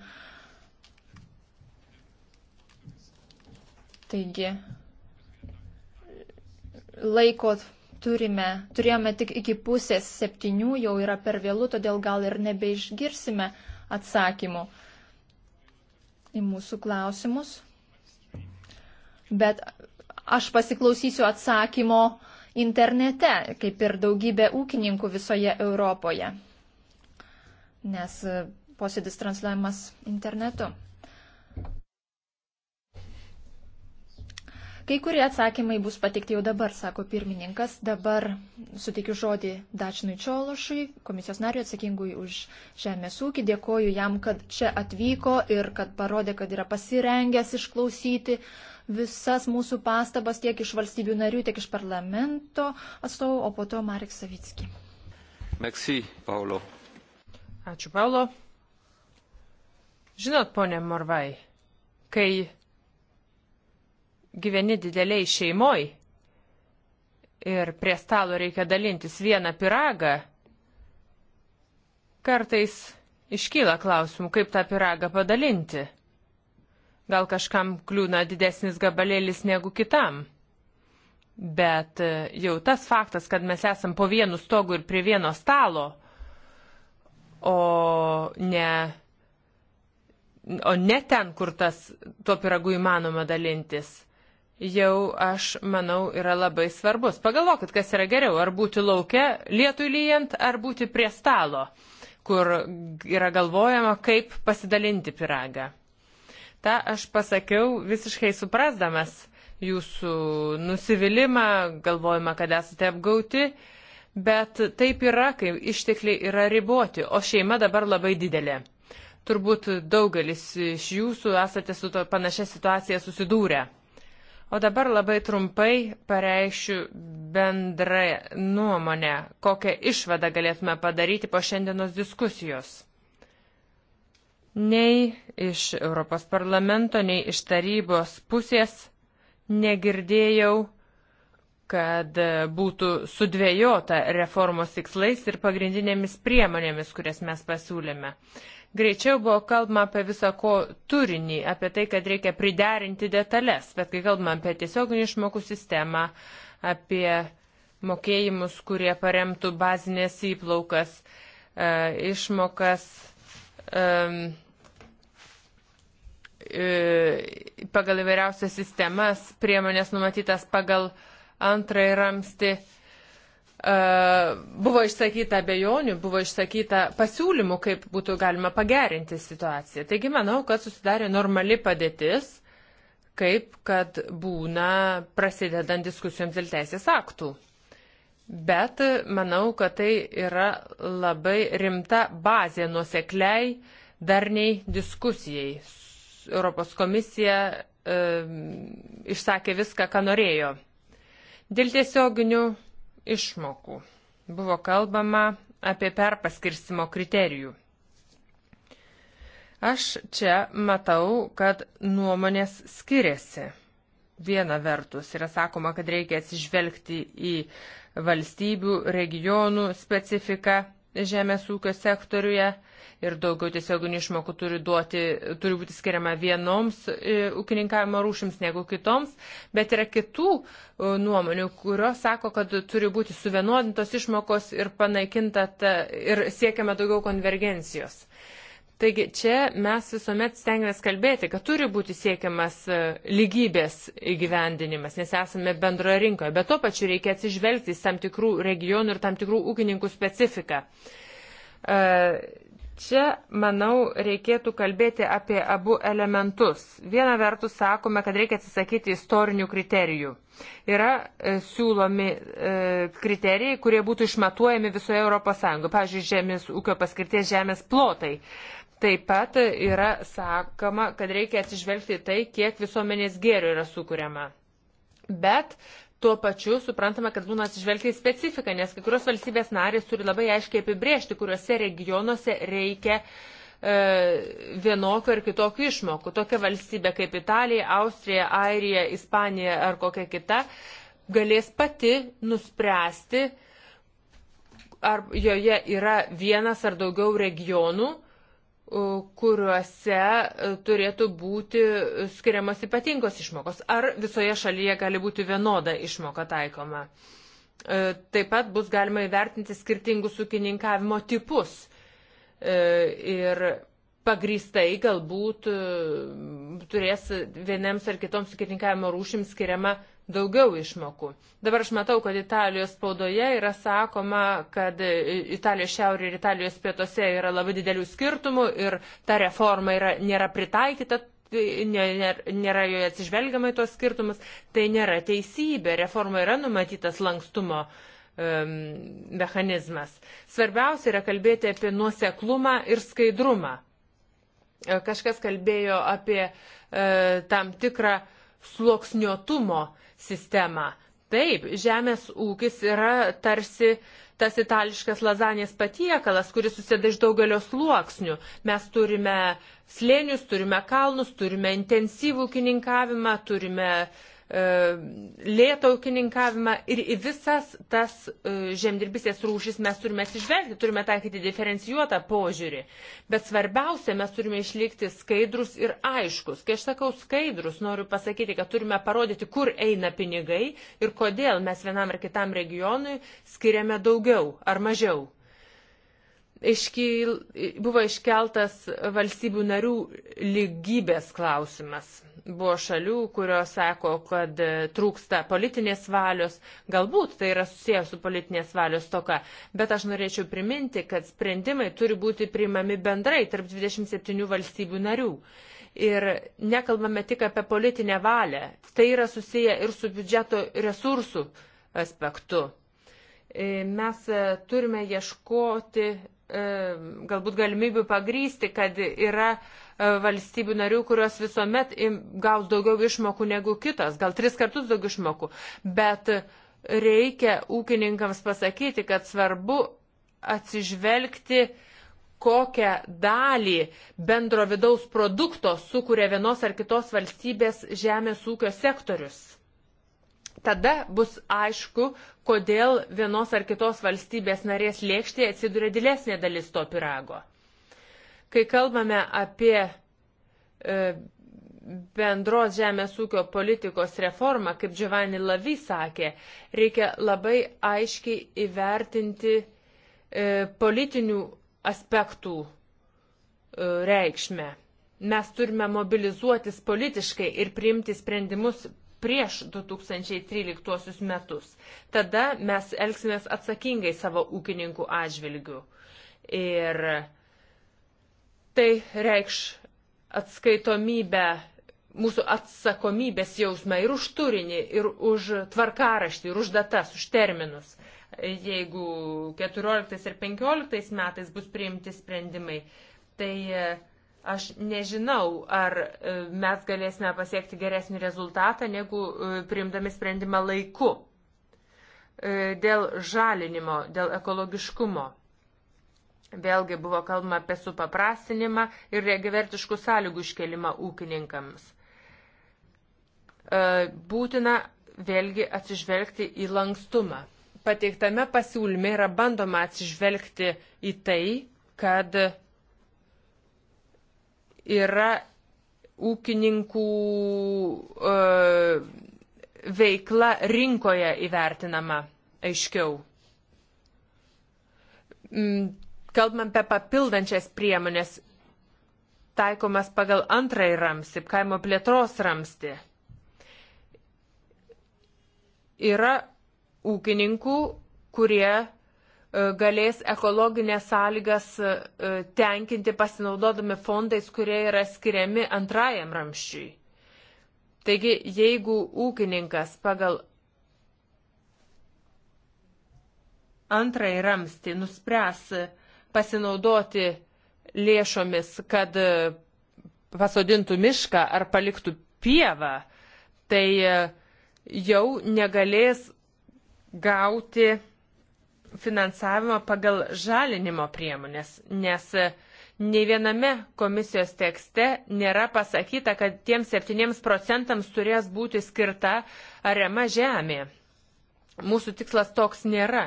Taigi, laiko turime, turėjome tik iki pusės septynių, jau yra per vėlų, todėl gal ir nebeišgirsime uh, atsakymų į mūsų klausimus. Bet aš pasiklausysiu atsakymo internete, kaip ir daugybė ūkininkų visoje Europoje, nes posėdis transliuojamas internetu. Kai kurie atsakymai bus pateikti jau dabar, sako pirmininkas. Dabar suteikiu žodį Dačinui Čiološui, komisijos nariu atsakingui už žemės ūkį. Dėkoju jam, kad čia atvyko ir kad parodė, kad yra pasirengęs išklausyti visas mūsų pastabas tiek iš valstybių narių, tiek iš parlamento atstovų, o po to Marek Savicki. Meksy, Paulo. Ačiū, Paulo. Žinot, ponė Morvai, kai gyveni dideliai šeimoj ir prie stalo reikia dalintis vieną piragą, kartais iškyla klausimų, kaip tą piragą padalinti. Gal kažkam kliūna didesnis gabalėlis negu kitam. Bet e, jau tas faktas, kad mes esam po vienu stogu ir prie vieno stalo, o ne, o ne ten, kur tas tuo piragu įmanoma dalintis, jau, aš manau, yra labai svarbus. Pagalvokit, kas yra geriau, ar būti laukia lietui lyjant, ar būti prie stalo, kur yra galvojama, kaip pasidalinti piragą. Ta aš pasakiau visiškai suprasdamas jūsų nusivylimą, galvojama, kad esate apgauti, bet taip yra, kai ištekliai yra riboti, o šeima dabar labai didelė. Turbūt daugelis iš jūsų esate su to panašia situacija susidūrę. O dabar labai trumpai pareišiu bendrą nuomonę, kokią išvadą galėtume padaryti po šiandienos diskusijos. Nei iš Europos parlamento, nei iš tarybos pusės negirdėjau, kad būtų sudvėjota reformos tikslais ir pagrindinėmis priemonėmis, kurias mes pasiūlėme. Greičiau buvo kalbama apie visą ko turinį, apie tai, kad reikia priderinti detalės, bet kai kalbama apie tiesioginį išmokų sistemą, apie mokėjimus, kurie paremtų bazinės įplaukas, e, išmokas e, pagal įvairiausias sistemas, priemonės numatytas pagal antrąjį ramsti E, buvo išsakyta abejonių, buvo išsakyta pasiūlymų, kaip būtų galima pagerinti situaciją. Taigi manau, kad susidarė normali padėtis, kaip kad būna prasidedant diskusijoms dėl teisės aktų. Bet manau, kad tai yra labai rimta bazė nuosekliai darniai diskusijai. Europos komisija e, išsakė viską, ką norėjo. Dėl tiesioginių išmokų. Buvo kalbama apie perpaskirstimo kriterijų. Aš čia matau, kad nuomonės skiriasi. Viena vertus yra sakoma, kad reikia atsižvelgti į valstybių, regionų specifiką žemės ūkio sektoriuje ir daugiau tiesioginių išmokų turi, duoti, turi būti skiriama vienoms e, ūkininkavimo rūšims negu kitoms, bet yra kitų e, nuomonių, kurios sako, kad turi būti suvienodintos išmokos ir panaikinta ta, ir siekiama daugiau konvergencijos. Uh, Taigi čia mes visuomet stengiamės kalbėti, kad turi būti siekiamas e, lygybės įgyvendinimas, nes esame bendroje rinkoje, bet tuo pačiu reikia atsižvelgti į tam tikrų regionų ir tam tikrų ūkininkų specifiką. E, čia, manau, reikėtų kalbėti apie abu elementus. Viena vertus sakome, kad reikia atsisakyti istorinių kriterijų. Yra e, siūlomi e, kriterijai, kurie būtų išmatuojami visoje ES. Pavyzdžiui, žemės ūkio paskirties žemės plotai. E, Taip pat yra sakoma, kad reikia atsižvelgti tai, kiek visuomenės gėrio yra sukūriama. Bet tuo pačiu suprantame, kad būna atsižvelgti į specifiką, nes kai kurios valstybės narės turi labai aiškiai apibriežti, kuriuose regionuose reikia e, vienokio ir kitokio išmokų. Tokia valstybė kaip Italija, Austrija, Airija, Ispanija ar kokia kita galės pati nuspręsti, ar joje yra vienas ar daugiau regionų E, kuriuose e, turėtų būti skiriamas ypatingos išmokos. Ar visoje šalyje gali būti vienoda išmoka taikoma? E, taip pat bus galima įvertinti skirtingus ūkininkavimo tipus ir pagrįstai galbūt turės vieniems ar kitoms ūkininkavimo rūšims skiriama daugiau išmokų. Dabar aš matau, kad Italijos spaudoje yra sakoma, kad Italijos šiaurė ir Italijos pietose yra labai didelių skirtumų ir ta reforma yra, nėra pritaikyta, tai nėra joje atsižvelgiama į tuos skirtumus. Tai nėra teisybė. Reforma yra numatytas lankstumo um, mechanizmas. Svarbiausia yra kalbėti apie nuoseklumą ir skaidrumą. E, kažkas kalbėjo apie e, tam tikrą sluoksniotumo uh, sistemą. Taip, žemės ūkis yra tarsi tas itališkas lazanės patiekalas, kuris susideda iš daugelio sluoksnių. Mes turime slėnius, turime kalnus, turime intensyvų ūkininkavimą, turime uh, E, lėto ūkininkavimą ir į visas tas e, žemdirbysės rūšis mes turime atsižvelgti, turime taikyti diferencijuotą požiūrį. Bet svarbiausia, mes turime išlikti skaidrus ir aiškus. Kai aš sakau skaidrus, noriu pasakyti, kad turime parodyti, kur eina pinigai ir kodėl mes vienam ar kitam regionui skiriame daugiau ar mažiau. Iškyl, buvo iškeltas valstybių narių lygybės klausimas Buvo šalių, kurios sako, kad e, trūksta politinės valios. Galbūt tai yra susijęs su politinės valios toka, bet aš norėčiau priminti, kad sprendimai turi būti priimami bendrai tarp 27 valstybių narių. Ir nekalbame tik apie politinę valią. Tai yra susiję ir su biudžeto resursų aspektu. E, mes e, turime ieškoti E, galbūt galimybių pagrysti, kad yra e, valstybių narių, kurios visuomet gaus daugiau išmokų negu kitos, gal tris kartus daugiau išmokų. Bet reikia ūkininkams pasakyti, kad svarbu atsižvelgti, kokią dalį bendro vidaus produkto sukuria vienos ar kitos valstybės žemės ūkio sektorius tada bus aišku, kodėl vienos ar kitos valstybės narės lėkštėje atsiduria didesnė dalis to pirago. Kai kalbame apie e, bendros žemės ūkio politikos reformą, kaip Giovanni Lavy sakė, reikia labai aiškiai įvertinti e, politinių aspektų e, reikšmę. Mes turime mobilizuotis politiškai ir priimti sprendimus prieš 2013 metus. Tada mes elgsimės atsakingai savo ūkininkų atžvilgių. Ir tai reikš atskaitomybę, mūsų atsakomybės jausmą ir už turinį, ir už tvarkaraštį, ir už datas, už terminus. Jeigu 14 ir 15 metais bus priimti sprendimai, tai Aš nežinau, ar e, mes galėsime pasiekti geresnį rezultatą, negu e, priimdami sprendimą laiku. E, dėl žalinimo, dėl ekologiškumo. Vėlgi buvo kalbama apie supaprastinimą ir regivertiškų sąlygų iškelimą ūkininkams. Būtina vėlgi atsižvelgti į lankstumą. Pateiktame pasiūlyme yra bandoma atsižvelgti į tai, kad yra ūkininkų e, veikla rinkoje įvertinama aiškiau. Mm, Kalbam apie papildančias priemonės taikomas pagal antrąjį ramstį, kaimo plėtros ramstį. Yra ūkininkų, kurie E, galės ekologinės sąlygas e, tenkinti pasinaudodami fondais, kurie yra skiriami antrajam ramščiui. Taigi, jeigu ūkininkas pagal antrąjį ramstį nuspręs pasinaudoti lėšomis, kad e, pasodintų mišką ar paliktų pievą, tai jau negalės gauti finansavimą pagal žalinimo priemonės, nes e, nei viename komisijos tekste nėra pasakyta, kad tiems 7 procentams turės būti skirta ariama žemė. Mūsų tikslas toks nėra.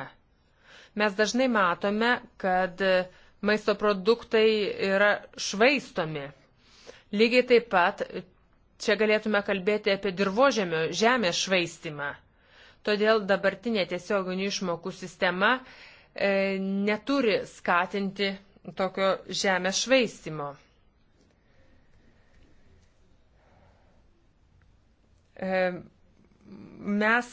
Mes dažnai matome, kad e, maisto produktai yra švaistomi. Lygiai taip pat e, čia galėtume kalbėti apie dirbožėmio žemės švaistimą Todėl dabartinė tiesioginių išmokų sistema e, neturi skatinti tokio žemės švaistimo. E, mes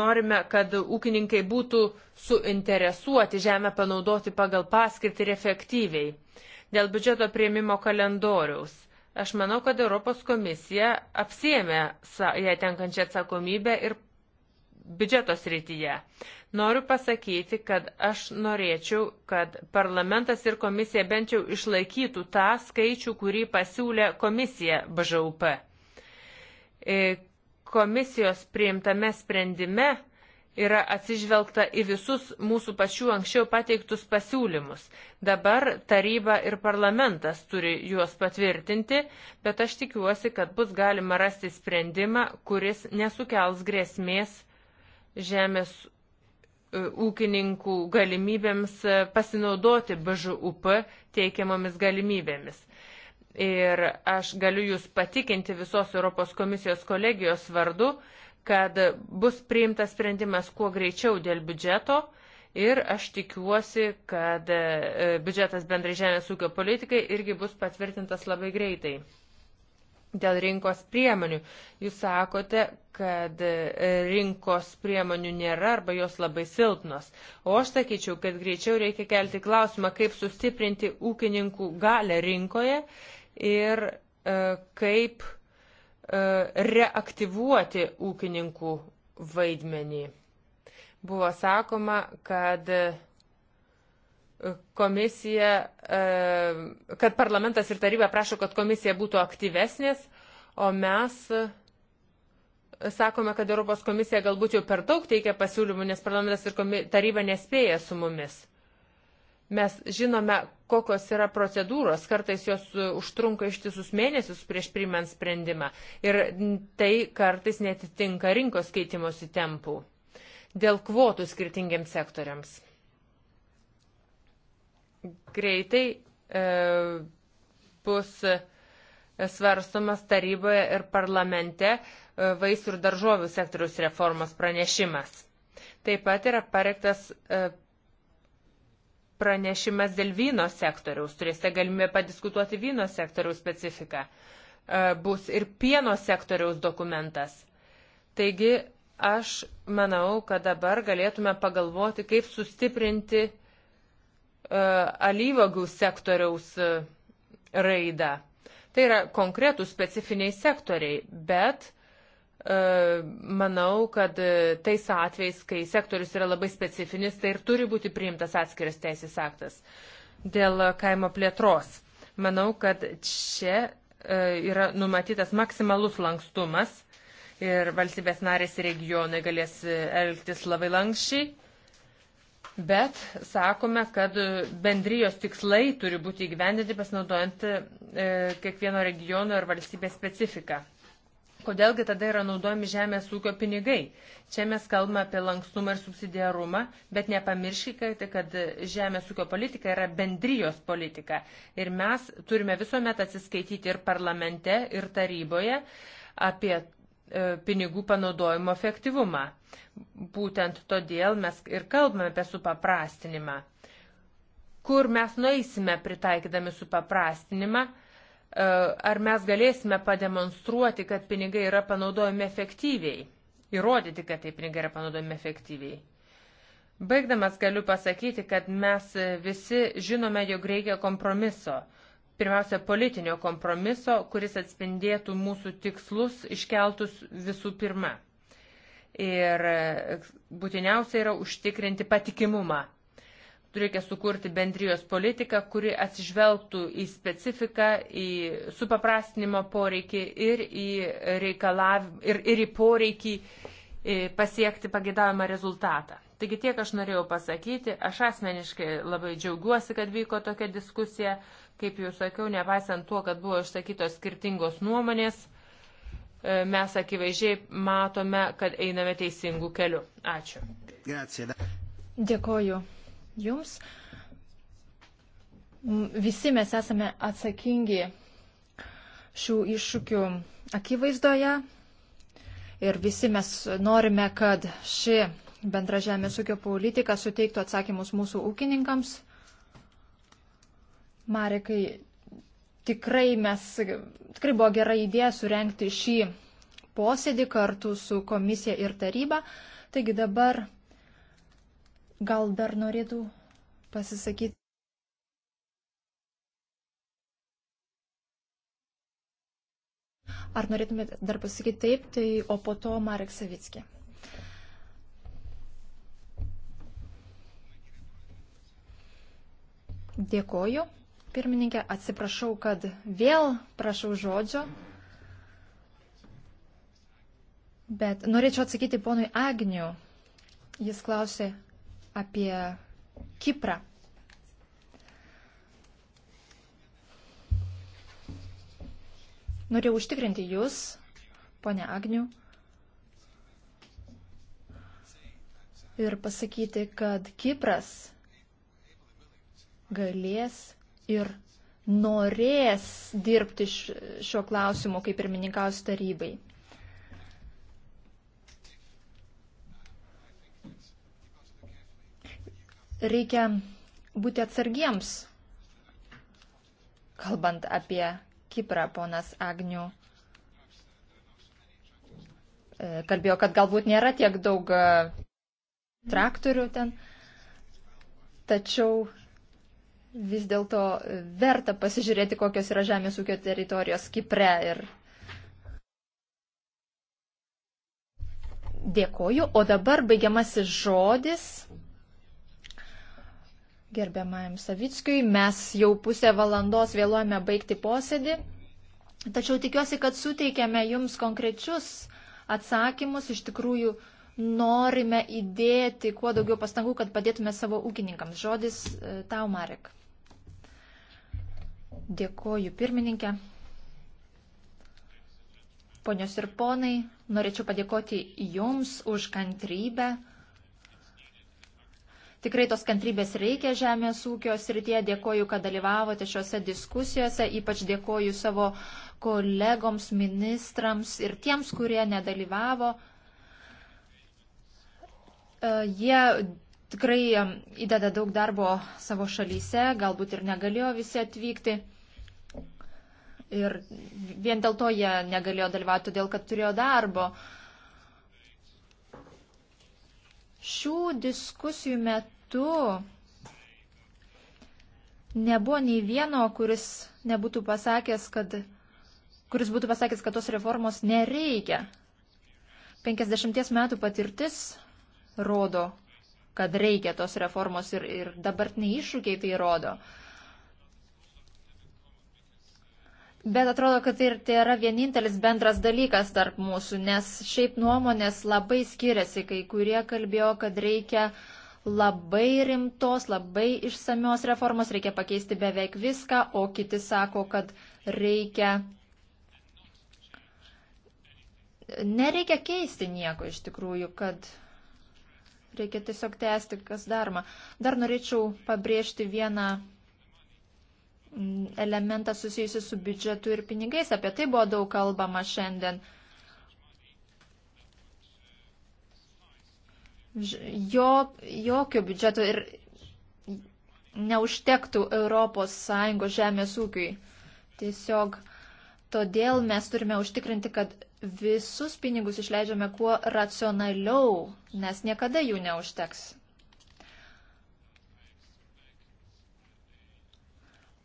norime, kad ūkininkai būtų suinteresuoti žemę panaudoti pagal paskirtį ir efektyviai. Dėl biudžeto prieimimo kalendoriaus. Aš manau, kad Europos komisija apsėmė ją tenkančią atsakomybę ir biudžeto srityje. Noriu pasakyti, kad aš norėčiau, kad parlamentas ir komisija bent jau išlaikytų tą skaičių, kurį pasiūlė komisija BŽUP. E, komisijos priimtame sprendime yra atsižvelgta į visus mūsų pačių anksčiau pateiktus pasiūlymus. Dabar taryba ir parlamentas turi juos patvirtinti, bet aš tikiuosi, kad bus galima rasti sprendimą, kuris nesukels grėsmės žemės e, ūkininkų galimybėms e, pasinaudoti BŽUP teikiamomis galimybėmis. Ir aš galiu Jūs patikinti visos Europos komisijos kolegijos vardu, kad bus priimtas sprendimas kuo greičiau dėl biudžeto ir aš tikiuosi, kad e, biudžetas bendrai žemės ūkio politikai irgi bus patvirtintas labai greitai dėl rinkos priemonių. Jūs sakote, kad e, rinkos priemonių nėra arba jos labai silpnos. O aš sakyčiau, kad greičiau reikia kelti klausimą, kaip sustiprinti ūkininkų galę rinkoje ir e, kaip e, reaktyvuoti ūkininkų vaidmenį. Buvo sakoma, kad e, komisija, e, kad parlamentas ir taryba prašo, kad komisija būtų aktyvesnės, o mes e, sakome, kad Europos komisija galbūt jau per daug teikia pasiūlymų, nes parlamentas ir taryba nespėja su mumis. Mes žinome, kokios yra procedūros, kartais jos e, užtrunka ištisus mėnesius prieš priimant sprendimą ir tai kartais netitinka rinkos keitimosi tempų dėl kvotų skirtingiams sektoriams greitai e, bus e, svarstomas taryboje ir parlamente e, vaisių ir daržovių sektoriaus reformos pranešimas. Taip pat yra pareiktas e, pranešimas dėl vyno sektoriaus. Turėsite galimybę padiskutuoti vyno sektoriaus specifiką. Bus ir pieno sektoriaus dokumentas. Taigi aš manau, kad dabar galėtume pagalvoti, kaip sustiprinti E, alyvagių sektoriaus e, raidą. Tai yra konkretų specifiniai sektoriai, bet e, manau, kad tais atvejais, kai sektorius yra labai specifinis, tai ir turi būti priimtas atskiras teisės aktas dėl kaimo plėtros. Manau, kad čia yra numatytas maksimalus lankstumas ir valstybės narės regionai galės elgtis labai lankščiai bet sakome, kad bendrijos tikslai turi būti įgyvendinti pasinaudojant e, kiekvieno regiono ir valstybės specifiką. Kodėlgi tada yra naudojami žemės ūkio pinigai? Čia mes kalbame apie lankstumą ir subsidiarumą, bet nepamirškite, kad žemės ūkio politika yra bendrijos politika. Ir mes turime visuomet atsiskaityti ir parlamente, ir taryboje apie E, pinigų panaudojimo efektyvumą. Būtent todėl mes ir kalbame apie supaprastinimą. Kur mes nueisime pritaikydami supaprastinimą, e, ar mes galėsime pademonstruoti, kad pinigai yra panaudojami efektyviai, įrodyti, kad tai pinigai yra panaudojami efektyviai. Baigdamas galiu pasakyti, kad mes visi žinome, jog reikia kompromiso pirmiausia, politinio kompromiso, kuris atspindėtų mūsų tikslus iškeltus visų pirma. Ir e, būtiniausia yra užtikrinti patikimumą. Reikia sukurti bendrijos politiką, kuri atsižvelgtų į specifiką, į supaprastinimo poreikį ir į, ir, ir į poreikį pasiekti pagėdavimą rezultatą. Taigi tiek aš norėjau pasakyti. Aš asmeniškai labai džiaugiuosi, kad vyko tokia diskusija. Kaip jau sakiau, nepaisant tuo, kad buvo išsakytos skirtingos nuomonės, e, mes akivaizdžiai matome, kad einame teisingų kelių. Ačiū. Dėkoju Jums. Visi mes esame atsakingi šių iššūkių akivaizdoje. Ir visi mes norime, kad ši bendra žemės ūkio politika suteiktų atsakymus mūsų ūkininkams. Marekai, tikrai mes, tikrai buvo gera idėja surenkti šį posėdį kartu su komisija ir taryba. Taigi dabar gal dar norėtų pasisakyti. Ar norėtumėte dar pasakyti taip, tai o po to Marek Savitski. Dėkoju. Pirmininkė, atsiprašau, kad vėl prašau žodžio. Bet norėčiau atsakyti ponui Agniu. Jis klausė apie Kiprą. Norėjau užtikrinti Jūs, ponė Agnių, ir pasakyti, kad Kipras galės ir norės dirbti šiuo klausimu kaip pirmininkaus tarybai. Reikia būti atsargiems, kalbant apie Kiprą ponas Agnių e, kalbėjo, kad galbūt nėra tiek daug e, traktorių ten, tačiau vis dėlto verta pasižiūrėti, kokios yra žemės ūkio teritorijos Kipre ir dėkoju. O dabar baigiamasis žodis gerbiamajam Savickiui. Mes jau pusę valandos vėluojame baigti posėdį, tačiau tikiuosi, kad suteikėme jums konkrečius atsakymus. Iš tikrųjų, norime įdėti kuo daugiau pastangų, kad padėtume savo ūkininkams. Žodis e, tau, Marek. Dėkoju, pirmininkė. Ponios ir ponai, norėčiau padėkoti Jums už kantrybę Tikrai tos kantrybės reikia žemės ūkio srityje. Dėkoju, kad dalyvavote šiuose diskusijose. Ypač dėkoju savo kolegoms, ministrams ir tiems, kurie nedalyvavo. E, jie tikrai įdeda daug darbo savo šalyse, galbūt ir negalėjo visi atvykti. Ir vien dėl to jie negalėjo dalyvauti, todėl kad turėjo darbo. Uh, Šių diskusijų metu nebuvo nei vieno, kuris nebūtų pasakęs, kad, kuris būtų pasakęs, kad tos reformos nereikia. 50 metų patirtis rodo, kad reikia tos reformos ir, ir dabartiniai iššūkiai tai rodo. Uh, Bet atrodo, kad ir tai yra vienintelis bendras dalykas tarp mūsų, nes šiaip nuomonės labai skiriasi, kai kurie kalbėjo, kad reikia labai rimtos, labai išsamios reformos, reikia pakeisti beveik viską, o kiti sako, kad reikia. Nereikia keisti nieko iš tikrųjų, kad reikia tiesiog tęsti, kas daroma. Dar norėčiau pabrėžti vieną Mm, elementą susijusi su biudžetu ir pinigais. Apie tai buvo daug kalbama šiandien. Jo, jokio biudžeto ir neužtektų ES žemės ūkiui. Tiesiog todėl mes turime užtikrinti, kad visus pinigus išleidžiame kuo racionaliau, nes niekada jų neužteks.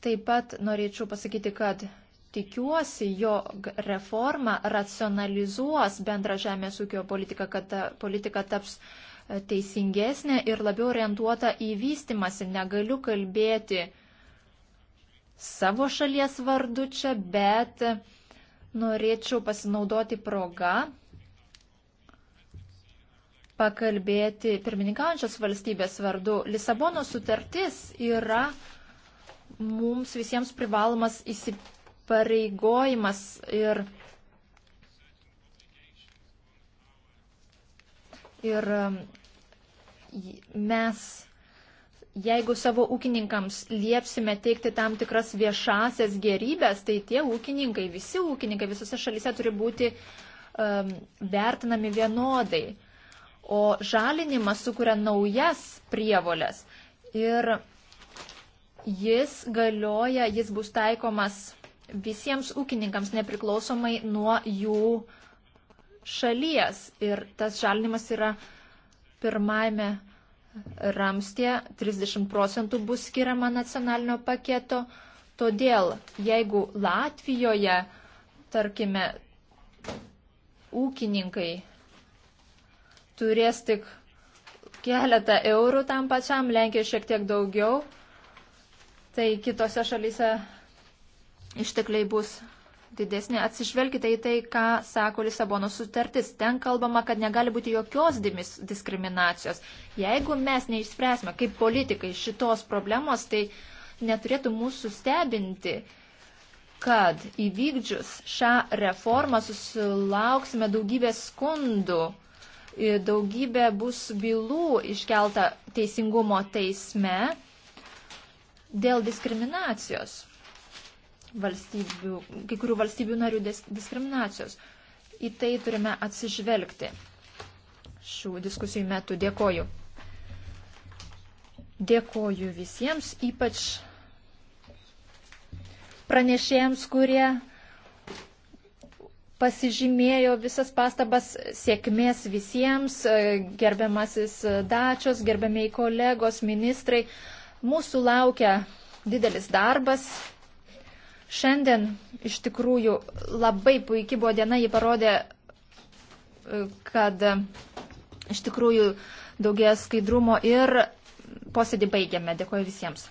Taip pat norėčiau pasakyti, kad tikiuosi, jog reforma racionalizuos bendrą žemės ūkio politiką, kad ta politika taps e, teisingesnė ir labiau orientuota į vystimąsi. Negaliu kalbėti savo šalies vardu čia, bet norėčiau pasinaudoti progą pakalbėti pirmininkaujančios valstybės vardu. Lisabono sutartis yra mums visiems privalomas įsipareigojimas ir, ir um, mes, jeigu savo ūkininkams liepsime teikti tam tikras viešasias gerybės, tai tie ūkininkai, visi ūkininkai visose šalise turi būti um, vertinami vienodai. O žalinimas sukuria naujas prievolės. Ir jis galioja, jis bus taikomas visiems ūkininkams nepriklausomai nuo jų šalies. Ir tas žalinimas yra pirmajame ramstė, 30 procentų bus skiriama nacionalinio paketo. Todėl, jeigu Latvijoje, tarkime, ūkininkai turės tik keletą eurų tam pačiam, Lenkija šiek tiek daugiau, tai kitose šalyse ištekliai bus didesnė. Atsižvelkite į tai, ką sako Lisabono sutartis. Ten kalbama, kad negali būti jokios dimis, diskriminacijos. Jeigu mes neišspręsime kaip politikai šitos problemos, tai neturėtų mūsų stebinti, kad įvykdžius šią reformą susilauksime daugybės skundų. Daugybė bus bylų iškelta teisingumo teisme dėl diskriminacijos, valstybių, kai kurių valstybių narių diskriminacijos. Į tai turime atsižvelgti. Šių diskusijų metu dėkoju. Dėkoju visiems, ypač pranešėjams, kurie pasižymėjo visas pastabas sėkmės visiems, gerbiamasis dačios, gerbiamiai kolegos, ministrai. Mūsų laukia didelis darbas. Šiandien iš tikrųjų labai puikiai buvo diena, ji parodė, e, kad e, iš tikrųjų daugės skaidrumo ir posėdį baigiame. Dėkuoju visiems.